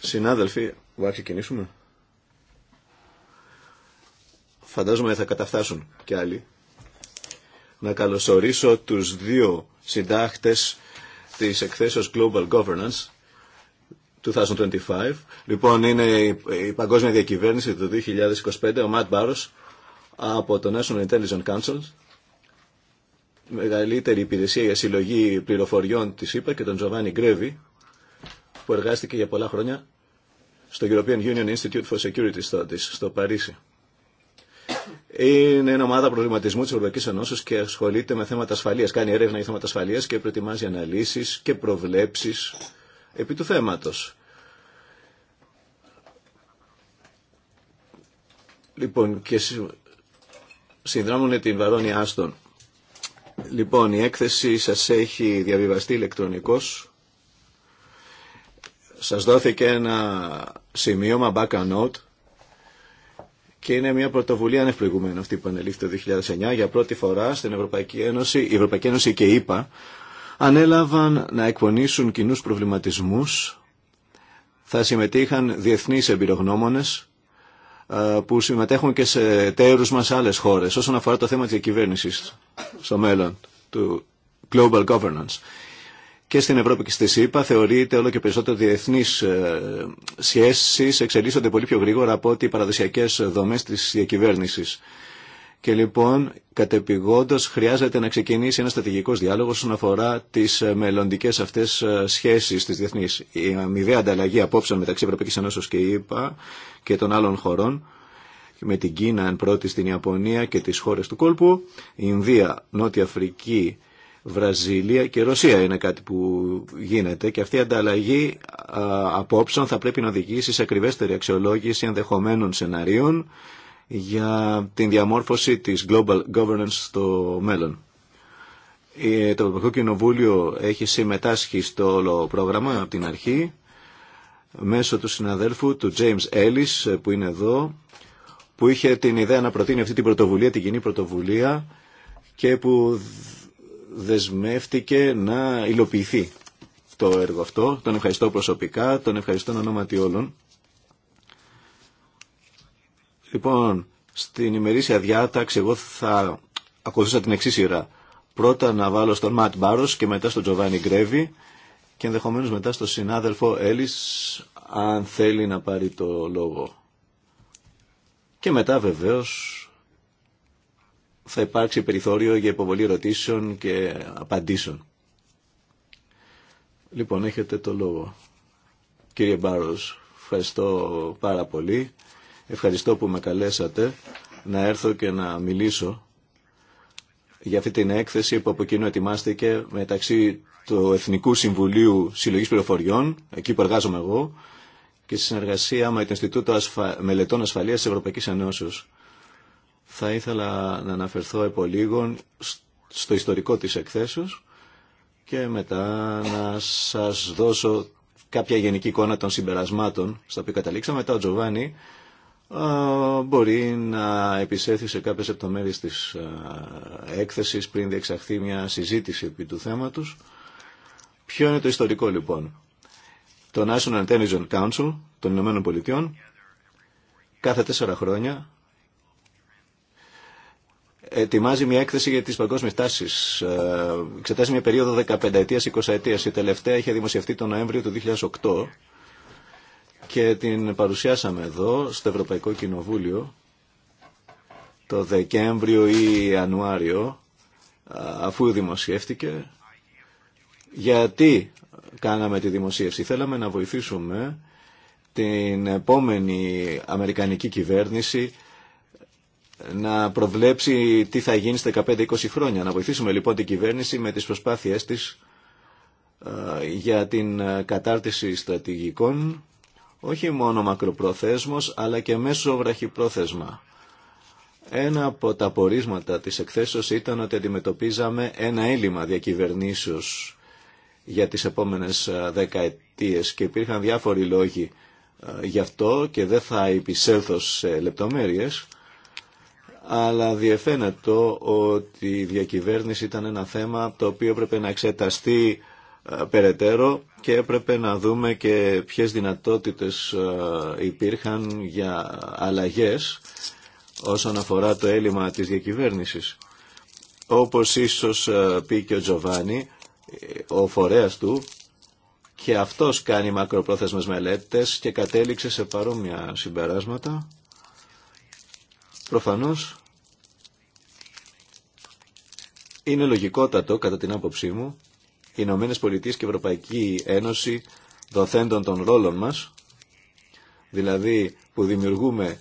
Συνάδελφοι, να ξεκινήσουμε. Φαντάζομαι θα καταφτάσουν και άλλοι. Να καλωσορίσω τους δύο συντάχτες της εκθέσεως Global Governance 2025. Λοιπόν, είναι η παγκόσμια διακυβέρνηση του 2025, ο Ματ Μπάρος από το National Intelligence Council μεγαλύτερη υπηρεσία για συλλογή πληροφοριών τη ΕΠΑ και τον Τζοβάνι Γκρέβι που εργάστηκε για πολλά χρόνια στο European Union Institute for Security Studies στο Παρίσι. Είναι μια ομάδα προβληματισμού τη Ευρωπαϊκή Ενώσεω και ασχολείται με θέματα ασφαλεία. Κάνει έρευνα για θέματα ασφαλεία και προετοιμάζει αναλύσει και προβλέψει επί του θέματο. Λοιπόν, και συνδράμουν την Βαρόνια Άστον Λοιπόν, η έκθεση σας έχει διαβιβαστεί ηλεκτρονικός. Σας δόθηκε ένα σημείωμα back and note και είναι μια πρωτοβουλία ανευπληγουμένη αυτή που ανελήφθη το 2009 για πρώτη φορά στην Ευρωπαϊκή Ένωση, η Ευρωπαϊκή Ένωση και η ΕΠΑ ανέλαβαν να εκπονήσουν κοινού προβληματισμούς, θα συμμετείχαν διεθνείς εμπειρογνώμονες ε, που συμμετέχουν και σε τέρους μας σε άλλες χώρες όσον αφορά το θέμα της διακυβέρνησης στο μέλλον του Global Governance. Και στην Ευρώπη και στη ΣΥΠΑ θεωρείται όλο και περισσότερο διεθνείς ε, σχέσει, εξελίσσονται πολύ πιο γρήγορα από ότι οι παραδοσιακέ δομέ τη διακυβέρνηση. Και λοιπόν, κατεπηγόντω, χρειάζεται να ξεκινήσει ένα στρατηγικό διάλογο όσον αφορά τι ε, μελλοντικέ αυτέ σχέσει τη διεθνή. Η αμοιβαία ανταλλαγή απόψεων μεταξύ Ευρωπαϊκή Ένωση και ΕΠΑ και των άλλων χωρών, με την Κίνα εν πρώτη στην Ιαπωνία και τις χώρες του κόλπου, Ινδία, Νότια Αφρική, Βραζίλια και Ρωσία είναι κάτι που γίνεται και αυτή η ανταλλαγή απόψεων θα πρέπει να οδηγήσει σε ακριβέστερη αξιολόγηση ενδεχομένων σεναρίων για την διαμόρφωση της global governance στο μέλλον. Ε, το Ευρωπαϊκό Κοινοβούλιο έχει συμμετάσχει στο όλο πρόγραμμα από την αρχή μέσω του συναδέλφου του James Ellis ε, που είναι εδώ που είχε την ιδέα να προτείνει αυτή την πρωτοβουλία, την κοινή πρωτοβουλία και που δεσμεύτηκε να υλοποιηθεί το έργο αυτό. Τον ευχαριστώ προσωπικά, τον ευχαριστώ εν ονόματι όλων. Λοιπόν, στην ημερήσια διάταξη εγώ θα ακολουθούσα την εξή σειρά. Πρώτα να βάλω στον Ματ Μπάρος και μετά στον Τζοβάνι Γκρέβι και ενδεχομένως μετά στο συνάδελφο Έλλης αν θέλει να πάρει το λόγο. Και μετά βεβαίως θα υπάρξει περιθώριο για υποβολή ερωτήσεων και απαντήσεων. Λοιπόν, έχετε το λόγο. Κύριε Μπάρος, ευχαριστώ πάρα πολύ. Ευχαριστώ που με καλέσατε να έρθω και να μιλήσω για αυτή την έκθεση που από κοινού ετοιμάστηκε μεταξύ του Εθνικού Συμβουλίου Συλλογής Πληροφοριών, εκεί που εργάζομαι εγώ, και σε συνεργασία με το Ινστιτούτο Μελετών Ασφαλείας της Ευρωπαϊκής Ενώσεως. Θα ήθελα να αναφερθώ επολίγων στο ιστορικό της εκθέσεως και μετά να σας δώσω κάποια γενική εικόνα των συμπερασμάτων στα οποία καταλήξαμε. Μετά ο Τζοβάνι μπορεί να επισέθει σε κάποιες επτομέρειες της έκθεσης πριν διεξαχθεί μια συζήτηση επί του θέματος. Ποιο είναι το ιστορικό λοιπόν. Το National Intelligence Council των Ηνωμένων Πολιτειών κάθε τέσσερα χρόνια ετοιμάζει μια έκθεση για τις παγκόσμιες τάσεις. Ε, εξετάζει μια περίοδο 15 ετίας, 20 ετίας. Η τελευταία είχε δημοσιευτεί τον Νοέμβριο του 2008 και την παρουσιάσαμε εδώ στο Ευρωπαϊκό Κοινοβούλιο το Δεκέμβριο ή Ιανουάριο αφού δημοσιεύτηκε γιατί κάναμε τη δημοσίευση. Θέλαμε να βοηθήσουμε την επόμενη Αμερικανική κυβέρνηση να προβλέψει τι θα γίνει στα 15-20 χρόνια. Να βοηθήσουμε λοιπόν την κυβέρνηση με τις προσπάθειές της ε, για την ε, κατάρτιση στρατηγικών, όχι μόνο μακροπροθέσμος, αλλά και μέσω βραχυπρόθεσμα. Ένα από τα πορίσματα της εκθέσεως ήταν ότι αντιμετωπίζαμε ένα έλλειμμα διακυβερνήσεως για τις επόμενες ε, δεκαετίες και υπήρχαν διάφοροι λόγοι ε, γι' αυτό και δεν θα υπησέλθω σε λεπτομέρειες αλλά διεφαίνεται ότι η διακυβέρνηση ήταν ένα θέμα το οποίο έπρεπε να εξεταστεί ε, περαιτέρω και έπρεπε να δούμε και ποιες δυνατότητες υπήρχαν για αλλαγές όσον αφορά το έλλειμμα της διακυβέρνησης. Όπως ίσως πει και ο Τζοβάνι, ο φορέας του και αυτός κάνει μακροπρόθεσμες μελέτες και κατέληξε σε παρόμοια συμπεράσματα. Προφανώς είναι λογικότατο κατά την άποψή μου οι Ηνωμένε και η Ευρωπαϊκή Ένωση δοθέντων των ρόλων μας δηλαδή που δημιουργούμε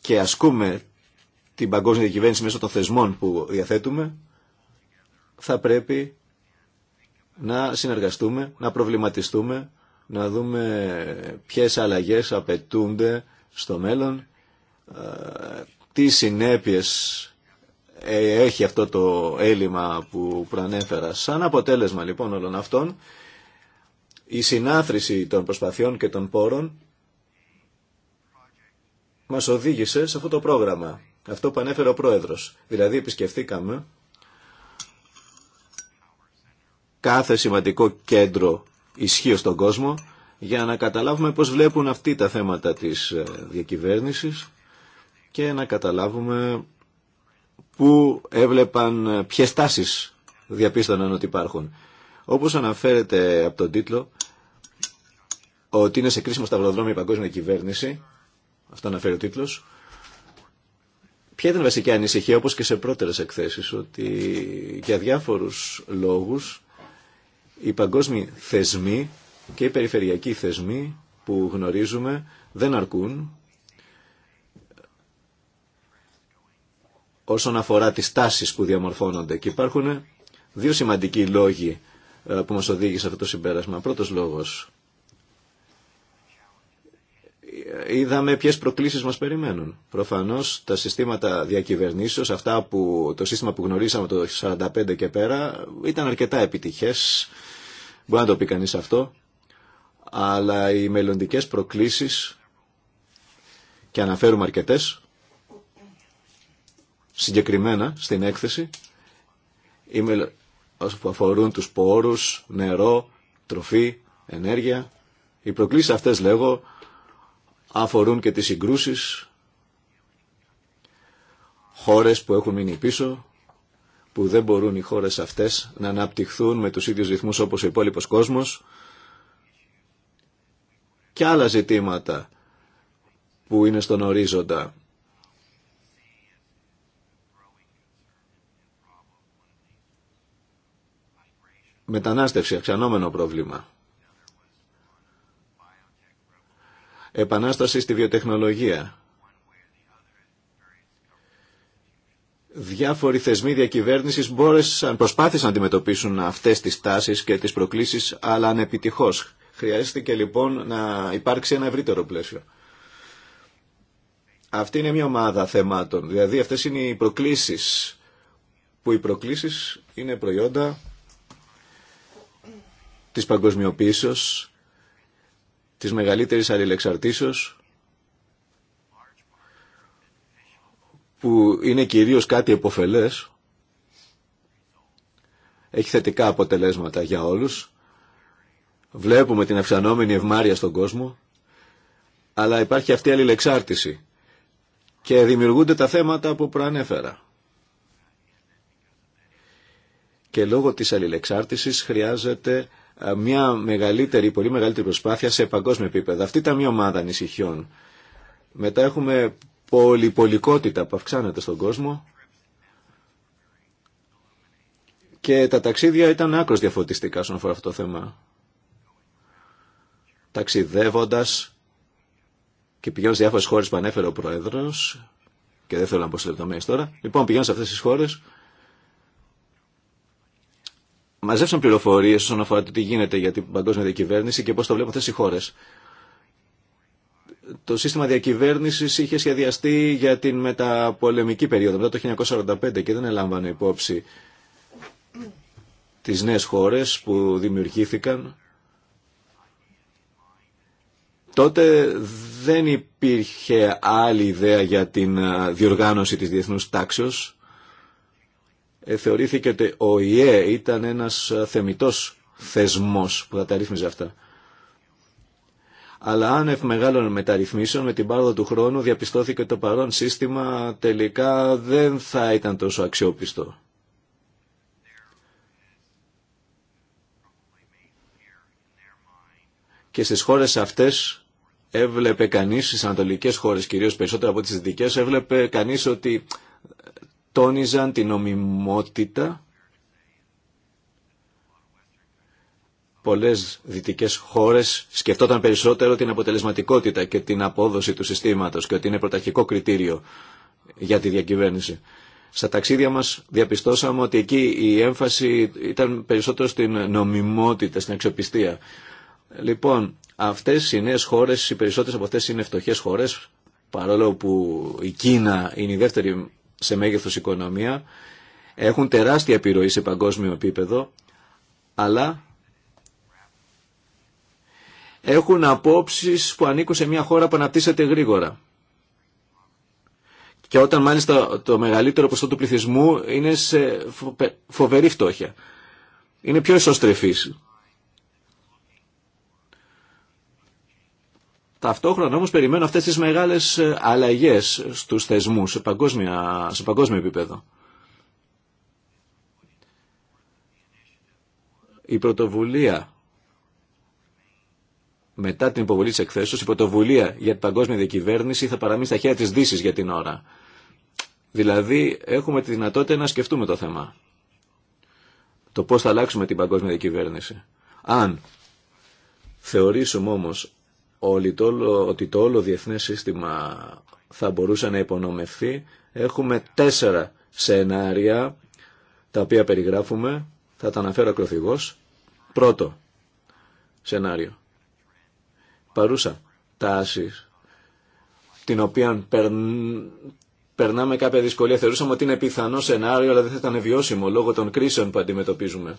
και ασκούμε την παγκόσμια κυβέρνηση μέσω των θεσμών που διαθέτουμε θα πρέπει να συνεργαστούμε, να προβληματιστούμε, να δούμε ποιες αλλαγές απαιτούνται στο μέλλον, ε, τι συνέπειες ε, έχει αυτό το έλλειμμα που προανέφερα. Σαν αποτέλεσμα λοιπόν όλων αυτών, η συνάθρηση των προσπαθειών και των πόρων μας οδήγησε σε αυτό το πρόγραμμα. Αυτό που ανέφερε ο Πρόεδρος. Δηλαδή επισκεφθήκαμε κάθε σημαντικό κέντρο ισχύω στον κόσμο για να καταλάβουμε πώς βλέπουν αυτοί τα θέματα της ε, διακυβέρνησης και να καταλάβουμε πού έβλεπαν, ε, ποιε τάσεις διαπίστωναν ότι υπάρχουν. Όπως αναφέρεται από τον τίτλο, ότι είναι σε κρίσιμο σταυροδρόμιο η παγκόσμια κυβέρνηση, αυτό αναφέρει ο τίτλος, Ποια ήταν βασική ανησυχία, όπως και σε πρώτερες εκθέσεις, ότι για διάφορους λόγους οι παγκόσμιοι θεσμοί και οι περιφερειακοί θεσμοί που γνωρίζουμε δεν αρκούν όσον αφορά τις τάσεις που διαμορφώνονται. Και υπάρχουν δύο σημαντικοί λόγοι ε, που μας οδήγησε αυτό το συμπέρασμα. Πρώτος λόγος. Είδαμε ποιες προκλήσεις μας περιμένουν. Προφανώς τα συστήματα διακυβερνήσεως, αυτά που, το σύστημα που γνωρίσαμε το 1945 και πέρα, ήταν αρκετά επιτυχές Μπορεί να το πει κανείς αυτό, αλλά οι μελλοντικές προκλήσεις, και αναφέρουμε αρκετές, συγκεκριμένα στην έκθεση, που αφορούν τους πόρους, νερό, τροφή, ενέργεια. Οι προκλήσεις αυτές, λέγω, αφορούν και τις συγκρούσεις, χώρες που έχουν μείνει πίσω, που δεν μπορούν οι χώρες αυτές να αναπτυχθούν με τους ίδιους ρυθμούς όπως ο υπόλοιπος κόσμος και άλλα ζητήματα που είναι στον ορίζοντα. Μετανάστευση, αυξανόμενο πρόβλημα. Επανάσταση στη βιοτεχνολογία διάφοροι θεσμοί διακυβέρνησης προσπάθησαν να αντιμετωπίσουν αυτές τις τάσεις και τις προκλήσεις, αλλά ανεπιτυχώς. Χρειάστηκε λοιπόν να υπάρξει ένα ευρύτερο πλαίσιο. Αυτή είναι μια ομάδα θεμάτων, δηλαδή αυτές είναι οι προκλήσεις, που οι προκλήσεις είναι προϊόντα της παγκοσμιοποίησεως, της μεγαλύτερης αλληλεξαρτήσεως, που είναι κυρίως κάτι εποφελές, έχει θετικά αποτελέσματα για όλους. Βλέπουμε την αυξανόμενη ευμάρεια στον κόσμο, αλλά υπάρχει αυτή η αλληλεξάρτηση και δημιουργούνται τα θέματα που προανέφερα. Και λόγω της αλληλεξάρτησης χρειάζεται μια μεγαλύτερη, πολύ μεγαλύτερη προσπάθεια σε παγκόσμιο επίπεδο. Αυτή ήταν μια ομάδα ανησυχιών. Μετά έχουμε πολυπολικότητα που αυξάνεται στον κόσμο και τα ταξίδια ήταν άκρως διαφωτιστικά στον αφορά αυτό το θέμα. Ταξιδεύοντας και πηγαίνω σε διάφορες χώρες που ανέφερε ο Πρόεδρος και δεν θέλω να πω σε λεπτομέρειες τώρα. Λοιπόν, πηγαίνω σε αυτές τις χώρες μαζέψαν πληροφορίε όσον αφορά το τι γίνεται για την παγκόσμια διακυβέρνηση και πώς το βλέπουν αυτές οι χώρες το σύστημα διακυβέρνησης είχε σχεδιαστεί για την μεταπολεμική περίοδο, μετά το 1945 και δεν έλαμβανε υπόψη τις νέες χώρες που δημιουργήθηκαν. Τότε δεν υπήρχε άλλη ιδέα για την διοργάνωση της διεθνούς τάξεως. Ε, θεωρήθηκε ότι ο ΙΕ ήταν ένας θεμητός θεσμός που θα τα ρύθμιζε αυτά. Αλλά άνευ μεγάλων μεταρρυθμίσεων με την πάροδο του χρόνου διαπιστώθηκε το παρόν σύστημα τελικά δεν θα ήταν τόσο αξιόπιστο. Και στις χώρες αυτές έβλεπε κανείς, στις ανατολικές χώρες κυρίως περισσότερο από τις δικές, έβλεπε κανείς ότι τόνιζαν την νομιμότητα πολλές δυτικές χώρες σκεφτόταν περισσότερο την αποτελεσματικότητα και την απόδοση του συστήματος και ότι είναι πρωταρχικό κριτήριο για τη διακυβέρνηση. Στα ταξίδια μας διαπιστώσαμε ότι εκεί η έμφαση ήταν περισσότερο στην νομιμότητα, στην αξιοπιστία. Λοιπόν, αυτές οι νέες χώρες, οι περισσότερες από αυτές είναι φτωχές χώρες, παρόλο που η Κίνα είναι η δεύτερη σε μέγεθος οικονομία, έχουν τεράστια επιρροή σε παγκόσμιο επίπεδο, αλλά έχουν απόψεις που ανήκουν σε μια χώρα που αναπτύσσεται γρήγορα. Και όταν μάλιστα το μεγαλύτερο ποσό του πληθυσμού είναι σε φοβερή φτώχεια. Είναι πιο ισοστρεφής. Ταυτόχρονα όμως περιμένω αυτές τις μεγάλες ε, αλλαγές στους θεσμούς σε παγκόσμιο, σε παγκόσμιο επίπεδο. Η πρωτοβουλία μετά την υποβολή τη εκθέσεω, η πρωτοβουλία για την παγκόσμια διακυβέρνηση θα παραμείνει στα χέρια τη Δύση για την ώρα. Δηλαδή, έχουμε τη δυνατότητα να σκεφτούμε το θέμα. Το πώ θα αλλάξουμε την παγκόσμια διακυβέρνηση. Αν θεωρήσουμε όμω ότι το όλο διεθνέ σύστημα θα μπορούσε να υπονομευθεί, έχουμε τέσσερα σενάρια τα οποία περιγράφουμε. Θα τα αναφέρω ακροθυγώς. Πρώτο σενάριο παρούσα τάση την οποία περνάμε κάποια δυσκολία. Θεωρούσαμε ότι είναι πιθανό σενάριο, αλλά δεν θα ήταν βιώσιμο λόγω των κρίσεων που αντιμετωπίζουμε.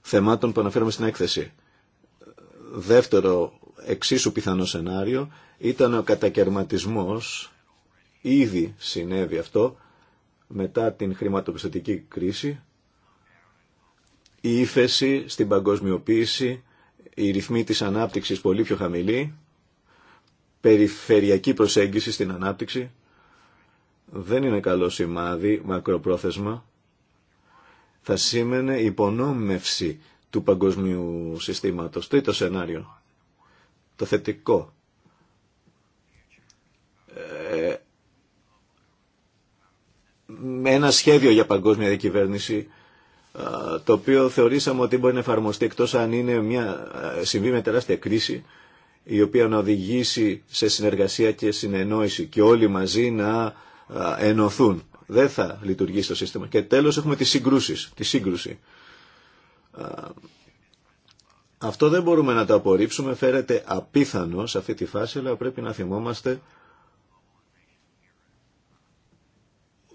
Θεμάτων που αναφέρουμε στην έκθεση. Δεύτερο εξίσου πιθανό σενάριο ήταν ο κατακαιρματισμός, ήδη συνέβη αυτό, μετά την χρηματοπιστωτική κρίση, η ύφεση στην παγκοσμιοποίηση οι ρυθμοί της ανάπτυξης πολύ πιο χαμηλή, περιφερειακή προσέγγιση στην ανάπτυξη, δεν είναι καλό σημάδι μακροπρόθεσμα. Θα σήμαινε υπονόμευση του παγκοσμίου συστήματος. Τρίτο σενάριο, το θετικό. Ε, ένα σχέδιο για παγκόσμια διακυβέρνηση το οποίο θεωρήσαμε ότι μπορεί να εφαρμοστεί εκτός αν είναι μια, συμβεί με τεράστια κρίση η οποία να οδηγήσει σε συνεργασία και συνεννόηση και όλοι μαζί να ενωθούν. Δεν θα λειτουργήσει το σύστημα. Και τέλος έχουμε τις συγκρούσεις, τη σύγκρουση. Αυτό δεν μπορούμε να το απορρίψουμε, φέρεται απίθανο σε αυτή τη φάση, αλλά πρέπει να θυμόμαστε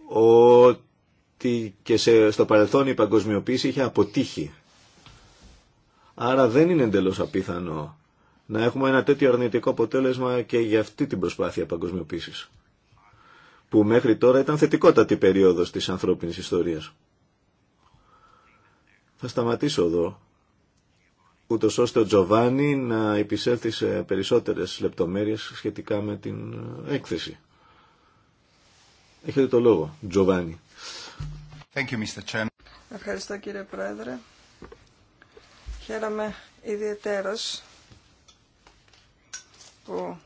ότι ότι και σε, στο παρελθόν η παγκοσμιοποίηση είχε αποτύχει. Άρα δεν είναι εντελώς απίθανο να έχουμε ένα τέτοιο αρνητικό αποτέλεσμα και για αυτή την προσπάθεια παγκοσμιοποίησης που μέχρι τώρα ήταν θετικότατη περίοδος της ανθρώπινης ιστορίας. Θα σταματήσω εδώ, ούτω ώστε ο Τζοβάνι να επισέλθει σε περισσότερες λεπτομέρειες σχετικά με την ε, έκθεση. Έχετε το λόγο, Τζοβάνι. Ευχαριστώ κύριε Πρόεδρε. Χαίρομαι ιδιαίτερος που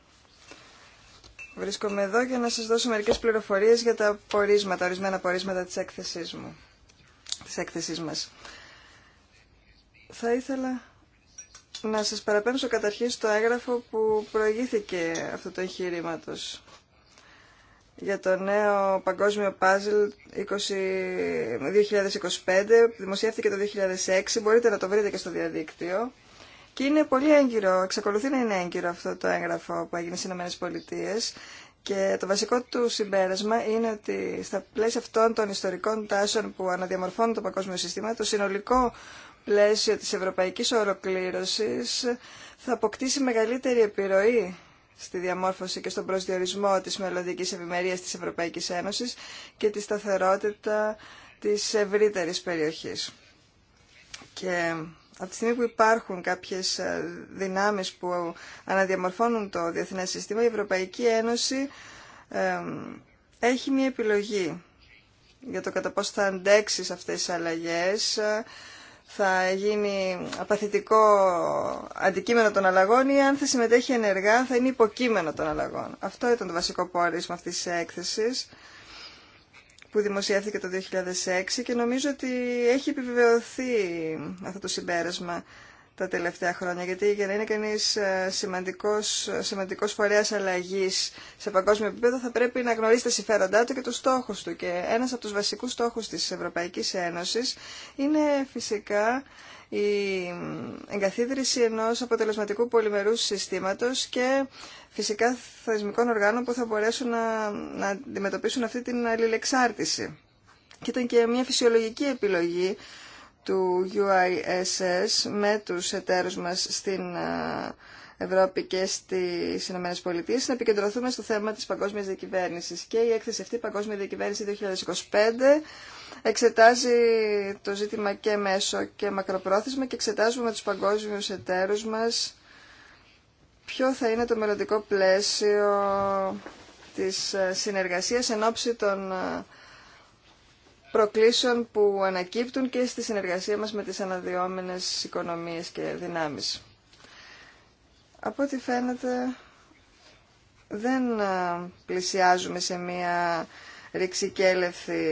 βρίσκομαι εδώ για να σας δώσω μερικές πληροφορίες για τα πορίσματα, ορισμένα πορίσματα της έκθεσής, μου, της έκθεσής μας. Θα ήθελα να σας παραπέμψω καταρχήν στο έγγραφο που προηγήθηκε αυτό το εγχείρηματος για το νέο παγκόσμιο παζλ 2025 δημοσιεύθηκε το 2006 μπορείτε να το βρείτε και στο διαδίκτυο και είναι πολύ έγκυρο, εξακολουθεί να είναι έγκυρο αυτό το έγγραφο που έγινε στι ΗΠΑ και το βασικό του συμπέρασμα είναι ότι στα πλαίσια αυτών των ιστορικών τάσεων που αναδιαμορφώνουν το παγκόσμιο σύστημα, το συνολικό πλαίσιο της ευρωπαϊκής ολοκλήρωσης θα αποκτήσει μεγαλύτερη επιρροή στη διαμόρφωση και στον προσδιορισμό της μελλοντική ευημερίας της Ευρωπαϊκής Ένωσης και τη σταθερότητα της ευρύτερη περιοχής. Και από τη στιγμή που υπάρχουν κάποιες ε, δυνάμεις που αναδιαμορφώνουν το διεθνές σύστημα, η Ευρωπαϊκή Ένωση ε, έχει μια επιλογή για το κατά πώς θα αντέξει σε αυτές τις αλλαγές ε, θα γίνει απαθητικό αντικείμενο των αλλαγών ή αν θα συμμετέχει ενεργά θα είναι υποκείμενο των αλλαγών. Αυτό ήταν το βασικό πόρισμα αυτής της έκθεσης που δημοσιεύθηκε το 2006 και νομίζω ότι έχει επιβεβαιωθεί αυτό το συμπέρασμα τα τελευταία χρόνια. Γιατί για να είναι κανεί ε, σημαντικός, ε, σημαντικός φορέας αλλαγής σε παγκόσμιο επίπεδο θα πρέπει να γνωρίζει τα συμφέροντά του και τους στόχους του. Και ένας από τους βασικούς στόχους της Ευρωπαϊκής Ένωσης είναι φυσικά η εγκαθίδρυση ενός αποτελεσματικού πολυμερού συστήματος και φυσικά θεσμικών οργάνων που θα μπορέσουν να, να αντιμετωπίσουν αυτή την αλληλεξάρτηση. Και ήταν και μια φυσιολογική επιλογή του UISS με τους εταίρους μας στην ε, Ευρώπη και στις Ηνωμένες Πολιτείες να επικεντρωθούμε στο θέμα της παγκόσμιας διακυβέρνηση και η έκθεση αυτή «Παγκόσμια διακυβέρνηση 2025» εξετάζει το ζήτημα και μέσο και μακροπρόθεσμα και εξετάζουμε με τους παγκόσμιους εταίρους μας ποιο θα είναι το μελλοντικό πλαίσιο της ε, συνεργασίας εν ώψη των ε, προκλήσεων που ανακύπτουν και στη συνεργασία μας με τις αναδυόμενες οικονομίες και δυνάμεις. Από ό,τι φαίνεται δεν πλησιάζουμε σε μία ρηξικέλευθη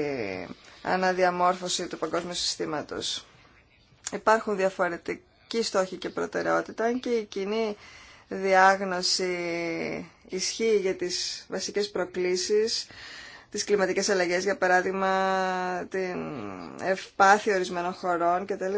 αναδιαμόρφωση του παγκόσμιου συστήματος. Υπάρχουν διαφορετικοί στόχοι και προτεραιότητα και η κοινή διάγνωση ισχύει για τις βασικές προκλήσεις τις κλιματικές αλλαγές, για παράδειγμα την ευπάθεια ορισμένων χωρών κτλ.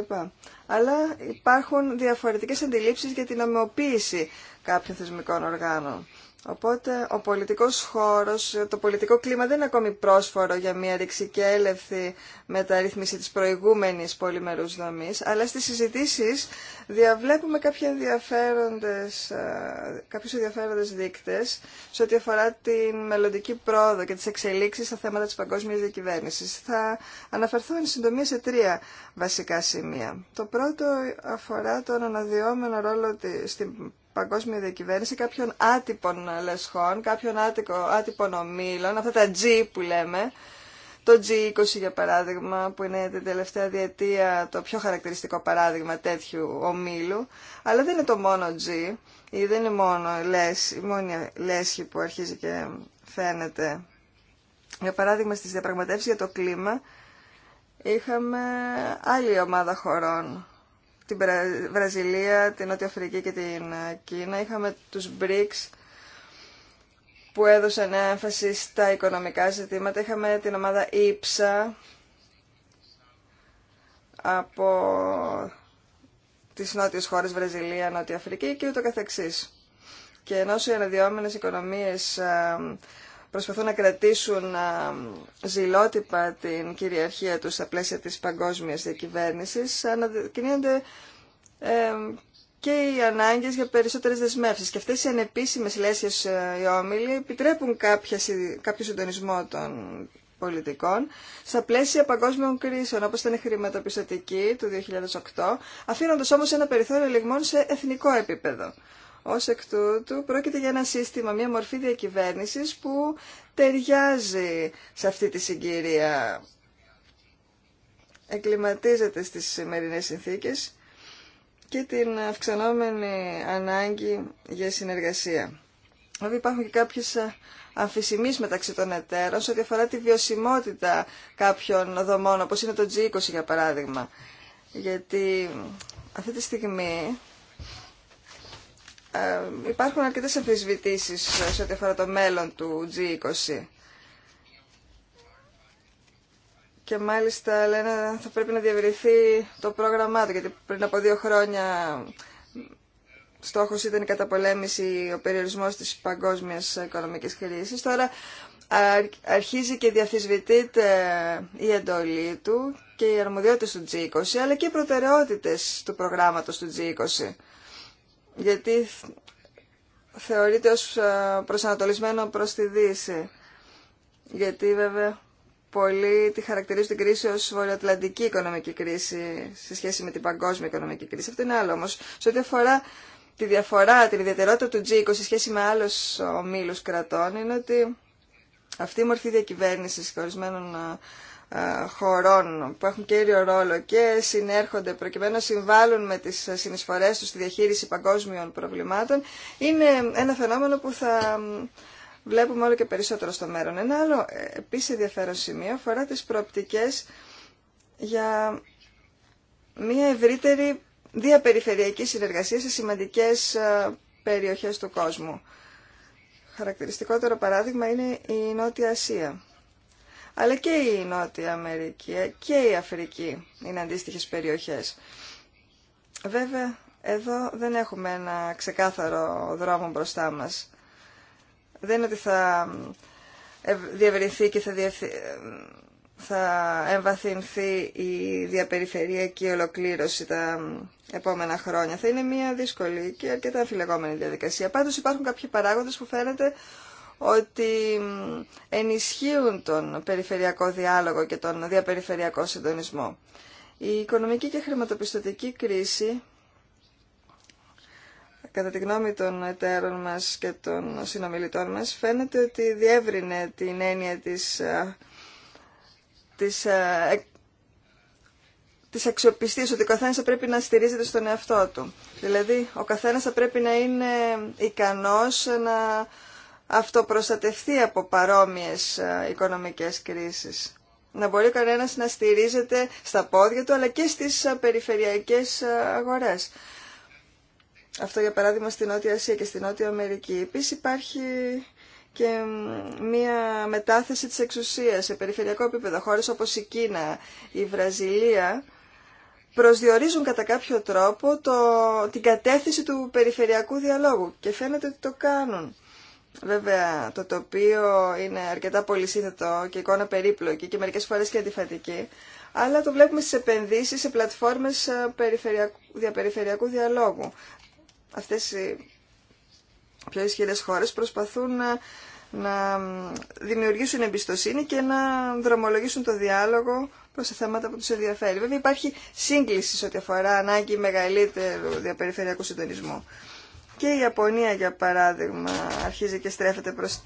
Αλλά υπάρχουν διαφορετικές αντιλήψεις για την ομοιοποίηση κάποιων θεσμικών οργάνων. Οπότε ο πολιτικός χώρος, το πολιτικό κλίμα δεν είναι ακόμη πρόσφορο για μια ρηξικέλευθη μεταρρύθμιση της προηγούμενης πολυμερούς δομής, αλλά στις συζητήσεις διαβλέπουμε κάποιους ενδιαφέροντες, ε, κάποιους ενδιαφέροντες δείκτες σε ό,τι αφορά την μελλοντική πρόοδο και τις εξελίξεις στα θέματα της παγκόσμιας διακυβέρνησης. Θα αναφερθώ εν συντομία σε τρία βασικά σημεία. Το πρώτο αφορά τον αναδυόμενο ρόλο στην παγκόσμια διακυβέρνηση κάποιων άτυπων λεσχών, κάποιων άτυπο, άτυπων ομίλων, αυτά τα G που λέμε, το G20 για παράδειγμα, που είναι την τελευταία διετία το πιο χαρακτηριστικό παράδειγμα τέτοιου ομίλου, αλλά δεν είναι το μόνο G ή δεν είναι μόνο η μόνη λέσχη που αρχίζει και φαίνεται. Για παράδειγμα, στις διαπραγματεύσεις για το κλίμα είχαμε άλλη ομάδα χωρών την Βραζιλία, την Νότια Αφρική και την ε, Κίνα. Είχαμε τους BRICS που έδωσαν έμφαση στα οικονομικά ζητήματα. Είχαμε την ομάδα Ήψα από τις νότιες χώρες Βραζιλία, Νότια Αφρική και ούτω καθεξής. Και ενώ οι αναδυόμενες οικονομίες ε, προσπαθούν να κρατήσουν ζηλότυπα την κυριαρχία τους στα πλαίσια της παγκόσμιας διακυβέρνησης, ανακοινούνται και οι ανάγκες για περισσότερες δεσμεύσεις. Και αυτές οι ανεπίσημες λέσεις ε, οι όμιλοι επιτρέπουν κάποια, κάποιο συντονισμό των πολιτικών στα πλαίσια παγκόσμιων κρίσεων, όπως ήταν η χρηματοπιστωτική του 2008, αφήνοντας όμως ένα περιθώριο λιγμών σε εθνικό επίπεδο. Ως εκ τούτου πρόκειται για ένα σύστημα, μια μορφή διακυβέρνησης που ταιριάζει σε αυτή τη συγκυρία. Εκκληματίζεται στις σημερινές συνθήκες και την αυξανόμενη ανάγκη για συνεργασία. Βέβαια υπάρχουν και κάποιες αμφισημείς μεταξύ των εταίρων σε ό,τι αφορά τη βιωσιμότητα κάποιων δομών, όπως είναι το G20 για παράδειγμα. Γιατί αυτή τη στιγμή ε, υπάρχουν αρκετές αμφισβητήσεις σε ό,τι αφορά το μέλλον του G20. Και μάλιστα λένε θα πρέπει να διαβηρηθεί το πρόγραμμά του, γιατί πριν από δύο χρόνια στόχος ήταν η καταπολέμηση, ο περιορισμός της παγκόσμιας οικονομικής κρίσης. Τώρα αρχίζει και διαφυσβητείται η εντολή του και οι αρμοδιότητες του G20, αλλά και οι προτεραιότητες του προγράμματος του G20 γιατί θεωρείται ως ε, προσανατολισμένο προς τη Δύση. Γιατί βέβαια πολλοί τη χαρακτηρίζουν την κρίση ως βορειοατλαντική οικονομική κρίση σε σχέση με την παγκόσμια οικονομική κρίση. Αυτό είναι άλλο όμως. Σε ό,τι αφορά τη διαφορά, την ιδιαιτερότητα του G20 σε σχέση με άλλους ομίλους κρατών είναι ότι αυτή η μορφή διακυβέρνησης και ορισμένων ε, χωρών που έχουν κύριο ρόλο και συνέρχονται προκειμένου να συμβάλλουν με τις συνεισφορές τους στη διαχείριση παγκόσμιων προβλημάτων είναι ένα φαινόμενο που θα βλέπουμε όλο και περισσότερο στο μέλλον. Ένα άλλο ε, επίσης ενδιαφέρον σημείο αφορά τις προοπτικές για μια ευρύτερη διαπεριφερειακή συνεργασία σε σημαντικές περιοχές του κόσμου. Χαρακτηριστικότερο παράδειγμα είναι η Νότια Ασία αλλά και η Νότια Αμερική και η Αφρική είναι αντίστοιχες περιοχές. Βέβαια, εδώ δεν έχουμε ένα ξεκάθαρο δρόμο μπροστά μας. Δεν είναι ότι θα ε, διευρυνθεί και θα, διευθυ... Ε, θα εμβαθυνθεί η διαπεριφερειακή ολοκλήρωση τα επόμενα χρόνια. Θα είναι μια δύσκολη και αρκετά αμφιλεγόμενη διαδικασία. Πάντως υπάρχουν κάποιοι παράγοντες που φαίνεται ότι ενισχύουν τον περιφερειακό διάλογο και τον διαπεριφερειακό συντονισμό. Η οικονομική και χρηματοπιστωτική κρίση, κατά τη γνώμη των εταίρων μας και των συνομιλητών μας, φαίνεται ότι διεύρυνε την έννοια της, της, της ότι ο καθένας θα πρέπει να στηρίζεται στον εαυτό του. Δηλαδή, ο καθένας θα πρέπει να είναι ικανός να αυτοπροστατευτεί από παρόμοιες ε, οικονομικές κρίσεις. Να μπορεί κανένας να στηρίζεται στα πόδια του αλλά και στις ε, περιφερειακές ε, αγορές. Αυτό για παράδειγμα στην Νότια Ασία και στην Νότια Αμερική. Επίση υπάρχει και μία μετάθεση της εξουσίας σε περιφερειακό επίπεδο. Χώρες όπως η Κίνα, η Βραζιλία προσδιορίζουν κατά κάποιο τρόπο το, την κατεύθυνση του περιφερειακού διαλόγου και φαίνεται ότι το κάνουν. Βέβαια, το τοπίο είναι αρκετά πολυσύνθετο και εικόνα περίπλοκη και μερικές φορές και αντιφατική, αλλά το βλέπουμε στις επενδύσεις σε πλατφόρμες ε, διαπεριφερειακού διαλόγου. Αυτές οι πιο ισχυρές χώρες προσπαθούν ε, να, δημιουργήσουν εμπιστοσύνη και να δρομολογήσουν το διάλογο προς τα θέματα που τους ενδιαφέρει. Βέβαια υπάρχει σύγκληση σε ό,τι αφορά ανάγκη μεγαλύτερου διαπεριφερειακού συντονισμού. Και η Ιαπωνία, για παράδειγμα, αρχίζει και στρέφεται προς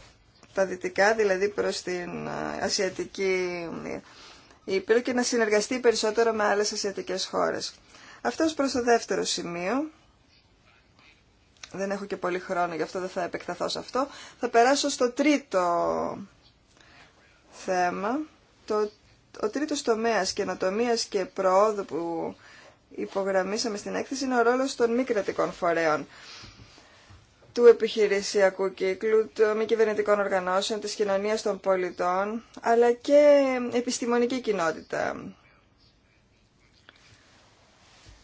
τα δυτικά, δηλαδή προς την Ασιατική Ήπειρο και να συνεργαστεί περισσότερο με άλλες ασιατικές χώρες. Αυτός προς το δεύτερο σημείο. Δεν έχω και πολύ χρόνο, γι' αυτό δεν θα επεκταθώ σε αυτό. Θα περάσω στο τρίτο θέμα. Το, ο τρίτος τομέας καινοτομία και προόδου που υπογραμμίσαμε στην έκθεση είναι ο ρόλος των μη κρατικών φορέων του επιχειρησιακού κύκλου, των μη κυβερνητικών οργανώσεων, της κοινωνίας των πολιτών, αλλά και επιστημονική κοινότητα.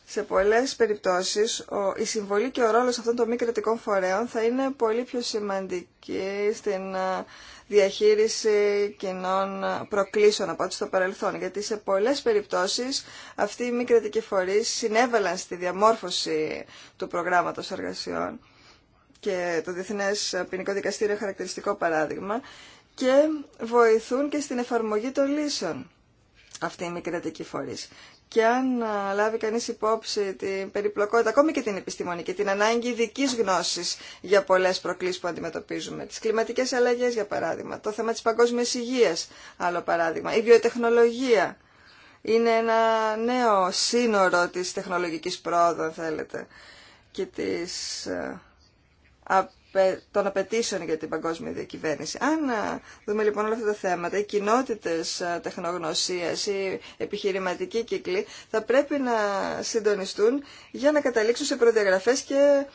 Σε πολλές περιπτώσεις, η συμβολή και ο ρόλος αυτών των μη κρατικών φορέων θα είναι πολύ πιο σημαντική στην διαχείριση κοινών προκλήσεων από ό,τι στο παρελθόν. Γιατί σε πολλές περιπτώσεις αυτοί οι μη κρατικοί φορείς συνέβαλαν στη διαμόρφωση του προγράμματος εργασιών και το Διεθνές Ποινικό Δικαστήριο χαρακτηριστικό παράδειγμα και βοηθούν και στην εφαρμογή των λύσεων αυτή η μικρατική κρατική Και αν λάβει κανείς υπόψη την περιπλοκότητα, ακόμη και την επιστημονική, την ανάγκη ειδική γνώσης για πολλές προκλήσεις που αντιμετωπίζουμε, τις κλιματικές αλλαγές για παράδειγμα, το θέμα της παγκόσμιας υγείας, άλλο παράδειγμα, η βιοτεχνολογία, είναι ένα νέο σύνορο της τεχνολογικής πρόοδου, θέλετε, και της των απαιτήσεων για την παγκόσμια διακυβέρνηση. Αν δούμε λοιπόν όλα αυτά τα θέματα, οι κοινότητε τεχνογνωσία, οι επιχειρηματικοί κύκλοι θα πρέπει να συντονιστούν για να καταλήξουν σε προδιαγραφέ και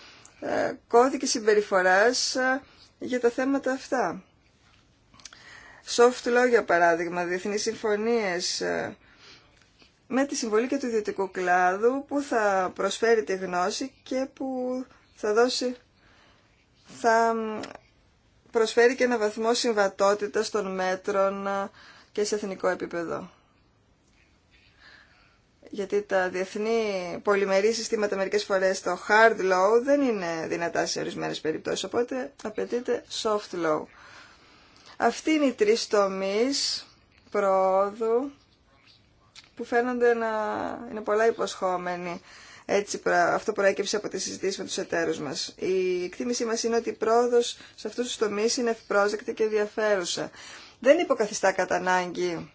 κώδικες συμπεριφορά για τα θέματα αυτά. Soft law, για παράδειγμα, διεθνεί συμφωνίες με τη συμβολή και του ιδιωτικού κλάδου που θα προσφέρει τη γνώση και που θα δώσει θα προσφέρει και ένα βαθμό συμβατότητας των μέτρων ε, και σε εθνικό επίπεδο. Γιατί τα διεθνή πολυμερή συστήματα μερικές φορές το hard low, δεν είναι δυνατά σε ορισμένες περιπτώσεις, οπότε απαιτείται soft low. Αυτοί είναι οι τρεις τομείς προόδου που φαίνονται να είναι πολλά υποσχόμενοι έτσι, αυτό προέκυψε από τη συζήτηση με του εταίρου μα. Η εκτίμησή μα είναι ότι η πρόοδο σε αυτού του τομεί είναι ευπρόσδεκτη και ενδιαφέρουσα. Δεν υποκαθιστά κατά ανάγκη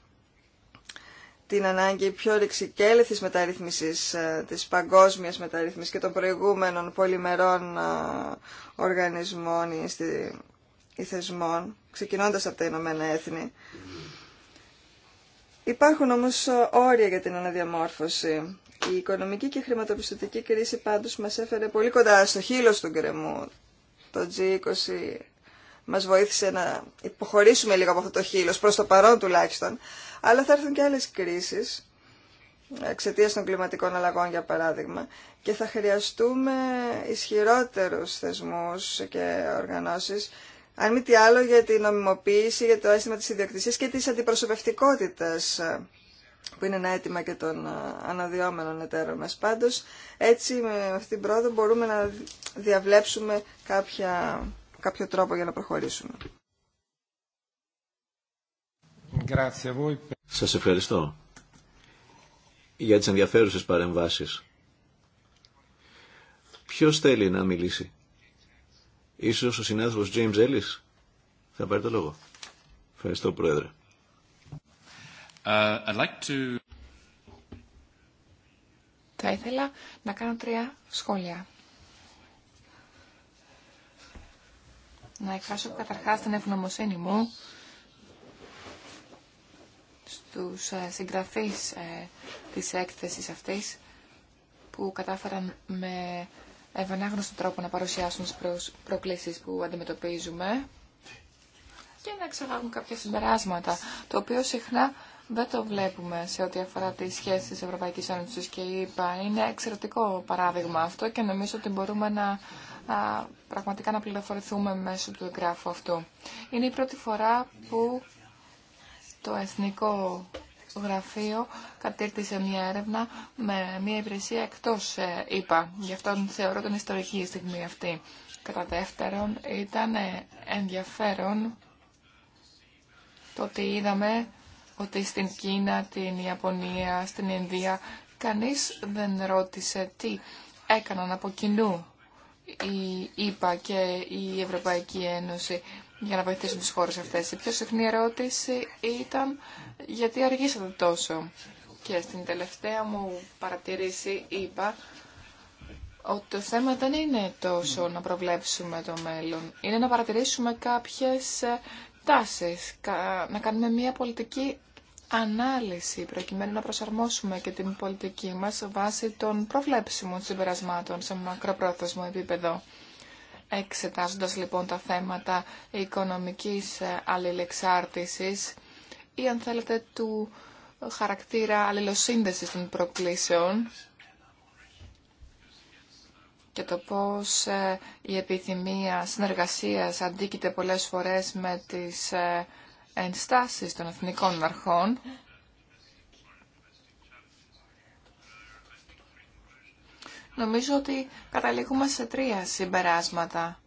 την ανάγκη πιο ρηξικέλεθης μεταρρύθμιση ε, της παγκόσμια μεταρρύθμιση και των προηγούμενων πολυμερών ε, οργανισμών ή θεσμών, ξεκινώντα από τα Ηνωμένα Έθνη. Υπάρχουν όμως ε, όρια για την αναδιαμόρφωση η οικονομική και χρηματοπιστωτική κρίση πάντως μας έφερε πολύ κοντά στο χείλος του γκρεμού. Το G20 μας βοήθησε να υποχωρήσουμε λίγο από αυτό το χείλος, προς το παρόν τουλάχιστον, αλλά θα έρθουν και άλλες κρίσεις, εξαιτία των κλιματικών αλλαγών για παράδειγμα, και θα χρειαστούμε ισχυρότερους θεσμούς και οργανώσεις, αν μη τι άλλο για την νομιμοποίηση, για το αίσθημα της ιδιοκτησίας και της αντιπροσωπευτικότητας που είναι ένα αίτημα και των ε, αναδυόμενων εταίρων μας. Πάντως, έτσι με αυτήν την πρόοδο μπορούμε να διαβλέψουμε κάποια, κάποιο τρόπο για να προχωρήσουμε. Σας ευχαριστώ για τις ενδιαφέρουσες παρεμβάσεις. Ποιος θέλει να μιλήσει. Ίσως ο συνάδελφος James Ellis θα πάρει το λόγο. Ευχαριστώ Πρόεδρε. Uh, Θα ήθελα να κάνω τρία σχόλια. Να εκφράσω καταρχάς την ευγνωμοσύνη μου στους ε, συγγραφείς ε, της έκθεσης αυτής που κατάφεραν με ευανάγνωστο τρόπο να παρουσιάσουν τις προκλήσεις που αντιμετωπίζουμε και να εξαγάγουν κάποια συμπεράσματα, το οποίο συχνά δεν το βλέπουμε σε ό,τι αφορά τις σχέσεις Ευρωπαϊκής Ένωσης και είπα. Είναι εξαιρετικό παράδειγμα αυτό και νομίζω ότι μπορούμε να πραγματικά να πληροφορηθούμε μέσω του εγγράφου αυτού. Είναι η πρώτη φορά που το Εθνικό Γραφείο κατήρτισε μια έρευνα με μια υπηρεσία εκτός είπα. Γι' αυτό θεωρώ την ιστορική στιγμή αυτή. Κατά δεύτερον, ήταν ενδιαφέρον το ότι είδαμε ότι στην Κίνα, την Ιαπωνία, στην Ινδία κανείς δεν ρώτησε τι έκαναν από κοινού η ΕΠΑ και η Ευρωπαϊκή Ένωση για να βοηθήσουν τις χώρες αυτές. Η πιο συχνή ερώτηση ήταν γιατί αργήσατε τόσο. Και στην τελευταία μου παρατηρήση είπα ότι το θέμα δεν είναι τόσο να προβλέψουμε το μέλλον. Είναι να παρατηρήσουμε κάποιες τάσεις, να κάνουμε μια πολιτική ανάλυση προκειμένου να προσαρμόσουμε και την πολιτική μας βάσει των προβλέψιμων συμπερασμάτων σε μακροπρόθεσμο επίπεδο. Εξετάζοντας λοιπόν τα θέματα οικονομικής ε, αλληλεξάρτησης ή αν θέλετε του χαρακτήρα αλληλοσύνδεσης των προκλήσεων και το πώς ε, η επιθυμία συνεργασίας αντίκειται πολλές φορές με τις ε, ενστάσεις των εθνικών αρχών Νομίζω ότι καταλήγουμε σε τρία συμπεράσματα.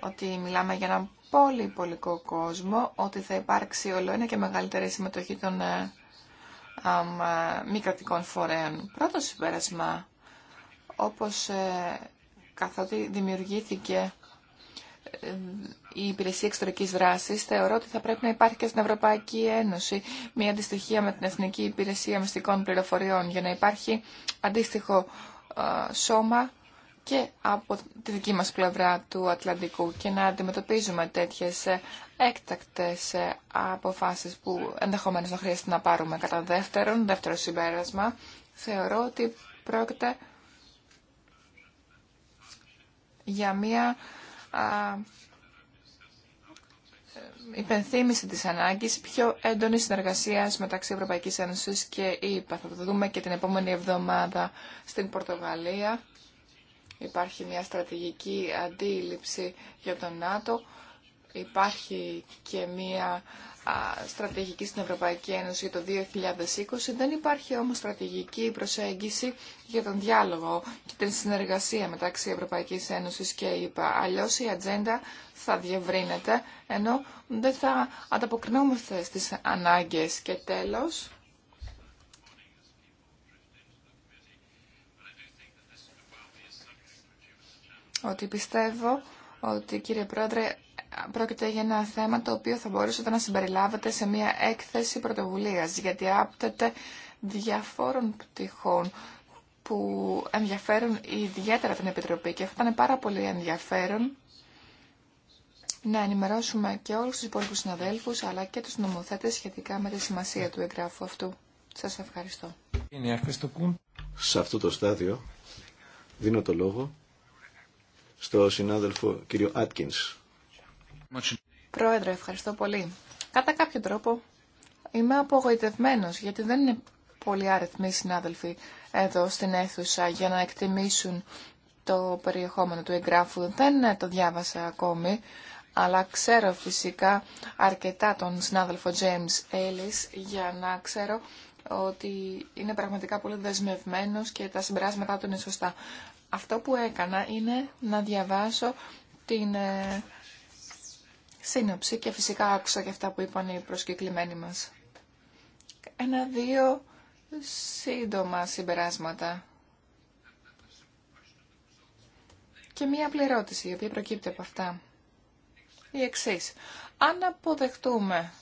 Ότι μιλάμε για έναν πολικό κόσμο, ότι θα υπάρξει ολοένα και μεγαλύτερη συμμετοχή των ε, ε, μη κρατικών φορέων. Πρώτο συμπέρασμα, όπως ε, καθότι δημιουργήθηκε η Υπηρεσία εξωτερική δράση θεωρώ ότι θα πρέπει να υπάρχει και στην Ευρωπαϊκή Ένωση μια αντιστοιχία με την Εθνική Υπηρεσία Μυστικών Πληροφοριών για να υπάρχει αντίστοιχο σώμα και από τη δική μας πλευρά του Ατλαντικού και να αντιμετωπίζουμε τέτοιες ε, έκτακτες ε, αποφάσεις που ενδεχομένως να χρειαστεί να πάρουμε κατά δεύτερον, δεύτερο συμπέρασμα. Θεωρώ ότι πρόκειται για μια ε, υπενθύμηση της ανάγκης πιο έντονη συνεργασίας μεταξύ Ευρωπαϊκής Ένωσης και ΕΥΠΑ. ΕΕ. Θα το δούμε και την επόμενη εβδομάδα στην Πορτογαλία. Υπάρχει μια στρατηγική αντίληψη για τον ΝΑΤΟ. Υπάρχει και μια στρατηγική στην Ευρωπαϊκή Ένωση για το 2020. Δεν υπάρχει όμως στρατηγική προσέγγιση για τον διάλογο και την συνεργασία μεταξύ Ευρωπαϊκής Ένωσης και ΕΥΠΑ. Αλλιώς η ατζέντα θα διευρύνεται, ενώ δεν θα ανταποκρινόμαστε στις ανάγκες. Και τέλος... ότι πιστεύω ότι κύριε Πρόεδρε πρόκειται για ένα θέμα το οποίο θα μπορούσατε να συμπεριλάβετε σε μια έκθεση πρωτοβουλίας, γιατί άπτεται διαφόρων πτυχών που ενδιαφέρουν ιδιαίτερα την Επιτροπή και αυτό ήταν πάρα πολύ ενδιαφέρον να ενημερώσουμε και όλους τους υπόλοιπους συναδέλφους αλλά και τους νομοθέτες σχετικά με τη σημασία του εγγράφου αυτού. Σας ευχαριστώ. Σε αυτό το στάδιο δίνω το λόγο στο συνάδελφο κύριο Άτκινς. Πρόεδρε, ευχαριστώ πολύ. Κατά κάποιο τρόπο είμαι απογοητευμένος γιατί δεν είναι πολύ αριθμοί συνάδελφοι εδώ στην αίθουσα για να εκτιμήσουν το περιεχόμενο του εγγράφου. Δεν το διάβασα ακόμη, αλλά ξέρω φυσικά αρκετά τον συνάδελφο James Ellis για να ξέρω ότι είναι πραγματικά πολύ δεσμευμένος και τα συμπεράσματά του είναι σωστά. Αυτό που έκανα είναι να διαβάσω την ε, σύνοψη και φυσικά άκουσα και αυτά που είπαν οι προσκεκλημένοι μας. Ένα-δύο σύντομα συμπεράσματα. Και μία απλή ερώτηση, η οποία προκύπτει από αυτά. Η εξή. Αν αποδεχτούμε,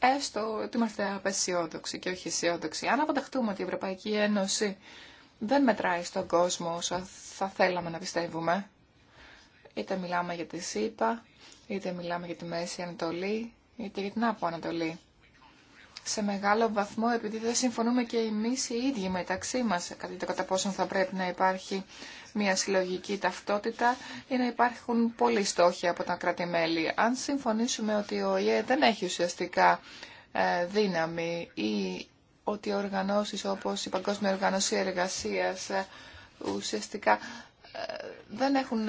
έστω ότι είμαστε απεσιόδοξοι και όχι αισιόδοξοι, αν αποδεχτούμε ότι η Ευρωπαϊκή Ένωση δεν μετράει στον κόσμο όσο θα θέλαμε να πιστεύουμε, είτε μιλάμε για τη ΣΥΠΑ, είτε μιλάμε για τη Μέση Ανατολή, είτε για την Άπο Ανατολή. Σε μεγάλο βαθμό, επειδή δεν συμφωνούμε και εμείς οι ίδιοι μεταξύ μας, κατά το κατά πόσον θα πρέπει να υπάρχει μια συλλογική ταυτότητα ή να υπάρχουν πολλοί στόχοι από τα κράτη-μέλη. Αν συμφωνήσουμε ότι ο ΙΕ δεν έχει ουσιαστικά ε, δύναμη ή ότι οργανώσεις όπως η Παγκόσμια Οργανώση παγκοσμια οργανωσια ε, ουσιαστικά ε, δεν έχουν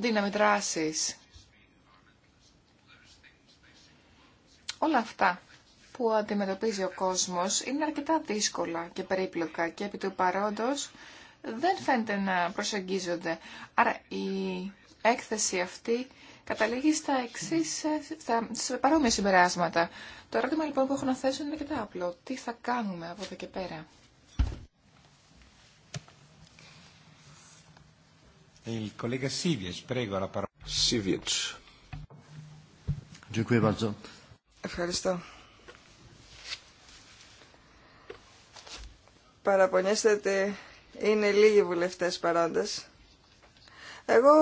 δύναμη δράσης Όλα αυτά που αντιμετωπίζει ο κόσμος είναι αρκετά δύσκολα και περίπλοκα και επί του παρόντος δεν φαίνεται να προσεγγίζονται. Άρα η έκθεση αυτή καταλήγει στα εξή, στα, παρόμοια συμπεράσματα. Το ερώτημα λοιπόν που έχω να θέσω είναι αρκετά απλό. Τι θα κάνουμε από εδώ και πέρα. Il collega Dziękuję bardzo. Ευχαριστώ. Παραπονιέστε ότι είναι λίγοι βουλευτές παρόντες. Εγώ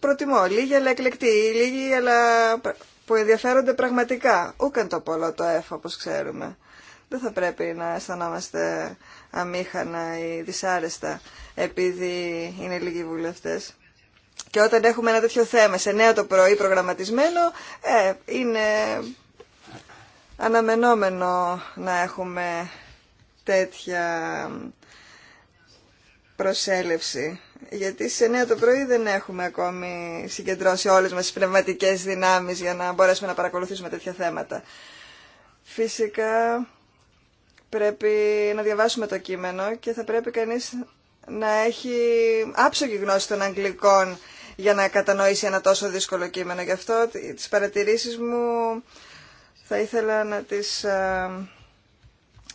προτιμώ λίγοι αλλά εκλεκτοί, λίγοι αλλά που ενδιαφέρονται πραγματικά. Ούκαν το πολλό το έφα όπως ξέρουμε. Δεν θα πρέπει να αισθανόμαστε αμήχανα ή δυσάρεστα επειδή είναι λίγοι βουλευτές. Και όταν έχουμε ένα τέτοιο θέμα σε νέο το πρωί προγραμματισμένο, ε, είναι αναμενόμενο να έχουμε τέτοια προσέλευση. Γιατί σε 9 το πρωί δεν έχουμε ακόμη συγκεντρώσει όλες μας τις πνευματικές δυνάμεις για να μπορέσουμε να παρακολουθήσουμε τέτοια θέματα. Φυσικά πρέπει να διαβάσουμε το κείμενο και θα πρέπει κανείς να έχει άψογη γνώση των Αγγλικών για να κατανοήσει ένα τόσο δύσκολο κείμενο. Γι' αυτό τις παρατηρήσεις μου θα ήθελα να τις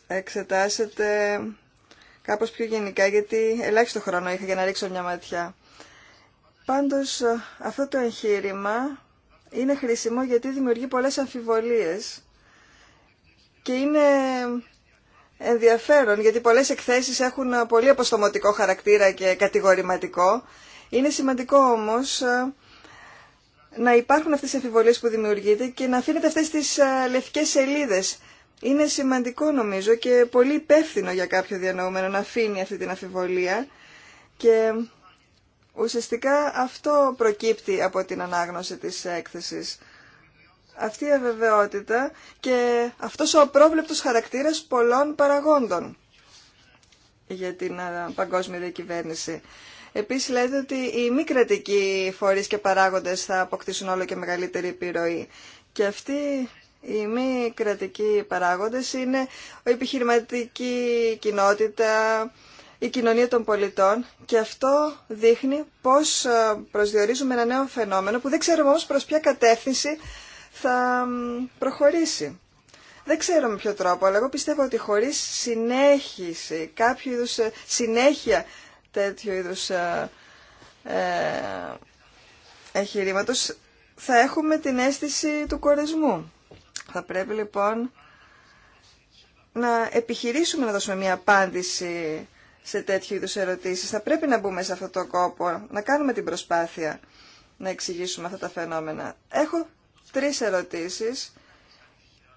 εξετάσετε κάπως πιο γενικά, γιατί ελάχιστο χρόνο είχα για να ρίξω μια ματιά. Πάντως, αυτό το εγχείρημα είναι χρήσιμο γιατί δημιουργεί πολλές αμφιβολίες και είναι ενδιαφέρον γιατί πολλές εκθέσεις έχουν πολύ αποστομωτικό χαρακτήρα και κατηγορηματικό. Είναι σημαντικό όμως να υπάρχουν αυτές οι αμφιβολίες που δημιουργείται και να αφήνετε αυτές τις ε, λευκές σελίδες. Είναι σημαντικό νομίζω και πολύ υπεύθυνο για κάποιο διανοούμενο να αφήνει αυτή την αμφιβολία και ουσιαστικά αυτό προκύπτει από την ανάγνωση της έκθεσης. Αυτή η αβεβαιότητα και αυτός ο απρόβλεπτος χαρακτήρας πολλών παραγόντων για την ε, παγκόσμια διακυβέρνηση. Επίσης λέτε ότι οι μη κρατικοί φορείς και παράγοντες θα αποκτήσουν όλο και μεγαλύτερη επιρροή. Και αυτοί οι μη κρατικοί παράγοντες είναι η επιχειρηματική κοινότητα, η κοινωνία των πολιτών και αυτό δείχνει πώς ε, προσδιορίζουμε ένα νέο φαινόμενο που δεν ξέρουμε όμως προς ποια κατεύθυνση θα προχωρήσει. Δεν ξέρω με ποιο τρόπο, αλλά εγώ πιστεύω ότι χωρίς συνέχιση, κάποιο είδους ε, συνέχεια τέτοιου είδους ε, ε, εγχειρήματος θα έχουμε την αίσθηση του κορεσμού. Θα πρέπει λοιπόν να επιχειρήσουμε να δώσουμε μια απάντηση σε τέτοιου είδους ερωτήσεις. Θα πρέπει να μπούμε σε αυτό το κόπο, να κάνουμε την προσπάθεια να εξηγήσουμε αυτά τα φαινόμενα. Έχω τρεις ερωτήσεις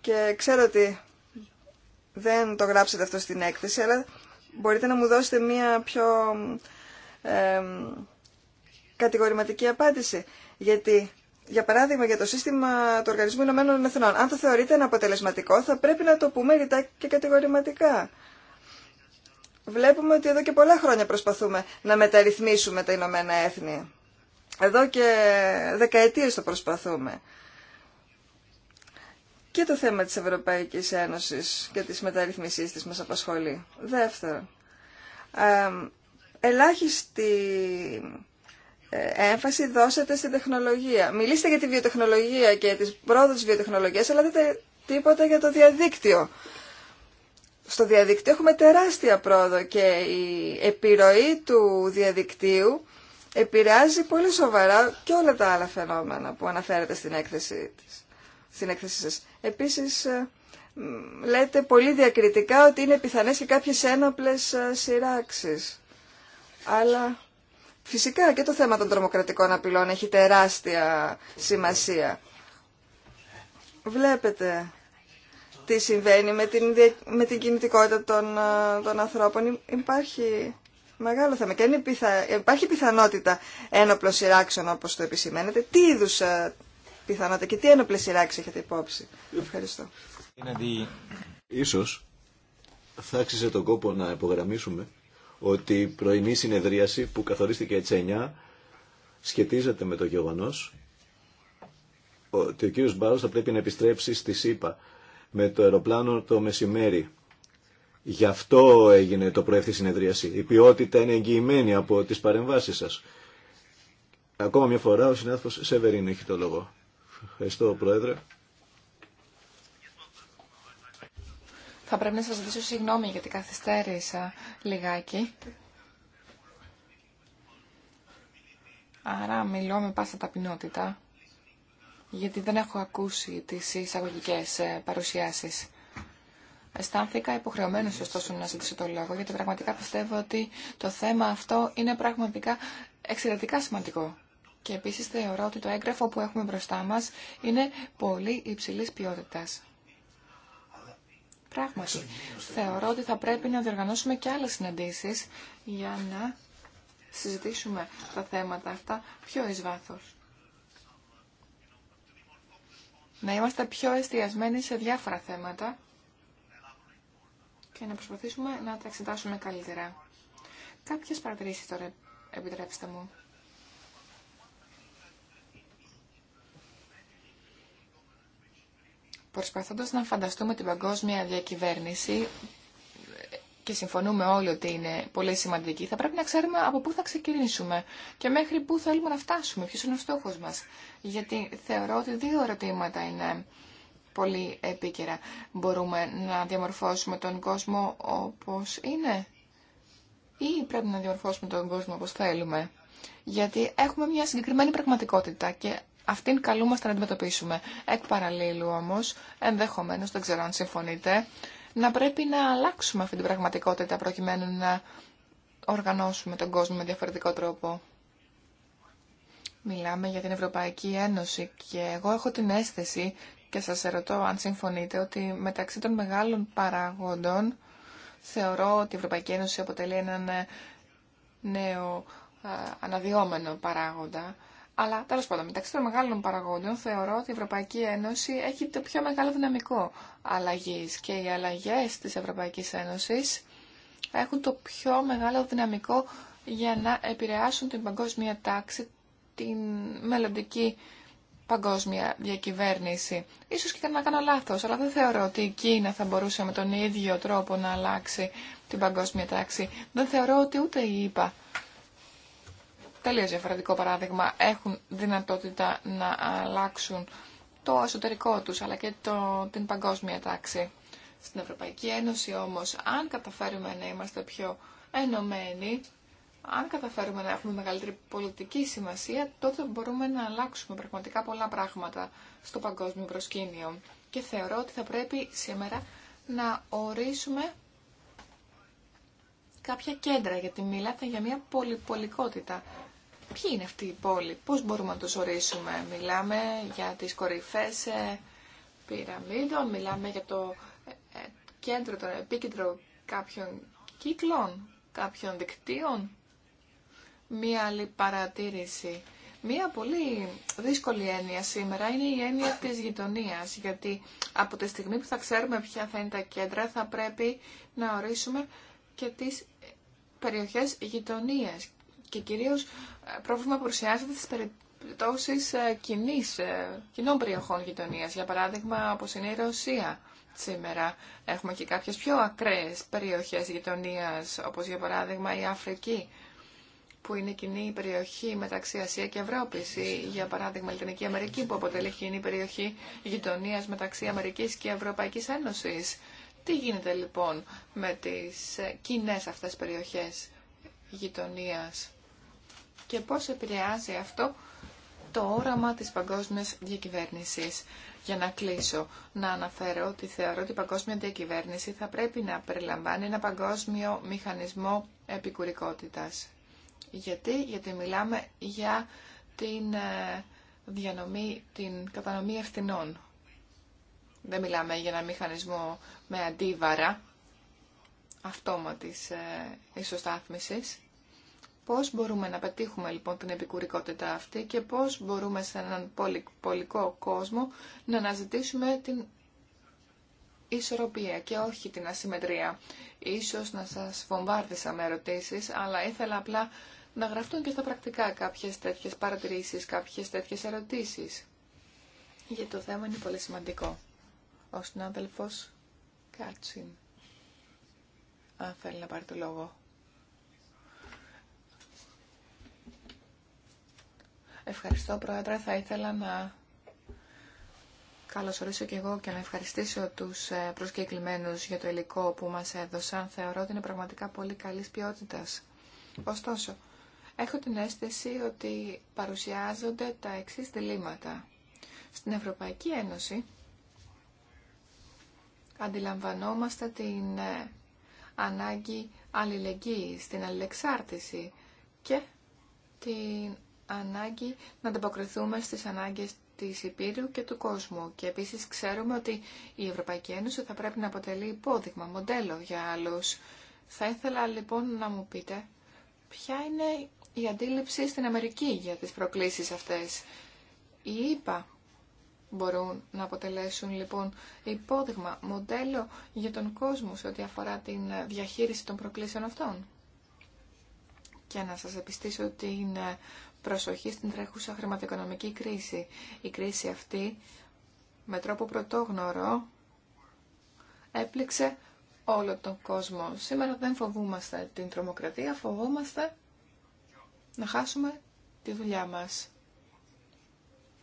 και ξέρω ότι δεν το γράψετε αυτό στην έκθεση, αλλά Μπορείτε να μου δώσετε μία πιο ε, κατηγορηματική απάντηση. Γιατί, για παράδειγμα, για το σύστημα του Οργανισμού Ηνωμένων Εθνών, αν το θεωρείτε ένα αποτελεσματικό, θα πρέπει να το πούμε ρητά και κατηγορηματικά. Βλέπουμε ότι εδώ και πολλά χρόνια προσπαθούμε να μεταρρυθμίσουμε τα Ηνωμένα Έθνη. Εδώ και δεκαετίες το προσπαθούμε και το θέμα της Ευρωπαϊκής Ένωσης και της μεταρρυθμισής της μας απασχολεί. Δεύτερον, ελάχιστη ε, έμφαση δώσατε στην τεχνολογία. Μιλήστε για τη βιοτεχνολογία και τις πρόοδο της βιοτεχνολογίας, αλλά δείτε τίποτα για το διαδίκτυο. Στο διαδίκτυο έχουμε τεράστια πρόοδο και η επιρροή του διαδικτύου επηρεάζει πολύ σοβαρά και όλα τα άλλα φαινόμενα που αναφέρεται στην έκθεσή της στην έκθεσή σας. Επίσης, ε, λέτε πολύ διακριτικά ότι είναι πιθανές και κάποιες ένοπλες ε, σειράξεις. Αλλά φυσικά και το θέμα των τρομοκρατικών απειλών έχει τεράστια σημασία. Βλέπετε τι συμβαίνει με την, με την κινητικότητα των, ε, ανθρώπων. Υπάρχει μεγάλο θέμα και υπάρχει πιθανότητα ένοπλων σειράξεων όπως το επισημαίνετε, τι είδους πιθανότητα και τι ένοπλε σειράξει έχετε υπόψη. Ευχαριστώ. Ίσως θα άξιζε τον κόπο να υπογραμμίσουμε ότι η πρωινή συνεδρίαση που καθορίστηκε έτσι 9 σχετίζεται με το γεγονό ότι ο κύριο Μπάρος θα πρέπει να επιστρέψει στη ΣΥΠΑ με το αεροπλάνο το μεσημέρι. Γι' αυτό έγινε το προεύθυνο συνεδρίαση. Η ποιότητα είναι εγγυημένη από τι παρεμβάσει σα. Ακόμα μια φορά ο συνάδελφο Σεβερίν έχει το λόγο. Ευχαριστώ, Πρόεδρε. Θα πρέπει να σας ζητήσω συγγνώμη γιατί καθυστέρησα λιγάκι. Άρα μιλώ με πάσα ταπεινότητα, γιατί δεν έχω ακούσει τις εισαγωγικέ ε, παρουσιάσεις. Αισθάνθηκα υποχρεωμένο ωστόσο να ζητήσω το λόγο, γιατί πραγματικά πιστεύω ότι το θέμα αυτό είναι πραγματικά εξαιρετικά σημαντικό. Και επίσης θεωρώ ότι το έγγραφο που έχουμε μπροστά μας είναι πολύ υψηλής ποιότητας. Πράγματι, θεωρώ ότι θα πρέπει να διοργανώσουμε και άλλες συναντήσεις για να συζητήσουμε τα θέματα αυτά πιο εις βάθος. Να είμαστε πιο εστιασμένοι σε διάφορα θέματα και να προσπαθήσουμε να τα εξετάσουμε καλύτερα. Κάποιες παρατηρήσεις τώρα επιτρέψτε μου. Προσπαθώντας να φανταστούμε την παγκόσμια διακυβέρνηση και συμφωνούμε όλοι ότι είναι πολύ σημαντική, θα πρέπει να ξέρουμε από πού θα ξεκινήσουμε και μέχρι πού θέλουμε να φτάσουμε, ποιος είναι ο στόχος μας. Γιατί θεωρώ ότι δύο ερωτήματα είναι πολύ επίκαιρα. Μπορούμε να διαμορφώσουμε τον κόσμο όπως είναι ή πρέπει να διαμορφώσουμε τον κόσμο όπως θέλουμε. Γιατί έχουμε μια συγκεκριμένη πραγματικότητα και Αυτήν καλούμαστε να αντιμετωπίσουμε. Εκ παραλίλου όμω, ενδεχομένως, δεν ξέρω αν συμφωνείτε, να πρέπει να αλλάξουμε αυτή την πραγματικότητα προκειμένου να οργανώσουμε τον κόσμο με διαφορετικό τρόπο. Μιλάμε για την Ευρωπαϊκή Ένωση και εγώ έχω την αίσθηση και σας ερωτώ αν συμφωνείτε ότι μεταξύ των μεγάλων παράγοντων θεωρώ ότι η Ευρωπαϊκή Ένωση αποτελεί έναν ε, νέο ε, αναδυόμενο παράγοντα αλλά τέλο πάντων, μεταξύ των μεγάλων παραγόντων θεωρώ ότι η Ευρωπαϊκή Ένωση έχει το πιο μεγάλο δυναμικό αλλαγή και οι αλλαγέ τη Ευρωπαϊκή Ένωση έχουν το πιο μεγάλο δυναμικό για να επηρεάσουν την παγκόσμια τάξη, την μελλοντική παγκόσμια διακυβέρνηση. Ίσως και να κάνω λάθος, αλλά δεν θεωρώ ότι η Κίνα θα μπορούσε με τον ίδιο τρόπο να αλλάξει την παγκόσμια τάξη. Δεν θεωρώ ότι ούτε η ΕΠΑ τελείως διαφορετικό παράδειγμα, έχουν δυνατότητα να αλλάξουν το εσωτερικό τους, αλλά και το, την παγκόσμια τάξη. Στην Ευρωπαϊκή Ένωση όμως, αν καταφέρουμε να είμαστε πιο ενωμένοι, αν καταφέρουμε να έχουμε μεγαλύτερη πολιτική σημασία, τότε μπορούμε να αλλάξουμε πραγματικά πολλά πράγματα στο παγκόσμιο προσκήνιο. Και θεωρώ ότι θα πρέπει σήμερα να ορίσουμε κάποια κέντρα, γιατί μιλάτε για μια πολυπολικότητα Ποιοι είναι αυτοί οι πόλοι, πώς μπορούμε να τους ορίσουμε. Μιλάμε για τις κορυφές ε, πυραμίδων, μιλάμε για το ε, ε, κέντρο, το επίκεντρο κάποιων κύκλων, κάποιων δικτύων. Μία άλλη παρατήρηση. Μία πολύ δύσκολη έννοια σήμερα είναι η έννοια της γειτονίας, γιατί από τη στιγμή που θα ξέρουμε ποια θα είναι τα κέντρα θα πρέπει να ορίσουμε και τις περιοχές γειτονίας και κυρίως ε, πρόβλημα που παρουσιάζεται στις περιπτώσεις ε, κοινής, ε, κοινών περιοχών γειτονίας. Για παράδειγμα, όπως είναι η Ρωσία σήμερα. Έχουμε και κάποιες πιο ακραίες περιοχές γειτονίας, όπως για παράδειγμα η Αφρική, που είναι κοινή περιοχή μεταξύ Ασία και Ευρώπης, ή για παράδειγμα η Λατινική Αμερική, που αποτελεί κοινή περιοχή γειτονίας μεταξύ Αμερικής και Ευρωπαϊκής Ένωσης. Τι γίνεται λοιπόν με τις κοινέ αυτές περιοχές γειτονίας και πώς επηρεάζει αυτό το όραμα της παγκόσμιας διακυβέρνησης. Για να κλείσω, να αναφέρω ότι θεωρώ ότι η παγκόσμια διακυβέρνηση θα πρέπει να περιλαμβάνει ένα παγκόσμιο μηχανισμό επικουρικότητας. Γιατί, γιατί μιλάμε για την ε, διανομή, την κατανομή ευθυνών. Δεν μιλάμε για ένα μηχανισμό με αντίβαρα αυτόματης ε, ισοστάθμισης. Πώς μπορούμε να πετύχουμε λοιπόν την επικουρικότητα αυτή και πώς μπορούμε σε έναν πολικό κόσμο να αναζητήσουμε την ισορροπία και όχι την ασυμμετρία. Ίσως να σας βομβάρδισα με ερωτήσεις, αλλά ήθελα απλά να γραφτούν και στα πρακτικά κάποιες τέτοιες παρατηρήσεις, κάποιες τέτοιες ερωτήσεις. Γιατί το θέμα είναι πολύ σημαντικό. Ο συνάδελφος Κάτσιν. Αν θέλει να πάρει το λόγο. Ευχαριστώ, Πρόεδρε. Θα ήθελα να καλωσορίσω και εγώ και να ευχαριστήσω τους ε, προσκεκλημένους για το υλικό που μας έδωσαν. Θεωρώ ότι είναι πραγματικά πολύ καλής ποιότητας. Ωστόσο, έχω την αίσθηση ότι παρουσιάζονται τα εξής διλήμματα. Στην Ευρωπαϊκή Ένωση αντιλαμβανόμαστε την ε, ανάγκη αλληλεγγύης, στην αλληλεξάρτηση και την ανάγκη να ανταποκριθούμε στις ανάγκες της Επίρου και του κόσμου. Και επίσης ξέρουμε ότι η Ευρωπαϊκή Ένωση θα πρέπει να αποτελεί υπόδειγμα, μοντέλο για άλλους. Θα ήθελα λοιπόν να μου πείτε ποια είναι η αντίληψη στην Αμερική για τις προκλήσεις αυτές. Οι ΗΠΑ μπορούν να αποτελέσουν λοιπόν υπόδειγμα, μοντέλο για τον κόσμο σε ό,τι αφορά την διαχείριση των προκλήσεων αυτών. Και να σας επιστήσω την προσοχή στην τρέχουσα χρηματοοικονομική κρίση. Η κρίση αυτή με τρόπο πρωτόγνωρο έπληξε όλο τον κόσμο. Σήμερα δεν φοβούμαστε την τρομοκρατία, φοβόμαστε να χάσουμε τη δουλειά μας.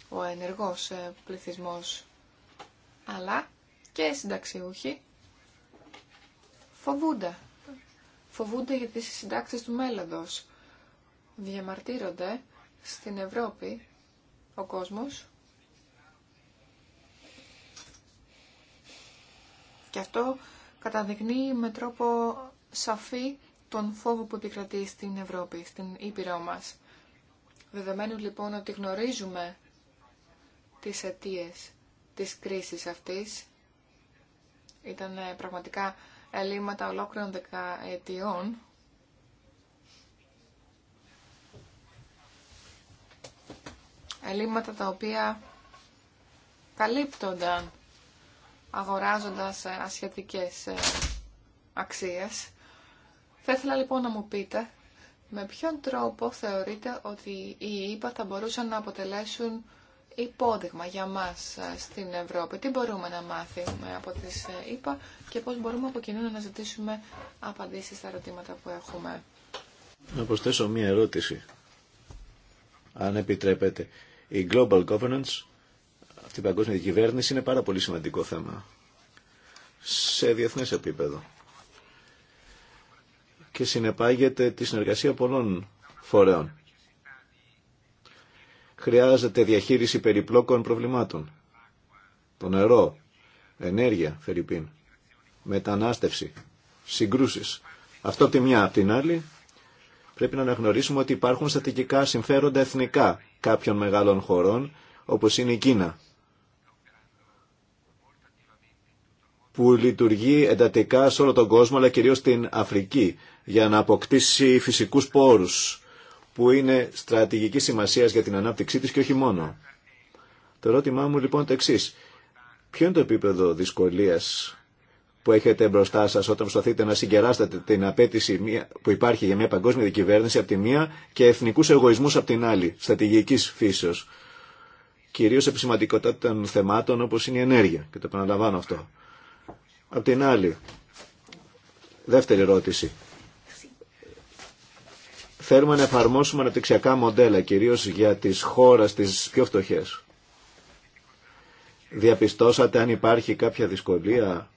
Ο ενεργός ε, πληθυσμός, αλλά και οι συνταξιούχοι φοβούνται. Φοβούνται γιατί τις συντάξεις του μέλλοντος. Διαμαρτύρονται στην Ευρώπη ο κόσμος και αυτό καταδεικνύει με τρόπο σαφή τον φόβο που επικρατεί στην Ευρώπη, στην Ήπειρό μας. Δεδομένου λοιπόν ότι γνωρίζουμε τις αιτίε της κρίσης αυτής, ήταν ε, πραγματικά ελλείμματα ολόκληρων δεκαετιών, ελλείμματα τα οποία καλύπτονταν αγοράζοντας ε, ασιατικές ε, αξίες. Θα ήθελα λοιπόν να μου πείτε με ποιον τρόπο θεωρείτε ότι οι ΙΠΑ θα μπορούσαν να αποτελέσουν υπόδειγμα για μας ε, στην Ευρώπη. Τι μπορούμε να μάθουμε από τις ΙΠΑ και πώς μπορούμε από κοινού να ζητήσουμε απαντήσεις στα ερωτήματα που έχουμε. Να προσθέσω μία ερώτηση, αν επιτρέπετε. Η global governance, αυτή η παγκόσμια κυβέρνηση, είναι πάρα πολύ σημαντικό θέμα σε διεθνές επίπεδο και συνεπάγεται τη συνεργασία πολλών φορέων. Χρειάζεται διαχείριση περιπλόκων προβλημάτων. Το νερό, ενέργεια, φερρυπίν, μετανάστευση, συγκρούσεις. Αυτό από τη μια, από την άλλη, πρέπει να αναγνωρίσουμε ότι υπάρχουν στατικικά συμφέροντα εθνικά κάποιων μεγάλων χωρών όπως είναι η Κίνα που λειτουργεί εντατικά σε όλο τον κόσμο αλλά κυρίως στην Αφρική για να αποκτήσει φυσικούς πόρους που είναι στρατηγική σημασία για την ανάπτυξή της και όχι μόνο. Το ερώτημά μου λοιπόν το εξή. Ποιο είναι το επίπεδο δυσκολίας που έχετε μπροστά σα όταν προσπαθείτε να συγκεράσετε την απέτηση που υπάρχει για μια παγκόσμια δικυβέρνηση από τη μία και εθνικού εγωισμού από την άλλη, στρατηγική φύσεω. Κυρίω επισηματικότητα των θεμάτων όπω είναι η ενέργεια, και το επαναλαμβάνω αυτό. Απ' την άλλη, δεύτερη ερώτηση. Θέλουμε να εφαρμόσουμε αναπτυξιακά μοντέλα, κυρίως για τις χώρες τις πιο φτωχές. Διαπιστώσατε αν υπάρχει κάποια δυσκολία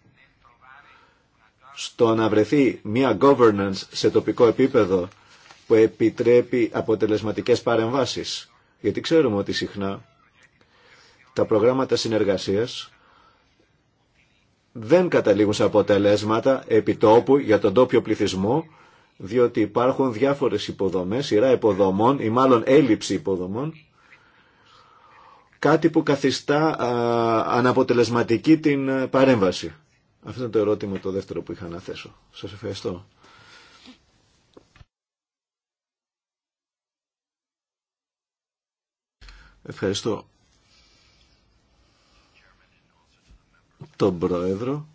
στο να βρεθεί μια governance σε τοπικό επίπεδο που επιτρέπει αποτελεσματικές παρεμβάσεις. Γιατί ξέρουμε ότι συχνά τα προγράμματα συνεργασίας δεν καταλήγουν σε αποτελέσματα τόπου για τον τόπιο πληθυσμό, διότι υπάρχουν διάφορες υποδομές, σειρά υποδομών ή μάλλον έλλειψη υποδομών, κάτι που καθιστά αναποτελεσματική την ε, παρέμβαση. Αυτό είναι το ερώτημα το δεύτερο που είχα να θέσω. Σας ευχαριστώ. Ευχαριστώ τον Πρόεδρο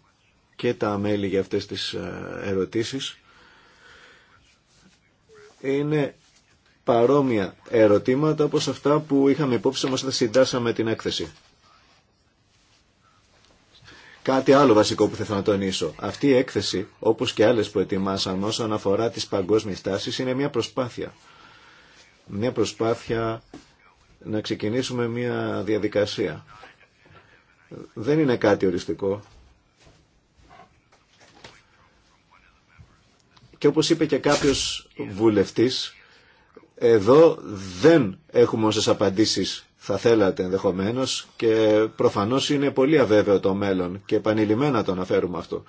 και τα μέλη για αυτές τις ε, ερωτήσεις. Είναι παρόμοια ερωτήματα όπως αυτά που είχαμε υπόψη μας όταν συντάσαμε την έκθεση. Κάτι άλλο βασικό που θέλω να τονίσω. Αυτή η έκθεση, όπως και άλλε που ετοιμάσαμε όσον αφορά τι παγκόσμιε τάσει, είναι μια προσπάθεια. Μια προσπάθεια να ξεκινήσουμε μια διαδικασία. Δεν είναι κάτι οριστικό. Και όπως είπε και κάποιος βουλευτής, εδώ δεν έχουμε όσες απαντήσεις θα θέλατε ενδεχομένω και προφανώς είναι πολύ αβέβαιο το μέλλον και επανειλημμένα το αναφέρουμε αυτό.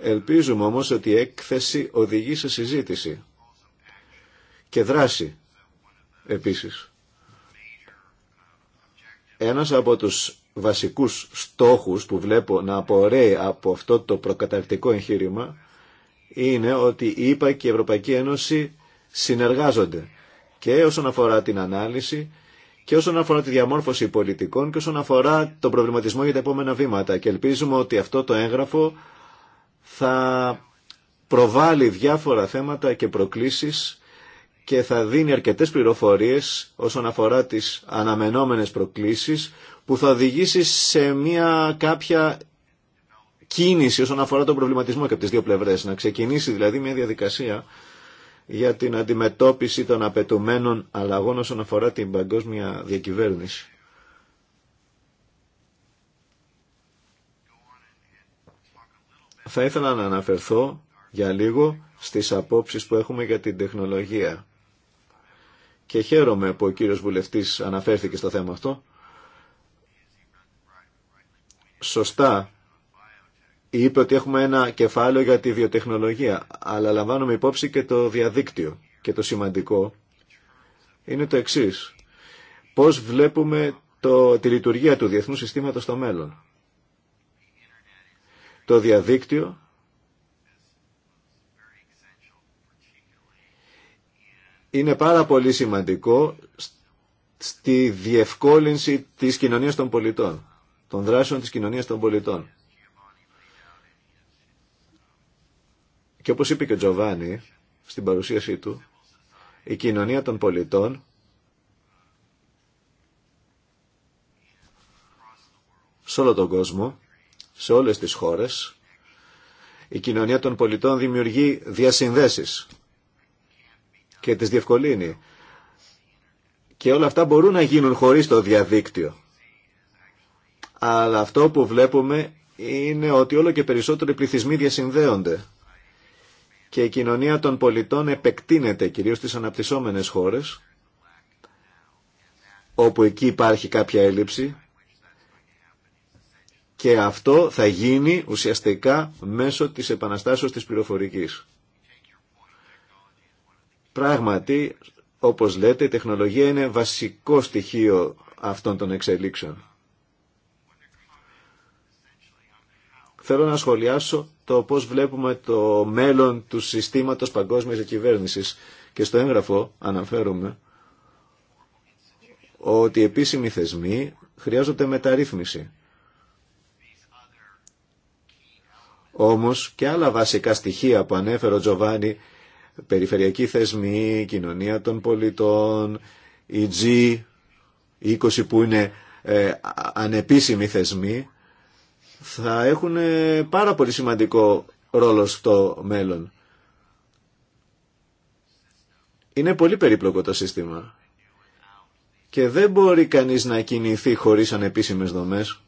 Ελπίζουμε όμως ότι η έκθεση οδηγεί σε συζήτηση και δράση επίση. Ένας από τους βασικούς στόχους που βλέπω να απορρέει από αυτό το προκαταρκτικό εγχείρημα είναι ότι η ΕΠΑ και η Ευρωπαϊκή Ένωση συνεργάζονται και όσον αφορά την ανάλυση και όσον αφορά τη διαμόρφωση πολιτικών και όσον αφορά τον προβληματισμό για τα επόμενα βήματα. Και ελπίζουμε ότι αυτό το έγγραφο θα προβάλλει διάφορα θέματα και προκλήσεις και θα δίνει αρκετές πληροφορίες όσον αφορά τις αναμενόμενες προκλήσεις που θα οδηγήσει σε μια κάποια κίνηση όσον αφορά τον προβληματισμό και από τις δύο πλευρές. Να ξεκινήσει δηλαδή μια διαδικασία για την αντιμετώπιση των απαιτουμένων αλλαγών όσον αφορά την παγκόσμια διακυβέρνηση. Θα ήθελα να αναφερθώ για λίγο στις απόψεις που έχουμε για την τεχνολογία. Και χαίρομαι που ο κύριος βουλευτής αναφέρθηκε στο θέμα αυτό. Σωστά είπε ότι έχουμε ένα κεφάλαιο για τη βιοτεχνολογία, αλλά λαμβάνουμε υπόψη και το διαδίκτυο. Και το σημαντικό είναι το εξή. Πώς βλέπουμε το, τη λειτουργία του διεθνού συστήματος στο μέλλον. Το διαδίκτυο είναι πάρα πολύ σημαντικό στη διευκόλυνση της κοινωνίας των πολιτών, των δράσεων της κοινωνίας των πολιτών. Και όπως είπε και ο Τζοβάνι στην παρουσίασή του, η κοινωνία των πολιτών σε όλο τον κόσμο, σε όλες τις χώρες, η κοινωνία των πολιτών δημιουργεί διασυνδέσεις και τις διευκολύνει. Και όλα αυτά μπορούν να γίνουν χωρίς το διαδίκτυο. Αλλά αυτό που βλέπουμε είναι ότι όλο και περισσότερο πληθυσμοί διασυνδέονται και η κοινωνία των πολιτών επεκτείνεται κυρίως στις αναπτυσσόμενες χώρες όπου εκεί υπάρχει κάποια έλλειψη και αυτό θα γίνει ουσιαστικά μέσω της επαναστάσεως της πληροφορικής. Πράγματι, όπως λέτε, η τεχνολογία είναι βασικό στοιχείο αυτών των εξελίξεων. Θέλω να σχολιάσω το πώς βλέπουμε το μέλλον του συστήματος παγκόσμιας διακυβέρνησης και στο έγγραφο αναφέρουμε ότι οι επίσημοι θεσμοί χρειάζονται μεταρρύθμιση. Όμως και άλλα βασικά στοιχεία που ανέφερε ο Τζοβάνι, περιφερειακοί θεσμοί, κοινωνία των πολιτών, η G, 20 που είναι ε, ανεπίσημοι θεσμοί, θα έχουν ε, πάρα πολύ σημαντικό ρόλο στο μέλλον. Είναι πολύ περίπλοκο το σύστημα και δεν μπορεί κανείς να κινηθεί χωρίς ανεπίσημες δομές.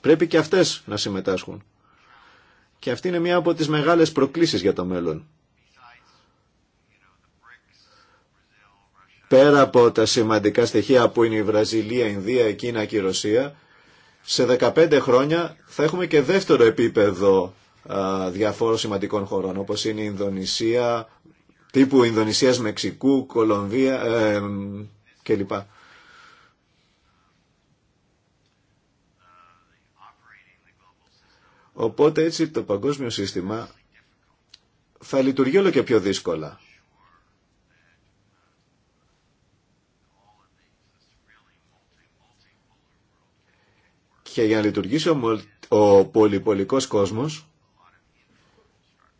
Πρέπει και αυτές να συμμετάσχουν. Και αυτή είναι μία από τις μεγάλες προκλήσεις για το μέλλον. Πέρα από τα σημαντικά στοιχεία που είναι η Βραζιλία, η Ινδία, η Κίνα και η Ρωσία, σε 15 χρόνια θα έχουμε και δεύτερο επίπεδο διαφόρων σημαντικών χωρών, όπως είναι η Ινδονησία, τύπου Ινδονησίας, Μεξικού, Κολομβία ε, κλπ. Οπότε έτσι το παγκόσμιο σύστημα θα λειτουργεί όλο και πιο δύσκολα. Και για να λειτουργήσει ο, πολυπολικός κόσμος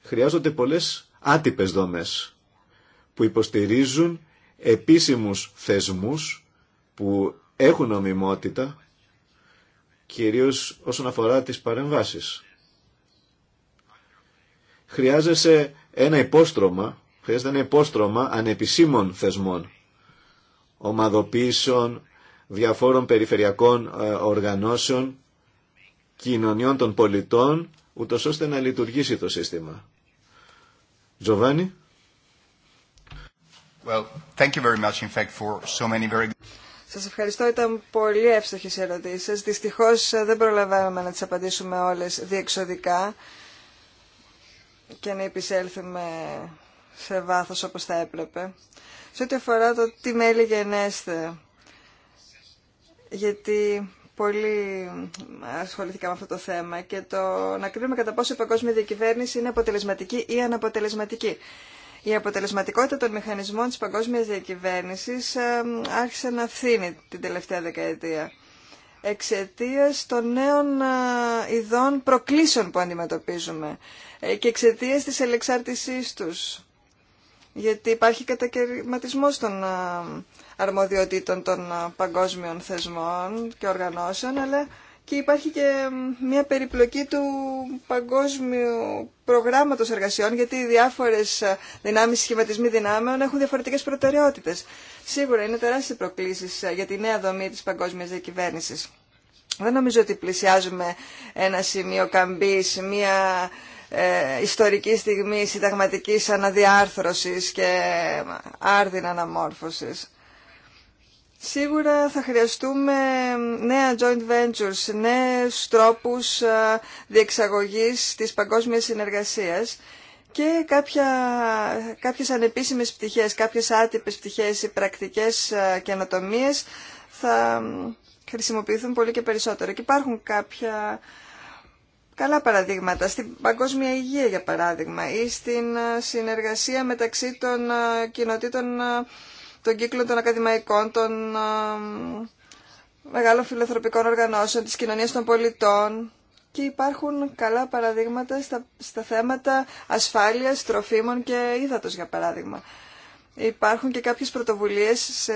χρειάζονται πολλές άτυπες δομές που υποστηρίζουν επίσημους θεσμούς που έχουν ομιμότητα κυρίως όσον αφορά τις παρεμβάσεις. Χρειάζεσαι ένα υπόστρωμα, χρειάζεται ένα υπόστρωμα ανεπισήμων θεσμών, ομαδοποίησεων, διαφόρων περιφερειακών ε, οργανώσεων, κοινωνιών των πολιτών, ούτως ώστε να λειτουργήσει το σύστημα. Τζοβάνι. Well, thank you very much, in fact, for Σας ευχαριστώ, ήταν πολύ εύστοχες οι ερωτήσεις. Δυστυχώς ε, δεν προλαβαίνουμε να τις απαντήσουμε όλες διεξοδικά και να επισέλθουμε σε βάθος όπως θα έπρεπε. Σε ό,τι αφορά το τι μέλη γενέστε, γιατί πολύ ασχοληθήκαμε με αυτό το θέμα και το να κρίνουμε κατά πόσο η παγκόσμια διακυβέρνηση είναι αποτελεσματική ή αναποτελεσματική. Η αποτελεσματικότητα των μηχανισμών της παγκόσμιας διακυβέρνησης ε, άρχισε να φθήνει την τελευταία δεκαετία εξαιτία των νέων ε, ειδών προκλήσεων που αντιμετωπίζουμε ε, και εξαιτία της ελεξάρτησής τους. Γιατί υπάρχει κατακαιρματισμός των αρμοδιοτήτων των παγκόσμιων θεσμών και οργανώσεων, αλλά και υπάρχει και μια περιπλοκή του παγκόσμιου προγράμματος εργασιών, γιατί οι διάφορες δυνάμεις, σχηματισμοί δυνάμεων έχουν διαφορετικές προτεραιότητες. Σίγουρα είναι τεράστιες προκλήσεις για τη νέα δομή της παγκόσμιας διακυβέρνησης. Δεν νομίζω ότι πλησιάζουμε ένα σημείο καμπής, μια ε, ιστορική στιγμή συνταγματικής αναδιάρθρωσης και άρδιν αναμόρφωσης. Σίγουρα θα χρειαστούμε νέα joint ventures, νέους τρόπους ε, διεξαγωγής της παγκόσμιας συνεργασίας και κάποια, κάποιες ανεπίσημες πτυχές, κάποιες άτυπες πτυχές ή πρακτικές ε, καινοτομίες θα χρησιμοποιηθούν πολύ και περισσότερο. Και υπάρχουν κάποια καλά παραδείγματα, στην παγκόσμια υγεία για παράδειγμα ή στην ε, συνεργασία μεταξύ των κοινοτήτων τον κύκλο των ακαδημαϊκών, των μεγάλων φιλοθροπικών οργανώσεων, της κοινωνίας των πολιτών και υπάρχουν καλά παραδείγματα στα, θέματα ασφάλειας, τροφίμων και ύδατος για παράδειγμα. Υπάρχουν και κάποιες πρωτοβουλίες σε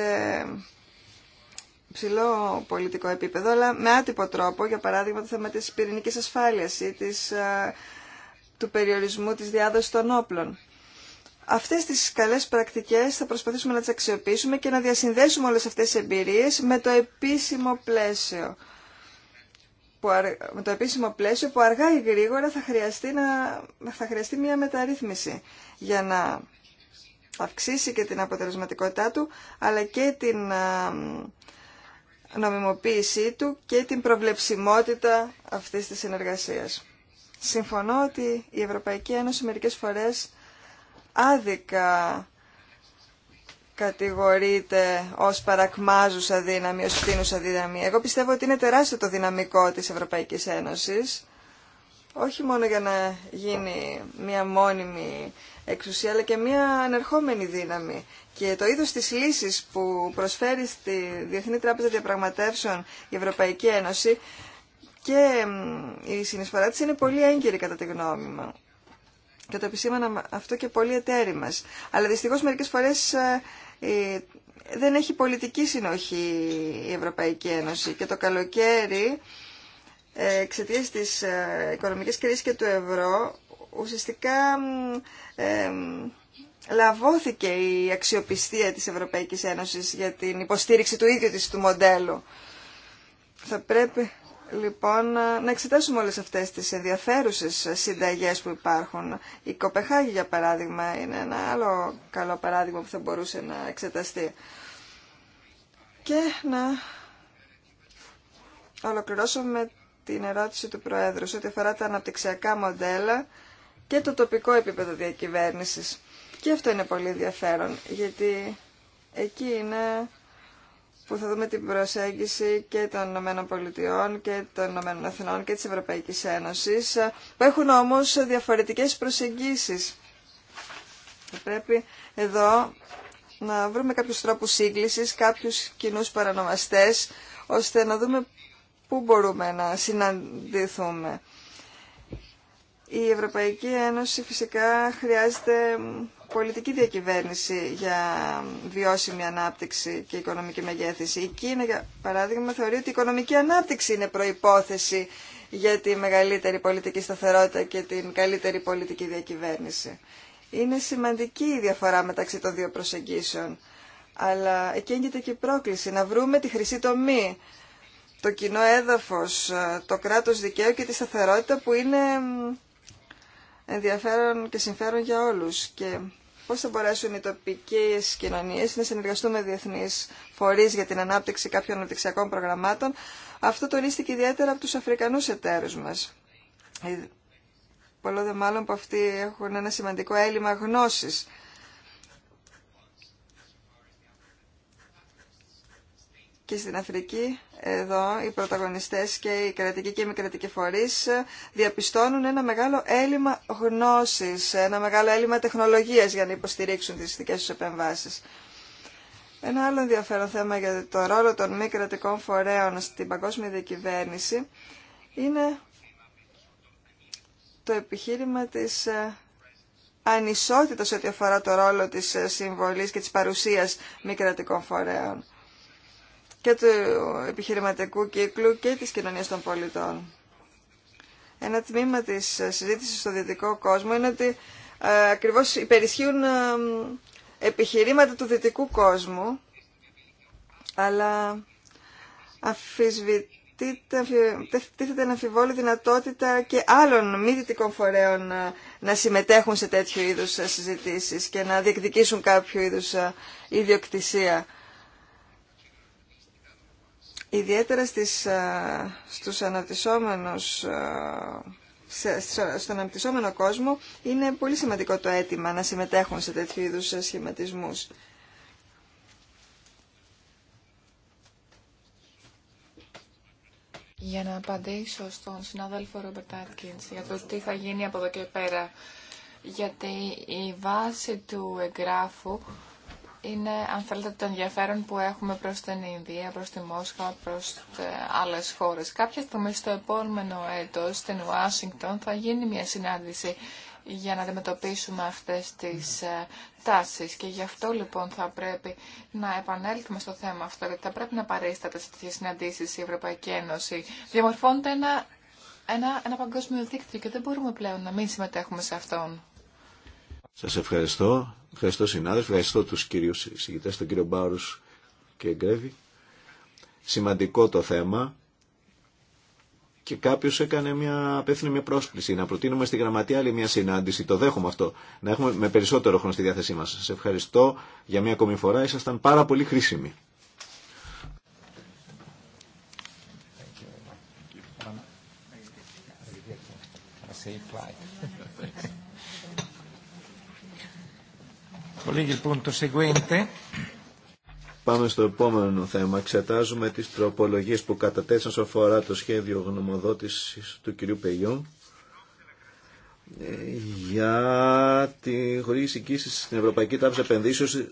ψηλό πολιτικό επίπεδο, αλλά με άτυπο τρόπο, για παράδειγμα το θέμα της πυρηνικής ασφάλειας ή του περιορισμού της διάδοσης των όπλων. Αυτές τις καλές πρακτικές θα προσπαθήσουμε να τις αξιοποιήσουμε και να διασυνδέσουμε όλες αυτές τις εμπειρίες με το επίσημο πλαίσιο. Που με το επίσημο πλαίσιο που αργά ή γρήγορα θα χρειαστεί, να, θα χρειαστεί μια μεταρρύθμιση για να αυξήσει και την αποτελεσματικότητά του, αλλά και την νομιμοποίησή του και την προβλεψιμότητα αυτής της συνεργασίας. Συμφωνώ ότι η Ευρωπαϊκή Ένωση μερικές φορές άδικα κατηγορείται ως παρακμάζουσα δύναμη, ως φτύνουσα δύναμη. Εγώ πιστεύω ότι είναι τεράστιο το δυναμικό της Ευρωπαϊκής Ένωσης, όχι μόνο για να γίνει μια μόνιμη εξουσία, αλλά και μια ανερχόμενη δύναμη. Και το είδος της λύσης που προσφέρει στη Διεθνή Τράπεζα Διαπραγματεύσεων η Ευρωπαϊκή Ένωση και η συνεισφορά της είναι πολύ έγκυρη κατά τη γνώμη μου και το επισήμανα αυτό και πολλοί εταίροι μας. Αλλά δυστυχώς μερικές φορές ε, δεν έχει πολιτική συνοχή η Ευρωπαϊκή Ένωση και το καλοκαίρι ε, εξαιτία της ε, οικονομικής κρίσης και του ευρώ ουσιαστικά ε, λαβώθηκε η αξιοπιστία της Ευρωπαϊκής Ένωσης για την υποστήριξη του ίδιου της του μοντέλου. Θα πρέπει λοιπόν να εξετάσουμε όλες αυτές τις ενδιαφέρουσες συνταγές που υπάρχουν. Η Κοπεχάγη, για παράδειγμα, είναι ένα άλλο καλό παράδειγμα που θα μπορούσε να εξεταστεί. Και να ολοκληρώσω την ερώτηση του Προέδρου σε ό,τι αφορά τα αναπτυξιακά μοντέλα και το τοπικό επίπεδο διακυβέρνησης. Και αυτό είναι πολύ ενδιαφέρον, γιατί εκεί είναι που θα δούμε την προσέγγιση και των Πολιτειών και των ΗΠΑ και της Ευρωπαϊκής Ένωσης, που έχουν όμως διαφορετικές προσεγγίσεις. Θα πρέπει εδώ να βρούμε κάποιους τρόπους σύγκλησης, κάποιους κοινούς παρανομαστές, ώστε να δούμε πού μπορούμε να συναντηθούμε. Η Ευρωπαϊκή Ένωση φυσικά χρειάζεται πολιτική διακυβέρνηση για βιώσιμη ανάπτυξη και οικονομική μεγέθυνση. Η Κίνα, για παράδειγμα, θεωρεί ότι η οικονομική ανάπτυξη είναι προϋπόθεση για τη μεγαλύτερη πολιτική σταθερότητα και την καλύτερη πολιτική διακυβέρνηση. Είναι σημαντική η διαφορά μεταξύ των δύο προσεγγίσεων, αλλά εκεί έγκυται και η πρόκληση να βρούμε τη χρυσή τομή, το κοινό έδαφος, το κράτος δικαίου και τη σταθερότητα που είναι ενδιαφέρον και συμφέρον για όλους και πώς θα μπορέσουν οι τοπικές κοινωνίες να συνεργαστούν με διεθνείς φορείς για την ανάπτυξη κάποιων αναπτυξιακών προγραμμάτων. Αυτό τονίστηκε ιδιαίτερα από τους Αφρικανούς εταίρους μας. Ε, πολλό δε μάλλον που αυτοί έχουν ένα σημαντικό έλλειμμα γνώσης Και στην Αφρική, εδώ, οι πρωταγωνιστές και οι κρατικοί και οι μη κρατικοί φορείς ε, διαπιστώνουν ένα μεγάλο έλλειμμα γνώσης, ένα μεγάλο έλλειμμα τεχνολογίας για να υποστηρίξουν τις δικές τους επεμβάσεις. Ένα άλλο ενδιαφέρον θέμα για το ρόλο των μη κρατικών φορέων στην παγκόσμια διακυβέρνηση είναι το επιχείρημα της ε, ανισότητας ό,τι αφορά το ρόλο της ε, συμβολής και της παρουσίας μη κρατικών φορέων και του επιχειρηματικού κύκλου και της κοινωνίας των πολιτών. Ένα τμήμα της συζήτησης στο δυτικό κόσμο είναι ότι ε, ακριβώς υπερισχύουν ε, επιχειρήματα του δυτικού κόσμου, αλλά τίθεται να αμφιβόλη δυνατότητα και άλλων μη δυτικών φορέων ε, να συμμετέχουν σε τέτοιου είδους συζητήσεις και να διεκδικήσουν κάποιο είδους ιδιοκτησία Ιδιαίτερα στις, στους αναπτυσσόμενους, στον αναπτυσσόμενο κόσμο είναι πολύ σημαντικό το αίτημα να συμμετέχουν σε τέτοιου είδους σχηματισμούς. Για να απαντήσω στον συνάδελφο Ρόμπερτ Άτκινς για το τι θα γίνει από εδώ και πέρα. Γιατί η βάση του εγγράφου είναι, αν θέλετε, το ενδιαφέρον που έχουμε προς την Ινδία, προς τη Μόσχα, προς ε, άλλες χώρες. Κάποια στιγμή στο επόμενο έτος, στην Ουάσιγκτον, θα γίνει μια συνάντηση για να αντιμετωπίσουμε αυτές τις ε, τάσεις. Και γι' αυτό λοιπόν θα πρέπει να επανέλθουμε στο θέμα αυτό, γιατί θα πρέπει να παρίσταται σε τέτοιες συναντήσεις η Ευρωπαϊκή Ένωση. Διαμορφώνεται ένα, ένα, ένα παγκόσμιο δίκτυο και δεν μπορούμε πλέον να μην συμμετέχουμε σε αυτόν. Σας ευχαριστώ. Ευχαριστώ συνάδελφοι, ευχαριστώ τους κυρίους συζητητές, τον κύριο Μπάρους και Γκρέβη. Σημαντικό το θέμα και κάποιος έκανε μια, απέθυνη μια πρόσκληση να προτείνουμε στη γραμματεία άλλη μια συνάντηση. Το δέχομαι αυτό. Να έχουμε με περισσότερο χρόνο στη διάθεσή μας. Σας ευχαριστώ για μια ακόμη φορά. Ήσασταν πάρα πολύ χρήσιμοι. Πάμε στο επόμενο θέμα. Εξετάζουμε τις τροπολογίες που κατατέθησαν σε αφορά το σχέδιο γνωμοδότησης του κυρίου Πελιού ε, για τη χωρίς εγγύηση στην Ευρωπαϊκή Τράπεζα Επενδύσεως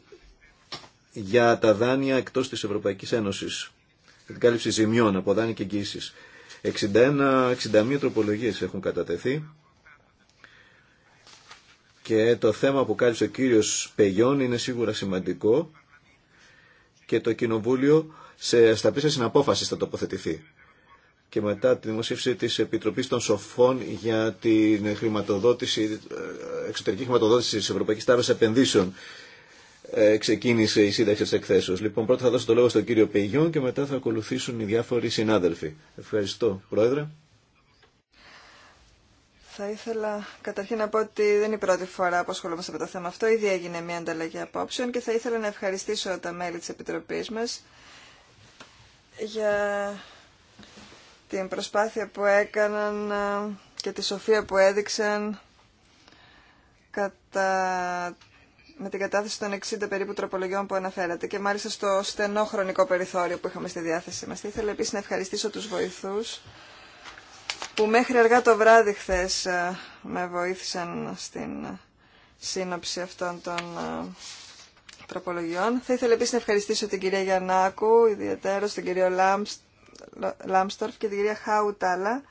για τα δάνεια εκτός της Ευρωπαϊκής Ένωσης. Για την κάλυψη ζημιών από δάνεια και εγγύησης. 61-61 τροπολογίες έχουν κατατεθεί. Και το θέμα που κάλυψε ο κύριος Πεγιών είναι σίγουρα σημαντικό και το Κοινοβούλιο σε, στα πίσω συναπόφαση θα τοποθετηθεί. Και μετά τη δημοσίευση της Επιτροπής των Σοφών για την χρηματοδότηση, εξωτερική χρηματοδότηση της Ευρωπαϊκής Τράπεζας Επενδύσεων ε, ξεκίνησε η σύνταξη της εκθέσεως. Λοιπόν, πρώτα θα δώσω το λόγο στον κύριο Πεγιόν και μετά θα ακολουθήσουν οι διάφοροι συνάδελφοι. Ευχαριστώ, Πρόεδρε. Θα ήθελα καταρχήν να πω ότι δεν είναι η πρώτη φορά που ασχολούμαστε με το θέμα αυτό. Ήδη έγινε μια ανταλλαγή απόψεων και θα ήθελα να ευχαριστήσω τα μέλη της Επιτροπής μας για την προσπάθεια που έκαναν ε, και τη σοφία που έδειξαν κατά... με την κατάθεση των 60 περίπου τροπολογιών που αναφέρατε και μάλιστα στο στενό χρονικό περιθώριο που είχαμε στη διάθεση μας. Θα ήθελα επίσης να ευχαριστήσω τους βοηθούς που μέχρι αργά το βράδυ χθε ε, με βοήθησαν στην ε, σύνοψη αυτών των ε, τροπολογιών. Θα ήθελα επίσης να ευχαριστήσω την κυρία Γιαννάκου, ιδιαίτερα τον κύριο Λάμστορφ και την κυρία Χάουτάλα,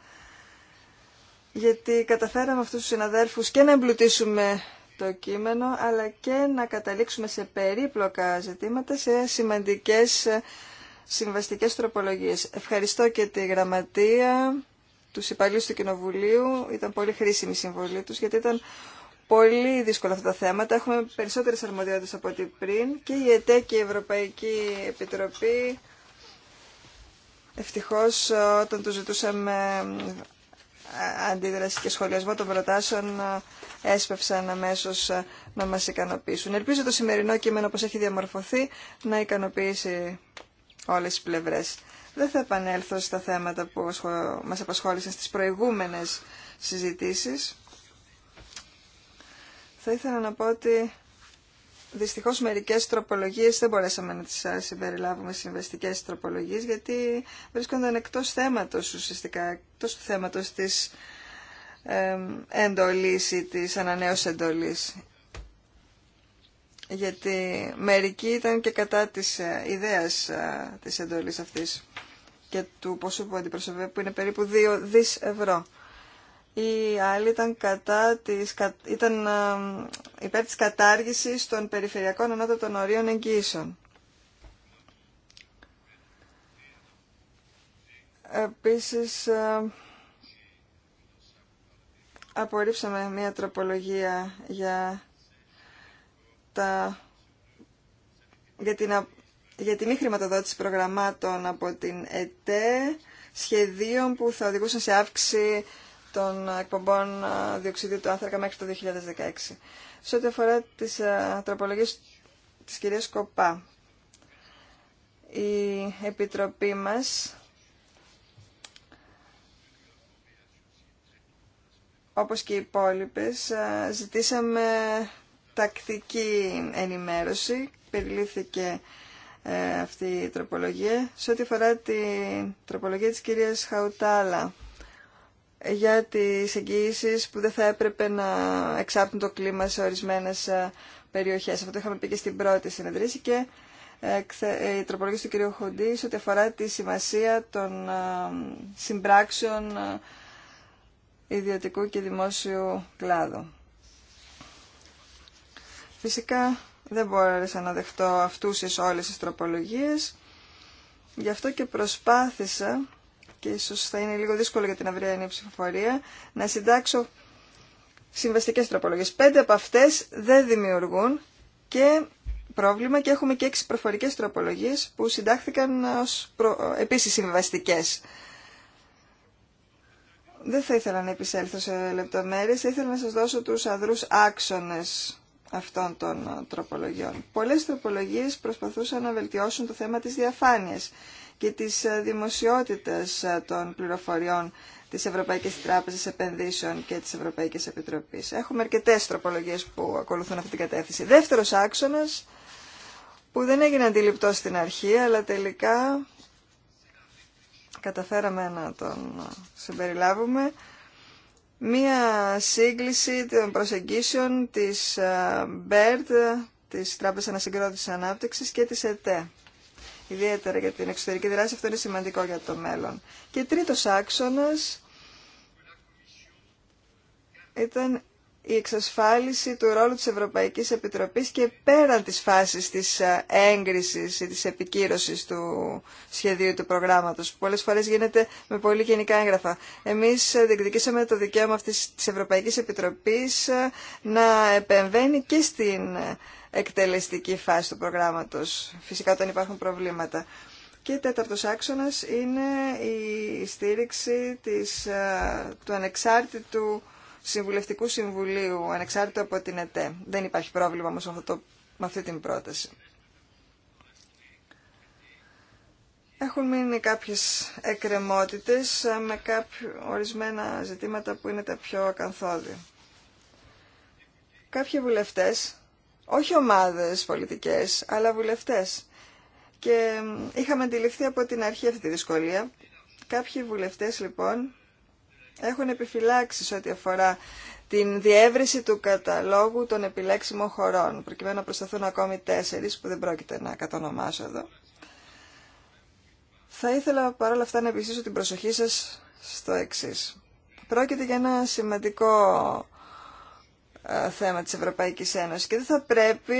γιατί καταφέραμε αυτούς τους συναδέλφους και να εμπλουτίσουμε το κείμενο, αλλά και να καταλήξουμε σε περίπλοκα ζητήματα, σε σημαντικές συμβαστικές τροπολογίες. Ευχαριστώ και τη γραμματεία τους υπαλλήλου του Κοινοβουλίου. Ήταν πολύ χρήσιμη η συμβολή τους γιατί ήταν πολύ δύσκολα αυτά τα θέματα. Έχουμε περισσότερες αρμοδιότητες από ό,τι πριν και η ΕΤΕ και η Ευρωπαϊκή Επιτροπή ευτυχώς όταν του ζητούσαμε ε, αντίδραση και σχολιασμό των προτάσεων ε, έσπευσαν αμέσω ε, να μας ικανοποιήσουν. Ελπίζω το σημερινό κείμενο όπως έχει διαμορφωθεί να ικανοποιήσει όλες τις πλευρές. Δεν θα επανέλθω στα θέματα που μας απασχόλησαν στις προηγούμενες συζητήσεις. Θα ήθελα να πω ότι δυστυχώς μερικές τροπολογίες δεν μπορέσαμε να τις ε, συμπεριλάβουμε συμβεστικές τροπολογίες γιατί βρίσκονταν εκτός θέματος ουσιαστικά, εκτός του θέματος της ε, εντολής ή της ανανέωσης εντολής. Γιατί μερικοί ήταν και κατά της ε, ιδέας ε, της εντολής αυτής και του ποσού που αντιπροσωπεύει, που είναι περίπου 2 δις ευρώ. Η άλλη ήταν, κατά της, ήταν υπέρ της κατάργησης των περιφερειακών ανώτατων ορίων εγγύησεων. Επίσης, απορρίψαμε μία τροπολογία για, τα, για για τη μη χρηματοδότηση προγραμμάτων από την ΕΤΕ, σχεδίων που θα οδηγούσαν σε αύξηση των εκπομπών διοξιδίου του άνθρακα μέχρι το 2016. Σε ό,τι αφορά τις ε, τροπολογίες της κυρίας Κοπά, η Επιτροπή μας, όπως και οι υπόλοιπες, ε, ζητήσαμε τακτική ενημέρωση, περιλήφθηκε ε, αυτή η τροπολογία. Σε ό,τι αφορά την τροπολογία της κυρίας Χαουτάλα για τις εγγύησει που δεν θα έπρεπε να εξάπτουν το κλίμα σε ορισμένες ε, περιοχές. Αυτό το είχαμε πει και στην πρώτη συνεδρίαση και ε, η τροπολογία του κυρίου Χοντή σε ό,τι αφορά τη σημασία των συμπράξεων ιδιωτικού και δημόσιου κλάδου. Φυσικά δεν μπόρεσα να δεχτώ αυτούσες όλες τις τροπολογίες. Γι' αυτό και προσπάθησα, και ίσως θα είναι λίγο δύσκολο για την αυριανή ψηφοφορία, να συντάξω συμβαστικές τροπολογίες. Πέντε από αυτές δεν δημιουργούν και πρόβλημα και έχουμε και έξι προφορικές τροπολογίες που συντάχθηκαν ως προ... επίσης συμβαστικές. Δεν θα ήθελα να επισέλθω σε λεπτομέρειες, θα ήθελα να σας δώσω τους αδρούς άξονες αυτών των ε, τροπολογιών. Πολλές τροπολογίες προσπαθούσαν να βελτιώσουν το θέμα της διαφάνειας και της ε, δημοσιότητας ε, των πληροφοριών της Ευρωπαϊκής Τράπεζας Επενδύσεων και της Ευρωπαϊκής Επιτροπής. Έχουμε αρκετέ τροπολογίες που ακολουθούν αυτή την κατεύθυνση. Δεύτερος άξονας που δεν έγινε αντιληπτό στην αρχή, αλλά τελικά καταφέραμε να τον συμπεριλάβουμε, μία σύγκληση των προσεγγίσεων της BERT, ε, της Τράπεζας Ανασυγκρότησης Ανάπτυξης και της ΕΤΕ. Ιδιαίτερα για την εξωτερική δράση, αυτό είναι σημαντικό για το μέλλον. Και τρίτος άξονας ήταν η εξασφάλιση του ρόλου της Ευρωπαϊκής Επιτροπής και πέραν της φάσης της ε, έγκρισης ή της επικύρωσης του σχεδίου του προγράμματος, που πολλές φορές γίνεται με πολύ γενικά έγγραφα. Εμείς ε, διεκδικήσαμε το δικαίωμα αυτής της Ευρωπαϊκής Επιτροπής ε, να επεμβαίνει και στην εκτελεστική φάση του προγράμματος, φυσικά όταν υπάρχουν προβλήματα. Και τέταρτος άξονας είναι η στήριξη της, του ανεξάρτητου Συμβουλευτικού Συμβουλίου, ανεξάρτητα από την ΕΤΕ. Δεν υπάρχει πρόβλημα όμως αυτό με αυτή την πρόταση. Έχουν μείνει κάποιες εκκρεμότητες ε, με κάποιο, ορισμένα ζητήματα που είναι τα πιο ακαθόδη. Κάποιοι βουλευτές, όχι ομάδες πολιτικές, αλλά βουλευτές. Και είχαμε αντιληφθεί από την αρχή αυτή τη δυσκολία. Κάποιοι βουλευτές λοιπόν έχουν επιφυλάξει ό,τι αφορά την διεύρυνση του καταλόγου των επιλέξιμων χωρών, προκειμένου να προσταθούν ακόμη τέσσερις που δεν πρόκειται να κατονομάσω εδώ. Θα ήθελα παρόλα αυτά να επιστήσω την προσοχή σας στο εξή. Πρόκειται για ένα σημαντικό ε, θέμα της Ευρωπαϊκής Ένωσης και δεν θα πρέπει,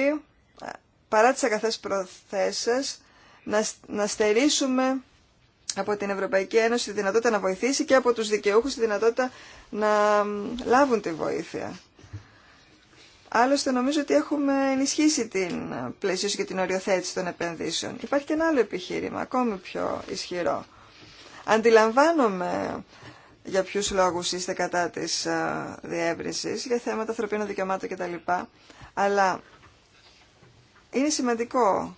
ε, παρά τις αγαθές προθέσεις, να, να στερήσουμε από την Ευρωπαϊκή Ένωση τη δυνατότητα να βοηθήσει και από τους δικαιούχους τη δυνατότητα να λάβουν τη βοήθεια. Άλλωστε νομίζω ότι έχουμε ενισχύσει την ε, πλαίσιο και την οριοθέτηση των επενδύσεων. Υπάρχει και ένα άλλο επιχείρημα, ακόμη πιο ισχυρό. Αντιλαμβάνομαι για ποιου λόγου είστε κατά της ε, διεύρυνση, για θέματα ανθρωπίνων δικαιωμάτων κτλ. Αλλά είναι σημαντικό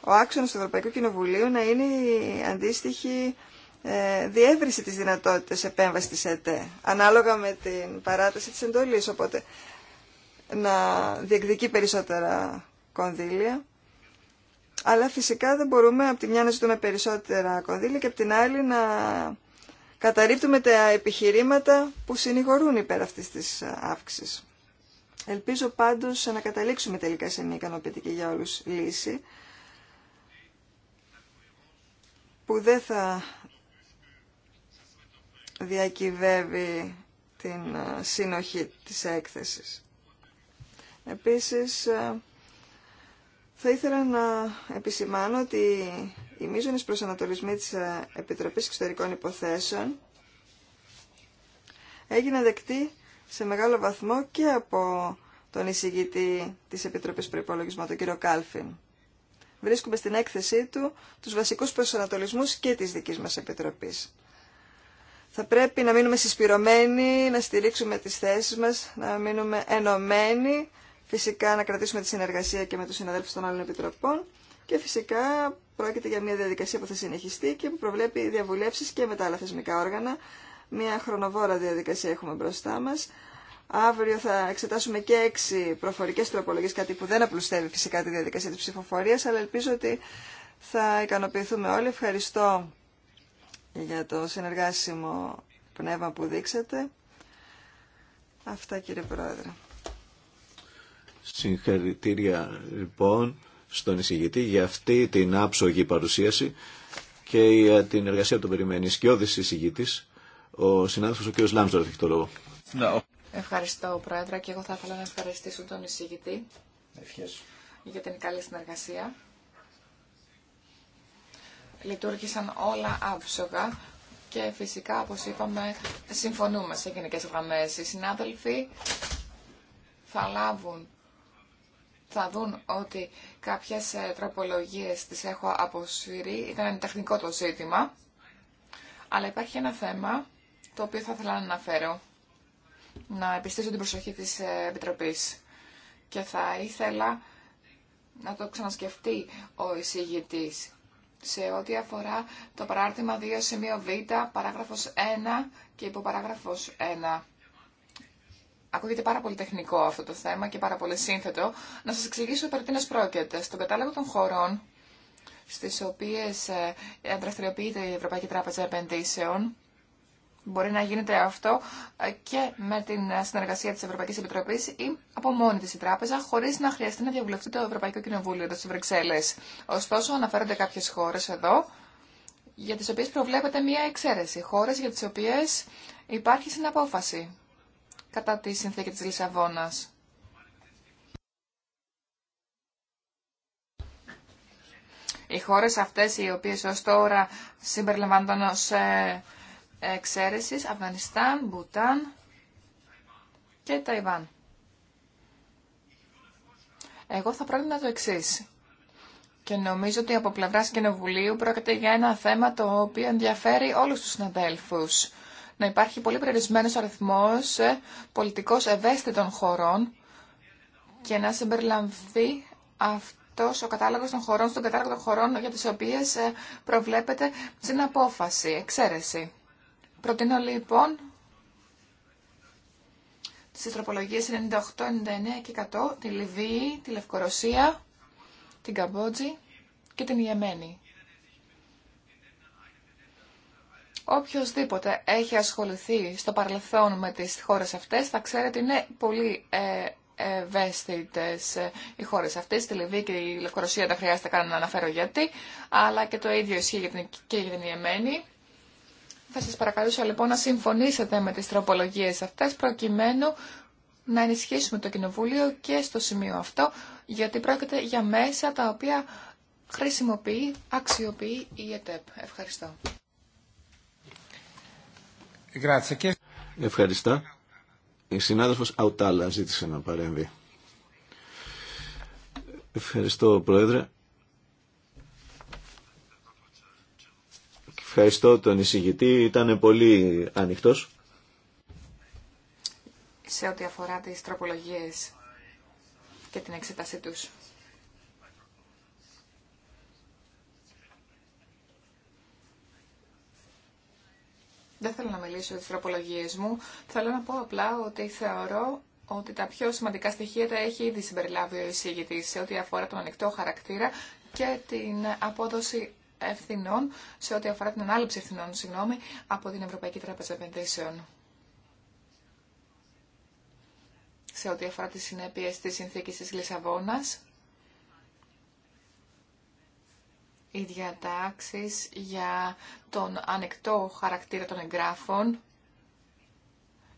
ο άξονας του Ευρωπαϊκού Κοινοβουλίου να είναι η αντίστοιχη ε, διεύρυνση της δυνατότητας επέμβασης της ΕΤΕ, ανάλογα με την παράταση της εντολής, οπότε να διεκδικεί περισσότερα κονδύλια. Αλλά φυσικά δεν μπορούμε από τη μια να ζητούμε περισσότερα κονδύλια και από την άλλη να καταρρύπτουμε τα επιχειρήματα που συνηγορούν υπέρ αυτής της αύξησης. Ελπίζω πάντως να καταλήξουμε τελικά σε μια ικανοποιητική για όλους λύση, που δεν θα διακυβεύει την ε, συνοχή της έκθεσης. Επίσης, ε, θα ήθελα να επισημάνω ότι οι μείζονες προσανατολισμοί της ε, Επιτροπής Εξωτερικών Υποθέσεων έγιναν δεκτοί σε μεγάλο βαθμό και από τον εισηγητή της Επιτροπής Προϋπολογισμού, τον κύριο Κάλφιν βρίσκουμε στην έκθεσή του τους βασικούς προσανατολισμούς και της δικής μας Επιτροπής. Θα πρέπει να μείνουμε συσπηρωμένοι, να στηρίξουμε τις θέσεις μας, να μείνουμε ενωμένοι, φυσικά να κρατήσουμε τη συνεργασία και με τους συναδέλφους των άλλων επιτροπών και φυσικά πρόκειται για μια διαδικασία που θα συνεχιστεί και που προβλέπει διαβουλεύσεις και με τα άλλα θεσμικά όργανα. Μια χρονοβόρα διαδικασία έχουμε μπροστά μας, Αύριο θα εξετάσουμε και έξι προφορικές τροπολογίες, κάτι που δεν απλουστεύει φυσικά τη διαδικασία της ψηφοφορία, αλλά ελπίζω ότι θα ικανοποιηθούμε όλοι. Ευχαριστώ για το συνεργάσιμο πνεύμα που δείξατε. Αυτά κύριε Πρόεδρε. Συγχαρητήρια λοιπόν στον εισηγητή για αυτή την άψογη παρουσίαση και για την εργασία που τον περιμένει. Σκιώδης εισηγητής, ο συνάδελφος ο κ. Λάμστορφ έχει το λόγο. Ευχαριστώ, Πρόεδρε, και εγώ θα ήθελα να ευχαριστήσω τον εισηγητή για την καλή συνεργασία. Λειτουργήσαν όλα άψογα και φυσικά, όπως είπαμε, συμφωνούμε σε γενικές γραμμές. Οι συνάδελφοι θα λάβουν, θα δουν ότι κάποιες ε, τροπολογίες τις έχω αποσύρει. Ήταν τεχνικό το ζήτημα, αλλά υπάρχει ένα θέμα το οποίο θα ήθελα να αναφέρω να επιστήσω την προσοχή της Επιτροπής. Και θα ήθελα να το ξανασκεφτεί ο εισηγητής σε ό,τι αφορά το παράρτημα 2 σημείο β, παράγραφος 1 και υποπαράγραφος 1. Ακούγεται πάρα πολύ τεχνικό αυτό το θέμα και πάρα πολύ σύνθετο. Να σας εξηγήσω περί τίνες πρόκειται. Στον κατάλογο των χωρών στις οποίες ε, δραστηριοποιείται η Ευρωπαϊκή Τράπεζα Επενδύσεων, Μπορεί να γίνεται αυτό ε, και με την ε, συνεργασία της Ευρωπαϊκής Επιτροπής ή από μόνη της η τράπεζα, χωρίς να χρειαστεί να διαβουλευτεί το Ευρωπαϊκό Κοινοβούλιο εδώ στις Βρυξέλλες. Ωστόσο, αναφέρονται κάποιες χώρες εδώ, για τις οποίες προβλέπεται μία εξαίρεση. Χώρες για τις οποίες υπάρχει συναπόφαση κατά τη συνθήκη της Λισαβόνας. Οι χώρες αυτές οι οποίες ως τώρα συμπεριλαμβάνονταν σε εξαίρεσης Αφγανιστάν, Μπουτάν και Ταϊβάν. Εγώ θα πρότεινα το εξή. Και νομίζω ότι από πλευρά Κοινοβουλίου πρόκειται για ένα θέμα το οποίο ενδιαφέρει όλους τους συναδέλφους. Να υπάρχει πολύ περιορισμένος αριθμός ε, πολιτικώς ευαίσθητων χωρών και να συμπεριλαμβθεί αυτός ο κατάλογος των χωρών στον κατάλογο των χωρών για τις οποίες ε, προβλέπεται στην απόφαση, εξαίρεση. Προτείνω λοιπόν τις τροπολογίες 98, 99 και 100 τη Λιβύη, τη Λευκορωσία, την Καμπότζη και την Ιεμένη. Οποιοςδήποτε έχει ασχοληθεί στο παρελθόν με τις χώρες αυτές θα ξέρει ότι είναι πολύ ε, ευαίσθητες ε, οι χώρες αυτές. Στη Λιβύη και η Λευκορωσία δεν χρειάζεται καν να αναφέρω γιατί, αλλά και το ίδιο ισχύει και για την Ιεμένη. Θα σας παρακαλούσα λοιπόν να συμφωνήσετε με τις τροπολογίες αυτές προκειμένου να ενισχύσουμε το Κοινοβούλιο και στο σημείο αυτό γιατί πρόκειται για μέσα τα οποία χρησιμοποιεί, αξιοποιεί η ΕΤΕΠ. Ευχαριστώ. Ευχαριστώ. Η συνάδελφος Αουτάλα ζήτησε να παρέμβει. Ευχαριστώ, Πρόεδρε. Ευχαριστώ τον εισηγητή, ήταν πολύ ανοιχτός. Σε ό,τι αφορά τις τροπολογίες και την εξετασή τους. Δεν θέλω να μιλήσω για τις τροπολογίες μου. Θέλω να πω απλά ότι θεωρώ ότι τα πιο σημαντικά στοιχεία τα έχει ήδη συμπεριλάβει ο εισηγητής σε ό,τι αφορά τον ανοιχτό χαρακτήρα και την απόδοση ευθυνών, σε ό,τι αφορά την ανάληψη ευθυνών, συγγνώμη, από την Ευρωπαϊκή Τράπεζα Επενδύσεων. Σε ό,τι αφορά τις συνέπειες της συνθήκης της Λισαβόνας, οι διατάξεις για τον ανεκτό χαρακτήρα των εγγράφων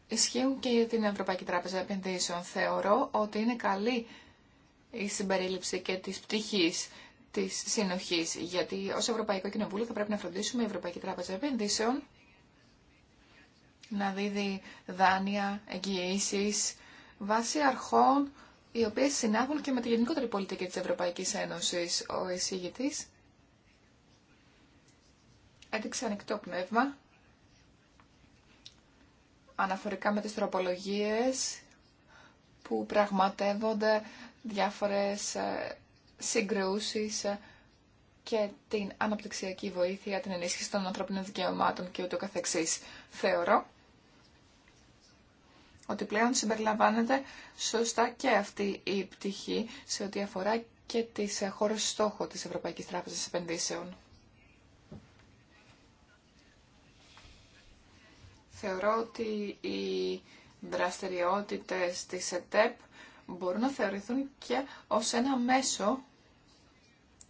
ισχύουν και για την Ευρωπαϊκή Τράπεζα Επενδύσεων. Θεωρώ ότι είναι καλή η συμπερίληψη και της πτυχής της συνοχή, γιατί ως Ευρωπαϊκό Κοινοβούλιο θα πρέπει να φροντίσουμε η Ευρωπαϊκή Τράπεζα Επενδύσεων να δίδει δάνεια, εγγυήσει βάσει αρχών οι οποίες συνάγουν και με τη γενικότερη πολιτική της Ευρωπαϊκής Ένωσης. Ο εισηγητή έδειξε ανοιχτό πνεύμα αναφορικά με τις τροπολογίες που πραγματεύονται διάφορες ε, συγκρούσεις και την αναπτυξιακή βοήθεια, την ενίσχυση των ανθρωπίνων δικαιωμάτων και ούτω καθεξής. Θεωρώ ότι πλέον συμπεριλαμβάνεται σωστά και αυτή η πτυχή σε ό,τι αφορά και τις ε, χώρες στόχο της Ευρωπαϊκής Τράπεζας Επενδύσεων. Θεωρώ ότι οι δραστηριότητες της ΕΤΕΠ μπορούν να θεωρηθούν και ως ένα μέσο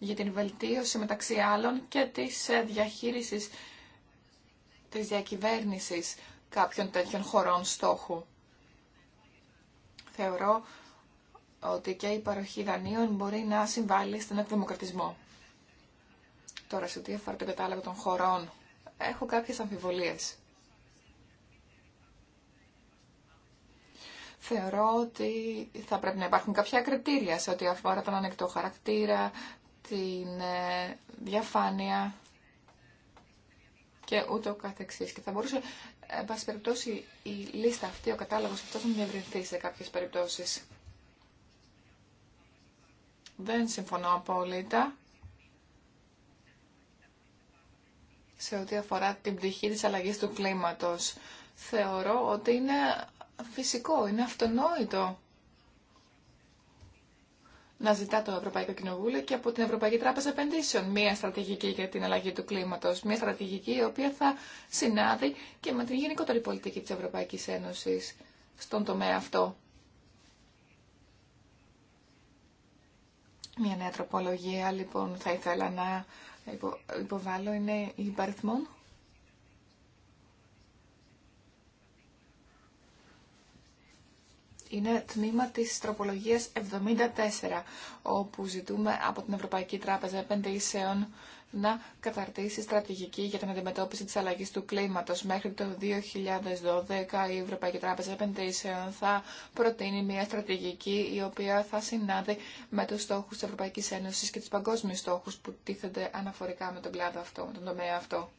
για την βελτίωση μεταξύ άλλων και της ε, διαχείρισης της διακυβέρνησης κάποιων τέτοιων χωρών στόχου. Θεωρώ ότι και η παροχή δανείων μπορεί να συμβάλλει στον εκδημοκρατισμό. Τώρα, σε ό,τι αφορά το κατάλογο των χωρών, έχω κάποιες αμφιβολίες. Θεωρώ ότι θα πρέπει να υπάρχουν κάποια κριτήρια σε ό,τι αφορά τον ανεκτό χαρακτήρα, την ε, διαφάνεια και ούτω καθεξής. Και θα μπορούσε, εν πάση περιπτώσει, η λίστα αυτή, ο κατάλογος αυτός να διευρυνθεί σε κάποιες περιπτώσεις. Δεν συμφωνώ απόλυτα σε ό,τι αφορά την πτυχή της αλλαγής του κλίματος. Θεωρώ ότι είναι φυσικό, είναι αυτονόητο να ζητά το Ευρωπαϊκό Κοινοβούλιο και από την Ευρωπαϊκή Τράπεζα Επενδύσεων μια στρατηγική για την αλλαγή του κλίματο. Μια στρατηγική η οποία θα συνάδει και με την γενικότερη πολιτική τη Ευρωπαϊκή Ένωση στον τομέα αυτό. Μια νέα τροπολογία λοιπόν θα ήθελα να υποβάλω είναι η παριθμόν. είναι τμήμα της τροπολογίας 74, όπου ζητούμε από την Ευρωπαϊκή Τράπεζα Επενδύσεων να καταρτήσει στρατηγική για την αντιμετώπιση της αλλαγής του κλίματος. Μέχρι το 2012 η Ευρωπαϊκή Τράπεζα Επενδύσεων θα προτείνει μια στρατηγική η οποία θα συνάδει με τους στόχους της Ευρωπαϊκής Ένωσης και τους παγκόσμιους στόχους που τίθενται αναφορικά με τον κλάδο αυτό, με τον τομέα αυτό.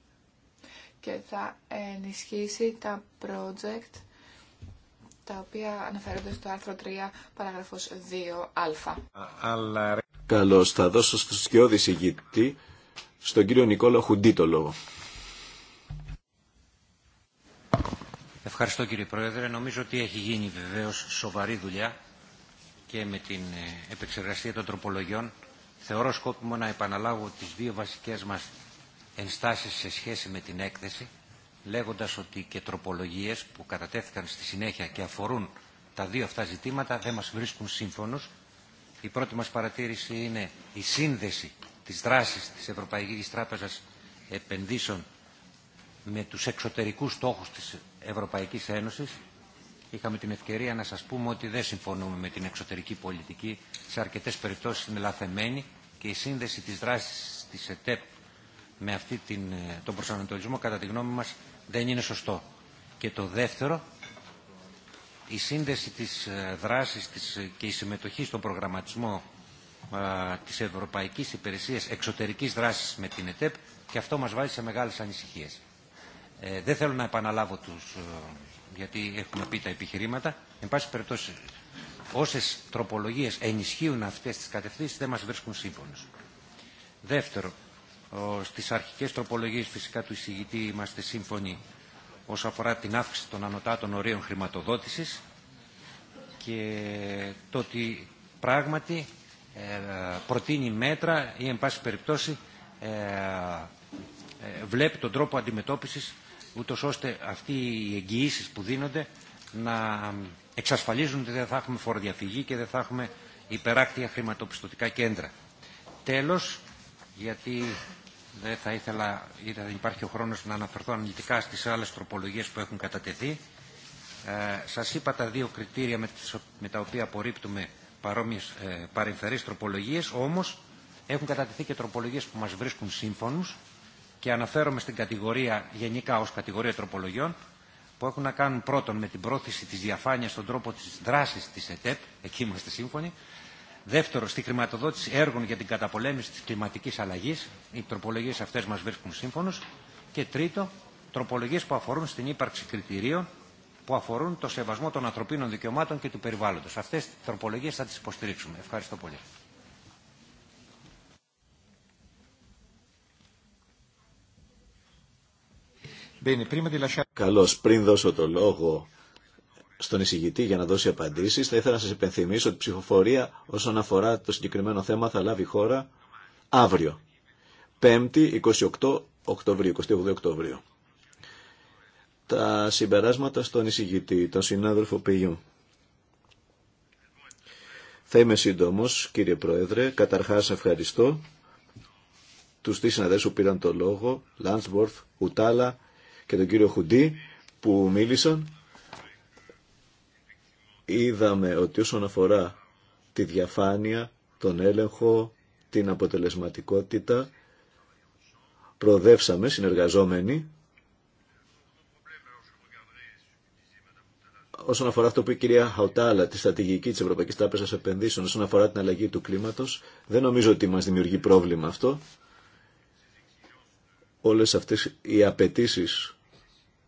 Και θα ενισχύσει τα project τα οποία αναφέρονται στο άρθρο 3, παράγραφος 2α. Αλλά... Καλώς, θα δώσω στο σκιώδη ηγητή, στον κύριο Νικόλα Χουντή το λόγο. Ευχαριστώ κύριε Πρόεδρε. Νομίζω ότι έχει γίνει βεβαίως σοβαρή δουλειά και με την ε, επεξεργασία των τροπολογιών. Θεωρώ σκόπιμο να επαναλάβω τις δύο βασικές μας ενστάσεις σε σχέση με την έκθεση – λέγοντας ότι και τροπολογίες που κατατέθηκαν στη συνέχεια και αφορούν τα δύο αυτά ζητήματα δεν μας βρίσκουν σύμφωνος. Η πρώτη μας παρατήρηση είναι η σύνδεση της δράσης της Ευρωπαϊκής Τράπεζας Επενδύσεων με τους εξωτερικούς στόχους της Ευρωπαϊκής Ένωσης. Είχαμε την ευκαιρία να σας πούμε ότι δεν συμφωνούμε με την εξωτερική πολιτική. Σε αρκετές περιπτώσεις είναι λαθεμένη και η σύνδεση της δράσης της ΕΤΕΠ με αυτή την, ε, τον προσανατολισμό κατά τη γνώμη μας δεν είναι σωστό. Και το δεύτερο, η σύνδεση της ε, δράσης της ε, και η συμμετοχή στον προγραμματισμό ε, της Ευρωπαϊκής Υπηρεσίας Εξωτερικής Δράσης με την ΕΤΕΠ και αυτό μας βάζει σε μεγάλες ανησυχίες. δεν θέλω να επαναλάβω τους, γιατί έχουμε πει τα επιχειρήματα. Εν πάση περιπτώσει, όσες τροπολογίες ενισχύουν αυτές τις κατευθύνσεις δεν μας βρίσκουν σύμφωνος. Δεύτερο, στις αρχικές τροπολογίες φυσικά του εισηγητή είμαστε σύμφωνοι όσο αφορά την αύξηση των ανωτάτων ορίων χρηματοδότησης και το ότι πράγματι ε, προτείνει μέτρα ή εν πάση περιπτώσει ε, ε, βλέπει τον τρόπο αντιμετώπισης ούτω ώστε αυτοί οι εγγυήσει που δίνονται να εξασφαλίζουν ότι δεν θα έχουμε φοροδιαφυγή και δεν θα έχουμε υπεράκτια χρηματοπιστωτικά κέντρα. Τέλος, γιατί δεν θα ήθελα, είδα δεν υπάρχει ο χρόνος να αναφερθώ αναλυτικά στις άλλες τροπολογίες που έχουν κατατεθεί. Ε, σας είπα τα δύο κριτήρια με, τα οποία απορρίπτουμε παρόμοιες ε, παρεμφερείς τροπολογίες, όμως έχουν κατατεθεί και τροπολογίες που μας βρίσκουν σύμφωνους και αναφέρομαι στην κατηγορία γενικά ως κατηγορία τροπολογιών που έχουν να κάνουν πρώτον με την πρόθεση της διαφάνειας στον τρόπο της δράσης της ΕΤΕΠ, εκεί είμαστε σύμφωνοι, Δεύτερο, στη χρηματοδότηση έργων για την καταπολέμηση τη κλιματική αλλαγή. Οι τροπολογίε αυτέ μα βρίσκουν σύμφωνος. Και τρίτο, τροπολογίε που αφορούν στην ύπαρξη κριτηρίων που αφορούν το σεβασμό των ανθρωπίνων δικαιωμάτων και του περιβάλλοντο. Αυτέ τις τροπολογίε θα τι υποστηρίξουμε. Ευχαριστώ πολύ. Καλώς πριν δώσω το λόγο στον εισηγητή για να δώσει απαντήσεις. Θα ήθελα να σας υπενθυμίσω ότι η ψηφοφορία όσον αφορά το συγκεκριμένο θέμα θα λάβει χώρα αύριο, 5η 28 Οκτωβρίου, 28 Οκτωβρίου. Τα συμπεράσματα στον εισηγητή, τον συνάδελφο Πηγιού. Θα είμαι σύντομος, κύριε Πρόεδρε. Καταρχάς ευχαριστώ τους τρεις συναδέλφους που πήραν το λόγο, Λάντσβορφ, Ουτάλα και τον κύριο Χουντή, που μίλησαν είδαμε ότι όσον αφορά τη διαφάνεια, τον έλεγχο, την αποτελεσματικότητα, προοδεύσαμε συνεργαζόμενοι. Όσον αφορά αυτό που η κυρία Χαουτάλα, τη στρατηγική τη Ευρωπαϊκή Τράπεζα Επενδύσεων, όσον αφορά την αλλαγή του κλίματο, δεν νομίζω ότι μα δημιουργεί πρόβλημα αυτό. Όλε αυτέ οι απαιτήσει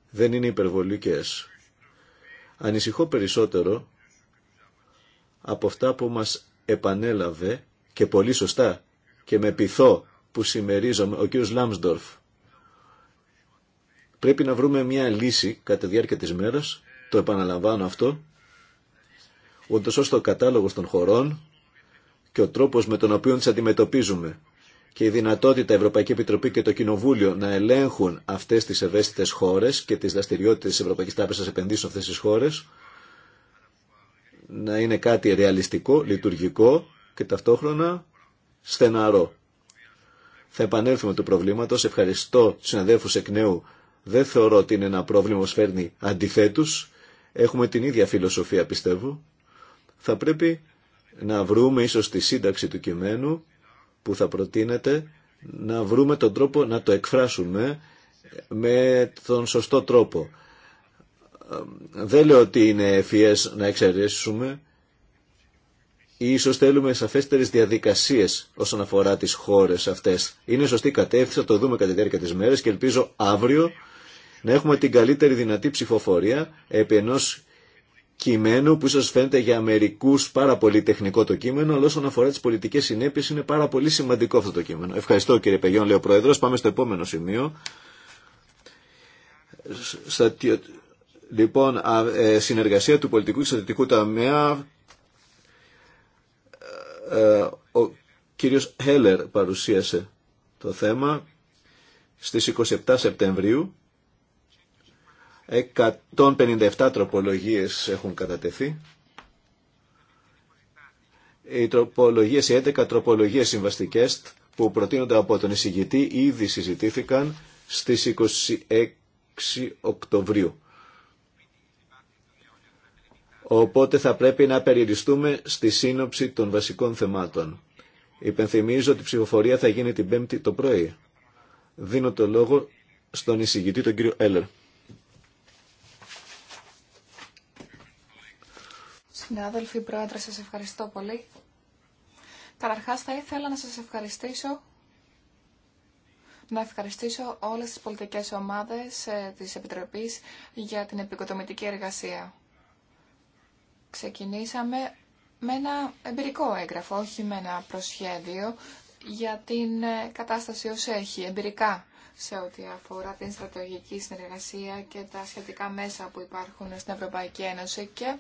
δεν είναι υπερβολικές. Ανησυχώ περισσότερο από αυτά που μας επανέλαβε και πολύ σωστά και με πειθό που συμμερίζομαι ο κύριος Λάμσντορφ. Πρέπει να βρούμε μια λύση κατά τη διάρκεια της μέρας, το επαναλαμβάνω αυτό, όντως ώστε ο κατάλογος των χωρών και ο τρόπος με τον οποίο τις αντιμετωπίζουμε και η δυνατότητα Ευρωπαϊκή Επιτροπή και το Κοινοβούλιο να ελέγχουν αυτές τις ευαίσθητες χώρες και τις δραστηριότητες της Ευρωπαϊκής Τράπεζας Επενδύσεων αυτές τις χώρες, να είναι κάτι ρεαλιστικό, λειτουργικό και ταυτόχρονα στεναρό. Θα επανέλθουμε του προβλήματος. Ευχαριστώ τους συναδέλφους εκ νέου. Δεν θεωρώ ότι είναι ένα πρόβλημα που φέρνει αντιθέτους. Έχουμε την ίδια φιλοσοφία πιστεύω. Θα πρέπει να βρούμε ίσως τη σύνταξη του κειμένου που θα προτείνεται να βρούμε τον τρόπο να το εκφράσουμε με τον σωστό τρόπο δεν λέω ότι είναι ευφυές να εξαιρέσουμε. ή Ίσως θέλουμε σαφέστερες διαδικασίες όσον αφορά τις χώρες αυτές. Είναι σωστή κατεύθυνση, θα το δούμε κατά τη διάρκεια της μέρας και ελπίζω αύριο να έχουμε την καλύτερη δυνατή ψηφοφορία επί ενός κειμένου που ίσως φαίνεται για μερικού πάρα πολύ τεχνικό το κείμενο, αλλά όσον αφορά τις πολιτικές συνέπειες είναι πάρα πολύ σημαντικό αυτό το κείμενο. Ευχαριστώ κύριε Πεγιόν, λέει ο Πρόεδρος. Πάμε στο επόμενο σημείο. Λοιπόν, ε, συνεργασία του πολιτικού και στρατιωτικού ταμεία. Ε, ο κύριος Χέλερ παρουσίασε το θέμα στις 27 Σεπτεμβρίου. 157 τροπολογίες έχουν κατατεθεί. Οι τροπολογίες, οι 11 τροπολογίες συμβαστικές που προτείνονται από τον εισηγητή ήδη συζητήθηκαν στις 26 Οκτωβρίου. Οπότε θα πρέπει να περιοριστούμε στη σύνοψη των βασικών θεμάτων. Υπενθυμίζω ότι η ψηφοφορία θα γίνει την Πέμπτη το πρωί. Δίνω το λόγο στον εισηγητή, τον κύριο Έλλερ. Συνάδελφοι, πρόεδρε, σας ευχαριστώ πολύ. Καταρχάς θα ήθελα να σας ευχαριστήσω να ευχαριστήσω όλες τις πολιτικές ομάδες ε, της Επιτροπής για την επικοτομητική εργασία ξεκινήσαμε με ένα εμπειρικό έγγραφο, όχι με ένα προσχέδιο για την ε, κατάσταση ως έχει, εμπειρικά σε ό,τι αφορά την στρατηγική συνεργασία και τα σχετικά μέσα που υπάρχουν στην Ευρωπαϊκή Ένωση και ε,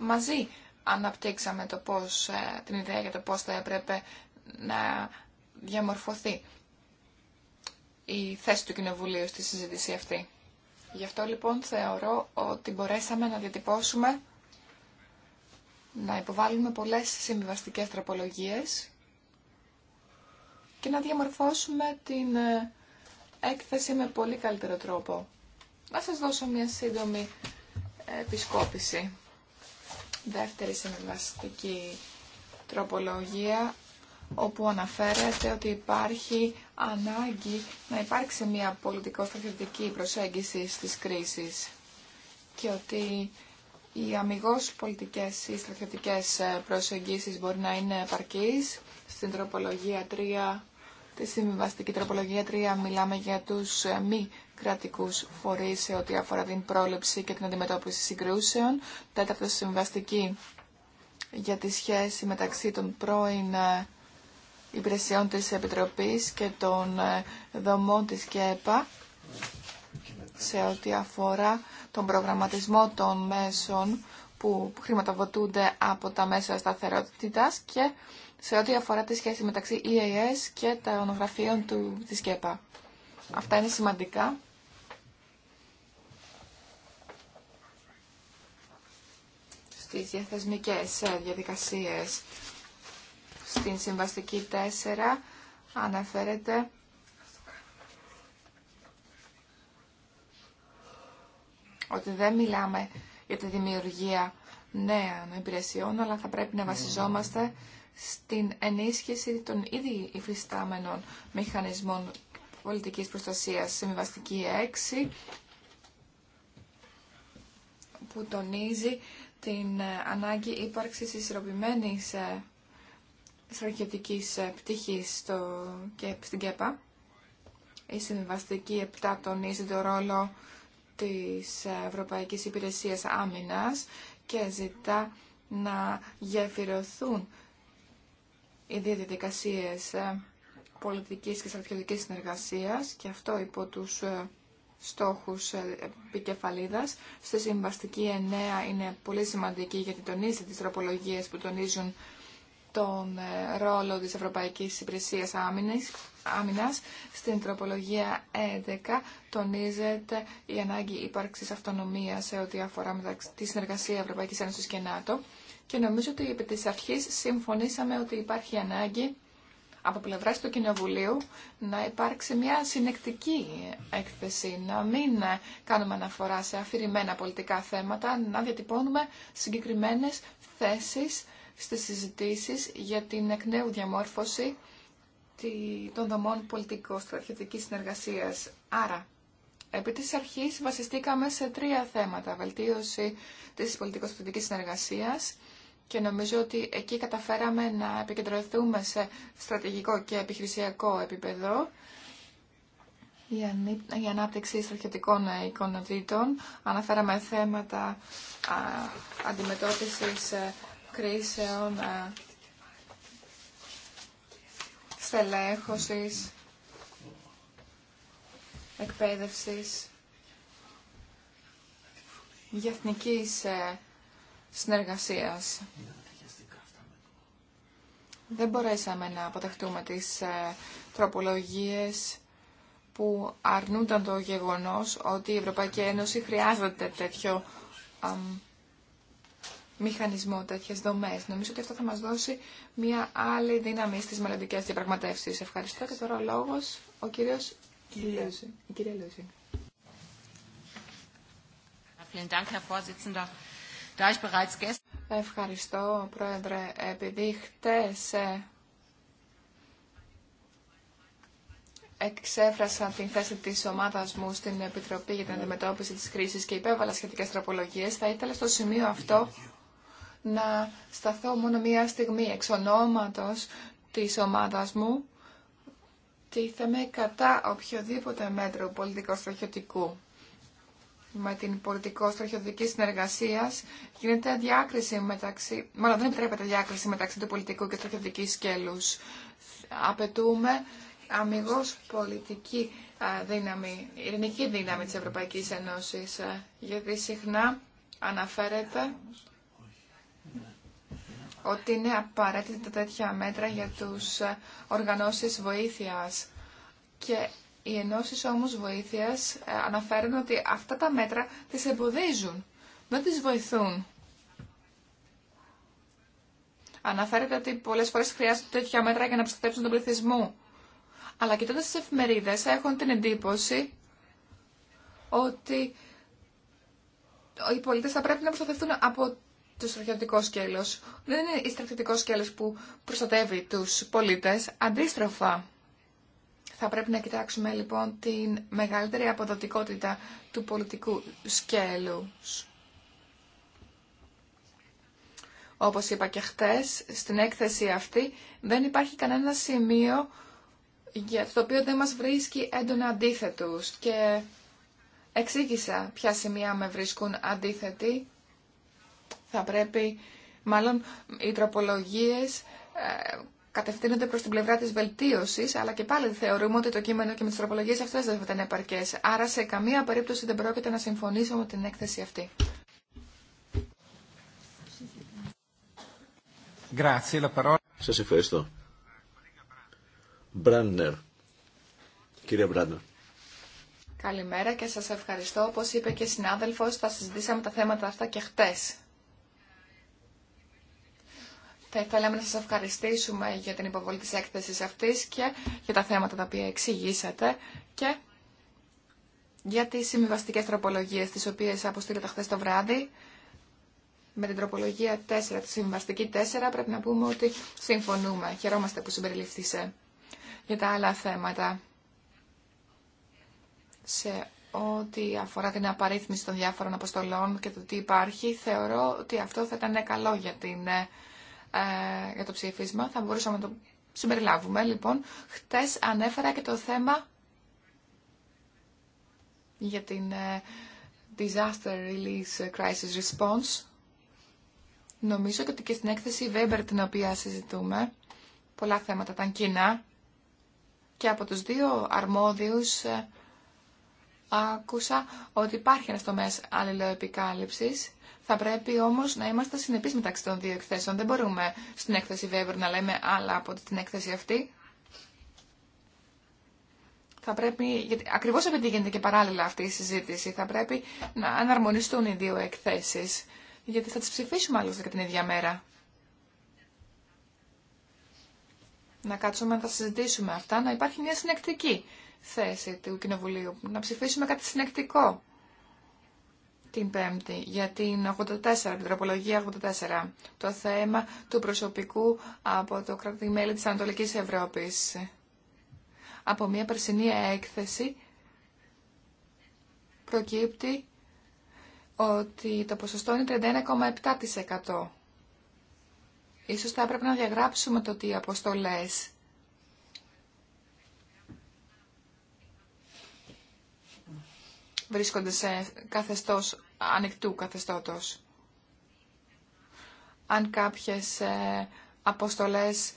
μαζί αναπτύξαμε το πώς, ε, την ιδέα για το πώς θα έπρεπε να διαμορφωθεί η θέση του Κοινοβουλίου στη συζήτηση αυτή. Γι' αυτό λοιπόν θεωρώ ότι μπορέσαμε να διατυπώσουμε να υποβάλουμε πολλές συμβιβαστικές τροπολογίες και να διαμορφώσουμε την ε, έκθεση με πολύ καλύτερο τρόπο. Να σας δώσω μια σύντομη επισκόπηση. Δεύτερη συμβιβαστική τροπολογία όπου αναφέρεται ότι υπάρχει ανάγκη να υπάρξει μια πολιτικο-στρατιωτική προσέγγιση στις κρίσεις και ότι οι αμυγός πολιτικές ή στρατιωτικές ε, προσεγγίσεις μπορεί να είναι επαρκείς. Στην τροπολογία 3, τη συμβιβαστική τροπολογία 3, μιλάμε για τους ε, μη κρατικούς φορείς σε ό,τι αφορά την πρόληψη και την αντιμετώπιση συγκρούσεων. Τέταρτος συμβιβαστική για τη σχέση μεταξύ των πρώην ε, υπηρεσιών της Επιτροπής και των δομών της ΚΕΠΑ σε ό,τι αφορά τον προγραμματισμό των μέσων που χρηματοδοτούνται από τα μέσα σταθερότητας και σε ό,τι αφορά τη σχέση μεταξύ EAS και τα ονογραφείων του, της ΚΕΠΑ. Αυτά είναι σημαντικά. Στις διαθεσμικές ε, διαδικασίες στην συμβαστική 4 αναφέρεται ότι δεν μιλάμε για τη δημιουργία νέων υπηρεσιών, αλλά θα πρέπει να βασιζόμαστε στην ενίσχυση των ήδη υφιστάμενων μηχανισμών πολιτικής προστασίας. Συμβιβαστική 6 που τονίζει την ανάγκη ύπαρξης ισορροπημένης ε, στρατιωτικής ε, πτυχής στο, και στην ΚΕΠΑ. Η συμβιβαστική 7 τονίζει το ρόλο της Ευρωπαϊκής Υπηρεσίας Άμυνας και ζητά να γεφυρωθούν οι δύο διαδικασίες ε, πολιτικής και στρατιωτικής συνεργασίας και αυτό υπό τους ε, στόχους ε, επικεφαλίδας. Στη συμβαστική εννέα είναι πολύ σημαντική γιατί τονίζει τις τροπολογίες που τονίζουν τον ε, ρόλο της Ευρωπαϊκής Υπηρεσίας Άμυνας. Στην τροπολογία 11 τονίζεται η ανάγκη ύπαρξης αυτονομίας σε ό,τι αφορά μεταξύ τη συνεργασία Ευρωπαϊκής Ένωσης και ΝΑΤΟ. Και νομίζω ότι επί της αρχής συμφωνήσαμε ότι υπάρχει ανάγκη από πλευρά του Κοινοβουλίου να υπάρξει μια συνεκτική έκθεση, να μην κάνουμε αναφορά σε αφηρημένα πολιτικά θέματα, να διατυπώνουμε συγκεκριμένες θέσεις στις συζητήσεις για την εκ νέου διαμόρφωση των δομών πολιτικο-στρατιωτικής συνεργασίας. Άρα, επί της αρχής βασιστήκαμε σε τρία θέματα. Βελτίωση της πολιτικο-στρατιωτικής συνεργασίας και νομίζω ότι εκεί καταφέραμε να επικεντρωθούμε σε στρατηγικό και επιχειρησιακό επίπεδο. Η ανάπτυξη στρατιωτικών εικονοτήτων. Αναφέραμε θέματα αντιμετώπισης ε, κρίσεων ε, στελέχωσης, εκπαίδευσης, διεθνικής ε, συνεργασίας. Δεν μπορέσαμε να αποτεχτούμε τις ε, τροπολογίες που αρνούνταν το γεγονός ότι η Ευρωπαϊκή Ένωση χρειάζεται τέτοιο μηχανισμό, τέτοιες δομές. Νομίζω ότι αυτό θα μα δώσει μια άλλη δύναμη στι μελλοντικέ διαπραγματεύσει. Ευχαριστώ και τώρα ο λόγος ο κύριο Λούζη. Ευχαριστώ, Πρόεδρε, επειδή χτε ε, εξέφρασα την θέση της ομάδας μου στην Επιτροπή για την Αντιμετώπιση της Κρίσης και υπέβαλα σχετικές τροπολογίε. θα ήθελα στο σημείο αυτό να σταθώ μόνο μία στιγμή εξ ονόματος της ομάδας μου τίθεμαι κατά οποιοδήποτε μέτρο πολιτικο-στρατιωτικού. Με την πολιτικο-στρατιωτική συνεργασία γίνεται διάκριση μεταξύ, μάλλον δεν επιτρέπεται διάκριση μεταξύ του πολιτικού και στρατιωτική σκελου. Απαιτούμε αμυγό πολιτική δύναμη, ειρηνική δύναμη τη Ευρωπαϊκή Ένωσης, ε, γιατί συχνά αναφέρεται ότι είναι απαραίτητα τέτοια μέτρα για τους ε, οργανώσεις βοήθειας. Και οι ενώσεις όμως βοήθειας ε, αναφέρουν ότι αυτά τα μέτρα τις εμποδίζουν, δεν τις βοηθούν. Αναφέρεται ότι πολλές φορές χρειάζονται τέτοια μέτρα για να προστατεύσουν τον πληθυσμό. Αλλά κοιτώντα τι εφημερίδε, έχουν την εντύπωση ότι οι πολίτες θα πρέπει να προστατευτούν από το στρατιωτικό σκέλο. Δεν είναι η στρατιωτικό σκέλο που προστατεύει τους πολίτες. Αντίστροφα, θα πρέπει να κοιτάξουμε λοιπόν την μεγαλύτερη αποδοτικότητα του πολιτικού σκελου. Όπως είπα και χτες, στην έκθεση αυτή δεν υπάρχει κανένα σημείο για το οποίο δεν μας βρίσκει έντονα αντίθετους και εξήγησα ποια σημεία με βρίσκουν αντίθετοι θα πρέπει, μάλλον οι τροπολογίες ε, κατευθύνονται προς την πλευρά της βελτίωσης, αλλά και πάλι θεωρούμε ότι το κείμενο και με τις τροπολογίες αυτές δεν θα ήταν επαρκές. Άρα σε καμία περίπτωση δεν πρόκειται να συμφωνήσω με την έκθεση αυτή. Σας ευχαριστώ. Κύριε Καλημέρα και σας ευχαριστώ. Όπως είπε και η συνάδελφος, θα συζητήσαμε τα θέματα αυτά και χτες. Θα ήθελαμε να σας ευχαριστήσουμε για την υποβολή της έκθεσης αυτής και για τα θέματα τα οποία εξηγήσατε και για τις συμβιβαστικέ τροπολογίες τις οποίες αποστήλετε χθε το βράδυ. Με την τροπολογία 4, τη συμβιβαστική 4, πρέπει να πούμε ότι συμφωνούμε. Χαιρόμαστε που συμπεριληφθήσε για τα άλλα θέματα σε ό,τι αφορά την απαρίθμηση των διάφορων αποστολών και το τι υπάρχει, θεωρώ ότι αυτό θα ήταν καλό για την ε, ε, για το ψήφισμα, θα μπορούσαμε να το συμπεριλάβουμε. Λοιπόν, χτες ανέφερα και το θέμα για την ε, Disaster Release Crisis Response. Νομίζω ότι και στην έκθεση Weber την οποία συζητούμε, πολλά θέματα ήταν κοινά και από τους δύο αρμόδιους ε, άκουσα ότι υπάρχει ένας τομέας αλληλοεπικάλυψης θα πρέπει όμως να είμαστε συνεπεί μεταξύ των δύο εκθέσεων. Δεν μπορούμε στην έκθεση Βέβρου να λέμε άλλα από την έκθεση αυτή. Θα πρέπει, γιατί ακριβώς επειδή γίνεται και παράλληλα αυτή η συζήτηση, θα πρέπει να αναρμονιστούν οι δύο εκθέσεις. Γιατί θα τις ψηφίσουμε άλλωστε και την ίδια μέρα. Να κάτσουμε να τα συζητήσουμε αυτά, να υπάρχει μια συνεκτική θέση του Κοινοβουλίου, να ψηφίσουμε κάτι συνεκτικό την Πέμπτη για την 84, την τροπολογία 84, το θέμα του προσωπικού από το κράτη μέλη της Ανατολικής Ευρώπης. Από μια περσινή έκθεση προκύπτει ότι το ποσοστό είναι 31,7%. Ίσως θα έπρεπε να διαγράψουμε το τι αποστολές. βρίσκονται σε καθεστώς ανοιχτού καθεστώτος. Αν κάποιες ε, αποστολές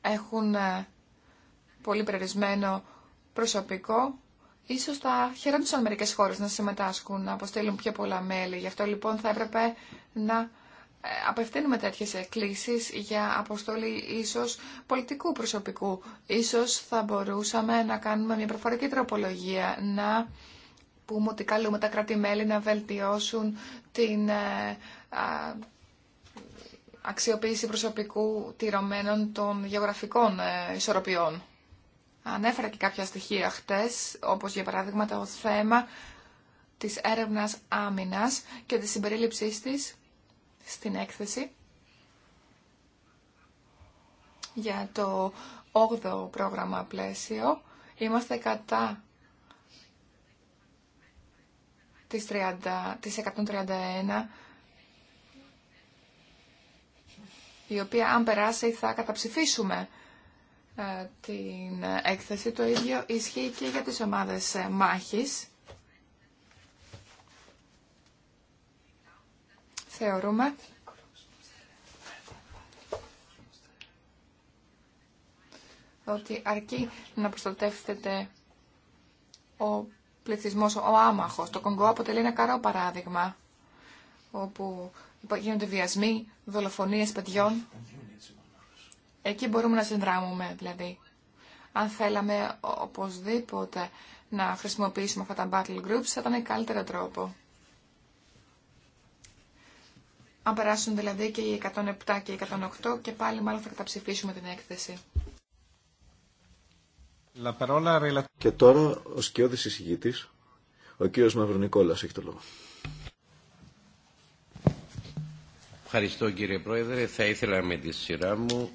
έχουν ε, πολύ περιορισμένο προσωπικό, ίσως θα χαιρόντουσαν μερικές χώρες να συμμετάσχουν, να αποστείλουν πιο πολλά μέλη. Γι' αυτό λοιπόν θα έπρεπε να ε, απευθύνουμε τέτοιες εκκλήσεις για αποστολή ίσως πολιτικού προσωπικού. Ίσως θα μπορούσαμε να κάνουμε μια προφορική τροπολογία, να πούμε ότι καλούμε τα κράτη-μέλη να βελτιώσουν την ε, αξιοποίηση προσωπικού τηρωμένων των γεωγραφικών ε, ισορροπιών. Ανέφερα και κάποια στοιχεία χτες, όπως για παράδειγμα το θέμα της έρευνας άμυνας και της συμπερίληψής της στην έκθεση για το 8ο πρόγραμμα πλαίσιο. Είμαστε κατά της, 30, της 131, η οποία αν περάσει θα καταψηφίσουμε ε, την έκθεση. Το ίδιο ισχύει και για τις ομάδες ε, μάχης. Θεωρούμε ότι αρκεί να προστατεύσετε ο Πληθυσμό ο άμαχο. Το Κονγκό αποτελεί ένα καρό παράδειγμα όπου γίνονται βιασμοί, δολοφονίε παιδιών. Εκεί μπορούμε να συνδράμουμε δηλαδή. Αν θέλαμε οπωσδήποτε να χρησιμοποιήσουμε αυτά τα battle groups θα ήταν καλύτερο τρόπο. Αν περάσουν δηλαδή και οι 107 και οι 108 και πάλι μάλλον θα καταψηφίσουμε την έκθεση. Και τώρα ο σκιώδης εισηγητής, ο κύριος Μαυρονικόλας, έχει το λόγο. Ευχαριστώ κύριε Πρόεδρε. Θα ήθελα με τη σειρά μου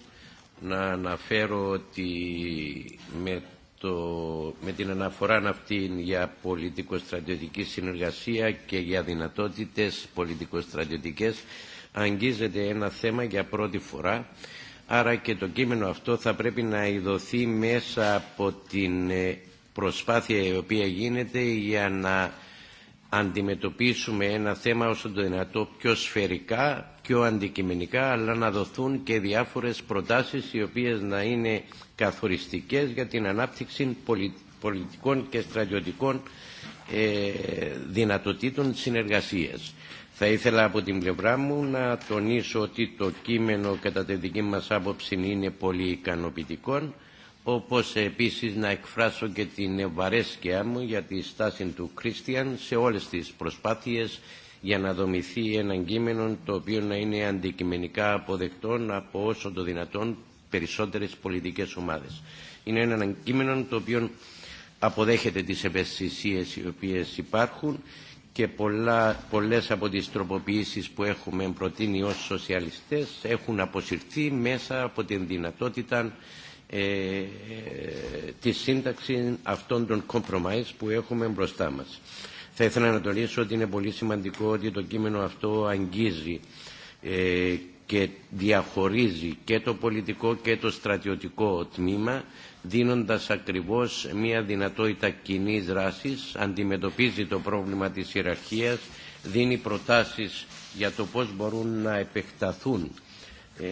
να αναφέρω ότι με, το, με την αναφορά αυτή για πολιτικο-στρατιωτική συνεργασία και για δυνατότητες πολιτικοστρατιωτικές αγγίζεται ένα θέμα για πρώτη φορά Άρα και το κείμενο αυτό θα πρέπει να ειδωθεί μέσα από την ε, προσπάθεια η οποία γίνεται για να αντιμετωπίσουμε ένα θέμα όσο το δυνατό πιο σφαιρικά, πιο αντικειμενικά, αλλά να δοθούν και διάφορες προτάσεις οι οποίες να είναι καθοριστικές για την ανάπτυξη πολιτικών και στρατιωτικών ε, δυνατοτήτων συνεργασίας. Θα ήθελα από την πλευρά μου να τονίσω ότι το κείμενο κατά τη δική μας άποψη είναι πολύ ικανοποιητικό, όπως επίσης να εκφράσω και την ευαρέσκειά μου για τη στάση του Κρίστιαν σε όλες τις προσπάθειες για να δομηθεί ένα κείμενο το οποίο να είναι αντικειμενικά αποδεκτό από όσο το δυνατόν περισσότερες πολιτικές ομάδες. Είναι ένα κείμενο το οποίο αποδέχεται τις ευαισθησίες οι οποίες υπάρχουν και πολλά, πολλές από τις τροποποιήσεις που έχουμε προτείνει ως σοσιαλιστές έχουν αποσυρθεί μέσα από την δυνατότητα ε, ε της σύνταξης αυτών των compromise που έχουμε μπροστά μας. Θα ήθελα να τονίσω ότι είναι πολύ σημαντικό ότι το κείμενο αυτό αγγίζει ε, και διαχωρίζει και το πολιτικό και το στρατιωτικό τμήμα δίνοντας ακριβώς μια δυνατότητα κοινή δράσης, αντιμετωπίζει το πρόβλημα της ιεραρχίας, δίνει προτάσεις για το πώς μπορούν να επεκταθούν ε,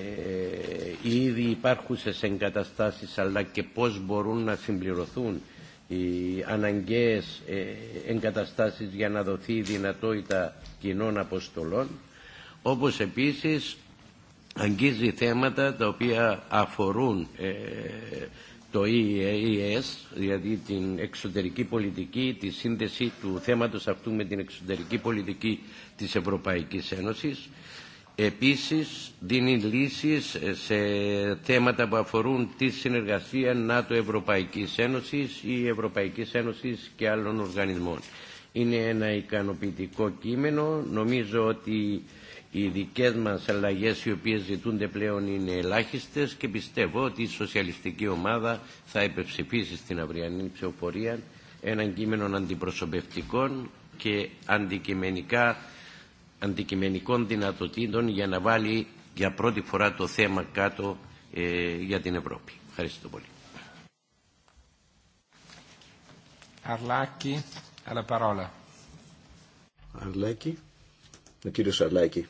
οι ήδη υπάρχουσες εγκαταστάσεις αλλά και πώς μπορούν να συμπληρωθούν οι αναγκαίες ε, εγκαταστάσεις για να δοθεί η δυνατότητα κοινών αποστολών όπως επίσης αγγίζει θέματα τα οποία αφορούν ε, το EAS, e δηλαδή την εξωτερική πολιτική, τη σύνδεση του θέματος αυτού με την εξωτερική πολιτική της Ευρωπαϊκής Ένωσης. Επίσης, δίνει λύσεις σε θέματα που αφορούν τη συνεργασία ΝΑΤΟ-Ευρωπαϊκής Ένωσης ή Ευρωπαϊκής Ένωσης και άλλων οργανισμών. Είναι ένα ικανοποιητικό κείμενο. Νομίζω ότι οι δικέ μας αλλαγές οι οποίες ζητούνται πλέον είναι ελάχιστες και πιστεύω ότι η σοσιαλιστική ομάδα θα υπεψηφίσει στην αυριανή ψηφοφορία έναν κείμενο αντιπροσωπευτικών και αντικειμενικά, αντικειμενικών δυνατοτήτων για να βάλει για πρώτη φορά το θέμα κάτω ε, για την Ευρώπη. Ευχαριστώ πολύ. Αρλάκη, αλλά παρόλα. Αρλάκη, ο κύριος Αρλάκη.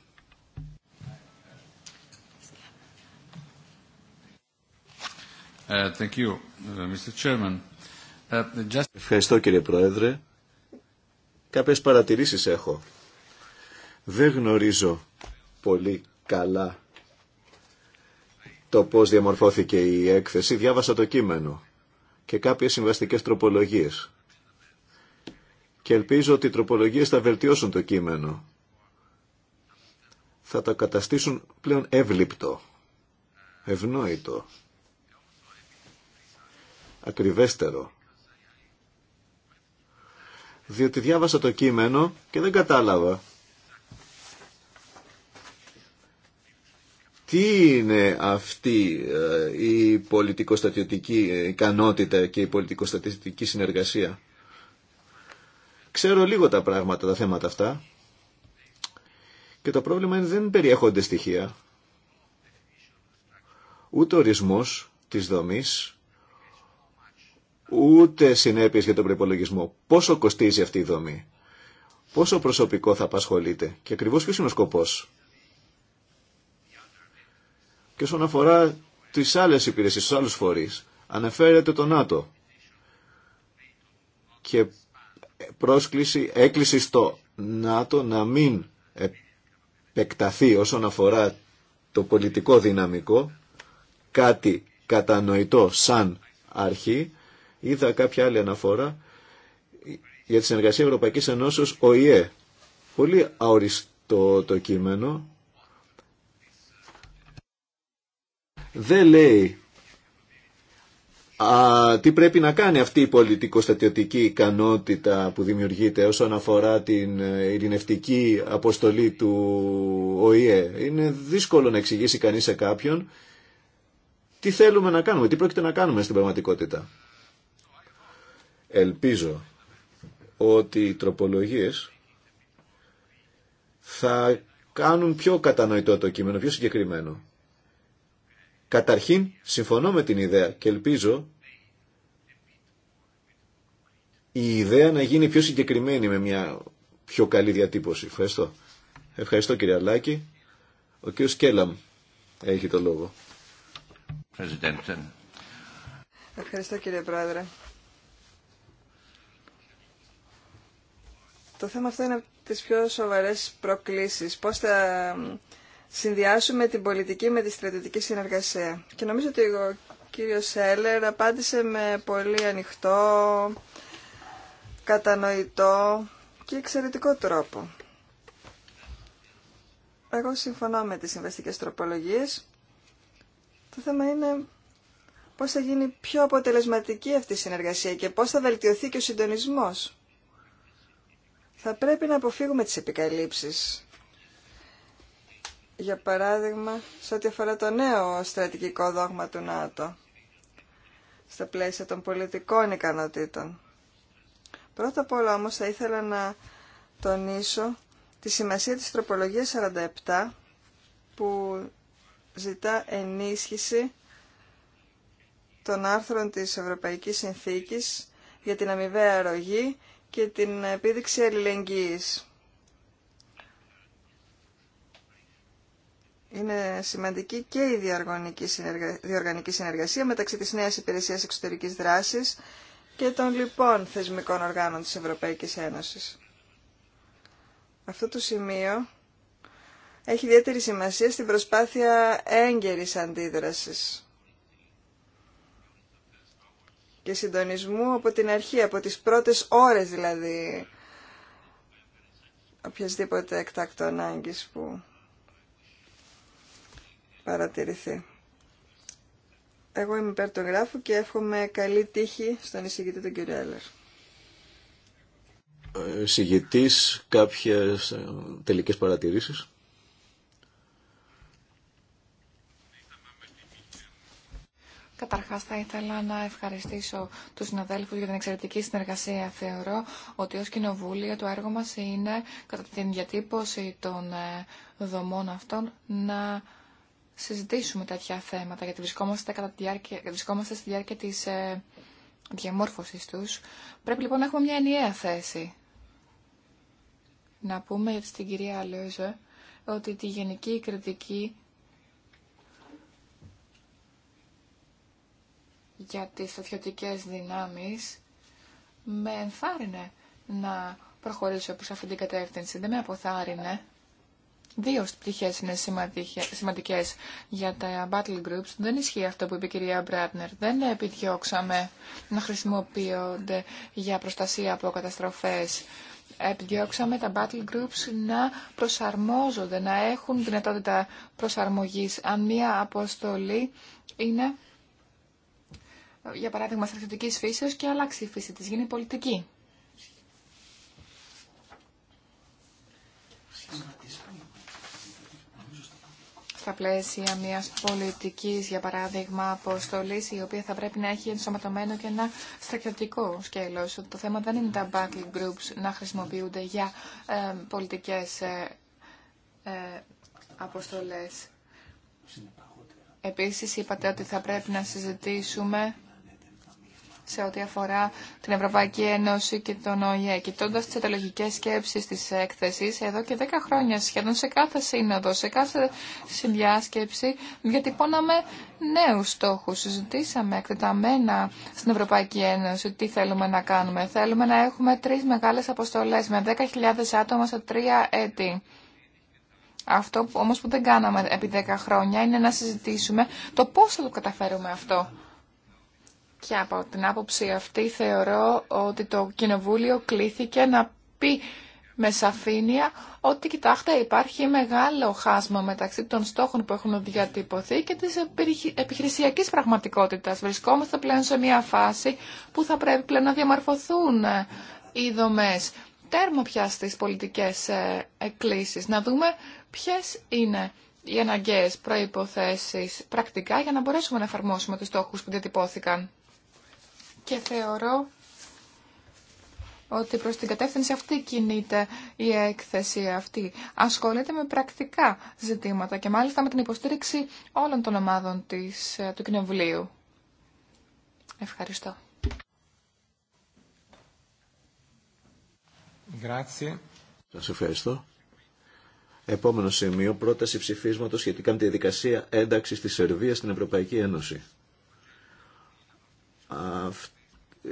Uh, uh, uh, Ευχαριστώ κύριε Πρόεδρε. Κάποιες παρατηρήσεις έχω. Δεν γνωρίζω πολύ καλά το πώς διαμορφώθηκε η έκθεση. Διάβασα το κείμενο και κάποιες συμβαστικές τροπολογίες. Και ελπίζω ότι οι τροπολογίες θα βελτιώσουν το κείμενο. Θα το καταστήσουν πλέον εύληπτο, ευνόητο ακριβέστερο. Διότι διάβασα το κείμενο και δεν κατάλαβα τι είναι αυτή ε, η πολιτικοστατιωτική ικανότητα και η πολιτικοστατιωτική συνεργασία. Ξέρω λίγο τα πράγματα, τα θέματα αυτά και το πρόβλημα είναι δεν περιέχονται στοιχεία. Ούτε ορισμός της δομής, ούτε συνέπειες για τον προπολογισμό. Πόσο κοστίζει αυτή η δομή, πόσο προσωπικό θα απασχολείται και ακριβώς ποιος είναι ο σκοπός. Και όσον αφορά τις άλλες υπηρεσίες, τους άλλους φορείς, αναφέρεται το ΝΑΤΟ και πρόσκληση, έκκληση στο ΝΑΤΟ να μην επεκταθεί όσον αφορά το πολιτικό δυναμικό, κάτι κατανοητό σαν αρχή, Είδα κάποια άλλη αναφορά για τη συνεργασία Ευρωπαϊκής Ενώσεως ΟΗΕ. Πολύ αοριστό το κείμενο. Δεν λέει τι πρέπει να κάνει αυτή η πολιτικοστατιωτική ικανότητα που δημιουργείται όσον αφορά την ε, ειρηνευτική αποστολή του ΟΗΕ. Είναι δύσκολο να εξηγήσει κανείς σε κάποιον τι θέλουμε να κάνουμε, τι πρόκειται να κάνουμε στην πραγματικότητα. Ελπίζω ότι οι τροπολογίες θα κάνουν πιο κατανοητό το κείμενο, πιο συγκεκριμένο. Καταρχήν, συμφωνώ με την ιδέα και ελπίζω η ιδέα να γίνει πιο συγκεκριμένη με μια πιο καλή διατύπωση. Ευχαριστώ. Ευχαριστώ κύριε Αλάκη. Ο κύριος Κέλαμ έχει το λόγο. Ευχαριστώ κύριε Πρόεδρε. Το θέμα αυτό είναι από τις πιο σοβαρές προκλήσεις. Πώς θα συνδυάσουμε την πολιτική με τη στρατιωτική συνεργασία. Και νομίζω ότι ο κύριος Σέλερ απάντησε με πολύ ανοιχτό, κατανοητό και εξαιρετικό τρόπο. Εγώ συμφωνώ με τις συμβαστικές τροπολογίες. Το θέμα είναι πώς θα γίνει πιο αποτελεσματική αυτή η συνεργασία και πώς θα βελτιωθεί και ο συντονισμός. Θα πρέπει να αποφύγουμε τις επικαλύψεις. Για παράδειγμα, σε ό,τι αφορά το νέο στρατηγικό δόγμα του ΝΑΤΟ, στα πλαίσια των πολιτικών ικανοτήτων. Πρώτα απ' όλα όμως θα ήθελα να τονίσω τη σημασία της τροπολογίας 47 που ζητά ενίσχυση των άρθρων της Ευρωπαϊκής Συνθήκης για την αμοιβαία αρρωγή και την επίδειξη αλληλεγγύης. Είναι σημαντική και η διοργανική συνεργασία μεταξύ της νέας υπηρεσίας εξωτερικής δράσης και των λοιπόν θεσμικών οργάνων της Ευρωπαϊκής Ένωσης. Αυτό το σημείο έχει ιδιαίτερη σημασία στην προσπάθεια έγκαιρης αντίδρασης και συντονισμού από την αρχή, από τις πρώτες ώρες δηλαδή οποιασδήποτε εκτάκτο ανάγκης που παρατηρηθεί. Εγώ είμαι υπέρ του γράφου και εύχομαι καλή τύχη στον εισηγητή τον κύριο Έλλερ. Ε, εισηγητής, κάποιες ε, τελικές παρατηρήσεις. Καταρχάς θα ήθελα να ευχαριστήσω τους συναδέλφους για την εξαιρετική συνεργασία. Θεωρώ ότι ως κοινοβούλιο το έργο μας είναι κατά την διατύπωση των ε, δομών αυτών να συζητήσουμε τέτοια θέματα γιατί βρισκόμαστε, κατά τη διάρκεια, βρισκόμαστε στη διάρκεια της ε, διαμόρφωσης τους. Πρέπει λοιπόν να έχουμε μια ενιαία θέση. Να πούμε στην κυρία Λέζε ότι τη γενική κριτική για τις στρατιωτικές δυνάμεις με ενθάρρυνε να προχωρήσω προς αυτήν την κατεύθυνση. Δεν με αποθάρρυνε. Δύο πτυχέ είναι σημαντικές για τα battle groups. Δεν ισχύει αυτό που είπε η κυρία Μπράτνερ. Δεν επιδιώξαμε να χρησιμοποιούνται για προστασία από καταστροφές. Επιδιώξαμε τα battle groups να προσαρμόζονται, να έχουν δυνατότητα προσαρμογής. Αν μία αποστολή είναι για παράδειγμα, στρατιωτική φύση και αλλάξει η φύση τη γίνει πολιτική. Στα πλαίσια μιας πολιτικής, για παράδειγμα, αποστολή, η οποία θα πρέπει να έχει ενσωματωμένο και ένα στρατιωτικό σκέλος. Το θέμα δεν είναι τα battle groups να χρησιμοποιούνται για ε, πολιτικές ε, ε αποστολές. Επίσης είπατε ότι θα πρέπει να συζητήσουμε σε ό,τι αφορά την Ευρωπαϊκή Ένωση και τον ΟΗΕ. Κοιτώντα τι εταιρολογικέ σκέψει τη έκθεση, εδώ και 10 χρόνια σχεδόν σε κάθε σύνοδο, σε κάθε συνδιάσκεψη, διατυπώναμε νέου στόχου. Συζητήσαμε εκτεταμένα στην Ευρωπαϊκή Ένωση τι θέλουμε να κάνουμε. Θέλουμε να έχουμε τρει μεγάλε αποστολέ με 10.000 άτομα σε τρία έτη. Αυτό όμως που δεν κάναμε επί 10 χρόνια είναι να συζητήσουμε το πώς θα το καταφέρουμε αυτό. Και από την άποψη αυτή θεωρώ ότι το Κοινοβούλιο κλήθηκε να πει με σαφήνεια ότι κοιτάξτε υπάρχει μεγάλο χάσμα μεταξύ των στόχων που έχουν διατυπωθεί και της επιχειρησιακής πραγματικότητας. Βρισκόμαστε πλέον σε μια φάση που θα πρέπει πλέον να διαμορφωθούν ε, οι δομές. Τέρμα πια στις πολιτικές ε, εκκλήσεις. Να δούμε ποιες είναι οι αναγκαίες προϋποθέσεις πρακτικά για να μπορέσουμε να εφαρμόσουμε τους στόχους που διατυπώθηκαν και θεωρώ ότι προς την κατεύθυνση αυτή κινείται η έκθεση αυτή. Ασχολείται με πρακτικά ζητήματα και μάλιστα με την υποστήριξη όλων των ομάδων της, ε, του Κοινοβουλίου. Ευχαριστώ. Grazie. Σας ευχαριστώ. Επόμενο σημείο, πρόταση ψηφίσματος σχετικά με τη διαδικασία ένταξης της Σερβίας στην Ευρωπαϊκή Ένωση. Αυτό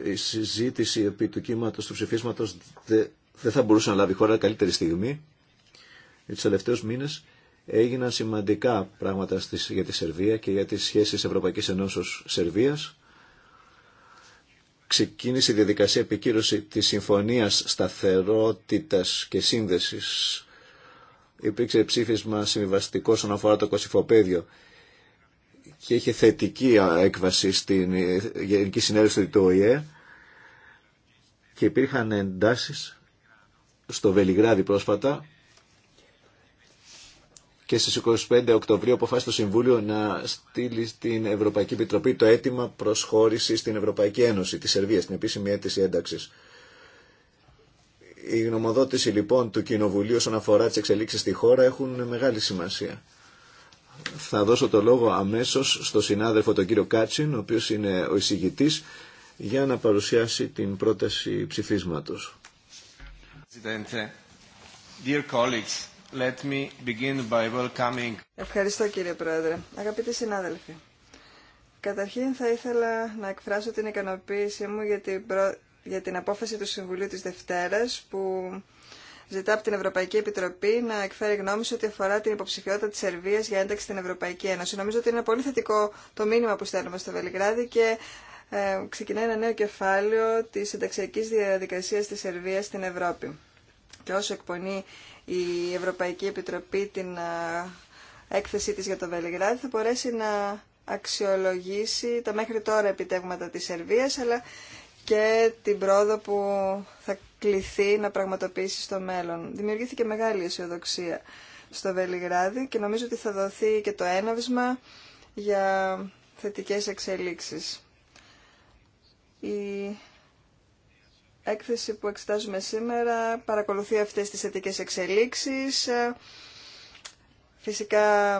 η συζήτηση επί του κύματος του ψηφίσματος δεν θα μπορούσε να λάβει χώρα καλύτερη στιγμή. Τους τελευταίους μήνες έγιναν σημαντικά πράγματα για τη Σερβία και για τις σχέσεις Ευρωπαϊκής Ενώσεως Σερβίας. Ξεκίνησε η διαδικασία επικύρωση της Συμφωνίας Σταθερότητας και Σύνδεσης. Υπήρξε ψήφισμα συμβιβαστικό όσον αφορά το κοσυφοπαίδιο και είχε θετική έκβαση στην ε, Γενική Συνέλευση του ΟΗΕ και υπήρχαν εντάσεις στο Βελιγράδι πρόσφατα και στις 25 Οκτωβρίου αποφάσισε το Συμβούλιο να στείλει στην Ευρωπαϊκή Επιτροπή το αίτημα προσχώρηση στην Ευρωπαϊκή Ένωση της Σερβίας, την επίσημη αίτηση ένταξης. Η γνωμοδότηση λοιπόν του Κοινοβουλίου όσον αφορά τι εξελίξει στη χώρα έχουν μεγάλη σημασία θα δώσω το λόγο αμέσως στο συνάδελφο τον κύριο Κάτσιν, ο οποίος είναι ο εισηγητής, για να παρουσιάσει την πρόταση ψηφίσματος. Ευχαριστώ κύριε Πρόεδρε. Αγαπητοί συνάδελφοι, καταρχήν θα ήθελα να εκφράσω την ικανοποίησή μου για την, για την απόφαση του Συμβουλίου της Δευτέρας που ζητά από την Ευρωπαϊκή Επιτροπή να εκφέρει γνώμη σε ό,τι αφορά την υποψηφιότητα τη Σερβία για ένταξη στην Ευρωπαϊκή Ένωση. Νομίζω ότι είναι πολύ θετικό το μήνυμα που στέλνουμε στο Βελιγράδι και ε, ξεκινάει ένα νέο κεφάλαιο τη ενταξιακή διαδικασία τη Σερβία στην Ευρώπη. Και όσο εκπονεί η Ευρωπαϊκή Επιτροπή την ε, έκθεσή τη για το Βελιγράδι θα μπορέσει να αξιολογήσει τα μέχρι τώρα επιτεύγματα της Σερβίας αλλά και την πρόοδο που θα κληθεί να πραγματοποιήσει στο μέλλον. Δημιουργήθηκε μεγάλη αισιοδοξία στο Βελιγράδι και νομίζω ότι θα δοθεί και το έναυσμα για θετικές εξελίξεις. Η έκθεση που εξετάζουμε σήμερα παρακολουθεί αυτές τις θετικές εξελίξεις Φυσικά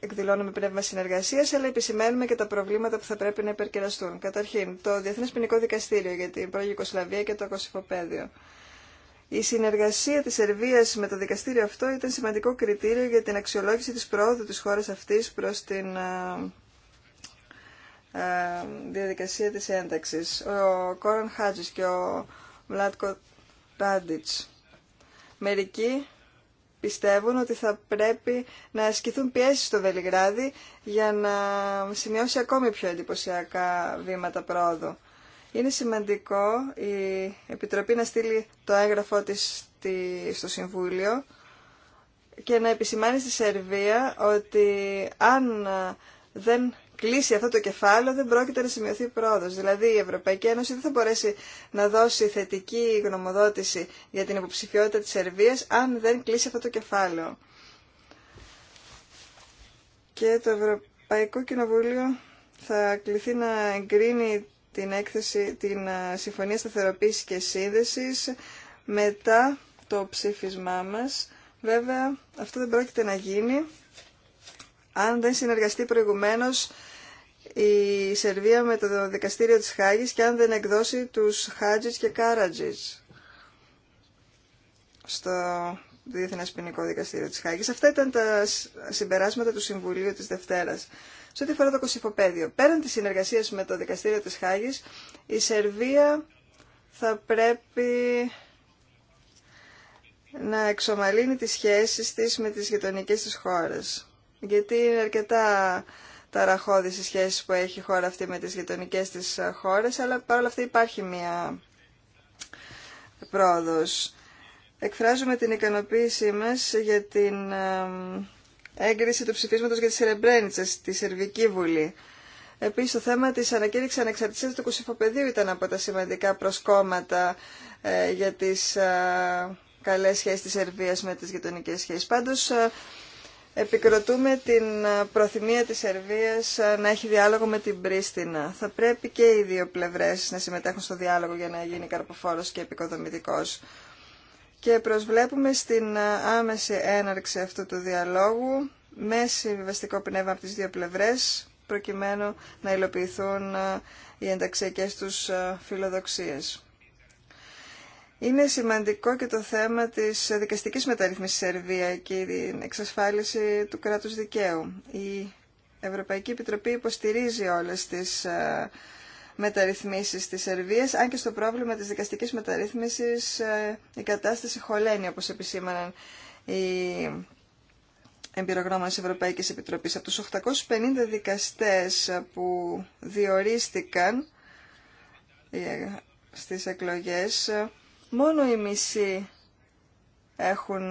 εκδηλώνουμε πνεύμα συνεργασία, αλλά επισημαίνουμε και τα προβλήματα που θα πρέπει να υπερκεραστούν. Καταρχήν, το Διεθνέ Ποινικό Δικαστήριο για την πρώην Ιουκοσλαβία και το Κωσυφοπαίδιο. Η συνεργασία τη Σερβία με το δικαστήριο αυτό ήταν σημαντικό κριτήριο για την αξιολόγηση τη πρόοδου τη χώρα αυτή προ την διαδικασία τη ένταξη. Ο Κόραν Χάτζη και ο Βλάτκο Τάντιτς. Μερικοί πιστεύουν ότι θα πρέπει να ασκηθούν πιέσει στο Βελιγράδι για να σημειώσει ακόμη πιο εντυπωσιακά βήματα πρόοδου. Είναι σημαντικό η Επιτροπή να στείλει το έγγραφό της στο Συμβούλιο και να επισημάνει στη Σερβία ότι αν δεν κλείσει αυτό το κεφάλαιο δεν πρόκειται να σημειωθεί πρόοδος. Δηλαδή η Ευρωπαϊκή Ένωση δεν θα μπορέσει να δώσει θετική γνωμοδότηση για την υποψηφιότητα της Σερβίας αν δεν κλείσει αυτό το κεφάλαιο. Και το Ευρωπαϊκό Κοινοβούλιο θα κληθεί να εγκρίνει την, έκθεση, την ε, Συμφωνία Σταθεροποίησης και Σύνδεσης μετά το ψήφισμά μας. Βέβαια αυτό δεν πρόκειται να γίνει αν δεν συνεργαστεί προηγουμένως η Σερβία με το δικαστήριο της Χάγης και αν δεν εκδώσει τους Χάτζης και Κάρατζης στο Διεθνές Ποινικό Δικαστήριο της Χάγης. Αυτά ήταν τα συμπεράσματα του Συμβουλίου της Δευτέρας. Σε ό,τι αφορά το Κωσυφοπαίδιο, πέραν της συνεργασίας με το Δικαστήριο της Χάγης, η Σερβία θα πρέπει να εξομαλύνει τις σχέσεις της με τις γειτονικές της χώρες. Γιατί είναι αρκετά ταραχώδεις οι σχέσεις που έχει η χώρα αυτή με τις γειτονικέ της χώρες, αλλά παρόλα αυτά υπάρχει μία πρόοδος. Εκφράζουμε την ικανοποίησή μας για την έγκριση του ψηφίσματος για τη Σερεμπρένιτσα στη Σερβική Βουλή. Επίσης το θέμα της ανακήρυξης ανεξαρτησίας του Κουσυφοπεδίου ήταν από τα σημαντικά προσκόμματα ε, για τις ε, καλές σχέσεις της Σερβίας με τις γειτονικές σχέσεις. Πάντως ε, επικροτούμε την προθυμία της Σερβίας να έχει διάλογο με την Πρίστινα. Θα πρέπει και οι δύο πλευρές να συμμετέχουν στο διάλογο για να γίνει καρποφόρος και επικοδομητικός. Και προσβλέπουμε στην άμεση έναρξη αυτού του διαλόγου με συμβιβαστικό πνεύμα από τις δύο πλευρές προκειμένου να υλοποιηθούν οι ενταξιακές τους φιλοδοξίες. Είναι σημαντικό και το θέμα της δικαστικής μεταρρύθμισης Σερβία και την εξασφάλιση του κράτους δικαίου. Η Ευρωπαϊκή Επιτροπή υποστηρίζει όλες τις ε, μεταρρυθμίσεις της Σερβίας, αν και στο πρόβλημα της δικαστικής μεταρρύθμισης ε, η κατάσταση χωλαίνει, όπως επισήμαναν οι της Ευρωπαϊκής Επιτροπής. Από τους 850 δικαστές που διορίστηκαν ε, στις εκλογές, μόνο οι μισοί έχουν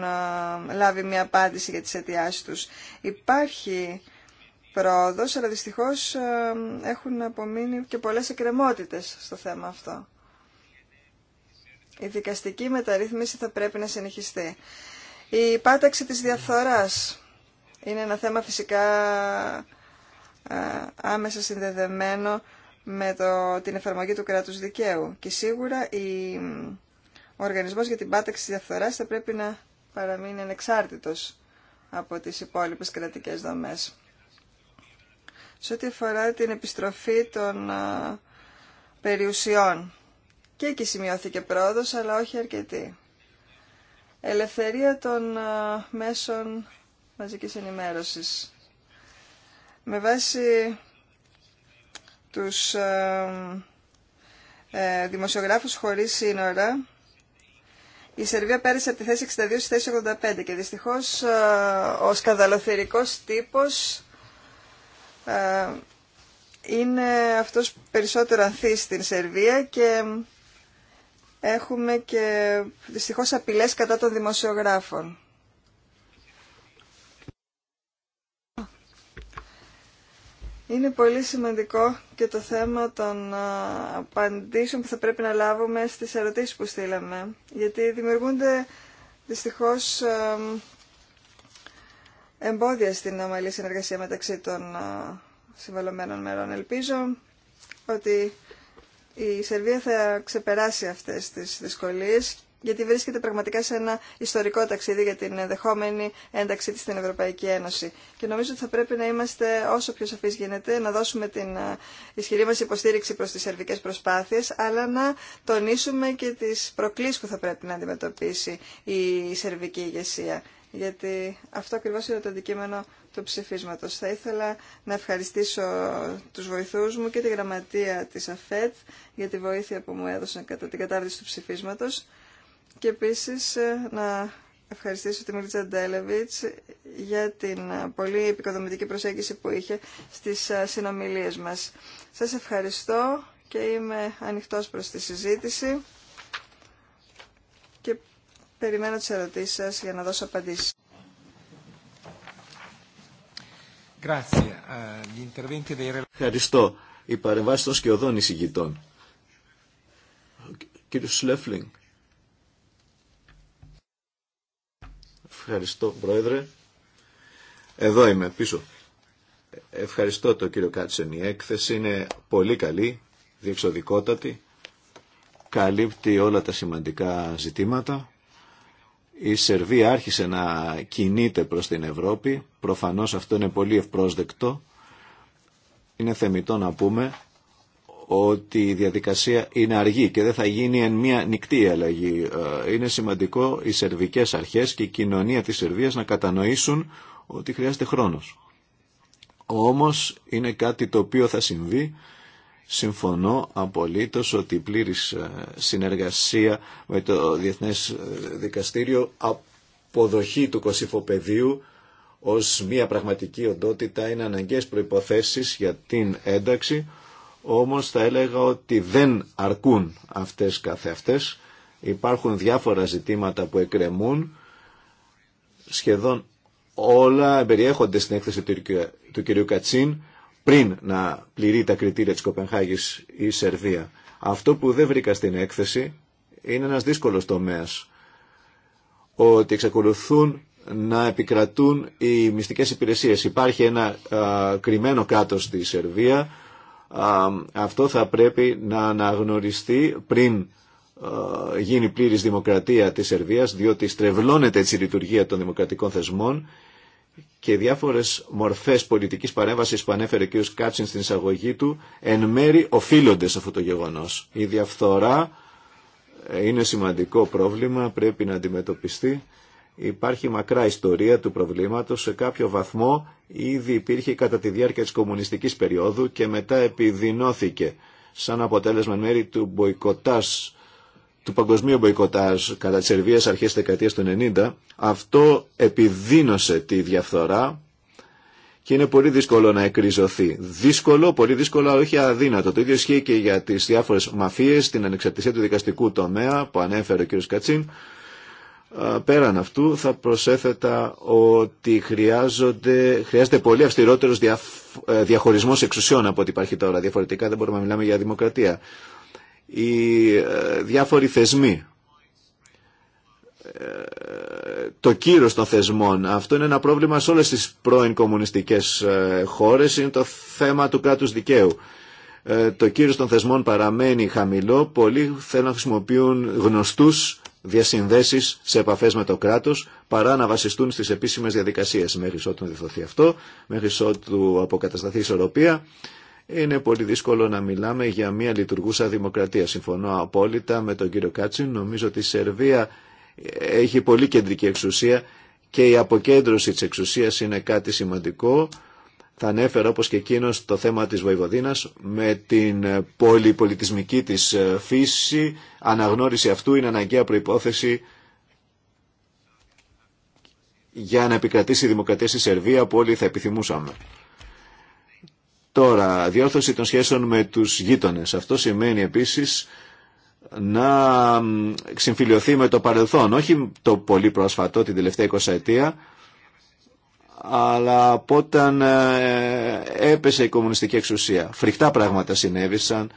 λάβει μια απάντηση για τις αιτιάσεις τους. Υπάρχει πρόοδος, αλλά δυστυχώς έχουν απομείνει και πολλές εκκρεμότητες στο θέμα αυτό. Η δικαστική μεταρρύθμιση θα πρέπει να συνεχιστεί. Η πάταξη της διαφθοράς είναι ένα θέμα φυσικά άμεσα συνδεδεμένο με το, την εφαρμογή του κράτους δικαίου. Και σίγουρα η ο Οργανισμός για την Πάταξη Διαφθοράς θα πρέπει να παραμείνει ανεξάρτητος από τις υπόλοιπες κρατικές δομές. Σε ό,τι αφορά την επιστροφή των περιουσιών, και εκεί σημειώθηκε πρόοδος, αλλά όχι αρκετή. Ελευθερία των μέσων μαζικής ενημέρωσης. Με βάση τους α, ε, δημοσιογράφους χωρίς σύνορα, η Σερβία πέρασε από τη θέση 62 στη θέση 85 και δυστυχώς ε, ο σκαδαλοθερικός τύπος ε, είναι αυτός περισσότερο ανθεί στην Σερβία και έχουμε και δυστυχώς απειλές κατά των δημοσιογράφων. Είναι πολύ σημαντικό και το θέμα των απαντήσεων που θα πρέπει να λάβουμε στις ερωτήσεις που στείλαμε, γιατί δημιουργούνται δυστυχώς εμπόδια στην ομαλή συνεργασία μεταξύ των συμβαλωμένων μερών. Ελπίζω ότι η Σερβία θα ξεπεράσει αυτές τις δυσκολίες γιατί βρίσκεται πραγματικά σε ένα ιστορικό ταξίδι για την ενδεχόμενη ένταξή της στην Ευρωπαϊκή Ένωση. Και νομίζω ότι θα πρέπει να είμαστε όσο πιο σαφείς γίνεται, να δώσουμε την ε, ισχυρή μας υποστήριξη προς τις σερβικές προσπάθειες, αλλά να τονίσουμε και τις προκλήσεις που θα πρέπει να αντιμετωπίσει η σερβική ηγεσία. Γιατί αυτό ακριβώς είναι το αντικείμενο του ψηφίσματος. Θα ήθελα να ευχαριστήσω τους βοηθούς μου και τη γραμματεία της ΑΦΕΤ για τη βοήθεια που μου έδωσαν κατά την κατάρτιση του ψηφίσματος. Και επίσης ε, να ευχαριστήσω τη Μίλτσα Ντέλεβιτς για την ε, πολύ επικοδομητική προσέγγιση που είχε στις ε, συνομιλίες μας. Σας ευχαριστώ και είμαι ανοιχτός προς τη συζήτηση και περιμένω τις ερωτήσεις σας για να δώσω απαντήσεις. Ευχαριστώ. Η παρεμβάση των σκιωδών εισηγητών. Κύριε Σλέφλινγκ. Ευχαριστώ, Πρόεδρε. Εδώ είμαι, πίσω. Ευχαριστώ τον κύριο Κάτσεν. Η έκθεση είναι πολύ καλή, διεξοδικότατη, καλύπτει όλα τα σημαντικά ζητήματα. Η Σερβία άρχισε να κινείται προς την Ευρώπη. Προφανώς αυτό είναι πολύ ευπρόσδεκτο. Είναι θεμητό να πούμε ότι η διαδικασία είναι αργή και δεν θα γίνει εν μία νυχτή αλλαγή. Ε, είναι σημαντικό οι σερβικές αρχές και η κοινωνία της Σερβίας να κατανοήσουν ότι χρειάζεται χρόνος. Όμως είναι κάτι το οποίο θα συμβεί. Συμφωνώ απολύτως ότι η πλήρης ε, συνεργασία με το Διεθνές ε, Δικαστήριο αποδοχή του κοσυφοπεδίου ως μια πραγματική οντότητα είναι αναγκαίες προϋποθέσεις για την ένταξη όμως θα έλεγα ότι δεν αρκούν αυτές καθεαυτές. Υπάρχουν διάφορα ζητήματα που εκκρεμούν. Σχεδόν όλα περιέχονται στην έκθεση του κυρίου Κατσίν πριν να πληρεί τα κριτήρια της Κοπενχάγης η Σερβία. Αυτό που δεν βρήκα στην έκθεση είναι ένας δύσκολος τομέας. Ότι εξακολουθούν να επικρατούν οι μυστικές υπηρεσίες. Υπάρχει ένα κρυμμένο κάτω στη Σερβία αυτό θα πρέπει να αναγνωριστεί πριν γίνει πλήρης δημοκρατία της Σερβίας, διότι στρεβλώνεται έτσι η λειτουργία των δημοκρατικών θεσμών και διάφορες μορφές πολιτικής παρέμβασης που ανέφερε ο κ. Κάτσιν στην εισαγωγή του εν μέρη οφείλονται σε αυτό το γεγονός. Η διαφθορά ε, είναι σημαντικό πρόβλημα, πρέπει να αντιμετωπιστεί. Υπάρχει μακρά ιστορία του προβλήματος, σε κάποιο βαθμό ήδη υπήρχε κατά τη διάρκεια της κομμουνιστικής περίοδου και μετά επιδεινώθηκε σαν αποτέλεσμα μέρη του του παγκοσμίου μποϊκοτάζ κατά της Σερβίας αρχές της δεκαετίας του 90, αυτό επιδίνωσε τη διαφθορά και είναι πολύ δύσκολο να εκριζωθεί. Δύσκολο, πολύ δύσκολο, αλλά όχι αδύνατο. Το ίδιο ισχύει και για τις διάφορες μαφίες, την ανεξαρτησία του δικαστικού τομέα που ανέφερε ο κ. Κατσίν, Πέραν αυτού θα προσέθετα ότι χρειάζεται πολύ αυστηρότερος ε, διαχωρισμός εξουσιών από ό,τι υπάρχει τώρα. Διαφορετικά δεν μπορούμε να μιλάμε για δημοκρατία. Οι ε, διάφοροι θεσμοί, ε, το κύρος των θεσμών, αυτό είναι ένα πρόβλημα σε όλες τις πρώην κομμουνιστικές χώρες, είναι το θέμα του κράτους δικαίου το κύρος των θεσμών παραμένει χαμηλό. Πολλοί θέλουν να χρησιμοποιούν γνωστούς διασυνδέσεις σε επαφές με το κράτος παρά να βασιστούν στις επίσημες διαδικασίες μέχρι ότου διορθωθεί αυτό, μέχρι ότου αποκατασταθεί ισορροπία. Είναι πολύ δύσκολο να μιλάμε για μια λειτουργούσα δημοκρατία. Συμφωνώ απόλυτα με τον κύριο Κάτσιν. Νομίζω ότι η Σερβία έχει πολύ κεντρική εξουσία και η αποκέντρωση της εξουσίας είναι κάτι σημαντικό θα ανέφερε όπως και εκείνο το θέμα της Βοηβοδίνας με την ε, πολυπολιτισμική της ε, φύση. Αναγνώριση αυτού είναι αναγκαία προϋπόθεση για να επικρατήσει η δημοκρατία στη Σερβία που όλοι θα επιθυμούσαμε. Τώρα, διόρθωση των σχέσεων με τους γείτονες. Αυτό σημαίνει επίσης να συμφιλειωθεί με το παρελθόν, όχι το πολύ πρόσφατο, την τελευταία 20 αλλά από όταν ε, έπεσε η κομμουνιστική εξουσία. Φρικτά πράγματα συνέβησαν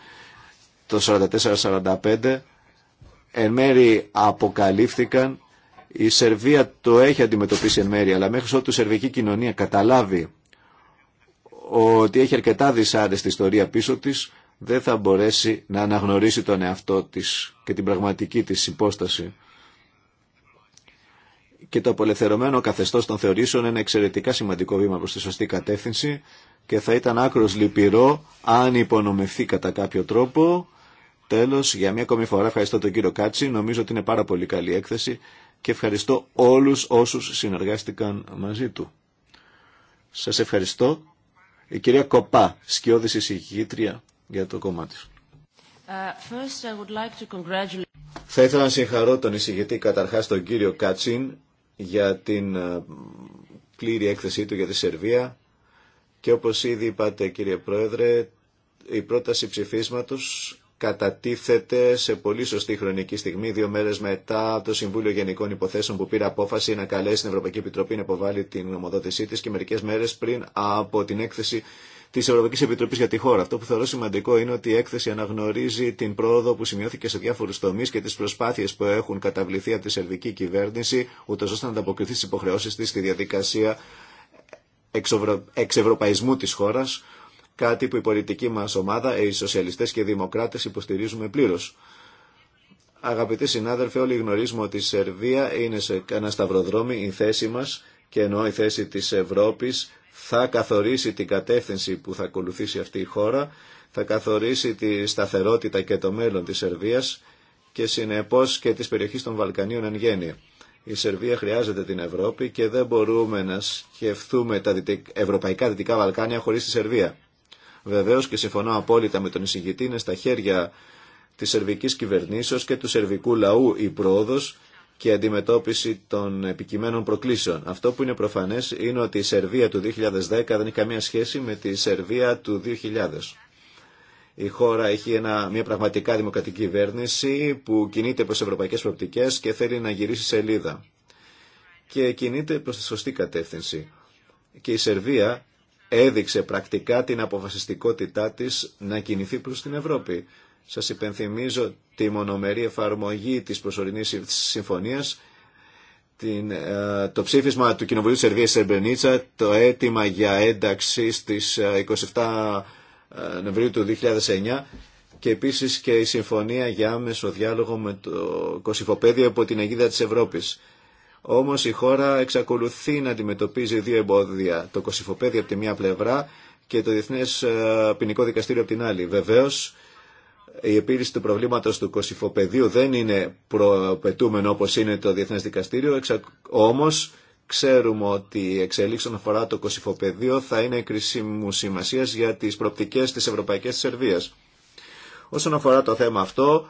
το 44-45, εν μέρη αποκαλύφθηκαν, η Σερβία το έχει αντιμετωπίσει εν μέρη, αλλά μέχρι ότου η σερβική κοινωνία καταλάβει ότι έχει αρκετά δυσάρεστη ιστορία πίσω της, δεν θα μπορέσει να αναγνωρίσει τον εαυτό της και την πραγματική της υπόσταση και το απολευθερωμένο καθεστώ των θεωρήσεων είναι εξαιρετικά σημαντικό βήμα προ τη σωστή κατεύθυνση και θα ήταν άκρο λυπηρό αν υπονομευθεί κατά κάποιο τρόπο. Τέλο, για μια ακόμη φορά ευχαριστώ τον κύριο Κάτσι, νομίζω ότι είναι πάρα πολύ καλή έκθεση και ευχαριστώ όλου όσου συνεργάστηκαν μαζί του. Σα ευχαριστώ. Η κυρία Κοπά, σκιώδη εισηγήτρια για το κομμάτι σου. Uh, like congratulate... Θα ήθελα να συγχαρώ τον εισηγητή καταρχάς τον κύριο Κάτσιν για την ε, πλήρη έκθεσή του για τη Σερβία και όπως ήδη είπατε κύριε Πρόεδρε η πρόταση ψηφίσματος κατατίθεται σε πολύ σωστή χρονική στιγμή, δύο μέρες μετά το Συμβούλιο Γενικών Υποθέσεων που πήρε απόφαση να καλέσει την Ευρωπαϊκή Επιτροπή να υποβάλει την νομοδότησή της και μερικές μέρες πριν από την έκθεση Τη Ευρωπαϊκή Επιτροπή για τη χώρα. Αυτό που θεωρώ σημαντικό είναι ότι η έκθεση αναγνωρίζει την πρόοδο που σημειώθηκε σε διάφορου τομεί και τι προσπάθειε που έχουν καταβληθεί από τη σερβική κυβέρνηση, ούτω ώστε να ανταποκριθεί στι υποχρεώσει τη στη διαδικασία εξευρωπαϊσμού τη χώρα, κάτι που η πολιτική μα ομάδα, οι σοσιαλιστέ και οι δημοκράτε υποστηρίζουμε πλήρω. Αγαπητοί συνάδελφοι, όλοι γνωρίζουμε ότι η Σερβία είναι σε ένα σταυροδρόμι η θέση μας και ενώ η θέση της Ευρώπης θα καθορίσει την κατεύθυνση που θα ακολουθήσει αυτή η χώρα, θα καθορίσει τη σταθερότητα και το μέλλον της Σερβίας και συνεπώς και της περιοχής των Βαλκανίων εν γέννη. Η Σερβία χρειάζεται την Ευρώπη και δεν μπορούμε να σκεφτούμε τα ευρωπαϊκά δυτικά Βαλκάνια χωρίς τη Σερβία. Βεβαίως και συμφωνώ απόλυτα με τον εισηγητή, είναι στα χέρια της σερβικής κυβερνήσεως και του σερβικού λαού η πρόοδος και αντιμετώπιση των επικειμένων προκλήσεων. Αυτό που είναι προφανές είναι ότι η Σερβία του 2010 δεν έχει καμία σχέση με τη Σερβία του 2000. Η χώρα έχει μια πραγματικά δημοκρατική κυβέρνηση που κινείται προς ευρωπαϊκές προοπτικές και θέλει να γυρίσει σελίδα. Και κινείται προς τη σωστή κατεύθυνση. Και η Σερβία έδειξε πρακτικά την αποφασιστικότητά της να κινηθεί προς την Ευρώπη. Σας υπενθυμίζω τη μονομερή εφαρμογή της προσωρινής συμφωνίας, ε, το ψήφισμα του Κοινοβουλίου της Σερβίας Σερμπενίτσα, το αίτημα για ένταξη στις 27 ε, ε, Νοεμβρίου του 2009 και επίσης και η συμφωνία για άμεσο διάλογο με το Κωσυφοπέδιο από την αιγίδα της Ευρώπης. Όμως η χώρα εξακολουθεί να αντιμετωπίζει δύο εμπόδια, το Κωσυφοπέδιο από τη μία πλευρά και το διεθνέ Ποινικό Δικαστήριο από την άλλη η επίλυση του προβλήματος του κοσυφοπεδίου δεν είναι προπετούμενο όπως είναι το Διεθνές Δικαστήριο, όμως ξέρουμε ότι η εξέλιξη όσον αφορά το κοσυφοπεδίο θα είναι κρίσιμου σημασία για τις προπτικές της Ευρωπαϊκής Σερβίας. Όσον αφορά το θέμα αυτό,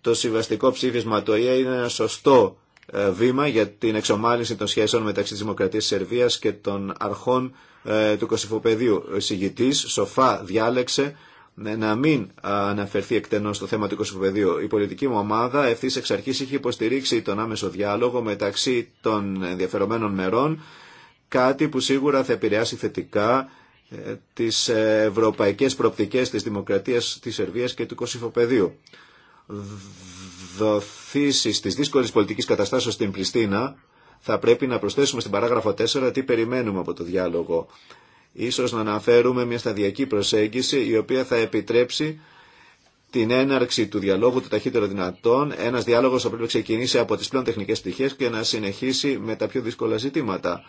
το συμβαστικό ψήφισμα του ΟΗΕ είναι ένα σωστό ε, βήμα για την εξομάλυνση των σχέσεων μεταξύ της Δημοκρατίας της Σερβίας και των αρχών ε, του Κωσυφοπεδίου. Ο συγητής σοφά διάλεξε ναι, να μην αναφερθεί εκτενώς στο θέμα του Κωσυφοπεδίου. Η πολιτική μου ομάδα ευθύς εξ αρχή είχε υποστηρίξει τον άμεσο διάλογο μεταξύ των ενδιαφερομένων μερών, κάτι που σίγουρα θα επηρεάσει θετικά ε, τις ευρωπαϊκές προοπτικές της δημοκρατίας της Σερβίας και του Κωσυφοπεδίου. Δοθήσει στις δύσκολης πολιτικής καταστάσεως στην Πριστίνα θα πρέπει να προσθέσουμε στην παράγραφο 4 τι περιμένουμε από το διάλογο. Ίσως να αναφέρουμε μια σταδιακή προσέγγιση η οποία θα επιτρέψει την έναρξη του διαλόγου του ταχύτερο δυνατόν, ένας διάλογος που πρέπει να ξεκινήσει από τις πλέον τεχνικές πτυχές και να συνεχίσει με τα πιο δύσκολα ζητήματα.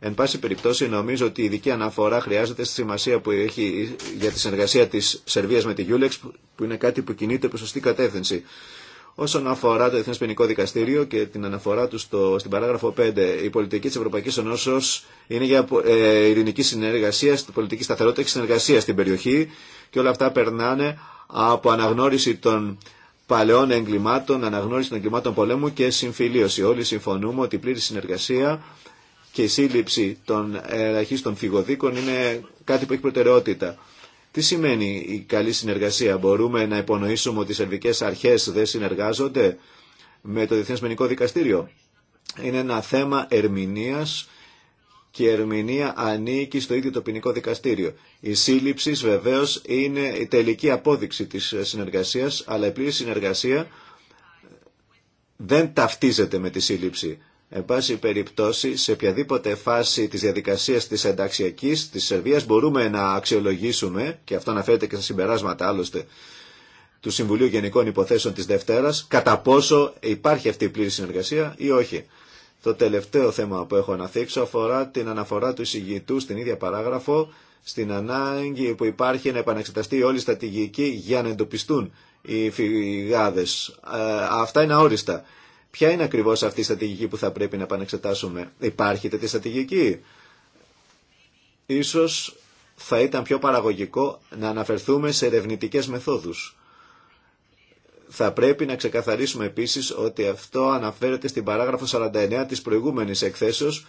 Εν πάση περιπτώσει, νομίζω ότι η ειδική αναφορά χρειάζεται στη σημασία που έχει για τη συνεργασία της Σερβίας με τη Γιούλεξ, που είναι κάτι που κινείται προς σωστή κατεύθυνση. Όσον αφορά το Διεθνές Ποινικό Δικαστήριο και την αναφορά του στο, στην παράγραφο 5, η πολιτική της Ευρωπαϊκής Ενώσεως είναι για ε, ειρηνική συνεργασία, πολιτική σταθερότητα και συνεργασία στην περιοχή και όλα αυτά περνάνε από αναγνώριση των παλαιών εγκλημάτων, αναγνώριση των εγκλημάτων πολέμου και συμφιλίωση. Όλοι συμφωνούμε ότι η πλήρη συνεργασία και η σύλληψη των ελαχίστων φυγοδίκων είναι κάτι που έχει προτεραιότητα. Τι σημαίνει η καλή συνεργασία. Μπορούμε να υπονοήσουμε ότι οι σερβικές αρχές δεν συνεργάζονται με το Διεθνές Ποινικό Δικαστήριο. Είναι ένα θέμα ερμηνείας και η ερμηνεία ανήκει στο ίδιο το ποινικό δικαστήριο. Η σύλληψη βεβαίω είναι η τελική απόδειξη της συνεργασίας, αλλά η πλήρη συνεργασία δεν ταυτίζεται με τη σύλληψη. Εν πάση περιπτώσει, σε οποιαδήποτε φάση της διαδικασίας της ενταξιακής της Σερβίας μπορούμε να αξιολογήσουμε, και αυτό αναφέρεται και στα συμπεράσματα άλλωστε, του Συμβουλίου Γενικών Υποθέσεων της Δευτέρας, κατά πόσο υπάρχει αυτή η πλήρη συνεργασία ή όχι. Το τελευταίο θέμα που έχω να θίξω αφορά την αναφορά του εισηγητού στην ίδια παράγραφο, στην ανάγκη που υπάρχει να επαναξεταστεί όλη η στρατηγική για να εντοπιστούν οι φυγάδες. Ε, αυτά είναι αόριστα. Ποια είναι ακριβώς αυτή η στρατηγική που θα πρέπει να επανεξετάσουμε. Υπάρχει τέτοια στρατηγική. Ίσως θα ήταν πιο παραγωγικό να αναφερθούμε σε ερευνητικέ μεθόδους. Θα πρέπει να ξεκαθαρίσουμε επίσης ότι αυτό αναφέρεται στην παράγραφο 49 της προηγούμενης εκθέσεως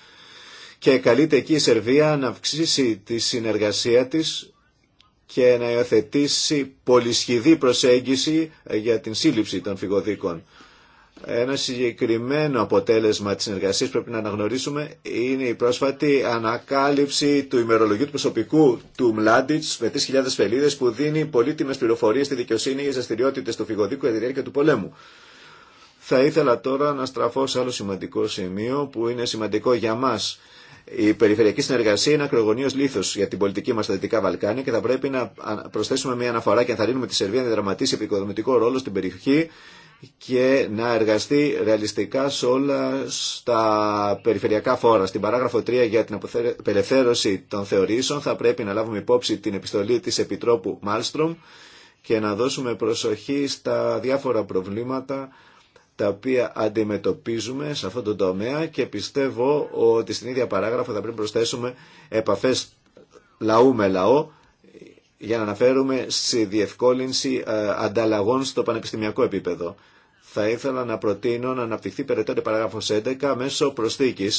και καλείται εκεί η Σερβία να αυξήσει τη συνεργασία της και να υιοθετήσει πολυσχηδή προσέγγιση για την σύλληψη των φυγοδίκων. Ένα συγκεκριμένο αποτέλεσμα της συνεργασίας πρέπει να αναγνωρίσουμε είναι η πρόσφατη ανακάλυψη του ημερολογίου του προσωπικού του Μλάντιτς με χιλιάδες φελίδες που δίνει πολύτιμες πληροφορίες στη δικαιοσύνη για δραστηριότητε του φυγοδίκου και του πολέμου. Θα ήθελα τώρα να στραφώ σε άλλο σημαντικό σημείο που είναι σημαντικό για μας. Η περιφερειακή συνεργασία είναι ακρογωνίω λήθο για την πολιτική μα στα Δυτικά Βαλκάνια και θα πρέπει να προσθέσουμε μια αναφορά και ενθαρρύνουμε τη Σερβία να δραματίσει επικοδομητικό ρόλο στην περιοχή και να εργαστεί ρεαλιστικά σε όλα στα περιφερειακά φόρα. Στην παράγραφο 3 για την απελευθέρωση των θεωρήσεων θα πρέπει να λάβουμε υπόψη την επιστολή της Επιτρόπου Μάλστρομ και να δώσουμε προσοχή στα διάφορα προβλήματα τα οποία αντιμετωπίζουμε σε αυτόν τον τομέα και πιστεύω ότι στην ίδια παράγραφο θα πρέπει να προσθέσουμε επαφές λαού με λαό για να αναφέρουμε στη διευκόλυνση ε, ανταλλαγών στο πανεπιστημιακό επίπεδο θα ήθελα να προτείνω να αναπτυχθεί περαιτέρω παράγραφο 11 μέσω προσθήκη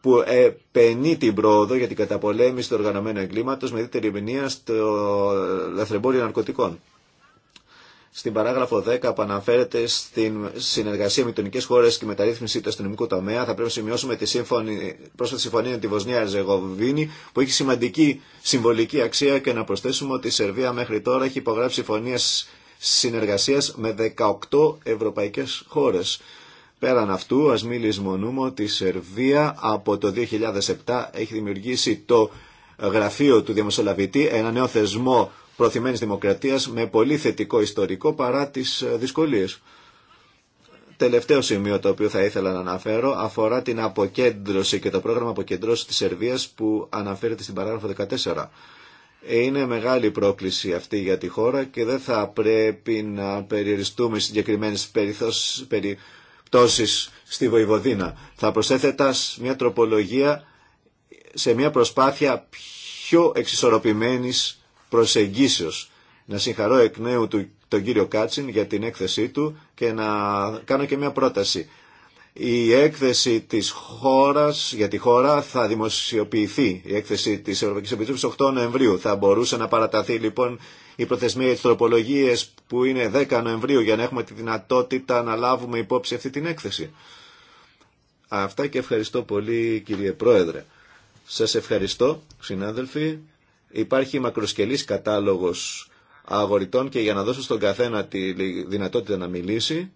που επενεί την πρόοδο για την καταπολέμηση του οργανωμένου εγκλήματο με δίτερη ερμηνεία στο λαθρεμπόριο ναρκωτικών. Στην παράγραφο 10 που αναφέρεται στην συνεργασία με τονικέ χώρε και μεταρρύθμιση του αστυνομικού τομέα, θα πρέπει να σημειώσουμε τη σύμφωνη, πρόσφατη συμφωνία με τη Βοσνία Ερζεγοβίνη, που έχει σημαντική συμβολική αξία και να προσθέσουμε ότι η Σερβία μέχρι τώρα έχει υπογράψει συμφωνίε συνεργασίας με 18 ευρωπαϊκές χώρες. Πέραν αυτού, ας μην λησμονούμε ότι η Σερβία από το 2007 έχει δημιουργήσει το γραφείο του Διαμεσολαβητή, ένα νέο θεσμό προθυμένης δημοκρατίας με πολύ θετικό ιστορικό παρά τις ε, δυσκολίες. Τελευταίο σημείο το οποίο θα ήθελα να αναφέρω αφορά την αποκέντρωση και το πρόγραμμα αποκεντρώσης της Σερβίας που αναφέρεται στην παράγραφο 14. Είναι μεγάλη πρόκληση αυτή για τη χώρα και δεν θα πρέπει να περιοριστούμε συγκεκριμένες περιπτώσεις στη Βοηβοδίνα. Θα προσέθετα μια τροπολογία σε μια προσπάθεια πιο εξισορροπημένης προσεγγίσεως. Να συγχαρώ εκ νέου του, τον κύριο Κάτσιν για την έκθεσή του και να κάνω και μια πρόταση. Η έκθεση της χώρας, για τη χώρα θα δημοσιοποιηθεί. Η έκθεση της Ευρωπαϊκής Επιτροπής 8 Νοεμβρίου. Θα μπορούσε να παραταθεί λοιπόν η προθεσμία της τροπολογίας που είναι 10 Νοεμβρίου για να έχουμε τη δυνατότητα να λάβουμε υπόψη αυτή την έκθεση. Αυτά και ευχαριστώ πολύ κύριε Πρόεδρε. Σας ευχαριστώ συνάδελφοι. Υπάρχει μακροσκελής κατάλογος αγοριτών και για να δώσω στον καθένα τη δυνατότητα να μιλήσει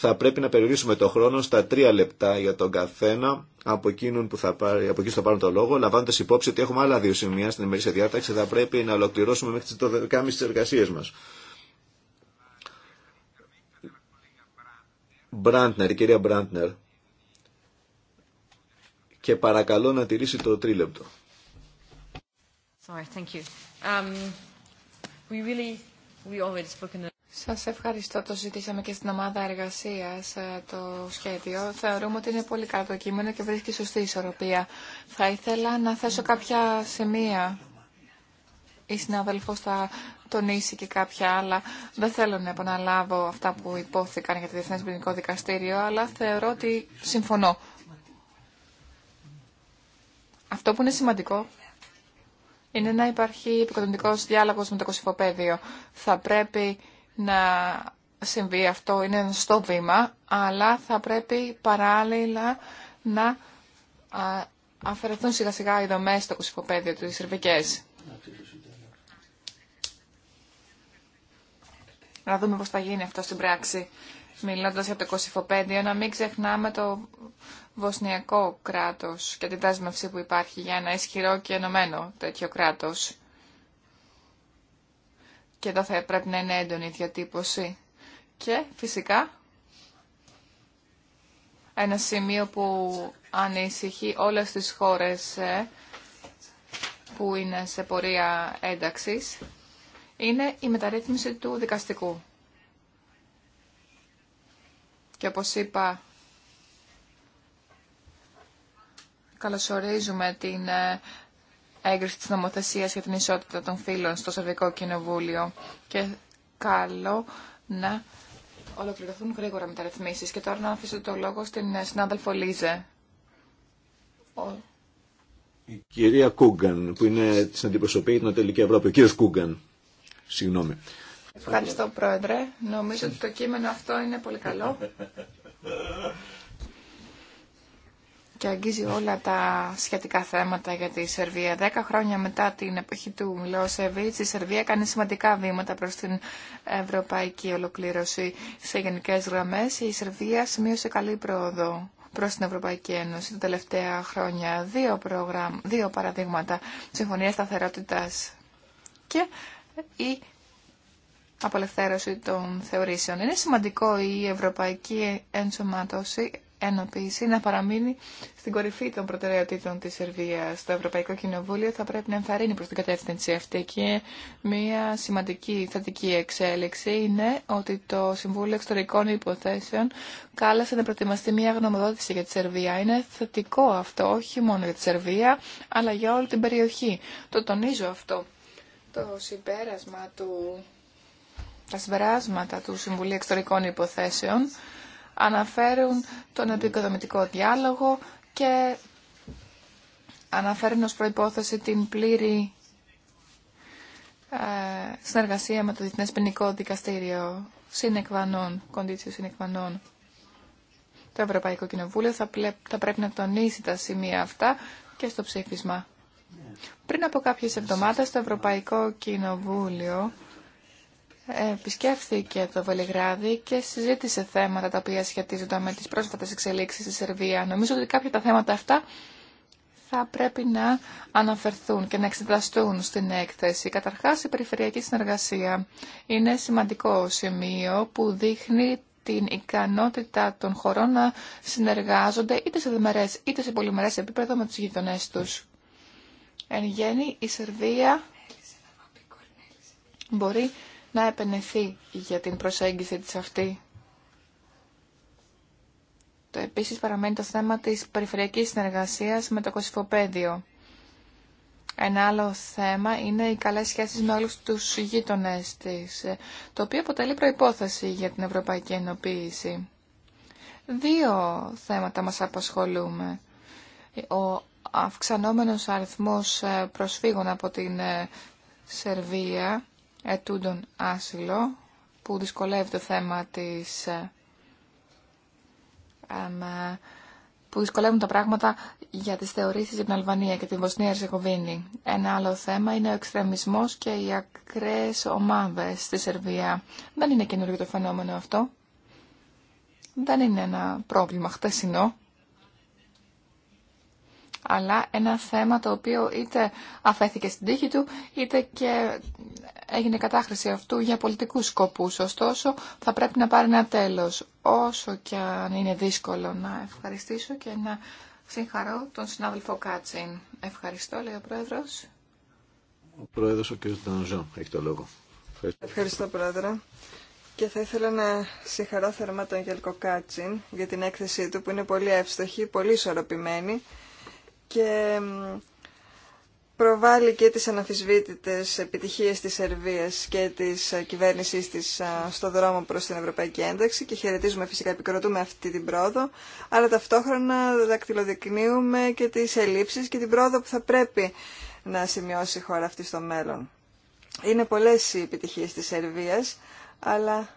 θα πρέπει να περιορίσουμε το χρόνο στα τρία λεπτά για τον καθένα από, που θα πάρει, από εκεί θα πάρουν το λόγο, λαμβάνοντα υπόψη ότι έχουμε άλλα δύο σημεία στην ημερήσια διάταξη, θα πρέπει να ολοκληρώσουμε μέχρι τι 12.30 τι εργασίε μα. Μπραντνερ, κυρία Μπραντνερ. Και παρακαλώ να τηρήσει το τρίλεπτο. Sorry, thank you. Um, we really, we spoken σας ευχαριστώ. Το ζητήσαμε και στην ομάδα εργασίας ε, το σχέδιο. Θεωρούμε ότι είναι πολύ καλό το κείμενο και βρίσκει σωστή ισορροπία. Θα ήθελα να θέσω κάποια σημεία. Η συναδελφό θα τονίσει και κάποια άλλα. Δεν θέλω να επαναλάβω αυτά που υπόθηκαν για το Διεθνές Ποινικό Δικαστήριο, αλλά θεωρώ ότι συμφωνώ. Αυτό που είναι σημαντικό είναι να υπάρχει επικοδομητικός διάλογος με το κοσυφοπαίδιο. Θα πρέπει να συμβεί αυτό, είναι στο βήμα, αλλά θα πρέπει παράλληλα να αφαιρεθούν σιγά σιγά οι δομές στο κουσικοπαίδιο του Σερβικές. Να δούμε πώς θα γίνει αυτό στην πράξη. Μιλώντας για το κοσυφοπέδιο, να μην ξεχνάμε το βοσνιακό κράτος και την τάσμευση που υπάρχει για ένα ισχυρό και ενωμένο τέτοιο κράτος. Και εδώ θα πρέπει να είναι έντονη η διατύπωση. Και φυσικά ένα σημείο που ανησυχεί όλες τις χώρες ε, που είναι σε πορεία ένταξης είναι η μεταρρύθμιση του δικαστικού. Και όπως είπα, καλωσορίζουμε την ε, έγκριση της νομοθεσίας για την ισότητα των φύλων στο Σερβικό Κοινοβούλιο και καλό να ολοκληρωθούν γρήγορα μεταρρυθμίσεις. Και τώρα να αφήσω το λόγο στην συνάδελφο Λίζε. Η κυρία Κούγκαν, που είναι της αντιπροσωπή την Ατελική Ευρώπη. Ο κύριος Κούγκαν, συγγνώμη. Ευχαριστώ, Πρόεδρε. Νομίζω ότι το κείμενο αυτό είναι πολύ καλό και αγγίζει όλα τα σχετικά θέματα για τη Σερβία. Δέκα χρόνια μετά την εποχή του Μιλόσεβιτς, η Σερβία κάνει σημαντικά βήματα προ την ευρωπαϊκή ολοκλήρωση σε γενικέ γραμμέ. Η Σερβία σημείωσε καλή πρόοδο προς την Ευρωπαϊκή Ένωση τα τελευταία χρόνια. Δύο, προγραμ, δύο παραδείγματα, συμφωνία σταθερότητα και η απελευθέρωση των θεωρήσεων. Είναι σημαντικό η ευρωπαϊκή ενσωμάτωση ενοποίηση να παραμείνει στην κορυφή των προτεραιοτήτων της Σερβίας. Το Ευρωπαϊκό Κοινοβούλιο θα πρέπει να ενθαρρύνει προς την κατεύθυνση αυτή και μια σημαντική θετική εξέλιξη είναι ότι το Συμβούλιο Εξωτερικών Υποθέσεων κάλασε να προετοιμαστεί μια γνωμοδότηση για τη Σερβία. Είναι θετικό αυτό, όχι μόνο για τη Σερβία, αλλά για όλη την περιοχή. Το τονίζω αυτό. Το συμπέρασμα του... Τα συμπεράσματα του Συμβουλίου Εξωτερικών Υποθέσεων αναφέρουν τον επικοδομητικό διάλογο και αναφέρουν ως προϋπόθεση την πλήρη ε, συνεργασία με το Διεθνές Ποινικό Δικαστήριο συνεκβανών, κοντίτσιο συνεκβανών. Το Ευρωπαϊκό Κοινοβούλιο θα, θα πρέπει να τονίσει τα σημεία αυτά και στο ψήφισμα. Πριν από κάποιες εβδομάδες το Ευρωπαϊκό Κοινοβούλιο επισκέφθηκε το Βελιγράδι και συζήτησε θέματα τα οποία σχετίζονταν με τις πρόσφατες εξελίξεις στη Σερβία. Νομίζω ότι κάποια τα θέματα αυτά θα πρέπει να αναφερθούν και να εξεταστούν στην έκθεση. Καταρχάς, η περιφερειακή συνεργασία είναι σημαντικό σημείο που δείχνει την ικανότητα των χωρών να συνεργάζονται είτε σε δεμερές είτε σε πολυμερές επίπεδο με τους γειτονές τους. Εν γέννη, η Σερβία μπορεί να επενεθεί για την προσέγγιση της αυτή. Το επίσης παραμένει το θέμα της περιφερειακής συνεργασίας με το κοσυφοπαίδιο. Ένα άλλο θέμα είναι οι καλές σχέσεις με όλους τους γείτονες της, το οποίο αποτελεί προϋπόθεση για την ευρωπαϊκή ενοποίηση. Δύο θέματα μας απασχολούμε. Ο αυξανόμενος αριθμός ε, προσφύγων από την ε, Σερβία ετούντων άσυλο που δυσκολεύει το θέμα της που δυσκολεύουν τα πράγματα για τις θεωρήσεις για την Αλβανία και την Βοσνία Ερζεγοβίνη. Ένα άλλο θέμα είναι ο εξτρεμισμός και οι ακραίες ομάδες στη Σερβία. Δεν είναι καινούργιο το φαινόμενο αυτό. Δεν είναι ένα πρόβλημα χτεσινό αλλά ένα θέμα το οποίο είτε αφέθηκε στην τύχη του, είτε και έγινε κατάχρηση αυτού για πολιτικούς σκοπούς. Ωστόσο, θα πρέπει να πάρει ένα τέλος, όσο και αν είναι δύσκολο να ευχαριστήσω και να συγχαρώ τον συνάδελφο Κάτσιν. Ευχαριστώ, λέει ο Πρόεδρος. Ο Πρόεδρος, ο κ. Ντανζόν, έχει το λόγο. Ευχαριστώ, Ευχαριστώ Πρόεδρε. Και θα ήθελα να συγχαρώ θερμά τον Γελκο Κάτσιν για την έκθεσή του που είναι πολύ εύστοχη, πολύ ισορροπημένη και προβάλλει και τις αναφυσβήτητες επιτυχίες της Σερβίας και της ε, κυβέρνησής της ε, στο δρόμο προς την Ευρωπαϊκή Ένταξη και χαιρετίζουμε φυσικά, επικροτούμε αυτή την πρόοδο, αλλά ταυτόχρονα δακτυλοδεικνύουμε και τις ελλείψεις και την πρόοδο που θα πρέπει να σημειώσει η χώρα αυτή στο μέλλον. Είναι πολλές οι επιτυχίες της Σερβίας, αλλά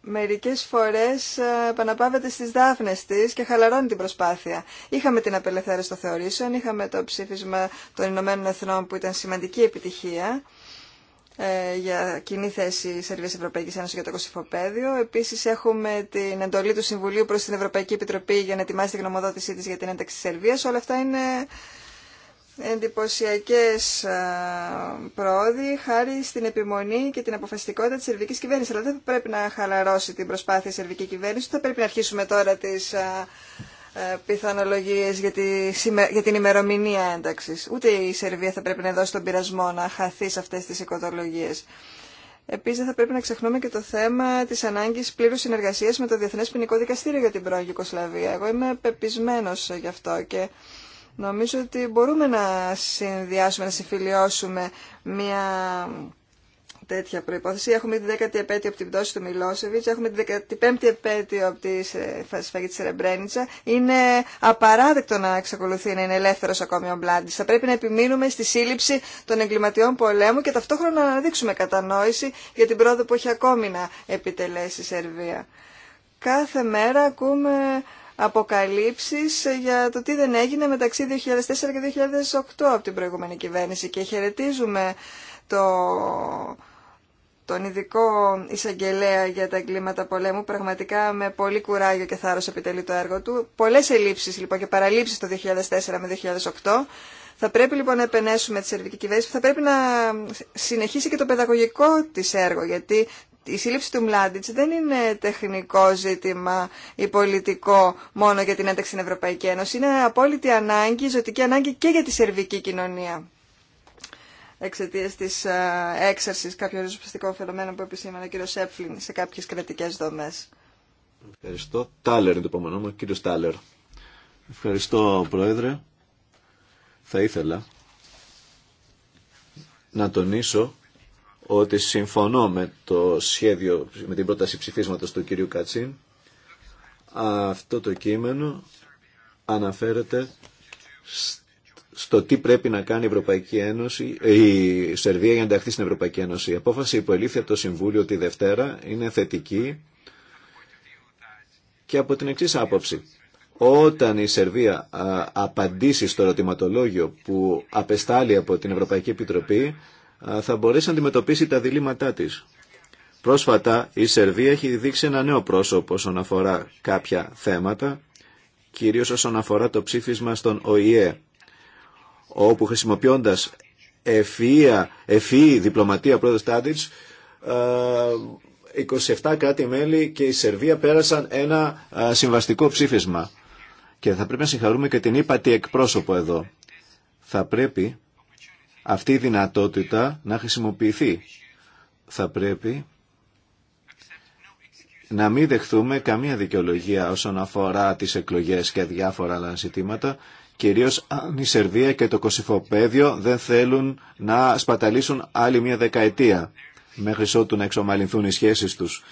μερικές φορές ε, επαναπάβεται στις δάφνες της και χαλαρώνει την προσπάθεια. Είχαμε την απελευθέρωση των θεωρήσεων, είχαμε το ψήφισμα των Ηνωμένων Εθνών που ήταν σημαντική επιτυχία ε, για κοινή θέση Σερβίας Ευρωπαϊκής Ένωσης για το Κωσυφοπαίδιο. Επίσης έχουμε την εντολή του Συμβουλίου προς την Ευρωπαϊκή Επιτροπή για να ετοιμάσει την γνωμοδότησή της για την ένταξη της Σερβίας. Όλα αυτά είναι Εντυπωσιακέ πρόοδοι χάρη στην επιμονή και την αποφασιστικότητα τη σερβική κυβέρνηση. Αλλά δεν θα πρέπει να χαλαρώσει την προσπάθεια η σερβική κυβέρνηση. Θα πρέπει να αρχίσουμε τώρα τι πιθανολογίες για, τη, για την ημερομηνία ένταξης. Ούτε η Σερβία θα πρέπει να δώσει τον πειρασμό να χαθεί σε αυτές τις οικοδολογίες. Επίσης θα πρέπει να ξεχνούμε και το θέμα της ανάγκης πλήρους συνεργασίας με το Διεθνές Ποινικό Δικαστήριο για την πρώην Γιουκοσλαβία. Εγώ είμαι πεπισμένος γι' αυτό και Νομίζω ότι μπορούμε να συνδυάσουμε, να συμφιλιώσουμε μια τέτοια προϋπόθεση. Έχουμε την 10η επέτειο από την πτώση του Μιλόσεβιτς, έχουμε την 15η επέτειο από τη σφαγή της Ρεμπρένιτσα. Είναι απαράδεκτο να εξακολουθεί να είναι ελεύθερος ακόμη ο Μπλάντης. Θα πρέπει να επιμείνουμε στη σύλληψη των εγκληματιών πολέμου και ταυτόχρονα να δείξουμε κατανόηση για την πρόοδο που έχει ακόμη να επιτελέσει η Σερβία. Κάθε μέρα ακούμε αποκαλύψεις για το τι δεν έγινε μεταξύ 2004 και 2008 από την προηγούμενη κυβέρνηση και χαιρετίζουμε το, τον ειδικό εισαγγελέα για τα εγκλήματα πολέμου πραγματικά με πολύ κουράγιο και θάρρος επιτελεί το έργο του. Πολλές ελλείψεις λοιπόν και παραλήψεις το 2004 με 2008. Θα πρέπει λοιπόν να επενέσουμε τη σερβική κυβέρνηση που θα πρέπει να συνεχίσει και το παιδαγωγικό της έργο γιατί η σύλληψη του Μλάντιτς δεν είναι τεχνικό ζήτημα ή πολιτικό μόνο για την ένταξη στην Ευρωπαϊκή Ένωση. Είναι απόλυτη ανάγκη, ζωτική ανάγκη και για τη σερβική κοινωνία εξαιτία τη ε, έξαρση κάποιων ριζοσπαστικών φαινομένων που επισήμανε ο κύριο Σέπφλιν σε κάποιε κρατικέ δομέ. Ευχαριστώ. Τάλερ είναι το επόμενό μου, κύριο Τάλερ. Ευχαριστώ, Πρόεδρε. Θα ήθελα να τονίσω ότι συμφωνώ με το σχέδιο, με την πρόταση ψηφίσματος του κυρίου Κατσίν. Αυτό το κείμενο αναφέρεται στο τι πρέπει να κάνει η Ευρωπαϊκή Ένωση, η Σερβία για να ενταχθεί στην Ευρωπαϊκή Ένωση. Η απόφαση που ελήφθη από το Συμβούλιο τη Δευτέρα είναι θετική και από την εξή άποψη. Όταν η Σερβία απαντήσει στο ερωτηματολόγιο που απεστάλλει από την Ευρωπαϊκή Επιτροπή, θα μπορέσει να αντιμετωπίσει τα διλήμματά της. Πρόσφατα η Σερβία έχει δείξει ένα νέο πρόσωπο όσον αφορά κάποια θέματα, κυρίως όσον αφορά το ψήφισμα στον ΟΗΕ, όπου χρησιμοποιώντας ευφυή διπλωματία πρόεδρος Τάντιτς, 27 κράτη-μέλη και η Σερβία πέρασαν ένα συμβαστικό ψήφισμα. Και θα πρέπει να συγχαρούμε και την ύπατη εκπρόσωπο εδώ. Θα πρέπει αυτή η δυνατότητα να χρησιμοποιηθεί. Θα πρέπει να μην δεχθούμε καμία δικαιολογία όσον αφορά τις εκλογές και διάφορα άλλα ζητήματα, κυρίως αν η Σερβία και το Κωσυφοπαίδιο δεν θέλουν να σπαταλήσουν άλλη μια δεκαετία μέχρι ότου να εξομαλυνθούν οι σχέσεις τους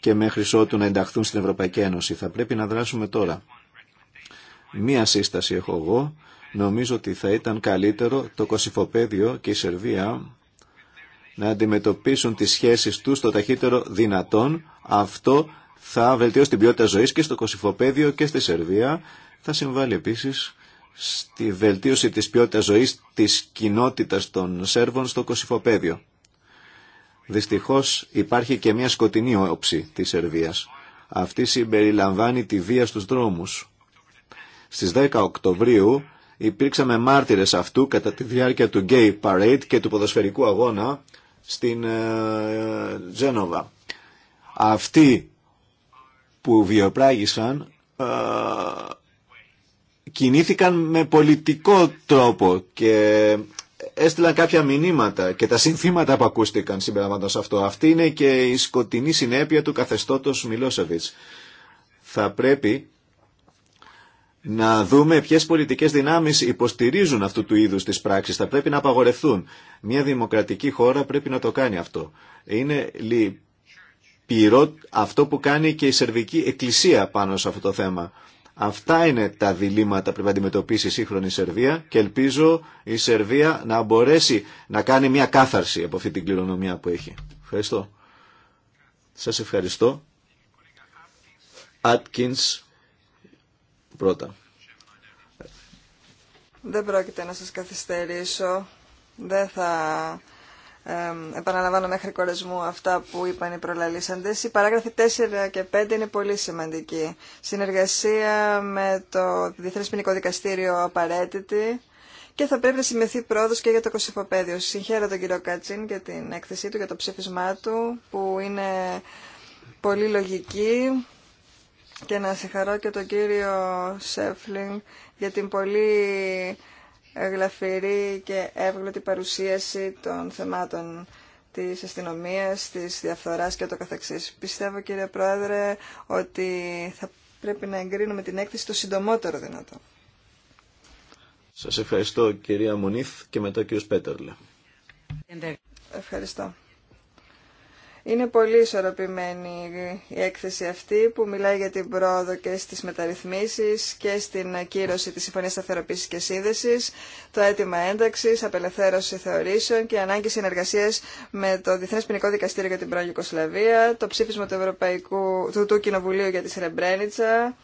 και μέχρι ότου να ενταχθούν στην Ευρωπαϊκή Ένωση. Θα πρέπει να δράσουμε τώρα. Μία σύσταση έχω εγώ Νομίζω ότι θα ήταν καλύτερο το Κωσυφοπαίδιο και η Σερβία να αντιμετωπίσουν τις σχέσεις τους στο ταχύτερο δυνατόν. Αυτό θα βελτιώσει την ποιότητα ζωής και στο Κωσυφοπαίδιο και στη Σερβία. Θα συμβάλλει επίσης στη βελτίωση της ποιότητας ζωής της κοινότητας των Σέρβων στο Κωσυφοπαίδιο. Δυστυχώς υπάρχει και μια σκοτεινή όψη της Σερβίας. Αυτή συμπεριλαμβάνει τη βία στους δρόμους. Στις 10 Οκτωβρίου Υπήρξαμε μάρτυρες αυτού κατά τη διάρκεια του Gay Parade και του ποδοσφαιρικού αγώνα στην ε, Τζένοβα. Αυτοί που βιοπράγησαν ε, κινήθηκαν με πολιτικό τρόπο και έστειλαν κάποια μηνύματα και τα συνθήματα που ακούστηκαν συμπεριλαμβάνοντας αυτό. Αυτή είναι και η σκοτεινή συνέπεια του καθεστώτος Μιλόσεβιτς. Θα πρέπει να δούμε ποιες πολιτικές δυνάμεις υποστηρίζουν αυτού του είδους τις πράξεις. Θα πρέπει να απαγορευτούν. Μια δημοκρατική χώρα πρέπει να το κάνει αυτό. Είναι λυπηρό αυτό που κάνει και η Σερβική Εκκλησία πάνω σε αυτό το θέμα. Αυτά είναι τα διλήμματα που πρέπει να αντιμετωπίσει η σύγχρονη Σερβία και ελπίζω η Σερβία να μπορέσει να κάνει μια κάθαρση από αυτή την κληρονομιά που έχει. Ευχαριστώ. Σας ευχαριστώ. Atkins πρώτα. Δεν πρόκειται να σας καθυστερήσω. Δεν θα επαναλαμβάνω μέχρι κορεσμού αυτά που είπαν οι προλαλήσαντες. Οι παράγραφοι 4 και 5 είναι πολύ σημαντική Συνεργασία με το Διεθνές Ποινικό Δικαστήριο απαραίτητη και θα πρέπει να σημειωθεί πρόοδος και για το κοσυφοπαίδιο. Συγχαίρω τον κύριο Κατσίν για την έκθεσή του, για το ψήφισμά του που είναι πολύ λογική και να συγχαρώ και τον κύριο Σέφλινγκ για την πολύ γλαφυρή και εύγλωτη παρουσίαση των θεμάτων της αστυνομίας, της διαφθοράς και το καθεξής. Πιστεύω κύριε Πρόεδρε ότι θα πρέπει να εγκρίνουμε την έκθεση το συντομότερο δυνατό. Σας ευχαριστώ κυρία Μονίθ και μετά κύριος Πέτερλε. Ευχαριστώ. Είναι πολύ ισορροπημένη η έκθεση αυτή που μιλάει για την πρόοδο και στις μεταρρυθμίσεις και στην ακύρωση της Συμφωνίας Σταθεροποίησης και Σύνδεσης, το αίτημα ένταξης, απελευθέρωση θεωρήσεων και ανάγκη συνεργασίας με το Διεθνές Ποινικό Δικαστήριο για την πρώην Ιουκοσλαβία, το ψήφισμα του, Ευρωπαϊκού, του, του Κοινοβουλίου για τη Σρεμπρένιτσα,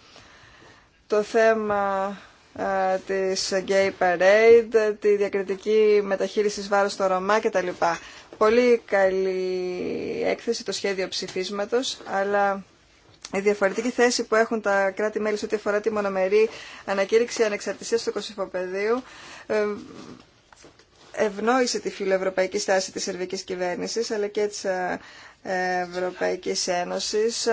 το θέμα της Gay Parade, τη διακριτική μεταχείριση βάρος στο Ρωμά κτλ πολύ καλή έκθεση το σχέδιο ψηφίσματος, αλλά η διαφορετική θέση που έχουν τα κράτη-μέλη σε ό,τι αφορά τη μονομερή ανακήρυξη ανεξαρτησίας του Κωσυφοπεδίου ε, ευνόησε τη φιλοευρωπαϊκή στάση της σερβικής κυβέρνησης αλλά και της ε, Ευρωπαϊκής Ένωσης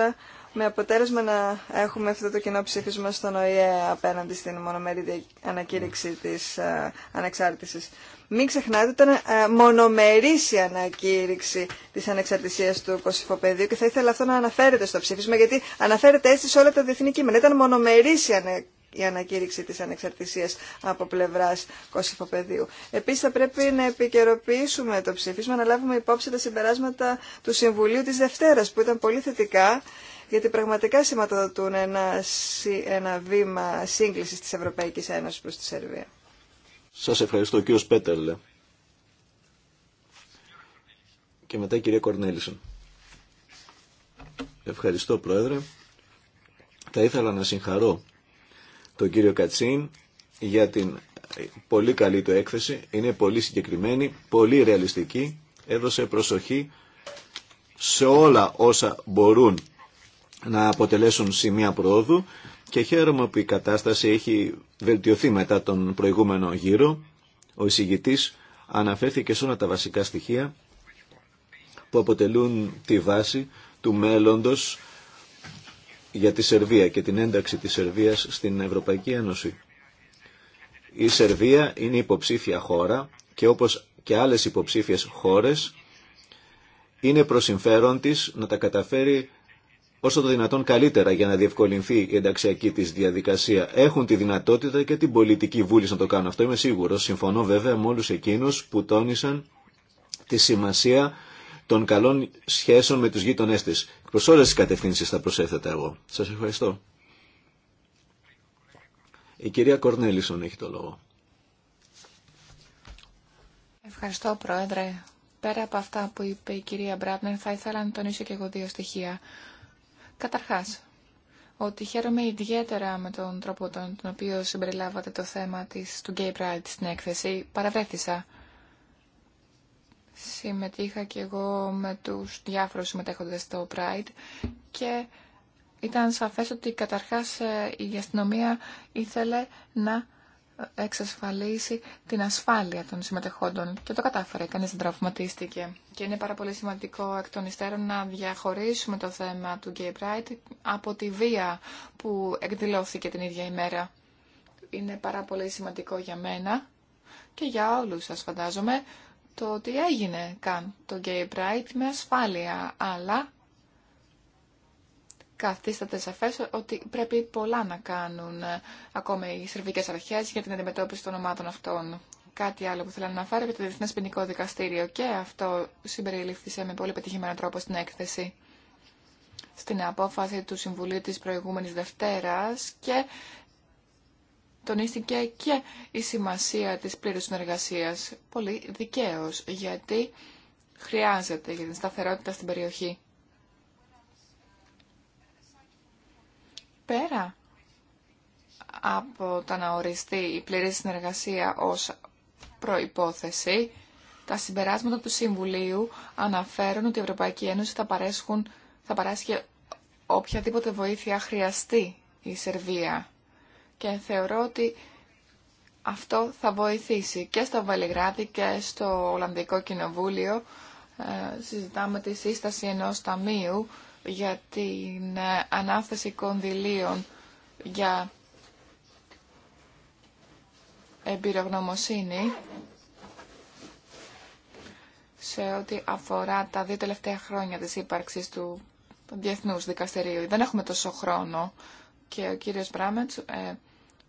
με αποτέλεσμα να έχουμε αυτό το κοινό ψήφισμα στον ΟΗΕ απέναντι στην μονομερή ανακήρυξη της ε, ανεξάρτησης. Μην ξεχνάτε, ότι ήταν ε, μονομερής η ανακήρυξη της ανεξαρτησίας του Κωσυφοπεδίου και θα ήθελα αυτό να αναφέρεται στο ψήφισμα γιατί αναφέρεται έτσι σε όλα τα διεθνή κείμενα. Ήταν μονομερής η ανακήρυξη η ανακήρυξη της ανεξαρτησίας από πλευράς Κωσυφοπεδίου. Επίσης θα πρέπει να επικαιροποιήσουμε το ψήφισμα, να λάβουμε υπόψη τα συμπεράσματα του Συμβουλίου της Δευτέρας που ήταν πολύ θετικά γιατί πραγματικά σηματοδοτούν ένα, ένα βήμα σύγκληση τη Ευρωπαϊκή Ένωση προ τη Σερβία. Σας ευχαριστώ κύριο Πέτερλε. Και μετά κυρία Κορνέλισον. Ευχαριστώ Πρόεδρε. Θα ήθελα να συγχαρώ τον κύριο Κατσίν για την πολύ καλή του έκθεση. Είναι πολύ συγκεκριμένη, πολύ ρεαλιστική. Έδωσε προσοχή σε όλα όσα μπορούν να αποτελέσουν σημεία προόδου και χαίρομαι που η κατάσταση έχει βελτιωθεί μετά τον προηγούμενο γύρο. Ο εισηγητής αναφέρθηκε σε όλα τα βασικά στοιχεία που αποτελούν τη βάση του μέλλοντος για τη Σερβία και την ένταξη της Σερβίας στην Ευρωπαϊκή Ένωση. Η Σερβία είναι υποψήφια χώρα και όπως και άλλες υποψήφιες χώρες είναι προς συμφέρον της να τα καταφέρει όσο το δυνατόν καλύτερα για να διευκολυνθεί η ενταξιακή τη διαδικασία. Έχουν τη δυνατότητα και την πολιτική βούληση να το κάνουν αυτό, είμαι σίγουρο. Συμφωνώ βέβαια με όλου εκείνου που τόνισαν τη σημασία των καλών σχέσεων με του γείτονέ τη. Προ όλε τι κατευθύνσει θα προσέθετε εγώ. Σα ευχαριστώ. Η κυρία Κορνέλισον έχει το λόγο. Ευχαριστώ, Πρόεδρε. Πέρα από αυτά που είπε η κυρία Μπράτνερ, θα ήθελα να τονίσω και εγώ δύο στοιχεία. Καταρχάς, ότι χαίρομαι ιδιαίτερα με τον τρόπο τον, οποίο συμπεριλάβατε το θέμα της, του Gay Pride στην έκθεση. Παραβρέθησα. Συμμετείχα και εγώ με τους διάφορους συμμετέχοντες στο Pride και ήταν σαφές ότι καταρχάς ε, η αστυνομία ήθελε να εξασφαλίσει την ασφάλεια των συμμετεχόντων και το κατάφερε, κανείς δεν τραυματίστηκε. Και είναι πάρα πολύ σημαντικό εκ των υστέρων να διαχωρίσουμε το θέμα του Gay Pride από τη βία που εκδηλώθηκε την ίδια ημέρα. Είναι πάρα πολύ σημαντικό για μένα και για όλους σας φαντάζομαι το ότι έγινε καν το Gay Pride με ασφάλεια, αλλά καθίσταται σαφέ ότι πρέπει πολλά να κάνουν ε, ακόμα οι σερβικέ αρχέ για την αντιμετώπιση των ομάδων αυτών. Κάτι άλλο που θέλω να αναφέρω για το Διεθνέ Ποινικό Δικαστήριο και αυτό συμπεριληφθήσε με πολύ πετυχημένο τρόπο στην έκθεση. Στην απόφαση του Συμβουλίου της προηγούμενης Δευτέρας και τονίστηκε και η σημασία της πλήρους συνεργασίας. Πολύ δικαίως, γιατί χρειάζεται για την σταθερότητα στην περιοχή. πέρα από τα να οριστεί η πλήρη συνεργασία ως προϋπόθεση, τα συμπεράσματα του Συμβουλίου αναφέρουν ότι η Ευρωπαϊκή Ένωση θα, παρέσχουν, θα παράσχει οποιαδήποτε βοήθεια χρειαστεί η Σερβία. Και θεωρώ ότι αυτό θα βοηθήσει και στο Βαλιγράδι και στο Ολλανδικό Κοινοβούλιο. Ε, συζητάμε τη σύσταση ενός ταμείου για την ε, ανάθεση κονδυλίων για εμπειρογνωμοσύνη σε ό,τι αφορά τα δύο τελευταία χρόνια της ύπαρξης του Διεθνούς Δικαστηρίου. Δεν έχουμε τόσο χρόνο και ο κύριος Μπράμετς ε,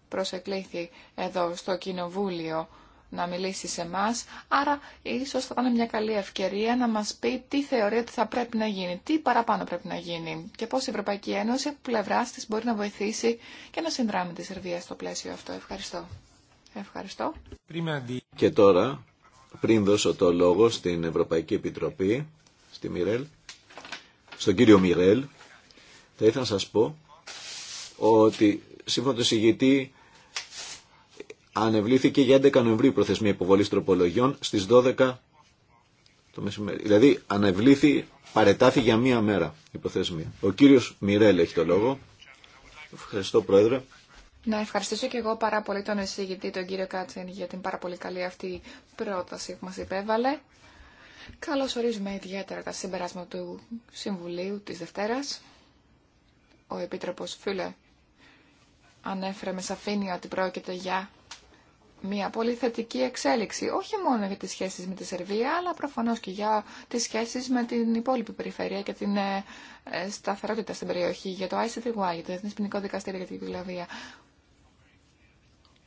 προσεκλήθη εδώ στο Κοινοβούλιο να μιλήσει σε εμά. Άρα, ίσω θα ήταν μια καλή ευκαιρία να μα πει τι θεωρεί ότι θα πρέπει να γίνει, τι παραπάνω πρέπει να γίνει και πώ η Ευρωπαϊκή Ένωση από πλευρά τη μπορεί να βοηθήσει και να συνδράμει τη Σερβία στο πλαίσιο αυτό. Ευχαριστώ. Ευχαριστώ. Και τώρα, πριν δώσω το λόγο στην Ευρωπαϊκή Επιτροπή, στη στον κύριο Μιρέλ, θα ήθελα να σας πω ότι σύμφωνα το συγγητή ανεβλήθηκε για 11 Νοεμβρίου προθεσμία υποβολή τροπολογιών στις 12 το μεσημέρι. Δηλαδή ανεβλήθη, παρετάθη για μία μέρα η προθεσμία. Ο κύριος Μιρέλ έχει το λόγο. Ευχαριστώ Πρόεδρε. Να ευχαριστήσω και εγώ πάρα πολύ τον εισηγητή, τον κύριο Κάτσεν, για την πάρα πολύ καλή αυτή πρόταση που μας υπέβαλε. Καλώ ορίζουμε ιδιαίτερα τα συμπεράσματα του Συμβουλίου τη Δευτέρα, Ο επίτροπο Φίλε ανέφερε με σαφήνεια ότι πρόκειται για μια πολύ θετική εξέλιξη, όχι μόνο για τις σχέσεις με τη Σερβία, αλλά προφανώς και για τις σχέσεις με την υπόλοιπη περιφέρεια και την ε, ε, σταθερότητα στην περιοχή, για το ICTY, για το Εθνές Ποινικό Δικαστήριο για την Κυκλαβία.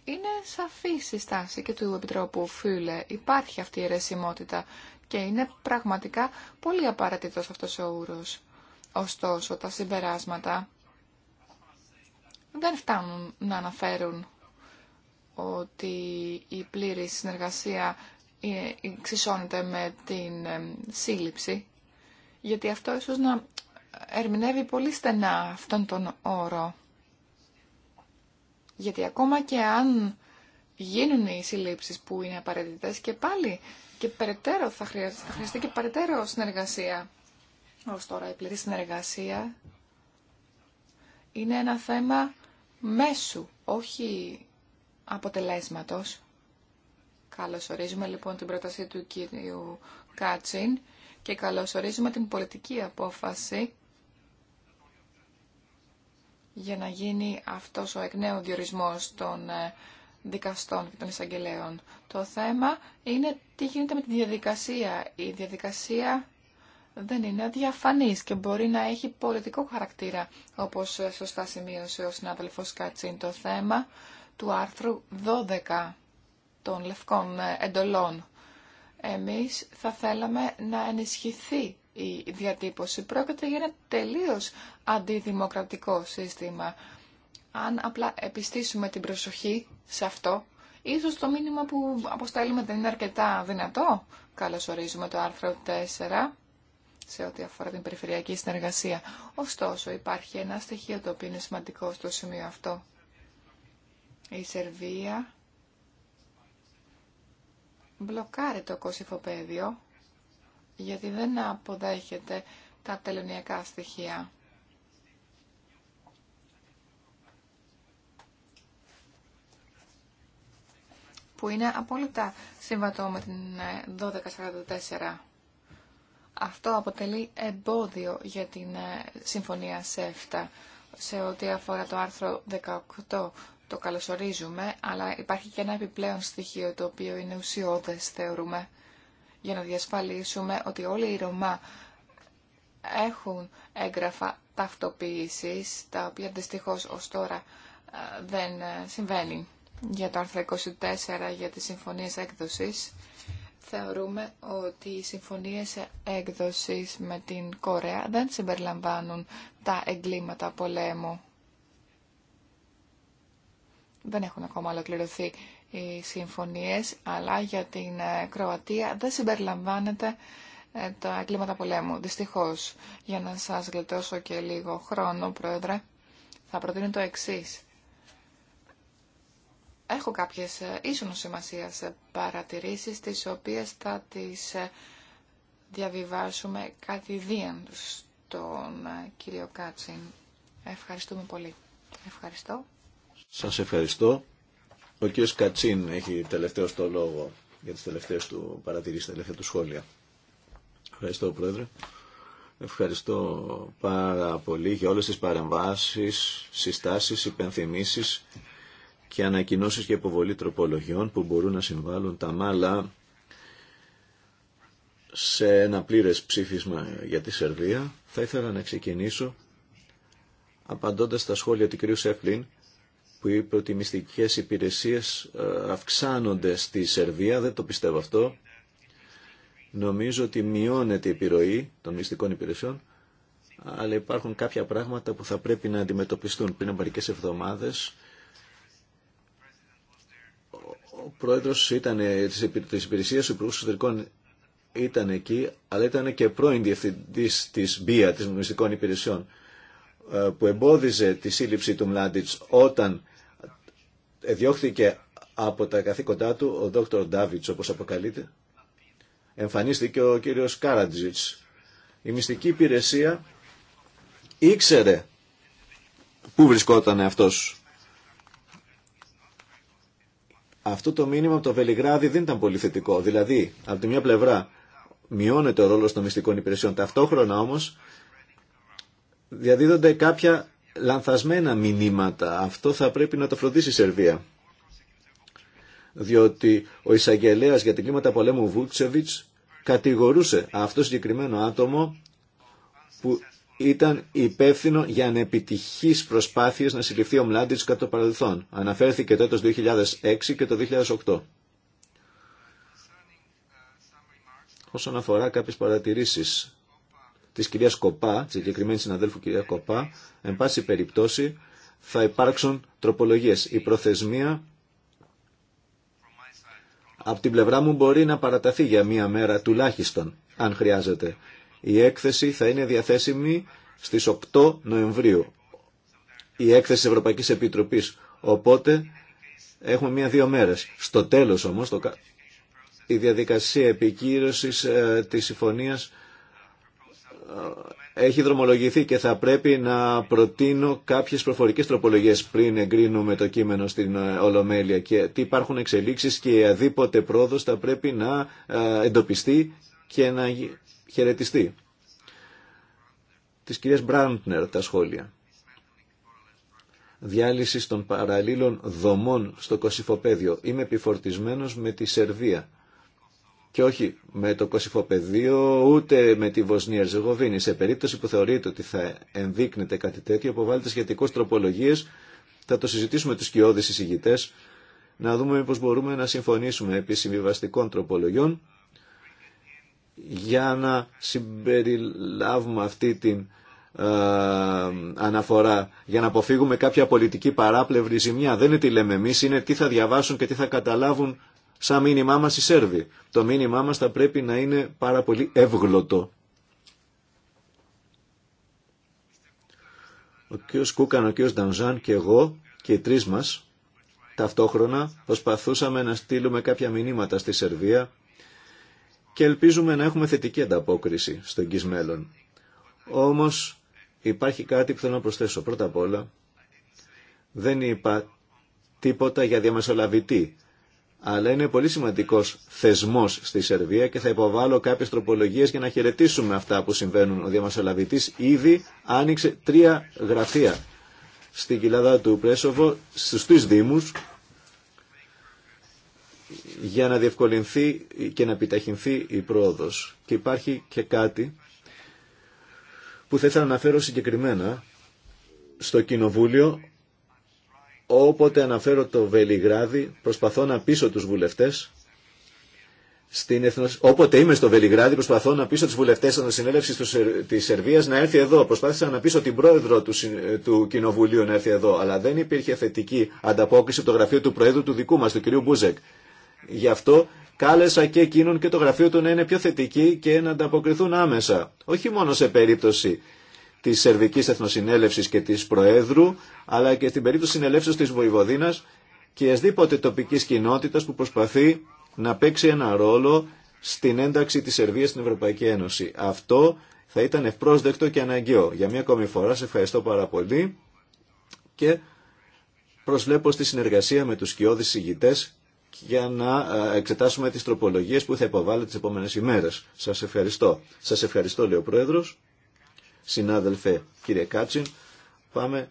Είναι σαφή η στάση και του Επιτρόπου Φιούλε. Υπάρχει αυτή η αιρεσιμότητα και είναι πραγματικά πολύ απαραίτητος αυτός ο ούρος. Ωστόσο, τα συμπεράσματα δεν φτάνουν να αναφέρουν ότι η πλήρη συνεργασία ε, εξισώνεται με την ε, σύλληψη, γιατί αυτό ίσως να ερμηνεύει πολύ στενά αυτόν τον όρο. Γιατί ακόμα και αν γίνουν οι συλλήψεις που είναι απαραίτητες και πάλι και περαιτέρω θα χρειαστεί, και περαιτέρω συνεργασία. Ως τώρα η πλήρη συνεργασία είναι ένα θέμα μέσου, όχι αποτελέσματος. Καλώς ορίζουμε λοιπόν την πρόταση του κύριου Κάτσιν και καλώς την πολιτική απόφαση για να γίνει αυτός ο εκ νέου διορισμός των ε, δικαστών και των εισαγγελέων. Το θέμα είναι τι γίνεται με τη διαδικασία. Η διαδικασία δεν είναι διαφανής και μπορεί να έχει πολιτικό χαρακτήρα, όπως ε, σωστά σημείωσε ο συνάδελφος Κάτσιν το θέμα του άρθρου 12 των λευκών ε, εντολών. Εμείς θα θέλαμε να ενισχυθεί η διατύπωση. Πρόκειται για ένα τελείως αντιδημοκρατικό σύστημα. Αν απλά επιστήσουμε την προσοχή σε αυτό, ίσως το μήνυμα που αποστέλουμε δεν είναι αρκετά δυνατό. Καλώς ορίζουμε το άρθρο 4 σε ό,τι αφορά την περιφερειακή συνεργασία. Ωστόσο, υπάρχει ένα στοιχείο το οποίο είναι σημαντικό στο σημείο αυτό η Σερβία μπλοκάρει το κωσυφοπαίδιο γιατί δεν αποδέχεται τα τελωνιακά στοιχεία. που είναι απόλυτα συμβατό με την 1244. Ε, Αυτό αποτελεί εμπόδιο για την ε, συμφωνία ΣΕΦΤΑ σε ό,τι αφορά το άρθρο 18 το καλωσορίζουμε, αλλά υπάρχει και ένα επιπλέον στοιχείο το οποίο είναι ουσιώδες, θεωρούμε, για να διασφαλίσουμε ότι όλοι οι Ρωμά έχουν έγγραφα ταυτοποίησης, τα οποία δυστυχώς ως τώρα ε, δεν ε, συμβαίνει. Για το άρθρο 24 για τις συμφωνίες έκδοσης, θεωρούμε ότι οι συμφωνίες έκδοσης με την Κορέα δεν συμπεριλαμβάνουν τα εγκλήματα πολέμου δεν έχουν ακόμα ολοκληρωθεί οι συμφωνίες, αλλά για την ε, Κροατία δεν συμπεριλαμβάνεται ε, τα κλίματα πολέμου. Δυστυχώς, για να σας γλιτώσω και λίγο χρόνο, Πρόεδρε, θα προτείνω το εξής. Έχω κάποιες ε, ίσονος σημασίας παρατηρήσεις, τις οποίες θα τις διαβιβάσουμε κατηδίαν στον κύριο Κάτσιν. Ευχαριστούμε πολύ. Ευχαριστώ. Σας ευχαριστώ. Ο κ. Κατσίν έχει τελευταίος το λόγο για τις τελευταίες του παρατηρήσεις, τελευταία του σχόλια. Ευχαριστώ, Πρόεδρε. Ευχαριστώ πάρα πολύ για όλες τις παρεμβάσεις, συστάσεις, υπενθυμίσεις και ανακοινώσεις και υποβολή τροπολογιών που μπορούν να συμβάλλουν τα μάλα σε ένα πλήρες ψήφισμα για τη Σερβία. Θα ήθελα να ξεκινήσω απαντώντας στα σχόλια του κ. Σεφλίν που είπε ότι οι μυστικές υπηρεσίες ε, αυξάνονται στη Σερβία. Δεν το πιστεύω αυτό. Νομίζω ότι μειώνεται η επιρροή των μυστικών υπηρεσιών, αλλά υπάρχουν κάποια πράγματα που θα πρέπει να αντιμετωπιστούν. Πριν από μερικές εβδομάδες, ο πρόεδρος ήταν ε, της υπηρεσίας, ο υπουργός εσωτερικών ήταν εκεί, αλλά ήταν και πρώην διευθυντής της ΜΠΙΑ, της Μυστικών Υπηρεσιών, ε, που εμπόδιζε τη σύλληψη του Μλάντιτς όταν διώχθηκε από τα καθήκοντά του ο δόκτωρ Ντάβιτς όπως αποκαλείται εμφανίστηκε ο κύριος Κάρατζιτς η μυστική υπηρεσία ήξερε πού βρισκόταν αυτός αυτό το μήνυμα από το Βελιγράδι δεν ήταν πολύ θετικό δηλαδή από τη μια πλευρά μειώνεται ο ρόλος των μυστικών υπηρεσιών ταυτόχρονα όμως διαδίδονται κάποια λανθασμένα μηνύματα. Αυτό θα πρέπει να το φροντίσει η Σερβία. Διότι ο εισαγγελέα για την κλίματα πολέμου Βούτσεβιτς κατηγορούσε αυτό συγκεκριμένο άτομο που ήταν υπεύθυνο για ανεπιτυχείς προσπάθειες να συλληφθεί ο Μλάντιτς κατά το παρελθόν. Αναφέρθηκε το 2006 και το 2008. Όσον αφορά κάποιες παρατηρήσεις Τη κυρία Κοπά, τη συγκεκριμένη συναδέλφου κυρία Κοπά, εν πάση περιπτώσει θα υπάρξουν τροπολογίες. Η προθεσμία από την πλευρά μου μπορεί να παραταθεί για μία μέρα τουλάχιστον, αν χρειάζεται. Η έκθεση θα είναι διαθέσιμη στις 8 Νοεμβρίου. Η έκθεση της Ευρωπαϊκής Επιτροπής. Οπότε έχουμε μία-δύο μέρες. Στο τέλος όμως το... η διαδικασία επικύρωσης ε, της συμφωνίας έχει δρομολογηθεί και θα πρέπει να προτείνω κάποιες προφορικές τροπολογίες πριν εγκρίνουμε το κείμενο στην ε, Ολομέλεια και τι υπάρχουν εξελίξεις και αδίποτε πρόοδος θα πρέπει να ε, εντοπιστεί και να χαιρετιστεί. Της κυρίας Μπραντνερ τα σχόλια. Διάλυση των παραλλήλων δομών στο Κωσυφοπαίδιο. Είμαι επιφορτισμένος με τη Σερβία και όχι με το Κωσυφοπεδίο ούτε με τη Βοσνία Ερζεγοβίνη. Σε περίπτωση που θεωρείτε ότι θα ενδείκνεται κάτι τέτοιο, αποβάλλετε σχετικώ τροπολογίε. Θα το συζητήσουμε του κοιόδη εισηγητέ, να δούμε πω μπορούμε να συμφωνήσουμε επί συμβιβαστικών τροπολογιών για να συμπεριλάβουμε αυτή την αναφορά για να αποφύγουμε κάποια πολιτική παράπλευρη ζημιά. Δεν είναι τι λέμε εμείς, είναι τι θα διαβάσουν και τι θα καταλάβουν σαν μήνυμά μας οι Σέρβοι. Το μήνυμά μας θα πρέπει να είναι πάρα πολύ εύγλωτο. Ο κ. Κούκαν, ο κ. Ντανζάν και εγώ και οι τρεις μας ταυτόχρονα προσπαθούσαμε να στείλουμε κάποια μηνύματα στη Σερβία και ελπίζουμε να έχουμε θετική ανταπόκριση στο εγγύς Όμως υπάρχει κάτι που θέλω να προσθέσω. Πρώτα απ' όλα δεν είπα τίποτα για διαμεσολαβητή αλλά είναι πολύ σημαντικό θεσμός στη Σερβία και θα υποβάλω κάποιες τροπολογίες για να χαιρετήσουμε αυτά που συμβαίνουν. Ο Διαμασολαβητή ήδη άνοιξε τρία γραφεία στην κοιλάδα του Πρέσοβο, στους τρει δήμους, για να διευκολυνθεί και να επιταχυνθεί η πρόοδος. Και υπάρχει και κάτι που θα ήθελα να αναφέρω συγκεκριμένα στο Κοινοβούλιο Όποτε αναφέρω το Βελιγράδι, προσπαθώ να πείσω τους βουλευτές στην Όποτε είμαι στο Βελιγράδι, προσπαθώ να πείσω τους βουλευτέ Στην συνέλευση της Σερβίας να έρθει εδώ. Προσπάθησα να πείσω την πρόεδρο του, του Κοινοβουλίου να έρθει εδώ. Αλλά δεν υπήρχε θετική ανταπόκριση από το γραφείο του Προέδρου του δικού μα, του κ. Μπούζεκ. Γι' αυτό κάλεσα και εκείνον και το γραφείο του να είναι πιο θετική και να ανταποκριθούν άμεσα. Όχι μόνο σε περίπτωση τη Σερβική Εθνοσυνέλευση και τη Προέδρου, αλλά και στην περίπτωση συνελεύσεως τη Βοηβοδίνα και εσδήποτε τοπική κοινότητα που προσπαθεί να παίξει ένα ρόλο στην ένταξη τη Σερβία στην Ευρωπαϊκή Ένωση. Αυτό θα ήταν ευπρόσδεκτο και αναγκαίο. Για μια ακόμη φορά σε ευχαριστώ πάρα πολύ και προσβλέπω στη συνεργασία με του σκιώδει συγγητέ για να εξετάσουμε τις τροπολογίες που θα υποβάλλω τις επόμενες ημέρες. Σας ευχαριστώ. Σας ευχαριστώ, λέει ο Πρόεδρος συνάδελφε κύριε Κάτσιν. Πάμε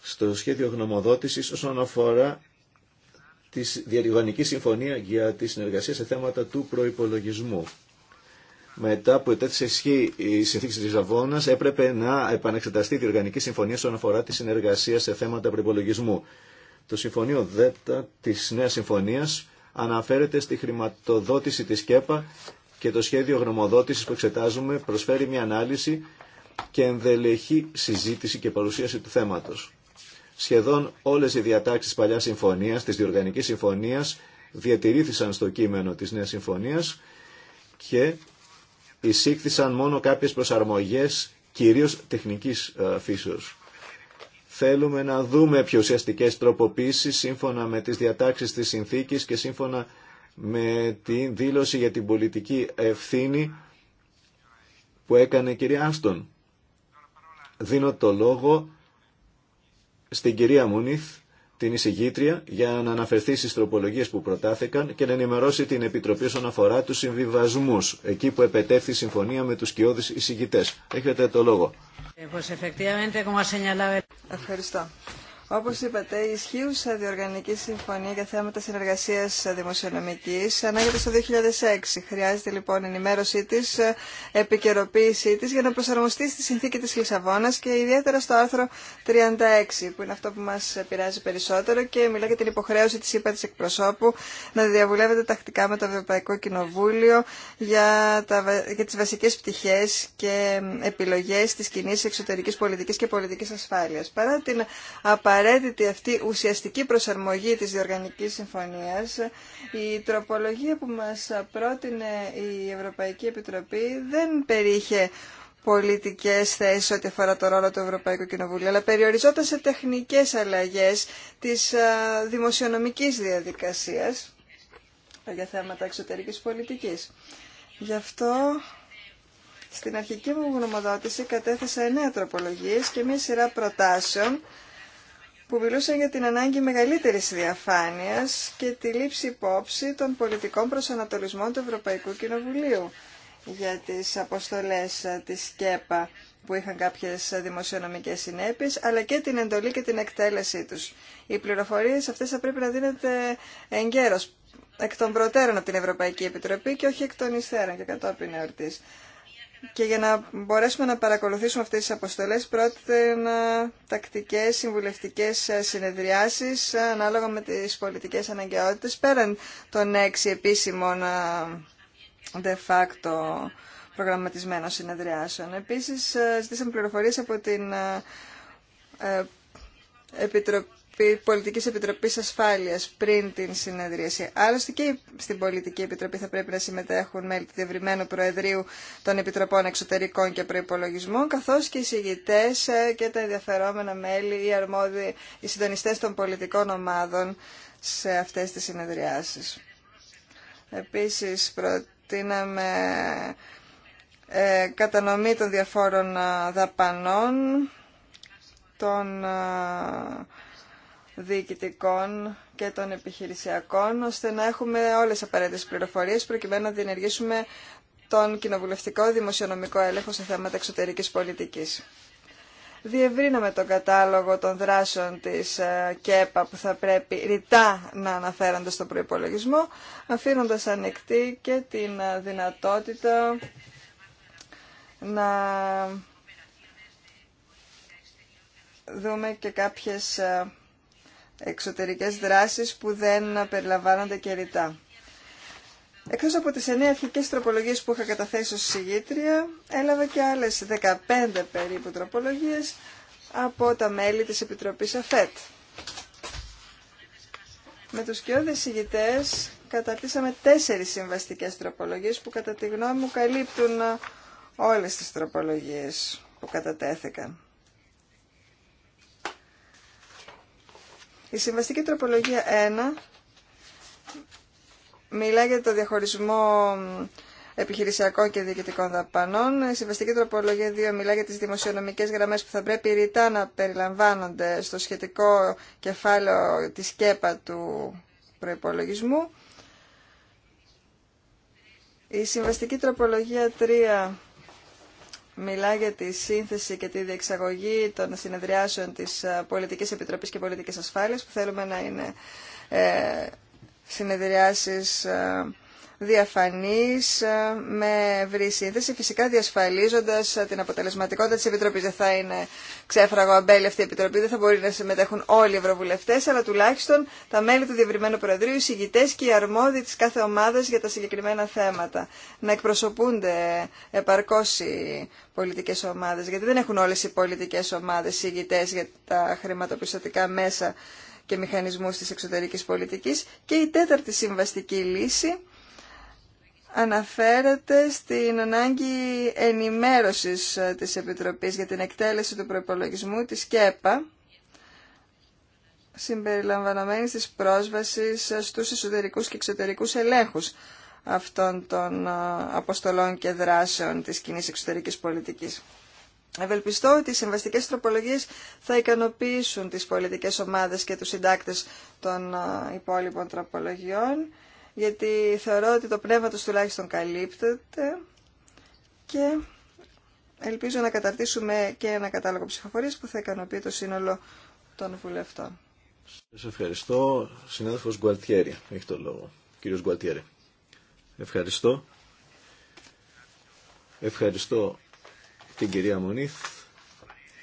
στο σχέδιο γνωμοδότησης όσον αφορά τη Διαριγωνική Συμφωνία για τη συνεργασία σε θέματα του προϋπολογισμού. Μετά που ετέθησε ισχύ η συνθήκη τη Λισαβόνα, έπρεπε να επανεξεταστεί η διοργανική συμφωνία όσον αφορά τη συνεργασία σε θέματα προπολογισμού. Το Συμφωνίο ΔΕΤΑ τη Νέα Συμφωνία αναφέρεται στη χρηματοδότηση της ΚΕΠΑ και το σχέδιο γνωμοδότησης που εξετάζουμε προσφέρει μια ανάλυση και ενδελεχή συζήτηση και παρουσίαση του θέματος. Σχεδόν όλες οι διατάξεις παλιάς συμφωνίας, της διοργανικής συμφωνίας, διατηρήθησαν στο κείμενο της νέας συμφωνίας και εισήχθησαν μόνο κάποιες προσαρμογές κυρίως τεχνικής ε, φύσεως. Θέλουμε να δούμε πιο ουσιαστικέ τροποποίησεις σύμφωνα με τις διατάξεις της συνθήκης και σύμφωνα με τη δήλωση για την πολιτική ευθύνη που έκανε η κυρία Άστον. Δίνω το λόγο στην κυρία Μούνιθ, την εισηγήτρια, για να αναφερθεί στις τροπολογίες που προτάθηκαν και να ενημερώσει την Επιτροπή όσον αφορά τους συμβιβασμούς, εκεί που επετέφθη συμφωνία με τους κοιόδης εισηγητές. Έχετε το λόγο. Ευχαριστώ. Όπω είπατε, η ισχύουσα διοργανική συμφωνία για θέματα συνεργασίας δημοσιονομικής ανάγεται στο 2006. Χρειάζεται λοιπόν ενημέρωσή τη, επικαιροποίησή τη για να προσαρμοστεί στη συνθήκη της Λισαβόνας και ιδιαίτερα στο άρθρο 36 που είναι αυτό που μας πειράζει περισσότερο και μιλά για την υποχρέωση της ΥΠΑ εκπροσώπου να διαβουλεύεται τακτικά με το Ευρωπαϊκό Κοινοβούλιο για, τα, για τις βασικές πτυχές και επιλογές της κοινή εξωτερικής πολιτικής και πολιτικής ασφάλειας. Παρά την απαραίτητη αυτή ουσιαστική προσαρμογή της Διοργανικής Συμφωνίας, η τροπολογία που μας πρότεινε η Ευρωπαϊκή Επιτροπή δεν περίεχε πολιτικές θέσεις ό,τι αφορά το ρόλο του Ευρωπαϊκού Κοινοβουλίου, αλλά περιοριζόταν σε τεχνικές αλλαγές της δημοσιονομικής διαδικασίας για θέματα εξωτερικής πολιτικής. Γι' αυτό στην αρχική μου γνωμοδότηση κατέθεσα εννέα τροπολογίες και μία σειρά προτάσεων που μιλούσαν για την ανάγκη μεγαλύτερης διαφάνειας και τη λήψη υπόψη των πολιτικών προσανατολισμών του Ευρωπαϊκού Κοινοβουλίου για τις αποστολές ε, της ΚΕΠΑ που είχαν κάποιες ε, δημοσιονομικές συνέπειες, αλλά και την εντολή και την εκτέλεσή τους. Οι πληροφορίες αυτές θα πρέπει να δίνεται εγκαίρως, εκ των προτέρων από την Ευρωπαϊκή Επιτροπή και όχι εκ των υστέρων και κατόπιν εορτής. Και για να μπορέσουμε να παρακολουθήσουμε αυτές τις αποστολές να τακτικές συμβουλευτικές ε, συνεδριάσεις ε, ανάλογα με τις πολιτικές αναγκαιότητες πέραν των έξι επίσημων ε, de facto προγραμματισμένων συνεδριάσεων. Επίσης ζητήσαμε πληροφορίες από την Επιτροπή Επιτροπή, Πολιτικής Επιτροπής Ασφάλειας πριν την συνεδρίαση. Άλλωστε και στην Πολιτική Επιτροπή θα πρέπει να συμμετέχουν μέλη του Διευρυμένου Προεδρίου των Επιτροπών Εξωτερικών και Προϋπολογισμών, καθώς και οι συγητές ε, και τα ενδιαφερόμενα μέλη, οι αρμόδιοι, οι συντονιστές των πολιτικών ομάδων σε αυτές τις συνεδριάσεις. Επίσης, προτείναμε ε, κατανομή των διαφόρων ε, δαπανών, των διοικητικών και των επιχειρησιακών, ώστε να έχουμε όλες τις απαραίτητες πληροφορίες προκειμένου να διενεργήσουμε τον κοινοβουλευτικό δημοσιονομικό έλεγχο σε θέματα εξωτερικής πολιτικής. Διευρύναμε τον κατάλογο των δράσεων της ε, ΚΕΠΑ που θα πρέπει ρητά να αναφέρονται στον προπολογισμό, αφήνοντα ανοιχτή και την ε, δυνατότητα να δούμε και κάποιες ε, εξωτερικές δράσεις που δεν περιλαμβάνονται και ρητά. Εκτός από τις 9 αρχικές τροπολογίες που είχα καταθέσει ως συγγήτρια, έλαβα και άλλες 15 περίπου τροπολογίες από τα μέλη της Επιτροπής ΑΦΕΤ. Με τους κοιόδες συγγητές καταρτήσαμε τέσσερις συμβαστικές τροπολογίες που κατά τη γνώμη μου καλύπτουν όλες τις τροπολογίες που κατατέθηκαν. Η συμβαστική τροπολογία 1 μιλάει για το διαχωρισμό επιχειρησιακών και διοικητικών δαπανών. Η συμβαστική τροπολογία 2 μιλάει για τις δημοσιονομικές γραμμές που θα πρέπει ρητά να περιλαμβάνονται στο σχετικό κεφάλαιο της ΚΕΠΑ του προϋπολογισμού. Η συμβαστική τροπολογία 3 μιλά για τη σύνθεση και τη διεξαγωγή των συνεδριάσεων της ε, Πολιτικής Επιτροπής και Πολιτικής Ασφάλειας που θέλουμε να είναι ε, συνεδριάσεις ε, διαφανής, ε, με ευρύ σύνθεση, φυσικά διασφαλίζοντας ε, την αποτελεσματικότητα της Επιτροπής. Δεν θα είναι ξέφραγο αμπέλη αυτή η Επιτροπή, δεν θα μπορεί να συμμετέχουν όλοι οι ευρωβουλευτές, αλλά τουλάχιστον τα μέλη του Διευρυμένου Προεδρείου, οι συγητές και οι αρμόδιοι της κάθε ομάδας για τα συγκεκριμένα θέματα. Να εκπροσωπούνται επαρκώς οι πολιτικές ομάδες, γιατί δεν έχουν όλες οι πολιτικές ομάδες συγητές για τα χρηματοπιστωτικά μέσα και μηχανισμούς της εξωτερικής πολιτικής και η τέταρτη συμβαστική λύση αναφέρεται στην ανάγκη ενημέρωσης ε, της Επιτροπής για την εκτέλεση του προϋπολογισμού της ΚΕΠΑ συμπεριλαμβανομένης της πρόσβασης ε, στους εσωτερικούς και εξωτερικούς ελέγχους αυτών των ε, αποστολών και δράσεων της κοινή εξωτερικής πολιτικής. Ευελπιστώ ότι οι συμβαστικές τροπολογίες θα ικανοποιήσουν τις πολιτικές ομάδες και τους συντάκτες των υπόλοιπων τροπολογιών γιατί θεωρώ ότι το πνεύμα τους τουλάχιστον καλύπτεται και ελπίζω να καταρτήσουμε και ένα κατάλογο ψηφοφορίας που θα ικανοποιεί το σύνολο των βουλευτών. Σας ευχαριστώ. Συνάδελφος Γκουαλτιέρη έχει το λόγο. Κύριος Γκουαλτιέρη. Ευχαριστώ. Ευχαριστώ την κυρία Μονίθ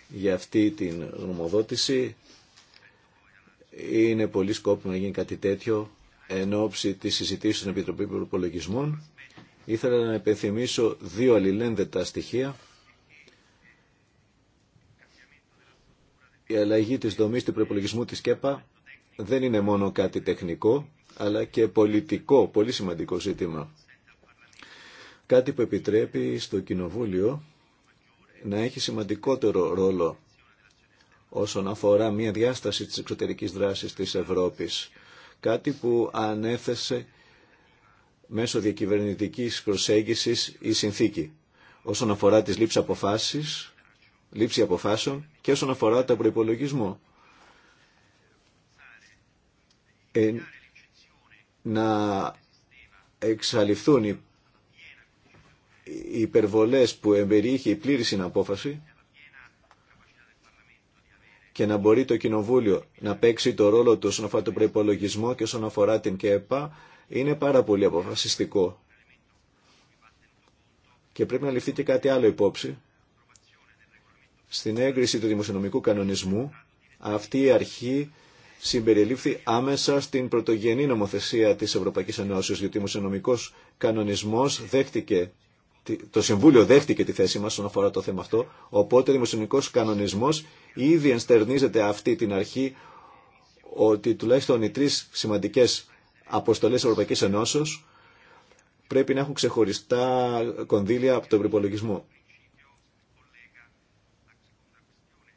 για αυτή την γνωμοδότηση. Είναι πολύ σκόπιμο να γίνει κάτι τέτοιο εν ώψη της συζητήσης στην Επιτροπή Προπολογισμών. Ήθελα να επιθυμίσω δύο αλληλένδετα στοιχεία. Η αλλαγή της δομής του προπολογισμού της ΚΕΠΑ δεν είναι μόνο κάτι τεχνικό, αλλά και πολιτικό, πολύ σημαντικό ζήτημα. Κάτι που επιτρέπει στο Κοινοβούλιο να έχει σημαντικότερο ρόλο όσον αφορά μια διάσταση της εξωτερικής δράσης της Ευρώπης κάτι που ανέθεσε μέσω διακυβερνητικής προσέγγισης η συνθήκη όσον αφορά τις λήψεις αποφάσεις, λήψη αποφάσεων και όσον αφορά τον προϋπολογισμό. Ε, να εξαλειφθούν οι υπερβολές που εμπεριείχε η πλήρη συναπόφαση και να μπορεί το Κοινοβούλιο να παίξει το ρόλο του όσον αφορά τον προπολογισμό και όσον αφορά την ΚΕΠΑ είναι πάρα πολύ αποφασιστικό. Και πρέπει να ληφθεί και κάτι άλλο υπόψη. Στην έγκριση του δημοσιονομικού κανονισμού αυτή η αρχή συμπεριλήφθη άμεσα στην πρωτογενή νομοθεσία της Ευρωπαϊκής Ενώσεως, γιατί ο δημοσιονομικός κανονισμός δέχτηκε το Συμβούλιο δέχτηκε τη θέση μας όσον αφορά το θέμα αυτό, οπότε ο δημοσιονομικός κανονισμός ήδη ενστερνίζεται αυτή την αρχή ότι τουλάχιστον οι τρεις σημαντικές αποστολές Ευρωπαϊκής Ενώσεως πρέπει να έχουν ξεχωριστά κονδύλια από τον προπολογισμό.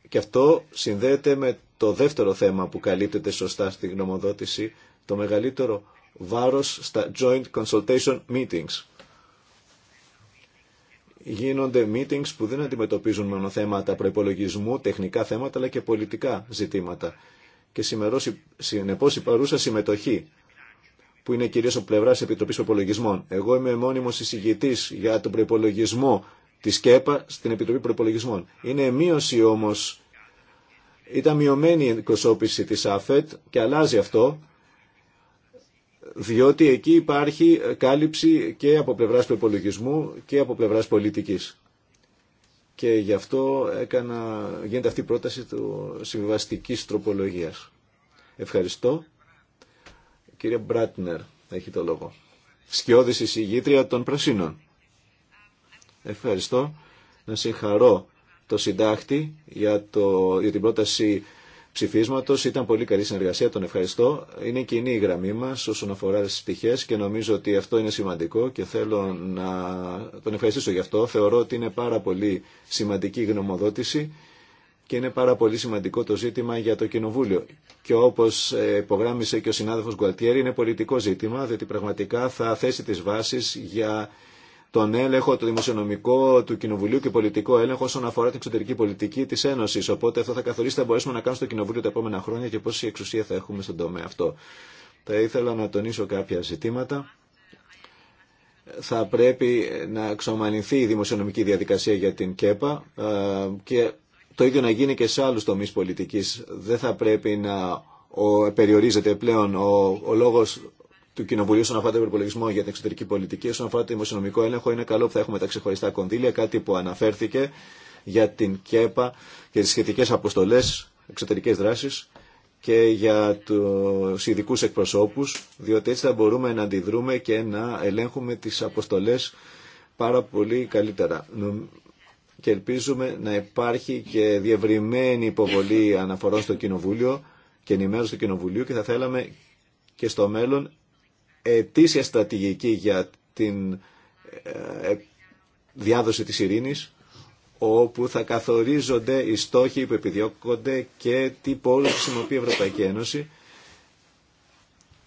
Και αυτό συνδέεται με το δεύτερο θέμα που καλύπτεται σωστά στη γνωμοδότηση, το μεγαλύτερο βάρος στα Joint Consultation Meetings γίνονται meetings που δεν αντιμετωπίζουν μόνο θέματα προπολογισμού, τεχνικά θέματα, αλλά και πολιτικά ζητήματα. Και συνεπώ η παρούσα συμμετοχή, που είναι κυρίω ο πλευρά τη Επιτροπή Προπολογισμών. Εγώ είμαι μόνιμο εισηγητή για τον προπολογισμό τη ΚΕΠΑ στην Επιτροπή Προπολογισμών. Είναι μείωση όμω, ήταν μειωμένη η εκπροσώπηση τη ΑΦΕΤ και αλλάζει αυτό διότι εκεί υπάρχει κάλυψη και από πλευράς του υπολογισμού και από πλευράς πολιτικής. Και γι' αυτό έκανα, γίνεται αυτή η πρόταση του συμβιβαστική τροπολογίας. Ευχαριστώ. Κύριε Μπράτνερ, έχει το λόγο. Σκιώδης εισηγήτρια των Πρασίνων. Ευχαριστώ. Να συγχαρώ το συντάχτη για, το, για την πρόταση ψηφίσματο. Ήταν πολύ καλή συνεργασία, τον ευχαριστώ. Είναι κοινή η γραμμή μα όσον αφορά τι πτυχέ και νομίζω ότι αυτό είναι σημαντικό και θέλω να τον ευχαριστήσω γι' αυτό. Θεωρώ ότι είναι πάρα πολύ σημαντική η γνωμοδότηση και είναι πάρα πολύ σημαντικό το ζήτημα για το Κοινοβούλιο. Και όπω υπογράμμισε και ο συνάδελφο Γκουαλτιέρη, είναι πολιτικό ζήτημα, διότι πραγματικά θα θέσει τι βάσει για τον έλεγχο, το δημοσιονομικό του Κοινοβουλίου και πολιτικό έλεγχο όσον αφορά την εξωτερική πολιτική τη Ένωση. Οπότε αυτό θα καθορίσει τι θα μπορέσουμε να κάνουμε στο Κοινοβούλιο τα επόμενα χρόνια και πόση εξουσία θα έχουμε στον τομέα αυτό. Θα ήθελα να τονίσω κάποια ζητήματα. Θα πρέπει να εξομαλυνθεί η δημοσιονομική διαδικασία για την ΚΕΠΑ και το ίδιο να γίνει και σε άλλου τομεί πολιτική. Δεν θα πρέπει να ο, περιορίζεται πλέον ο, ο λόγος του Κοινοβουλίου όσον αφορά τον προπολογισμό για την εξωτερική πολιτική, όσον αφορά το δημοσιονομικό έλεγχο, είναι καλό που θα έχουμε τα ξεχωριστά κονδύλια, κάτι που αναφέρθηκε για την ΚΕΠΑ και τι σχετικέ αποστολέ, εξωτερικέ δράσει και για του ειδικού εκπροσώπου, διότι έτσι θα μπορούμε να αντιδρούμε και να ελέγχουμε τι αποστολέ πάρα πολύ καλύτερα. Και ελπίζουμε να υπάρχει και διευρυμένη υποβολή αναφορών στο Κοινοβούλιο και ενημέρωση του Κοινοβουλίου και θα θέλαμε και στο μέλλον ετήσια στρατηγική για την ε, ε, διάδοση της ειρήνης όπου θα καθορίζονται οι στόχοι που επιδιώκονται και τι πόρους χρησιμοποιεί η Ευρωπαϊκή Ένωση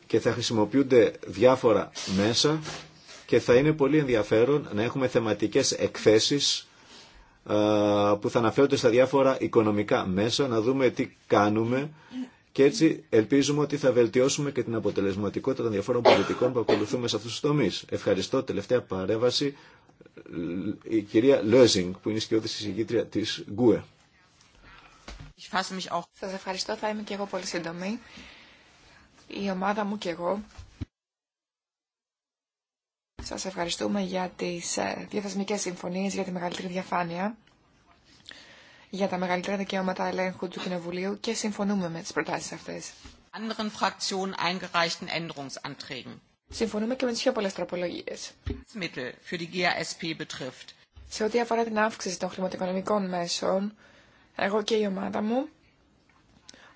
και θα χρησιμοποιούνται διάφορα μέσα και θα είναι πολύ ενδιαφέρον να έχουμε θεματικές εκθέσεις ε, που θα αναφέρονται στα διάφορα οικονομικά μέσα, να δούμε τι κάνουμε και έτσι ελπίζουμε ότι θα βελτιώσουμε και την αποτελεσματικότητα των διαφόρων πολιτικών που ακολουθούμε σε αυτού του τομεί. Ευχαριστώ. Τελευταία παρέμβαση η κυρία Λέζινγκ, που είναι η σκιώδη συζητήτρια τη ΓΚΟΕ. Σα ευχαριστώ. Θα είμαι και εγώ πολύ σύντομη. Η ομάδα μου και εγώ σας ευχαριστούμε για τις ε, διαθεσμικέ συμφωνίες, για τη μεγαλύτερη διαφάνεια για τα μεγαλύτερα δικαιώματα ελέγχου του Κοινοβουλίου και συμφωνούμε με τις προτάσεις αυτές. Συμφωνούμε και με τις πιο πολλές τροπολογίες. Σε ό,τι αφορά την αύξηση των χρηματοοικονομικών μέσων, εγώ και η ομάδα μου,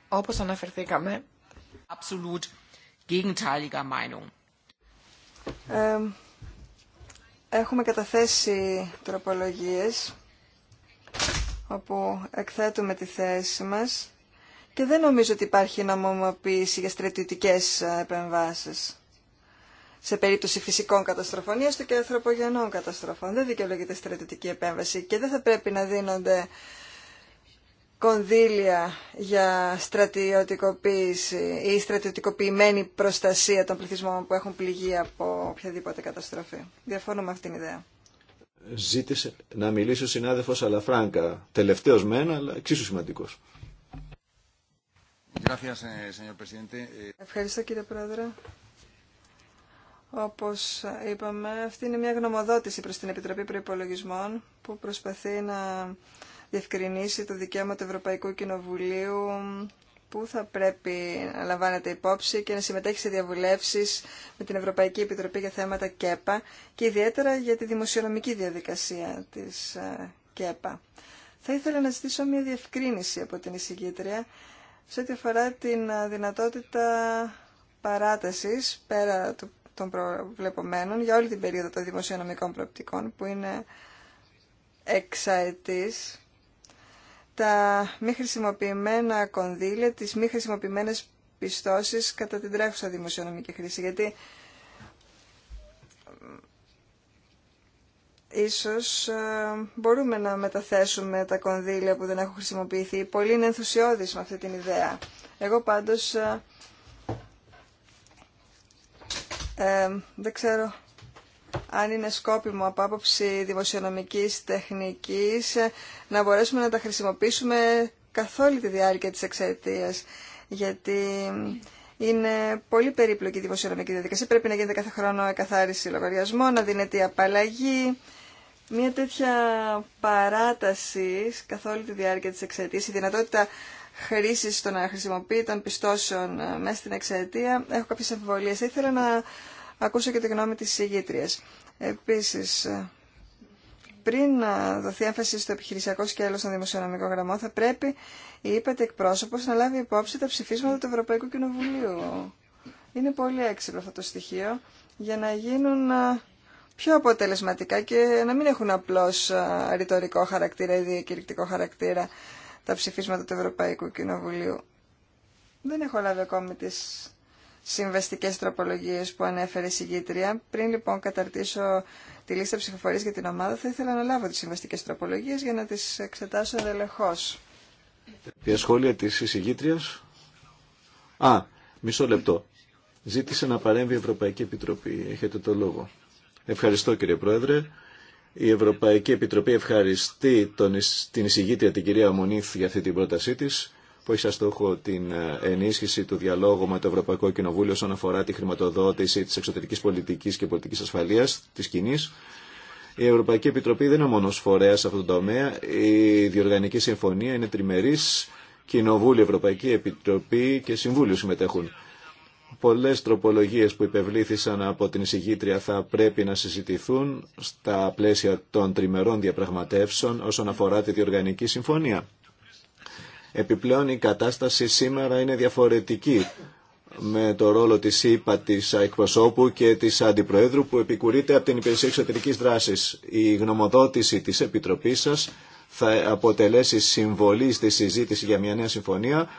όπως αναφερθήκαμε, Absolut gegenteiliger Meinung. έχουμε καταθέσει τροπολογίες όπου εκθέτουμε τη θέση μας και δεν νομίζω ότι υπάρχει νομοποίηση για στρατιωτικές ε, επεμβάσεις σε περίπτωση φυσικών καταστροφών ή έστω και ανθρωπογενών καταστροφών. Δεν δικαιολογείται στρατιωτική επέμβαση και δεν θα πρέπει να δίνονται κονδύλια για στρατιωτικοποίηση ή στρατιωτικοποιημένη προστασία των πληθυσμών που έχουν πληγεί από οποιαδήποτε καταστροφή. Διαφωνώ με αυτήν την ιδέα ζήτησε να μιλήσει ο συνάδελφος Αλαφράγκα, τελευταίος μένα, αλλά εξίσου σημαντικό. Eh, Ευχαριστώ κύριε Πρόεδρε. Όπω είπαμε, αυτή είναι μια γνωμοδότηση προς την Επιτροπή προπολογισμών που προσπαθεί να διευκρινίσει το δικαίωμα του Ευρωπαϊκού Κοινοβουλίου που θα πρέπει να λαμβάνεται υπόψη και να συμμετέχει σε διαβουλεύσεις με την Ευρωπαϊκή Επιτροπή για θέματα ΚΕΠΑ και ιδιαίτερα για τη δημοσιονομική διαδικασία της ε, ΚΕΠΑ. Θα ήθελα να ζητήσω μια διευκρίνηση από την εισηγήτρια σε ό,τι αφορά την ε, δυνατότητα παράτασης πέρα των προβλεπομένων για όλη την περίοδο των δημοσιονομικών προοπτικών που είναι εξαετής τα μη χρησιμοποιημένα κονδύλια, τις μη χρησιμοποιημένες πιστώσεις κατά την τρέχουσα δημοσιονομική χρήση. Γιατί ε, ίσως ε, μπορούμε να μεταθέσουμε τα κονδύλια που δεν έχουν χρησιμοποιηθεί. Πολλοί είναι ενθουσιώδεις με αυτή την ιδέα. Εγώ πάντως ε, δεν ξέρω αν είναι σκόπιμο από άποψη δημοσιονομικής τεχνικής να μπορέσουμε να τα χρησιμοποιήσουμε καθ' όλη τη διάρκεια της εξαιτίας. Γιατί είναι πολύ περίπλοκη η δημοσιονομική διαδικασία. Πρέπει να γίνεται κάθε χρόνο εκαθάριση λογαριασμών, να δίνεται η απαλλαγή. Μια τέτοια παράταση καθ' όλη τη διάρκεια της εξαιτίας, η δυνατότητα χρήσης των χρησιμοποιητών πιστώσεων ε, μέσα στην εξαιτία, έχω κάποιες αμφιβολίες. Ήθελα να ακούσω και τη γνώμη της συγγήτριας. Επίσης, πριν να δοθεί έμφαση στο επιχειρησιακό σκέλος των δημοσιονομικό γραμμών, θα πρέπει η εκπρόσωπος να λάβει υπόψη τα ψηφίσματα του Ευρωπαϊκού Κοινοβουλίου. Είναι πολύ έξυπνο αυτό το στοιχείο για να γίνουν πιο αποτελεσματικά και να μην έχουν απλώς ρητορικό χαρακτήρα ή διακηρυκτικό χαρακτήρα τα ψηφίσματα του Ευρωπαϊκού Κοινοβουλίου. Δεν έχω λάβει ακόμη τις συμβαστικές τροπολογίες που ανέφερε η συγκήτρια. Πριν λοιπόν καταρτήσω τη λίστα ψηφοφορίας για την ομάδα, θα ήθελα να λάβω τις συμβαστικές τροπολογίες για να τις εξετάσω ελεγχώς. Ποια σχόλια της συγκήτριας. Α, μισό λεπτό. Ζήτησε να παρέμβει η Ευρωπαϊκή Επιτροπή. Έχετε το λόγο. Ευχαριστώ κύριε Πρόεδρε. Η Ευρωπαϊκή Επιτροπή ευχαριστεί τον, την εισηγήτρια την κυρία Μονίθ για αυτή την πρότασή της που έχει σαν στόχο την ε, ενίσχυση του διαλόγου με το Ευρωπαϊκό Κοινοβούλιο όσον αφορά τη χρηματοδότηση τη εξωτερική πολιτική και πολιτική ασφαλεία τη κοινή. Η Ευρωπαϊκή Επιτροπή δεν είναι μόνο φορέα σε αυτόν τον τομέα. Η διοργανική συμφωνία είναι τριμερή. Κοινοβούλιο, Ευρωπαϊκή Επιτροπή και Συμβούλιο συμμετέχουν. Πολλέ τροπολογίε που υπευλήθησαν από την εισηγήτρια θα πρέπει να συζητηθούν στα πλαίσια των τριμερών διαπραγματεύσεων όσον αφορά τη διοργανική συμφωνία. Επιπλέον η κατάσταση σήμερα είναι διαφορετική με το ρόλο της ΥΠΑ, της εκπροσώπου και της αντιπροέδρου που επικουρείται από την Υπηρεσία εξωτερική δράση. Η γνωμοδότηση της Επιτροπής σας θα αποτελέσει συμβολή στη συζήτηση για μια νέα συμφωνία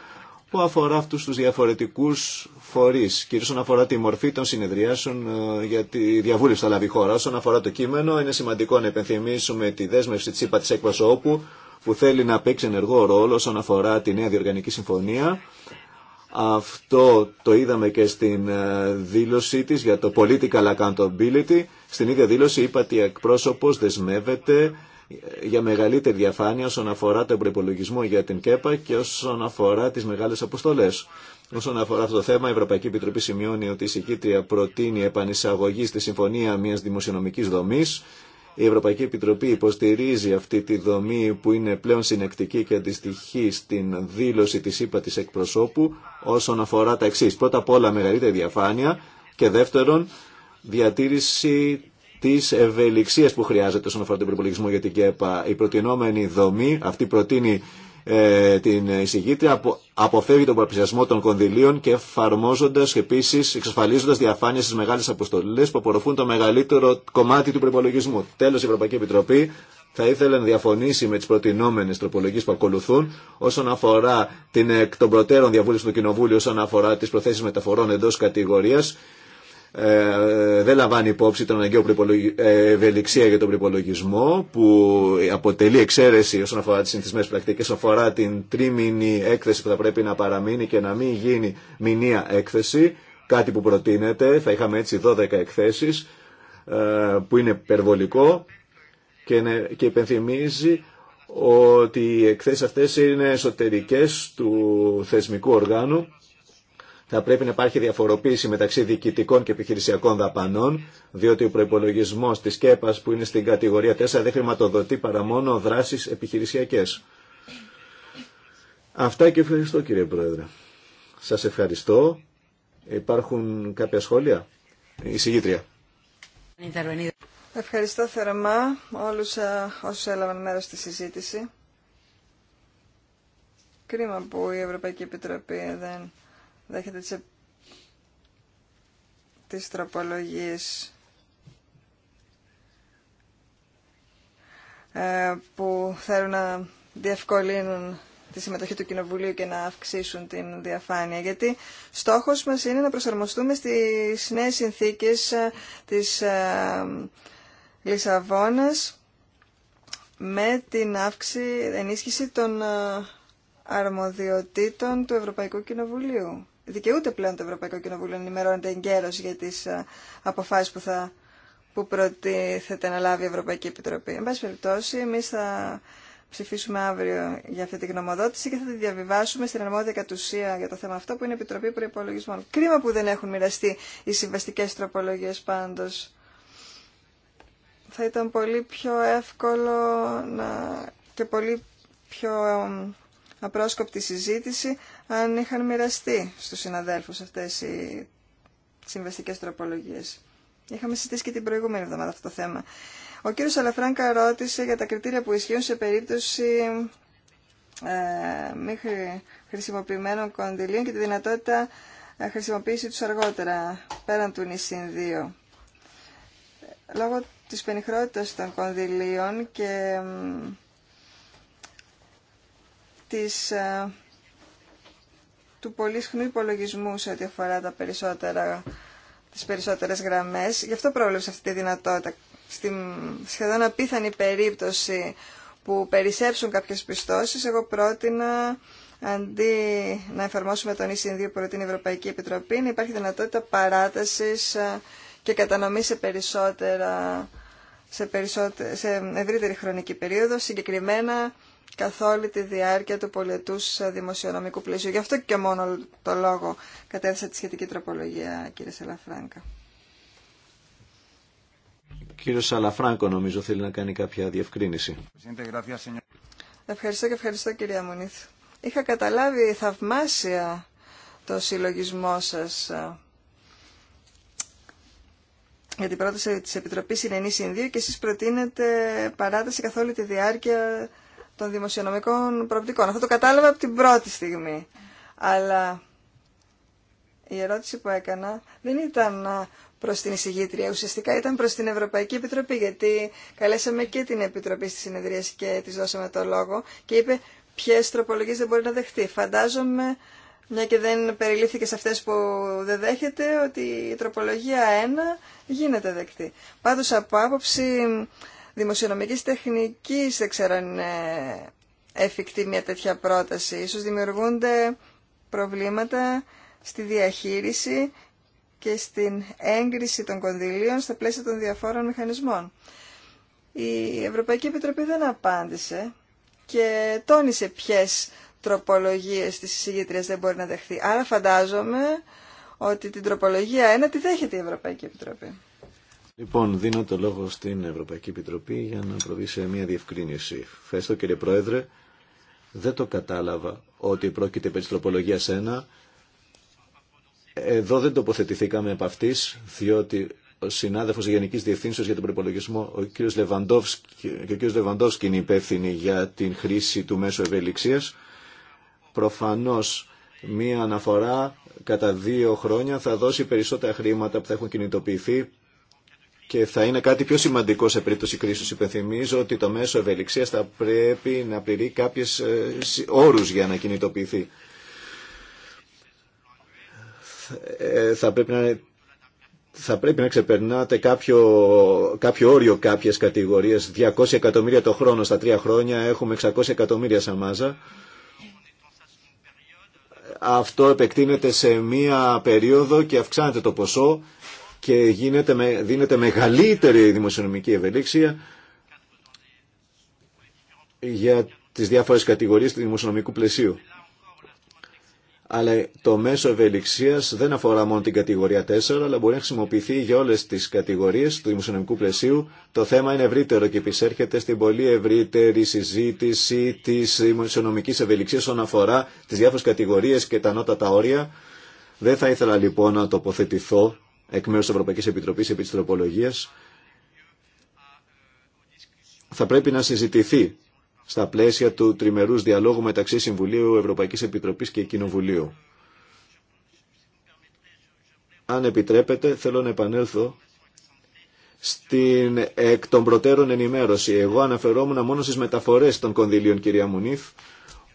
που αφορά αυτούς τους διαφορετικούς φορείς, κυρίως όσον αφορά τη μορφή των συνεδριάσεων ε, για τη διαβούλευση θα λάβει χώρα. Όσον αφορά το κείμενο, είναι σημαντικό να επενθυμίσουμε τη δέσμευση της ΥΠΑ της που θέλει να παίξει ενεργό ρόλο όσον αφορά τη νέα διοργανική συμφωνία. Αυτό το είδαμε και στην ε, δήλωσή της για το political accountability. Στην ίδια δήλωση είπα ότι η εκπρόσωπος δεσμεύεται ε, για μεγαλύτερη διαφάνεια όσον αφορά τον προπολογισμό για την ΚΕΠΑ και όσον αφορά τις μεγάλες αποστολές. Όσον αφορά αυτό το θέμα, η Ευρωπαϊκή Επιτροπή σημειώνει ότι η συγκίτρια προτείνει επανεισαγωγή στη συμφωνία μιας δημοσιονομικής δομής η Ευρωπαϊκή Επιτροπή υποστηρίζει αυτή τη δομή που είναι πλέον συνεκτική και αντιστοιχεί στην δήλωση της ΥΠΑ της εκπροσώπου όσον αφορά τα εξής. Πρώτα απ' όλα μεγαλύτερη διαφάνεια και δεύτερον διατήρηση τη ευελιξία που χρειάζεται όσον αφορά τον προπολογισμό για την ΚΕΠΑ. Η προτινόμενη δομή, αυτή προτείνει ε, την εισηγήτρια απο, αποφεύγει τον παραπλησιασμό των κονδυλίων και εφαρμόζοντα επίσης, επίση εξασφαλίζοντα διαφάνεια στι μεγάλε αποστολέ που απορροφούν το μεγαλύτερο κομμάτι του προπολογισμού. Τέλο, η Ευρωπαϊκή Επιτροπή θα ήθελε να διαφωνήσει με τι προτινόμενε τροπολογίε που ακολουθούν όσον αφορά την εκ των προτέρων διαβούλευση του Κοινοβούλου, όσον αφορά τι προθέσει μεταφορών εντό κατηγορία ε, δεν λαμβάνει υπόψη τον αναγκαίο ε, ευελιξία για τον προπολογισμό που αποτελεί εξαίρεση όσον αφορά τις συνθισμένες πρακτικές, όσον αφορά την τρίμηνη έκθεση που θα πρέπει να παραμείνει και να μην γίνει μηνία έκθεση, κάτι που προτείνεται, θα είχαμε έτσι 12 εκθέσεις ε, που είναι υπερβολικό και, και υπενθυμίζει ότι οι εκθέσεις αυτές είναι εσωτερικές του θεσμικού οργάνου θα πρέπει να υπάρχει διαφοροποίηση μεταξύ διοικητικών και επιχειρησιακών δαπανών, διότι ο προπολογισμό τη ΚΕΠΑ που είναι στην κατηγορία 4 δεν χρηματοδοτεί παρά μόνο δράσει επιχειρησιακέ. Αυτά και ευχαριστώ κύριε Πρόεδρε. Σας ευχαριστώ. Υπάρχουν κάποια σχόλια. Η συγγήτρια. Ευχαριστώ θερμά όλους ε, όσους έλαβαν μέρος στη συζήτηση. Κρίμα που η Ευρωπαϊκή Επιτροπή δεν δέχεται τις, τις ε, που θέλουν να διευκολύνουν τη συμμετοχή του Κοινοβουλίου και να αυξήσουν την διαφάνεια. Γιατί στόχος μας είναι να προσαρμοστούμε στις νέες συνθήκες ε, της ε, Λισαβόνας με την αύξηση, ενίσχυση των αρμοδιοτήτων του Ευρωπαϊκού Κοινοβουλίου δικαιούται πλέον το Ευρωπαϊκό Κοινοβούλιο να ενημερώνεται εγκαίρω για τι ε, αποφάσει που που προτίθεται να λάβει η Ευρωπαϊκή Επιτροπή. Εν πάση περιπτώσει, εμεί θα ψηφίσουμε αύριο για αυτή τη γνωμοδότηση και θα τη διαβιβάσουμε στην αρμόδια κατουσία για το θέμα αυτό που είναι η Επιτροπή Προπολογισμών. Κρίμα που δεν έχουν μοιραστεί οι συμβαστικέ τροπολογίε πάντω. Θα ήταν πολύ πιο εύκολο να... και πολύ πιο απρόσκοπτη συζήτηση αν είχαν μοιραστεί στους συναδέλφους αυτές οι συμβαστικές τροπολογίες. Είχαμε συζητήσει και την προηγούμενη εβδομάδα αυτό το θέμα. Ο κύριος Αλαφράνκα ρώτησε για τα κριτήρια που ισχύουν σε περίπτωση ε, μη χρησιμοποιημένων κονδυλίων και τη δυνατότητα ε, χρησιμοποίηση τους αργότερα, πέραν του νησιν 2. Λόγω της πενιχρότητας των κονδυλίων και της ε, του πολύ σχνού υπολογισμού σε ό,τι αφορά τα περισσότερα, τις περισσότερες γραμμές. Γι' αυτό πρόβλεψε αυτή τη δυνατότητα. Στη σχεδόν απίθανη περίπτωση που περισσέψουν κάποιες πιστώσεις, εγώ πρότεινα αντί να εφαρμόσουμε τον ΙΣΙΝ e 2 που προτείνει η Ευρωπαϊκή Επιτροπή, να υπάρχει δυνατότητα παράτασης ε, και κατανομή σε περισσότερα σε, σε ευρύτερη χρονική περίοδο, συγκεκριμένα καθ' όλη τη διάρκεια του πολιετού δημοσιονομικού πλαίσιου. Γι' αυτό και μόνο το λόγο κατέθεσα τη σχετική τροπολογία, κύριε Σαλαφράγκα. Κύριο Σαλαφράνκο νομίζω θέλει να κάνει κάποια διευκρίνηση. Ευχαριστώ και ευχαριστώ κυρία Μουνίθ. Είχα καταλάβει θαυμάσια το συλλογισμό σας ε, για την πρόταση της Επιτροπής είναι 9 και εσείς προτείνετε παράταση καθ' όλη τη διάρκεια των δημοσιονομικών προοπτικών. Αυτό το κατάλαβα από την πρώτη στιγμή. Αλλά η ερώτηση που έκανα δεν ήταν προς την εισηγήτρια, ουσιαστικά ήταν προς την Ευρωπαϊκή Επιτροπή, γιατί καλέσαμε και την Επιτροπή στη συνεδρία και της δώσαμε το λόγο και είπε ποιε τροπολογίες δεν μπορεί να δεχτεί. Φαντάζομαι, μια και δεν περιλήφθηκε σε αυτές που δεν δέχεται, ότι η τροπολογία 1 γίνεται δεκτή. Πάντως από άποψη Δημοσιονομική τεχνική δεν ξέρω αν είναι εφικτή μια τέτοια πρόταση. Ίσως δημιουργούνται προβλήματα στη διαχείριση και στην έγκριση των κονδυλίων στα πλαίσια των διαφόρων μηχανισμών. Η Ευρωπαϊκή Επιτροπή δεν απάντησε και τόνισε ποιες τροπολογίες της εισηγήτριας δεν μπορεί να δεχθεί. Άρα φαντάζομαι ότι την τροπολογία 1 τη δέχεται η Ευρωπαϊκή Επιτροπή. Λοιπόν, δίνω το λόγο στην Ευρωπαϊκή Επιτροπή για να προβεί σε μια διευκρίνηση. Ευχαριστώ κύριε Πρόεδρε. Δεν το κατάλαβα ότι πρόκειται περί τροπολογία 1. Εδώ δεν τοποθετηθήκαμε επ' αυτής, διότι ο συνάδελφος Γενική Διευθύνσεω για τον Προπολογισμό, ο κ. Λεβαντόφσκι, και ο κύριος Λεβαντόφσκι είναι υπεύθυνοι για την χρήση του μέσου ευελιξία. Προφανώ μία αναφορά κατά δύο χρόνια θα δώσει περισσότερα χρήματα που θα έχουν κινητοποιηθεί και θα είναι κάτι πιο σημαντικό σε περίπτωση κρίση. Υπενθυμίζω ότι το μέσο ευελιξία θα πρέπει να πληρεί κάποιε ε, όρου για να κινητοποιηθεί. Ε, θα πρέπει να, θα πρέπει να ξεπερνάτε κάποιο, κάποιο όριο κάποιες κατηγορίες. 200 εκατομμύρια το χρόνο στα τρία χρόνια έχουμε 600 εκατομμύρια σαν μάζα. Αυτό επεκτείνεται σε μία περίοδο και αυξάνεται το ποσό και γίνεται δίνεται μεγαλύτερη δημοσιονομική ευελίξια για τις διάφορες κατηγορίες του δημοσιονομικού πλαισίου. Αλλά το μέσο ευελιξία δεν αφορά μόνο την κατηγορία 4, αλλά μπορεί να χρησιμοποιηθεί για όλε τι κατηγορίε του δημοσιονομικού πλαισίου. Το θέμα είναι ευρύτερο και επισέρχεται στην πολύ ευρύτερη συζήτηση τη δημοσιονομική ευελιξία όσον αφορά τι διάφορε κατηγορίε και τα ανώτατα όρια. Δεν θα ήθελα λοιπόν να τοποθετηθώ εκ μέρους της Ευρωπαϊκής Επιτροπής επί της θα πρέπει να συζητηθεί στα πλαίσια του τριμερούς διαλόγου μεταξύ Συμβουλίου Ευρωπαϊκής Επιτροπής και Κοινοβουλίου. Αν επιτρέπετε, θέλω να επανέλθω στην εκ των προτέρων ενημέρωση. Εγώ αναφερόμουν μόνο στις μεταφορές των κονδυλίων, κυρία Μουνίθ,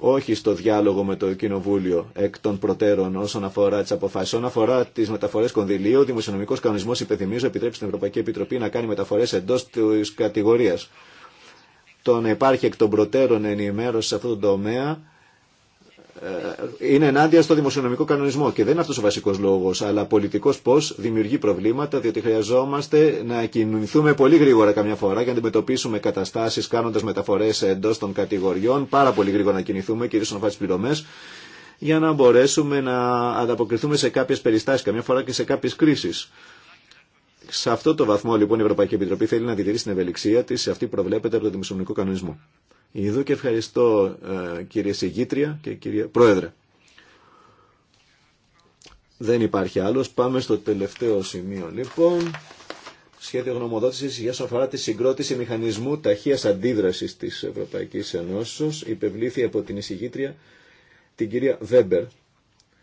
όχι στο διάλογο με το Κοινοβούλιο εκ των προτέρων όσον αφορά τι αποφάσει. Όσον αφορά τι μεταφορέ κονδυλίου, ο δημοσιονομικό κανονισμό υπενθυμίζω επιτρέπει στην Ευρωπαϊκή Επιτροπή να κάνει μεταφορέ εντό τη κατηγορία. Το να υπάρχει εκ των προτέρων ενημέρωση σε αυτό το τομέα ε, είναι ενάντια στο δημοσιονομικό κανονισμό και δεν είναι αυτός ο βασικός λόγος, αλλά πολιτικός πώς δημιουργεί προβλήματα, διότι χρειαζόμαστε να κινηθούμε πολύ γρήγορα καμιά φορά για να αντιμετωπίσουμε καταστάσεις κάνοντας μεταφορές εντός των κατηγοριών, πάρα πολύ γρήγορα να κινηθούμε, κυρίως να φάσεις πληρωμές, για να μπορέσουμε να ανταποκριθούμε σε κάποιες περιστάσεις, καμιά φορά και σε κάποιες κρίσεις. Σε αυτό το βαθμό λοιπόν η Ευρωπαϊκή Επιτροπή θέλει να διατηρήσει την ευελιξία της σε αυτή που προβλέπεται από το δημοσιονομικό κανονισμό. Ειδού και ευχαριστώ ε, κύριε Συγγήτρια και κύριε Πρόεδρε. Δεν υπάρχει άλλος. Πάμε στο τελευταίο σημείο λοιπόν. Σχέδιο γνωμοδότησης για αφορά τη συγκρότηση μηχανισμού ταχείας αντίδρασης της ευρωπαϊκής Ενώσεως υπευλήθη από την εισηγήτρια την κυρία Βέμπερ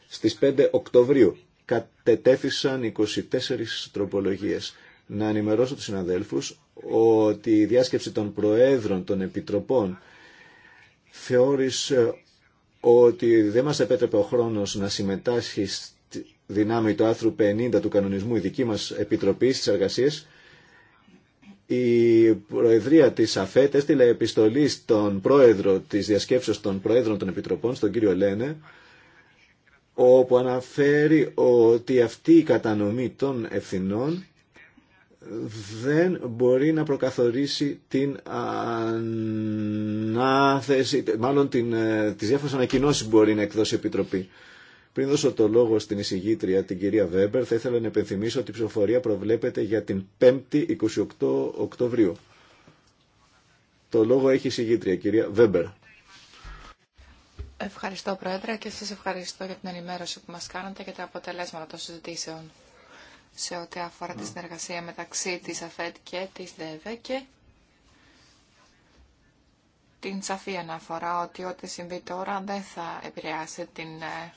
στις 5 Οκτωβρίου. Κατετέθησαν 24 τροπολογίες να ενημερώσω τους συναδέλφους ότι η διάσκεψη των Προέδρων των Επιτροπών θεώρησε ότι δεν μας επέτρεπε ο χρόνος να συμμετάσχει στη δυνάμει του άθρου 50 του κανονισμού η δική μας Επιτροπή στις εργασίες η Προεδρία της ΑΦΕΤ έστειλε επιστολή στον πρόεδρο της διασκέψεως των Προέδρων των Επιτροπών, στον κύριο Λένε, όπου αναφέρει ότι αυτή η κατανομή των ευθυνών δεν μπορεί να προκαθορίσει την ανάθεση, μάλλον την, ε, τις διάφορες ανακοινώσεις που μπορεί να εκδώσει η Επιτροπή. Πριν δώσω το λόγο στην εισηγήτρια, την κυρία Βέμπερ, θα ήθελα να επενθυμίσω ότι η ψηφοφορία προβλέπεται για την 5η 28 Οκτωβρίου. Το λόγο έχει η εισηγήτρια, κυρία Βέμπερ. Ευχαριστώ, Πρόεδρε, και σας ευχαριστώ για την ενημέρωση που μας κάνατε και τα αποτελέσματα των συζητήσεων σε ό,τι αφορά τη συνεργασία μεταξύ της ΑΦΕΤ και της ΔΕΒΕ και την σαφή αναφορά ότι ό,τι συμβεί τώρα δεν θα επηρεάσει την ε,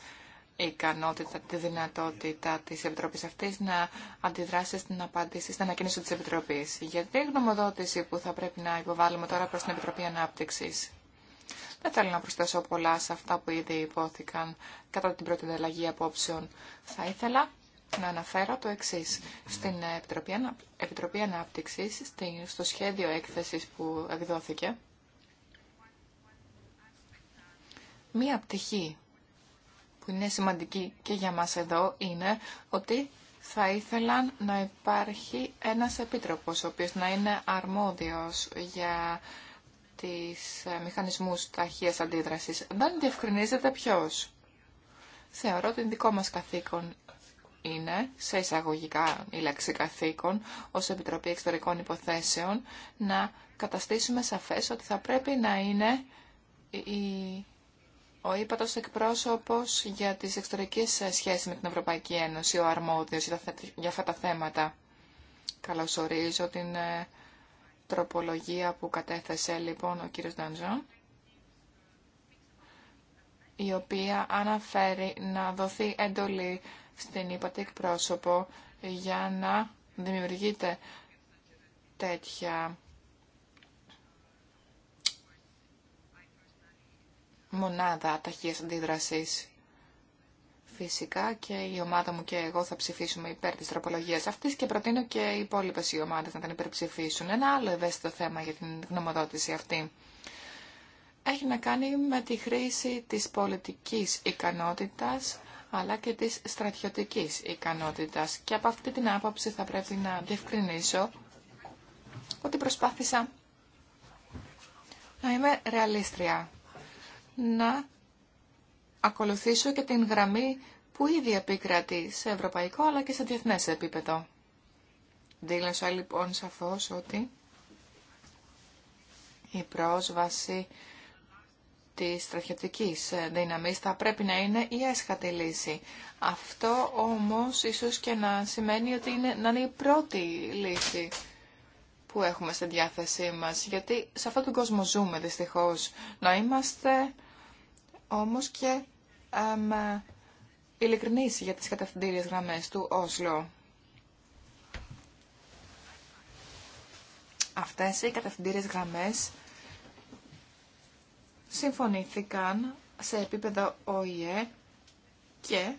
ικανότητα, τη δυνατότητα της Επιτροπής αυτής να αντιδράσει στην απάντηση, στην ανακοίνωση της Επιτροπής. Γιατί η γνωμοδότηση που θα πρέπει να υποβάλουμε τώρα προς την Επιτροπή Ανάπτυξης. Δεν θέλω να προσθέσω πολλά σε αυτά που ήδη υπόθηκαν κατά την πρώτη ανταλλαγή απόψεων. Θα ήθελα να αναφέρω το εξή. Στην Επιτροπή, Ανάπτυξη, στο σχέδιο έκθεση που εκδόθηκε, μία πτυχή που είναι σημαντική και για μας εδώ είναι ότι θα ήθελαν να υπάρχει ένας επίτροπος ο οποίος να είναι αρμόδιος για τις ε, μηχανισμούς ταχείας αντίδρασης. Δεν διευκρινίζεται ποιος. Θεωρώ ότι δικό μας καθήκον είναι, σε εισαγωγικά η λέξη καθήκον, ως Επιτροπή Εξωτερικών Υποθέσεων, να καταστήσουμε σαφές ότι θα πρέπει να είναι η... ο ύπατος εκπρόσωπος για τις εξωτερικές σχέσεις με την Ευρωπαϊκή Ένωση, ο αρμόδιος για αυτά τα θέματα. Καλωσορίζω την ε, τροπολογία που κατέθεσε λοιπόν ο κύριος Ντανζόν η οποία αναφέρει να δοθεί έντολη στην ύπατη εκπρόσωπο για να δημιουργείται τέτοια μονάδα ταχείας αντίδρασης. Φυσικά και η ομάδα μου και εγώ θα ψηφίσουμε υπέρ της τροπολογίας αυτής και προτείνω και οι υπόλοιπε οι ομάδες να την υπερψηφίσουν. Ένα άλλο ευαίσθητο θέμα για την γνωμοδότηση αυτή έχει να κάνει με τη χρήση της πολιτικής ικανότητας αλλά και της στρατιωτικής ικανότητας. Και από αυτή την άποψη θα πρέπει να διευκρινίσω ότι προσπάθησα να είμαι ρεαλίστρια, να ακολουθήσω και την γραμμή που ήδη επικρατεί σε ευρωπαϊκό αλλά και σε διεθνές επίπεδο. Δήλωσα λοιπόν σαφώς ότι η πρόσβαση τη στρατιωτικής ε, δύναμης θα πρέπει να είναι η έσχατη λύση. Αυτό όμως ίσως και να σημαίνει ότι είναι, να είναι η πρώτη λύση που έχουμε στη διάθεσή μας. Γιατί σε αυτόν τον κόσμο ζούμε δυστυχώς. Να είμαστε όμως και εμ, για τις κατευθυντήριες γραμμές του Όσλο. Αυτές οι κατευθυντήριες γραμμές συμφωνήθηκαν σε επίπεδο ΟΗΕ και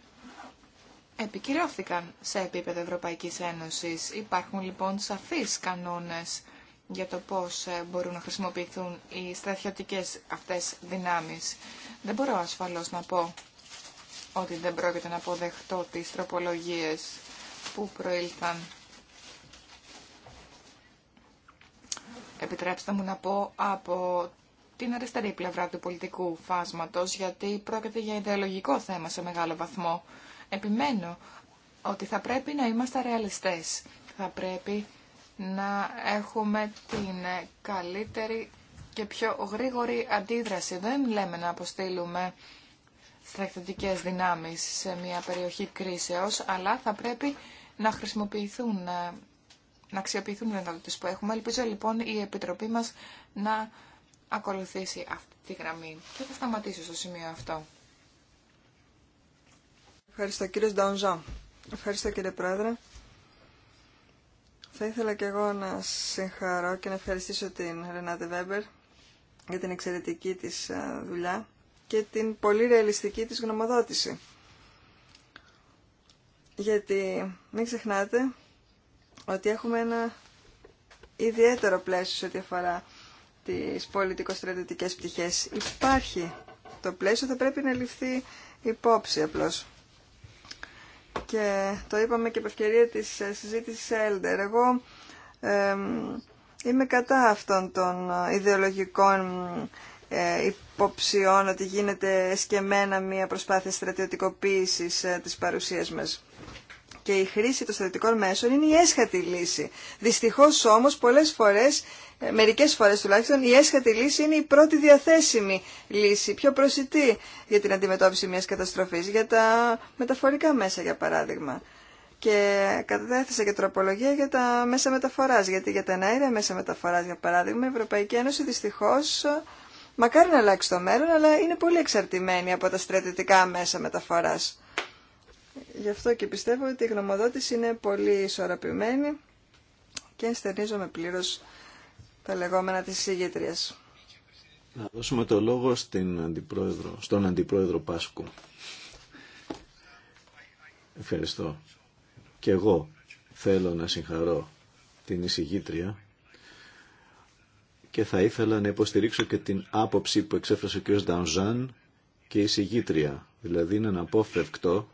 επικυρώθηκαν σε επίπεδο Ευρωπαϊκής Ένωσης. Υπάρχουν λοιπόν σαφείς κανόνες για το πώς ε, μπορούν να χρησιμοποιηθούν οι στρατιωτικές αυτές δυνάμεις. Δεν μπορώ ασφαλώς να πω ότι δεν πρόκειται να αποδεχτώ τις τροπολογίες που προήλθαν. Επιτρέψτε μου να πω από την αριστερή πλευρά του πολιτικού φάσματος, γιατί πρόκειται για ιδεολογικό θέμα σε μεγάλο βαθμό. Επιμένω ότι θα πρέπει να είμαστε ρεαλιστές. Θα πρέπει να έχουμε την καλύτερη και πιο γρήγορη αντίδραση. Δεν λέμε να αποστείλουμε στρατιωτικές δυνάμεις σε μια περιοχή κρίσεως, αλλά θα πρέπει να χρησιμοποιηθούν, να αξιοποιηθούν οι δυνατότητες που έχουμε. Ελπίζω λοιπόν η Επιτροπή μας να ακολουθήσει αυτή τη γραμμή. Και θα σταματήσω στο σημείο αυτό. Ευχαριστώ κύριε Νταουνζά. Ευχαριστώ κύριε Πρόεδρε. Θα ήθελα και εγώ να συγχαρώ και να ευχαριστήσω την Ρενάτε Βέμπερ για την εξαιρετική της ε, δουλειά και την πολύ ρεαλιστική της γνωμοδότηση. Γιατί μην ξεχνάτε ότι έχουμε ένα ιδιαίτερο πλαίσιο σε ό,τι αφορά τις πολιτικο-στρατιωτικές πτυχές. Υπάρχει το πλαίσιο, θα πρέπει να ληφθεί υπόψη απλώς. Και το είπαμε και από ευκαιρία της ε, συζήτησης Έλντερ. Εγώ είμαι κατά αυτών των ε, ιδεολογικών ε, υποψιών ότι γίνεται εσκεμένα μια προσπάθεια στρατιωτικοποίησης ε, της παρουσίας μας και η χρήση των στρατητικών μέσων είναι η έσχατη λύση. Δυστυχώ όμω πολλέ φορέ, ε, μερικέ φορέ τουλάχιστον, η έσχατη λύση είναι η πρώτη διαθέσιμη λύση, πιο προσιτή για την αντιμετώπιση μια καταστροφή, για τα μεταφορικά μέσα για παράδειγμα. Και κατέθεσα και τροπολογία για τα μέσα μεταφορά, γιατί για τα εναέρια μέσα μεταφορά, για παράδειγμα, η Ευρωπαϊκή Ένωση δυστυχώ μακάρι να αλλάξει το μέλλον, αλλά είναι πολύ εξαρτημένη από τα στρατιωτικά μέσα μεταφοράς. Γι' αυτό και πιστεύω ότι η γνωμοδότηση είναι πολύ ισορροπημένη και ενστερνίζομαι πλήρως τα λεγόμενα της συγγετρίας. Να δώσουμε το λόγο στην αντιπρόεδρο, στον Αντιπρόεδρο Πάσκου. Ευχαριστώ. Και εγώ θέλω να συγχαρώ την εισηγήτρια και θα ήθελα να υποστηρίξω και την άποψη που εξέφρασε ο κ. Νταουζάν και η εισηγήτρια. Δηλαδή είναι αναπόφευκτο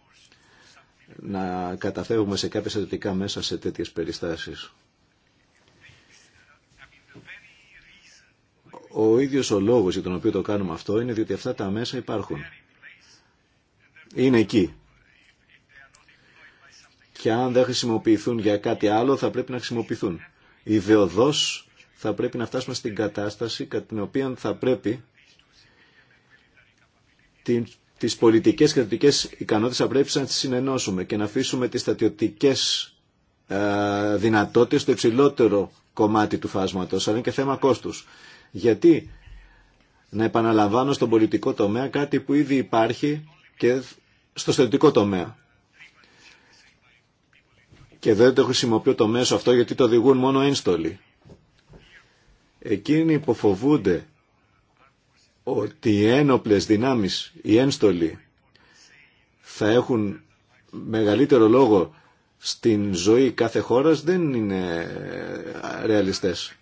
να καταφεύγουμε σε κάποια στρατιωτικά μέσα σε τέτοιες περιστάσεις. Ο ίδιος ο λόγος για τον οποίο το κάνουμε αυτό είναι διότι αυτά τα μέσα υπάρχουν. Είναι εκεί. Και αν δεν χρησιμοποιηθούν για κάτι άλλο θα πρέπει να χρησιμοποιηθούν. Ιδεοδός θα πρέπει να φτάσουμε στην κατάσταση κατά την οποία θα πρέπει την τις πολιτικές και κρατικέ ικανότητε θα πρέπει να τις συνενώσουμε και να αφήσουμε τις στατιωτικέ ε, δυνατότητες στο υψηλότερο κομμάτι του φάσματος, αλλά είναι και θέμα κόστους. Γιατί να επαναλαμβάνω στον πολιτικό τομέα κάτι που ήδη υπάρχει και στο στρατιωτικό τομέα. Και δεν το χρησιμοποιώ το μέσο αυτό γιατί το οδηγούν μόνο ένστολοι. Εκείνοι που φοβούνται ότι οι ένοπλες δυνάμεις, οι ένστολοι, θα έχουν μεγαλύτερο λόγο στην ζωή κάθε χώρας δεν είναι ρεαλιστές.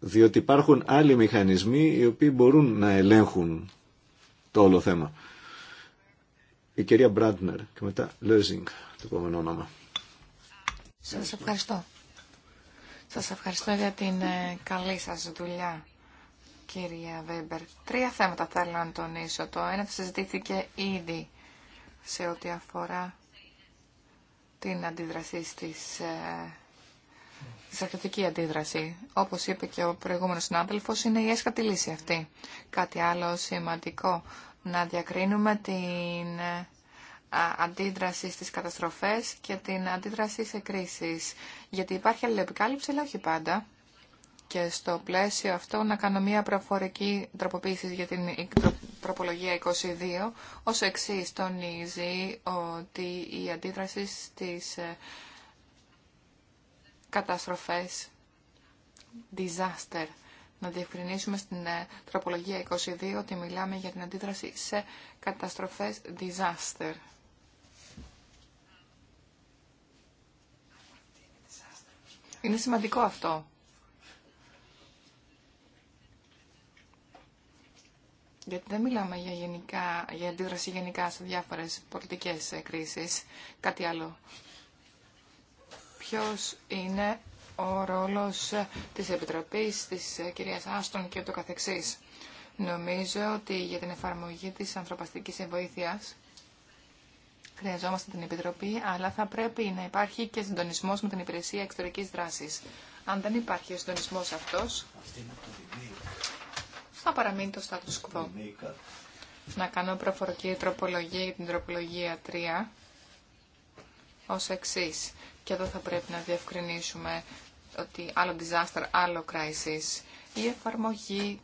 Διότι υπάρχουν άλλοι μηχανισμοί οι οποίοι μπορούν να ελέγχουν το όλο θέμα. Η κυρία Μπράντνερ και μετά Λέζινγκ, το επόμενο όνομα. Σας ευχαριστώ. Σας ευχαριστώ για την ε, καλή σας δουλειά κυρία Βέμπερ. Τρία θέματα θέλω να τονίσω. Το ένα θα συζητήθηκε ήδη σε ό,τι αφορά την αντίδραση ε, της στρατιωτική αντίδραση. Όπω είπε και ο προηγούμενο συνάδελφο, είναι η έσχατη λύση αυτή. Κάτι άλλο σημαντικό να διακρίνουμε την ε, αντίδραση στις καταστροφές και την αντίδραση σε κρίσεις. Γιατί υπάρχει αλληλεπικάλυψη, αλλά όχι πάντα και στο πλαίσιο αυτό να κάνω μια προφορική τροποποίηση για την τροπολογία 22 ως εξή τονίζει ότι η αντίδραση στις ε, καταστροφές disaster να διευκρινίσουμε στην ε, τροπολογία 22 ότι μιλάμε για την αντίδραση σε καταστροφές disaster. Είναι σημαντικό αυτό. γιατί δεν μιλάμε για, γενικά, για αντίδραση γενικά σε διάφορες πολιτικές ε, κρίσεις. Κάτι άλλο. Ποιος είναι ο ρόλος ε, της Επιτροπής, της ε, κυρίας Άστον και το καθεξής. Νομίζω ότι για την εφαρμογή της ανθρωπαστικής βοήθειας χρειαζόμαστε την Επιτροπή, αλλά θα πρέπει να υπάρχει και συντονισμό με την Υπηρεσία Εξωτερικής Δράσης. Αν δεν υπάρχει ο συντονισμός αυτός, θα παραμείνει το status quo. Να κάνω προφορική τροπολογία για την τροπολογία 3 ως εξή. Και εδώ θα πρέπει να διευκρινίσουμε ότι άλλο disaster, άλλο crisis. Η εφαρμογή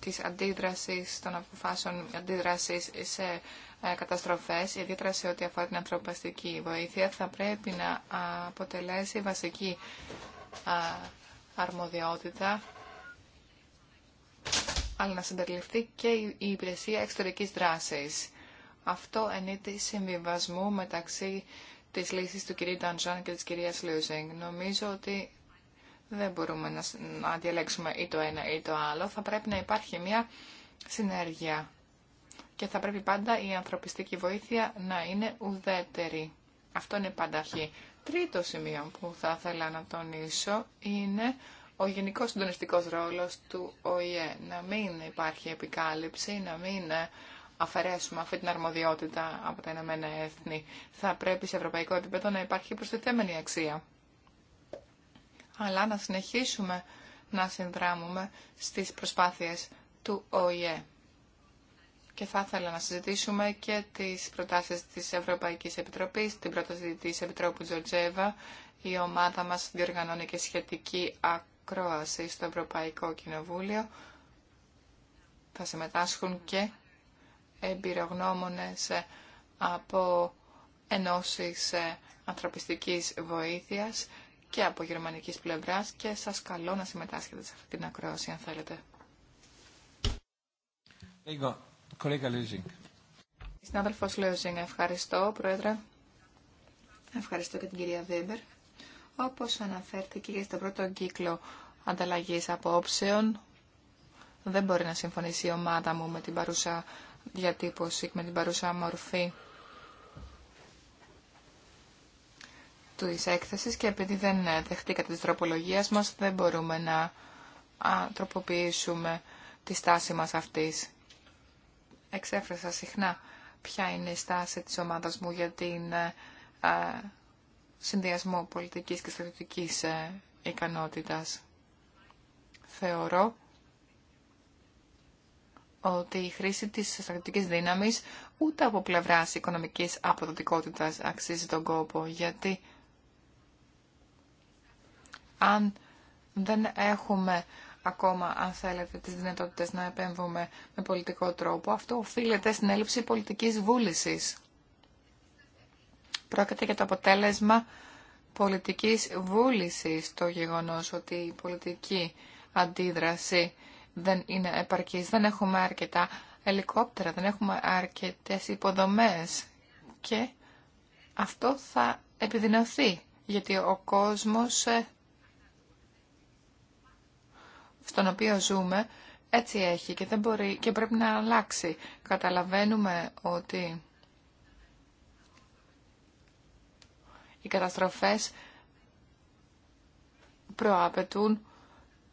της αντίδρασης των αποφάσεων αντίδρασης σε ε, καταστροφές, ιδιαίτερα σε ό,τι αφορά την ανθρωπαστική βοήθεια, θα πρέπει να αποτελέσει βασική αρμοδιότητα αλλά να συμπεριληφθεί και η υπηρεσία εξωτερικής δράσης. Αυτό ενείται συμβιβασμού μεταξύ της λύσης του κυρίου Νταντζάν και της κυρίας Λούζινγκ. Νομίζω ότι δεν μπορούμε να, να διαλέξουμε ή το ένα ή το άλλο. Θα πρέπει να υπάρχει μια συνέργεια. Και θα πρέπει πάντα η ανθρωπιστική βοήθεια να είναι ουδέτερη. Αυτό είναι πάντα αρχή. Τρίτο σημείο που θα ήθελα να τονίσω είναι ο γενικός συντονιστικός ρόλος του ΟΗΕ, να μην υπάρχει επικάλυψη, να μην αφαιρέσουμε αυτή την αρμοδιότητα από τα Ηνωμένα Έθνη. Θα πρέπει σε ευρωπαϊκό επίπεδο να υπάρχει προστιθέμενη αξία. Αλλά να συνεχίσουμε να συνδράμουμε στις προσπάθειες του ΟΗΕ. Και θα ήθελα να συζητήσουμε και τις προτάσεις της Ευρωπαϊκής Επιτροπής, την πρόταση της Επιτρόπου Τζορτζέβα. Η ομάδα μας διοργανώνει και σχετική ακρόαση στο Ευρωπαϊκό Κοινοβούλιο. Θα συμμετάσχουν και εμπειρογνώμονες από ενώσεις ανθρωπιστικής βοήθειας και από γερμανικής πλευράς και σας καλώ να συμμετάσχετε σε αυτή την ακρόαση αν θέλετε. Λίγο, κολέγα Συνάδελφος ευχαριστώ, Πρόεδρε. Ευχαριστώ και την κυρία Βέμπερ. Όπως αναφέρθηκε και στο πρώτο κύκλο ανταλλαγής απόψεων, δεν μπορεί να συμφωνήσει η ομάδα μου με την παρούσα διατύπωση, με την παρούσα μορφή του έκθεση και επειδή δεν δεχτήκατε τη τροπολογία μας, δεν μπορούμε να τροποποιήσουμε τη στάση μας αυτής. Εξέφρασα συχνά ποια είναι η στάση της ομάδας μου για την ε, συνδυασμό πολιτικής και στρατιωτικής ε, ικανότητας. Θεωρώ ότι η χρήση της στρατιωτικής δύναμης ούτε από πλευράς οικονομικής αποδοτικότητας αξίζει τον κόπο, γιατί αν δεν έχουμε ακόμα, αν θέλετε, τις δυνατότητες να επέμβουμε με πολιτικό τρόπο, αυτό οφείλεται στην έλλειψη πολιτικής βούλησης. Πρόκειται για το αποτέλεσμα πολιτικής βούλησης το γεγονός ότι η πολιτική αντίδραση δεν είναι επαρκής. Δεν έχουμε αρκετά ελικόπτερα, δεν έχουμε αρκετές υποδομές και αυτό θα επιδεινωθεί γιατί ο κόσμος ε, στον οποίο ζούμε έτσι έχει και, δεν μπορεί, και πρέπει να αλλάξει. Καταλαβαίνουμε ότι Οι καταστροφές προαπαιτούν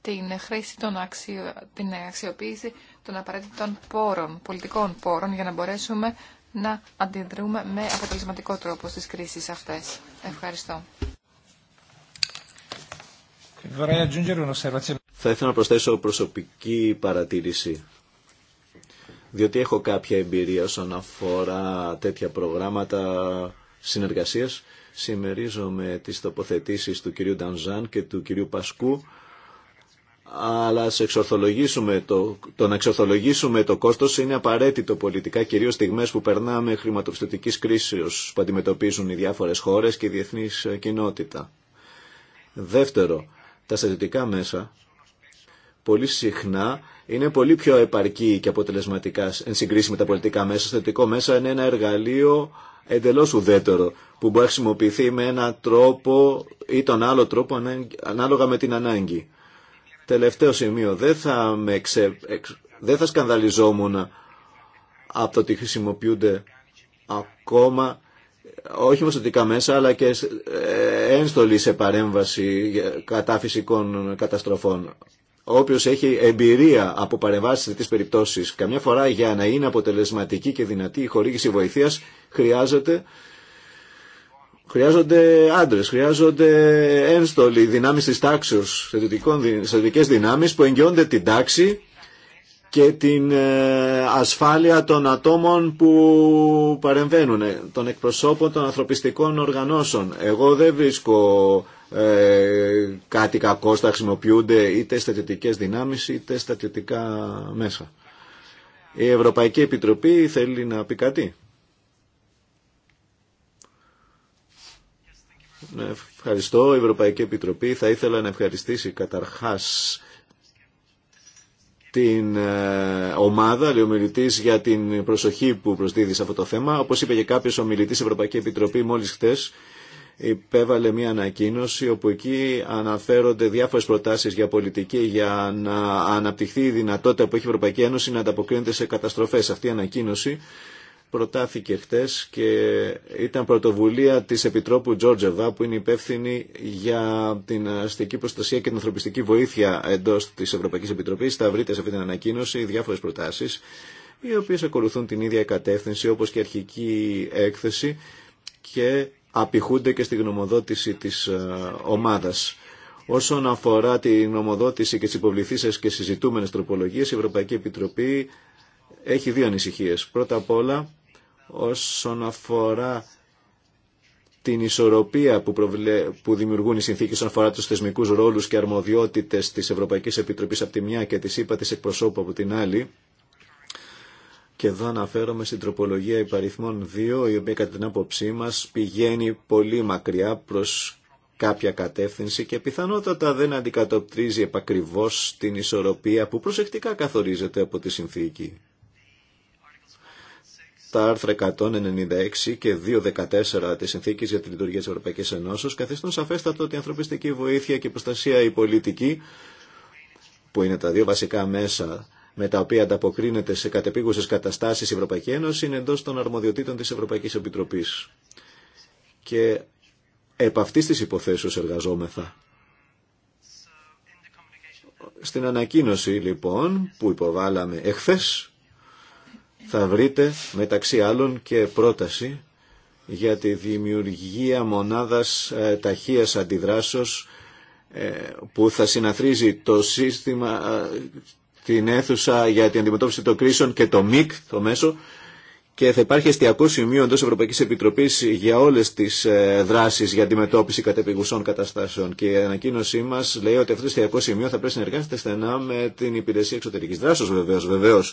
την χρήση των αξιο... την αξιοποίηση των απαραίτητων πόρων, πολιτικών πόρων, για να μπορέσουμε να αντιδρούμε με αποτελεσματικό τρόπο στις κρίσεις αυτές. Ευχαριστώ. Θα ήθελα να προσθέσω προσωπική παρατήρηση, διότι έχω κάποια εμπειρία όσον αφορά τέτοια προγράμματα συνεργασίας Συμμερίζομαι τις τοποθετήσεις του κυρίου Ντανζάν και του κυρίου Πασκού αλλά σε το, το να εξορθολογήσουμε το κόστος είναι απαραίτητο πολιτικά, κυρίως στιγμές που περνάμε χρηματοπιστωτικής κρίσης που αντιμετωπίζουν οι διάφορες χώρες και η διεθνής κοινότητα. Δεύτερο, τα στρατιωτικά μέσα πολύ συχνά είναι πολύ πιο επαρκή και αποτελεσματικά εν συγκρίση με τα πολιτικά μέσα. θετικό μέσα είναι ένα εργαλείο εντελώς ουδέτερο που μπορεί να χρησιμοποιηθεί με ένα τρόπο ή τον άλλο τρόπο ανάλογα με την ανάγκη. Τελευταίο σημείο. Δεν θα, με σκανδαλιζόμουν από το ότι χρησιμοποιούνται ακόμα όχι θετικά μέσα αλλά και ε, ένστολοι σε παρέμβαση κατά φυσικών καταστροφών. Όποιο έχει εμπειρία από παρεμβάσει σε τέτοιε περιπτώσεις, καμιά φορά για να είναι αποτελεσματική και δυνατή η χορήγηση βοηθείας, χρειάζεται Χρειάζονται άντρε, χρειάζονται ένστολοι δυνάμει τη τάξη, στρατιωτικέ δυνάμει που εγγυώνται την τάξη και την ε, ασφάλεια των ατόμων που παρεμβαίνουν, ε, των εκπροσώπων των ανθρωπιστικών οργανώσεων. Εγώ δεν βρίσκω ε, κάτι κακό θα χρησιμοποιούνται είτε στατιωτικές δυνάμεις είτε στατιωτικά μέσα. Η Ευρωπαϊκή Επιτροπή θέλει να πει κάτι. Ναι, ευχαριστώ. Η Ευρωπαϊκή Επιτροπή θα ήθελα να ευχαριστήσει καταρχάς την ε, ομάδα, λέει ο μιλητής, για την προσοχή που προσδίδει σε αυτό το θέμα. Όπως είπε και κάποιος ο μιλητής Ευρωπαϊκή Επιτροπή μόλις χτες, υπέβαλε μια ανακοίνωση όπου εκεί αναφέρονται διάφορες προτάσεις για πολιτική για να αναπτυχθεί η δυνατότητα που έχει η Ευρωπαϊκή Ένωση να ανταποκρίνεται σε καταστροφές. Αυτή η ανακοίνωση προτάθηκε χτες και ήταν πρωτοβουλία της Επιτρόπου Τζόρτζεβα που είναι υπεύθυνη για την αστική προστασία και την ανθρωπιστική βοήθεια εντός της Ευρωπαϊκής Επιτροπής. Θα βρείτε σε αυτή την ανακοίνωση διάφορες προτάσεις οι οποίες ακολουθούν την ίδια κατεύθυνση όπως και αρχική έκθεση και απηχούνται και στη γνωμοδότηση της ε, ομάδας. Όσον αφορά τη γνωμοδότηση και τις υποβληθήσεις και συζητούμενες τροπολογίες, η Ευρωπαϊκή Επιτροπή έχει δύο ανησυχίες. Πρώτα απ' όλα, όσον αφορά την ισορροπία που, που δημιουργούν οι συνθήκες όσον αφορά τους θεσμικούς ρόλους και αρμοδιότητες της Ευρωπαϊκής Επιτροπής από τη μια και της ΥΠΑ της εκπροσώπου από την άλλη, και εδώ αναφέρομαι στην τροπολογία υπαριθμών 2, η οποία κατά την άποψή μας πηγαίνει πολύ μακριά προς κάποια κατεύθυνση και πιθανότατα δεν αντικατοπτρίζει επακριβώς την ισορροπία που προσεκτικά καθορίζεται από τη συνθήκη. Τα άρθρα 196 και 214 της Συνθήκης για τη Λειτουργία της Ευρωπαϊκής Ενώσεως καθιστούν σαφέστατο ότι η ανθρωπιστική βοήθεια και η προστασία η πολιτική, που είναι τα δύο βασικά μέσα με τα οποία ανταποκρίνεται σε κατεπίγουσες καταστάσεις η Ευρωπαϊκή Ένωση είναι εντός των αρμοδιοτήτων της Ευρωπαϊκής Επιτροπής. Και επ' αυτής της υποθέσεως εργαζόμεθα. Στην ανακοίνωση λοιπόν που υποβάλαμε εχθές θα βρείτε μεταξύ άλλων και πρόταση για τη δημιουργία μονάδας ε, ταχείας αντιδράσεως ε, που θα συναθρίζει το σύστημα ε, την αίθουσα για την αντιμετώπιση των κρίσεων και το ΜΙΚ, το μέσο, και θα υπάρχει εστιακό σημείο εντό Ευρωπαϊκή Επιτροπή για όλε τι ε, δράσει για αντιμετώπιση κατεπηγουσών καταστάσεων. Και η ανακοίνωσή μα λέει ότι αυτό το εστιακό σημείο θα πρέπει να συνεργάζεται στενά με την Υπηρεσία Εξωτερική Δράσεω, βεβαίω, βεβαίω.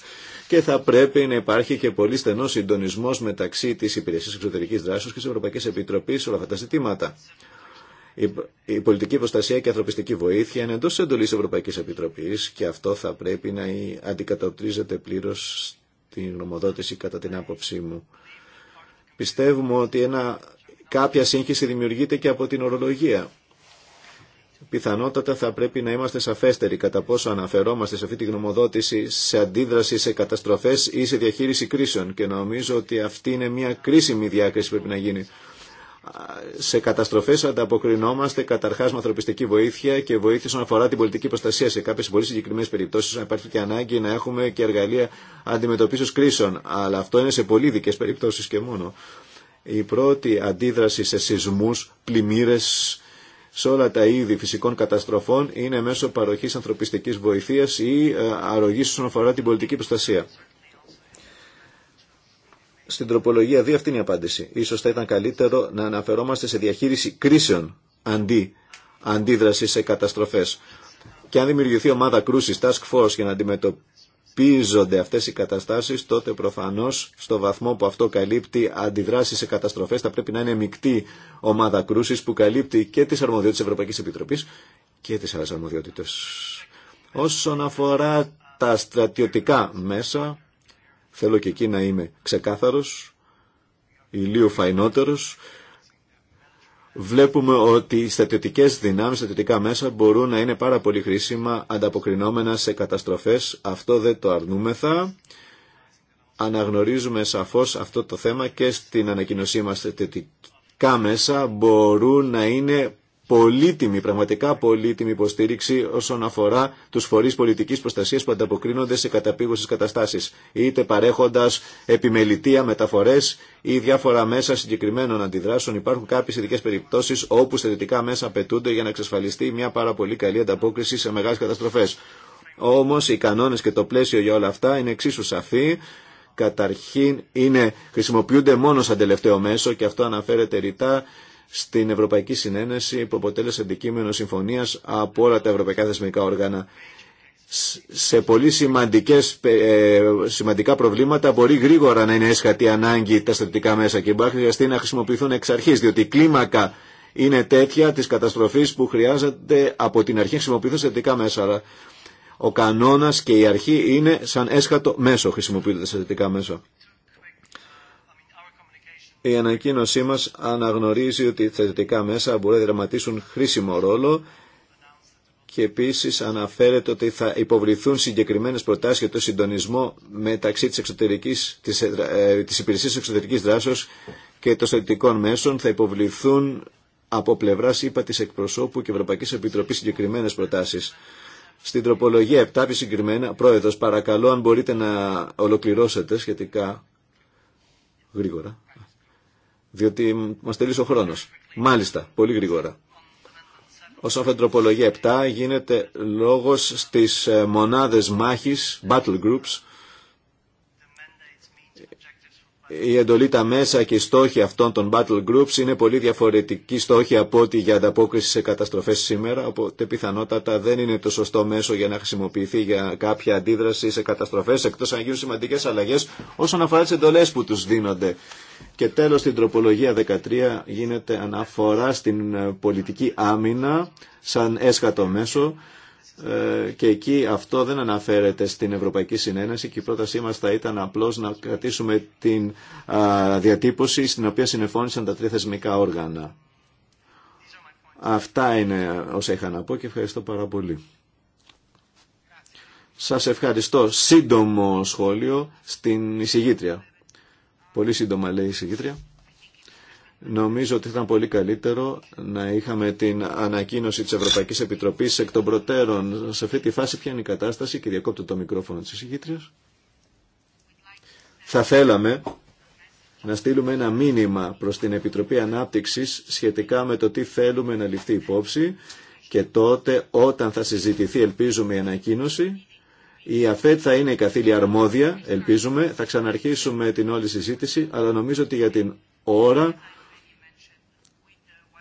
Και θα πρέπει να υπάρχει και πολύ στενό συντονισμό μεταξύ τη Υπηρεσία Εξωτερική Δράσεω και τη Ευρωπαϊκή Επιτροπή σε όλα αυτά τα ζητήματα. Η πολιτική προστασία και η ανθρωπιστική βοήθεια είναι εντό εντολή Ευρωπαϊκή Επιτροπή και αυτό θα πρέπει να αντικατοπτρίζεται πλήρω στην γνωμοδότηση κατά την άποψή μου. Πιστεύουμε ότι ένα, κάποια σύγχυση δημιουργείται και από την ορολογία. Πιθανότατα θα πρέπει να είμαστε σαφέστεροι κατά πόσο αναφερόμαστε σε αυτή τη γνωμοδότηση σε αντίδραση σε καταστροφές ή σε διαχείριση κρίσεων και νομίζω ότι αυτή είναι μια κρίσιμη διάκριση που πρέπει να γίνει σε καταστροφέ ανταποκρινόμαστε καταρχά με ανθρωπιστική βοήθεια και βοήθεια όσον αφορά την πολιτική προστασία. Σε κάποιε πολύ συγκεκριμένε περιπτώσει υπάρχει και ανάγκη να έχουμε και εργαλεία αντιμετωπίσεω κρίσεων. Αλλά αυτό είναι σε πολύ ειδικέ περιπτώσει και μόνο. Η πρώτη αντίδραση σε σεισμού, πλημμύρε, σε όλα τα είδη φυσικών καταστροφών είναι μέσω παροχή ανθρωπιστική βοηθεία ή ε, αρρωγή όσον αφορά την πολιτική προστασία. Στην τροπολογία 2 αυτή είναι η απάντηση. Ίσως θα ήταν καλύτερο να αναφερόμαστε σε διαχείριση κρίσεων αντί αντίδραση σε καταστροφές. Και αν δημιουργηθεί ομάδα κρούση task force για να αντιμετωπίζονται αυτές οι καταστάσεις, τότε προφανώς στο βαθμό που αυτό καλύπτει αντιδράσει σε καταστροφές θα πρέπει να είναι μεικτή ομάδα κρούση που καλύπτει και τις αρμοδιότητες της Ευρωπαϊκής Επιτροπής και τις άλλες αρμοδιότητες. Όσον αφορά τα στρατιωτικά μέσα, Θέλω και εκεί να είμαι ξεκάθαρος, ηλίου φαϊνότερος. Βλέπουμε ότι οι στατιωτικές δυνάμεις, στατιωτικά μέσα μπορούν να είναι πάρα πολύ χρήσιμα ανταποκρινόμενα σε καταστροφές. Αυτό δεν το αρνούμεθα. Αναγνωρίζουμε σαφώς αυτό το θέμα και στην ανακοινωσή μας στατιωτικά μέσα μπορούν να είναι πολύτιμη, πραγματικά πολύτιμη υποστήριξη όσον αφορά τους φορείς πολιτικής προστασίας που ανταποκρίνονται σε καταπήγωσης καταστάσεις, είτε παρέχοντας επιμελητία, μεταφορές ή διάφορα μέσα συγκεκριμένων αντιδράσεων. Υπάρχουν κάποιες ειδικέ περιπτώσεις όπου στερετικά μέσα απαιτούνται για να εξασφαλιστεί μια πάρα πολύ καλή ανταπόκριση σε μεγάλες καταστροφές. Όμως οι κανόνες και το πλαίσιο για όλα αυτά είναι εξίσου σαφή καταρχήν είναι, χρησιμοποιούνται μόνο σαν τελευταίο μέσο και αυτό αναφέρεται ρητά στην Ευρωπαϊκή Συνένεση που αποτέλεσε αντικείμενο συμφωνίας από όλα τα ευρωπαϊκά θεσμικά όργανα. Σε πολύ ε, σημαντικά προβλήματα μπορεί γρήγορα να είναι έσχατη ανάγκη τα στρατιωτικά μέσα και υπάρχει χρειαστεί να χρησιμοποιηθούν εξ αρχή, διότι η κλίμακα είναι τέτοια τη καταστροφή που χρειάζεται από την αρχή να χρησιμοποιηθούν στρατιωτικά μέσα. Ο κανόνα και η αρχή είναι σαν έσχατο μέσο χρησιμοποιούνται τα στρατιωτικά μέσα. Η ανακοίνωσή μας αναγνωρίζει ότι τα θετικά μέσα μπορεί να δραματίσουν χρήσιμο ρόλο και επίσης αναφέρεται ότι θα υποβληθούν συγκεκριμένες προτάσεις για το συντονισμό μεταξύ της, εξωτερικής, της, ε, υπηρεσίας εξωτερικής δράσεως και των θετικών μέσων θα υποβληθούν από πλευρά είπα τη Εκπροσώπου και Ευρωπαϊκής Επιτροπής συγκεκριμένες προτάσεις. Στην τροπολογία 7 συγκεκριμένα, Πρόεδρος, παρακαλώ αν μπορείτε να ολοκληρώσετε σχετικά γρήγορα διότι μας τελείωσε ο χρόνος. Μάλιστα, πολύ γρήγορα. Όσον αφορά τροπολογία 7 γίνεται λόγος στις ε, μονάδες μάχης, battle groups, η εντολή τα μέσα και οι στόχοι αυτών των battle groups είναι πολύ διαφορετικοί στόχοι από ό,τι για ανταπόκριση σε καταστροφές σήμερα, οπότε πιθανότατα δεν είναι το σωστό μέσο για να χρησιμοποιηθεί για κάποια αντίδραση σε καταστροφές, εκτός αν γίνουν σημαντικές αλλαγές όσον αφορά τις εντολές που τους δίνονται και τέλος στην τροπολογία 13 γίνεται αναφορά στην ε, πολιτική άμυνα σαν έσχατο μέσο ε, και εκεί αυτό δεν αναφέρεται στην Ευρωπαϊκή Συνένεση και η πρότασή μας θα ήταν απλώς να κρατήσουμε την διατύπωση στην οποία συνεφώνησαν τα τρία θεσμικά όργανα. Αυτά είναι όσα είχα να πω και ευχαριστώ πάρα πολύ. Σας ευχαριστώ. Σύντομο σχόλιο στην εισηγήτρια. Πολύ σύντομα λέει η συγκήτρια. Νομίζω ότι ήταν πολύ καλύτερο να είχαμε την ανακοίνωση της Ευρωπαϊκής Επιτροπής εκ των προτέρων. Σε αυτή τη φάση ποια είναι η κατάσταση και διακόπτω το μικρόφωνο της συγκήτριας. Θα θέλαμε να στείλουμε ένα μήνυμα προς την Επιτροπή Ανάπτυξης σχετικά με το τι θέλουμε να ληφθεί υπόψη και τότε όταν θα συζητηθεί ελπίζουμε η ανακοίνωση η ΑΦΕΤ θα είναι η καθήλια αρμόδια, ελπίζουμε. Θα ξαναρχίσουμε την όλη συζήτηση, αλλά νομίζω ότι για την ώρα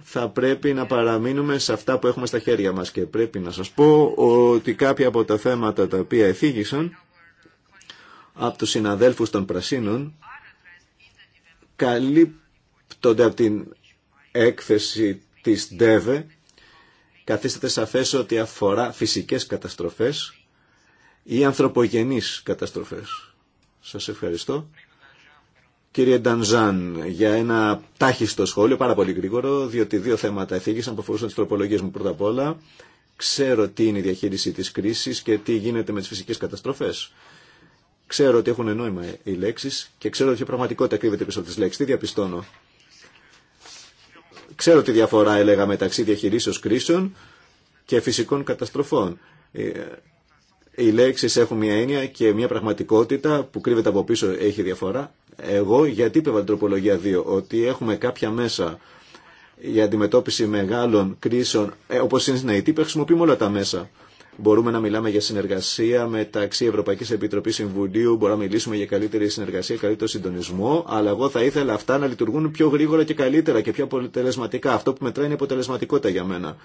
θα πρέπει να παραμείνουμε σε αυτά που έχουμε στα χέρια μας και πρέπει να σας πω ότι κάποια από τα θέματα τα οποία εφήγησαν από τους συναδέλφους των Πρασίνων καλύπτονται από την έκθεση της ΔΕΒΕ καθίσταται σαφές ότι αφορά φυσικές καταστροφές ή ανθρωπογενείς καταστροφές. Σας ευχαριστώ. Κύριε Ντανζάν, για ένα τάχιστο σχόλιο, πάρα πολύ γρήγορο, διότι δύο θέματα εθίγησαν που αφορούσαν τις τροπολογίες μου πρώτα απ' όλα. Ξέρω τι είναι η διαχείριση της κρίσης και τι γίνεται με τις φυσικές καταστροφές. Ξέρω ότι έχουν νόημα οι λέξεις και ξέρω ότι η πραγματικότητα κρύβεται πίσω από τις λέξεις. Τι διαπιστώνω. Ξέρω τη διαφορά, έλεγα, μεταξύ διαχειρήσεως κρίσεων και φυσικών καταστροφών. Ε, οι λέξεις έχουν μια έννοια και μια πραγματικότητα που κρύβεται από πίσω έχει διαφορά. Εγώ γιατί είπε την τροπολογία 2, ότι έχουμε κάποια μέσα για αντιμετώπιση μεγάλων κρίσεων, ε, όπως είναι στην ΑΕΤ, χρησιμοποιούμε όλα τα μέσα. Μπορούμε να μιλάμε για συνεργασία μεταξύ Ευρωπαϊκή Επιτροπή Συμβουλίου, μπορούμε να μιλήσουμε για καλύτερη συνεργασία, καλύτερο συντονισμό, αλλά εγώ θα ήθελα αυτά να λειτουργούν πιο γρήγορα και καλύτερα και πιο αποτελεσματικά. Αυτό που μετράει είναι αποτελεσματικότητα για μένα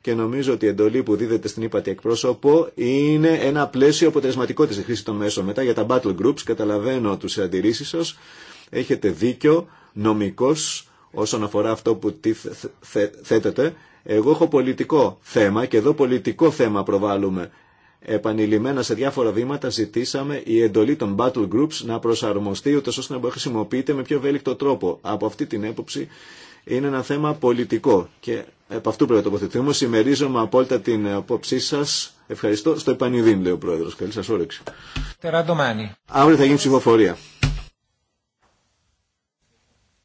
και νομίζω ότι η εντολή που δίδεται στην ύπατη εκπρόσωπο είναι ένα πλαίσιο αποτελεσματικό της χρήση των μέσων. Μετά για τα battle groups καταλαβαίνω τους αντιρρήσεις σας. Έχετε δίκιο νομικός όσον αφορά αυτό που θέτετε. Εγώ έχω πολιτικό θέμα και εδώ πολιτικό θέμα προβάλλουμε. Επανειλημμένα σε διάφορα βήματα ζητήσαμε η εντολή των battle groups να προσαρμοστεί ούτως ώστε να χρησιμοποιείται με πιο ευέλικτο τρόπο. Από αυτή την έποψη είναι ένα θέμα πολιτικό και Επ' αυτού πρέπει να τοποθετηθούμε. Συμμερίζομαι απόλυτα την απόψή σα. Ευχαριστώ. Στο επανειδήν, λέει ο Πρόεδρο. Καλή σα όρεξη. Αύριο θα γίνει ψηφοφορία.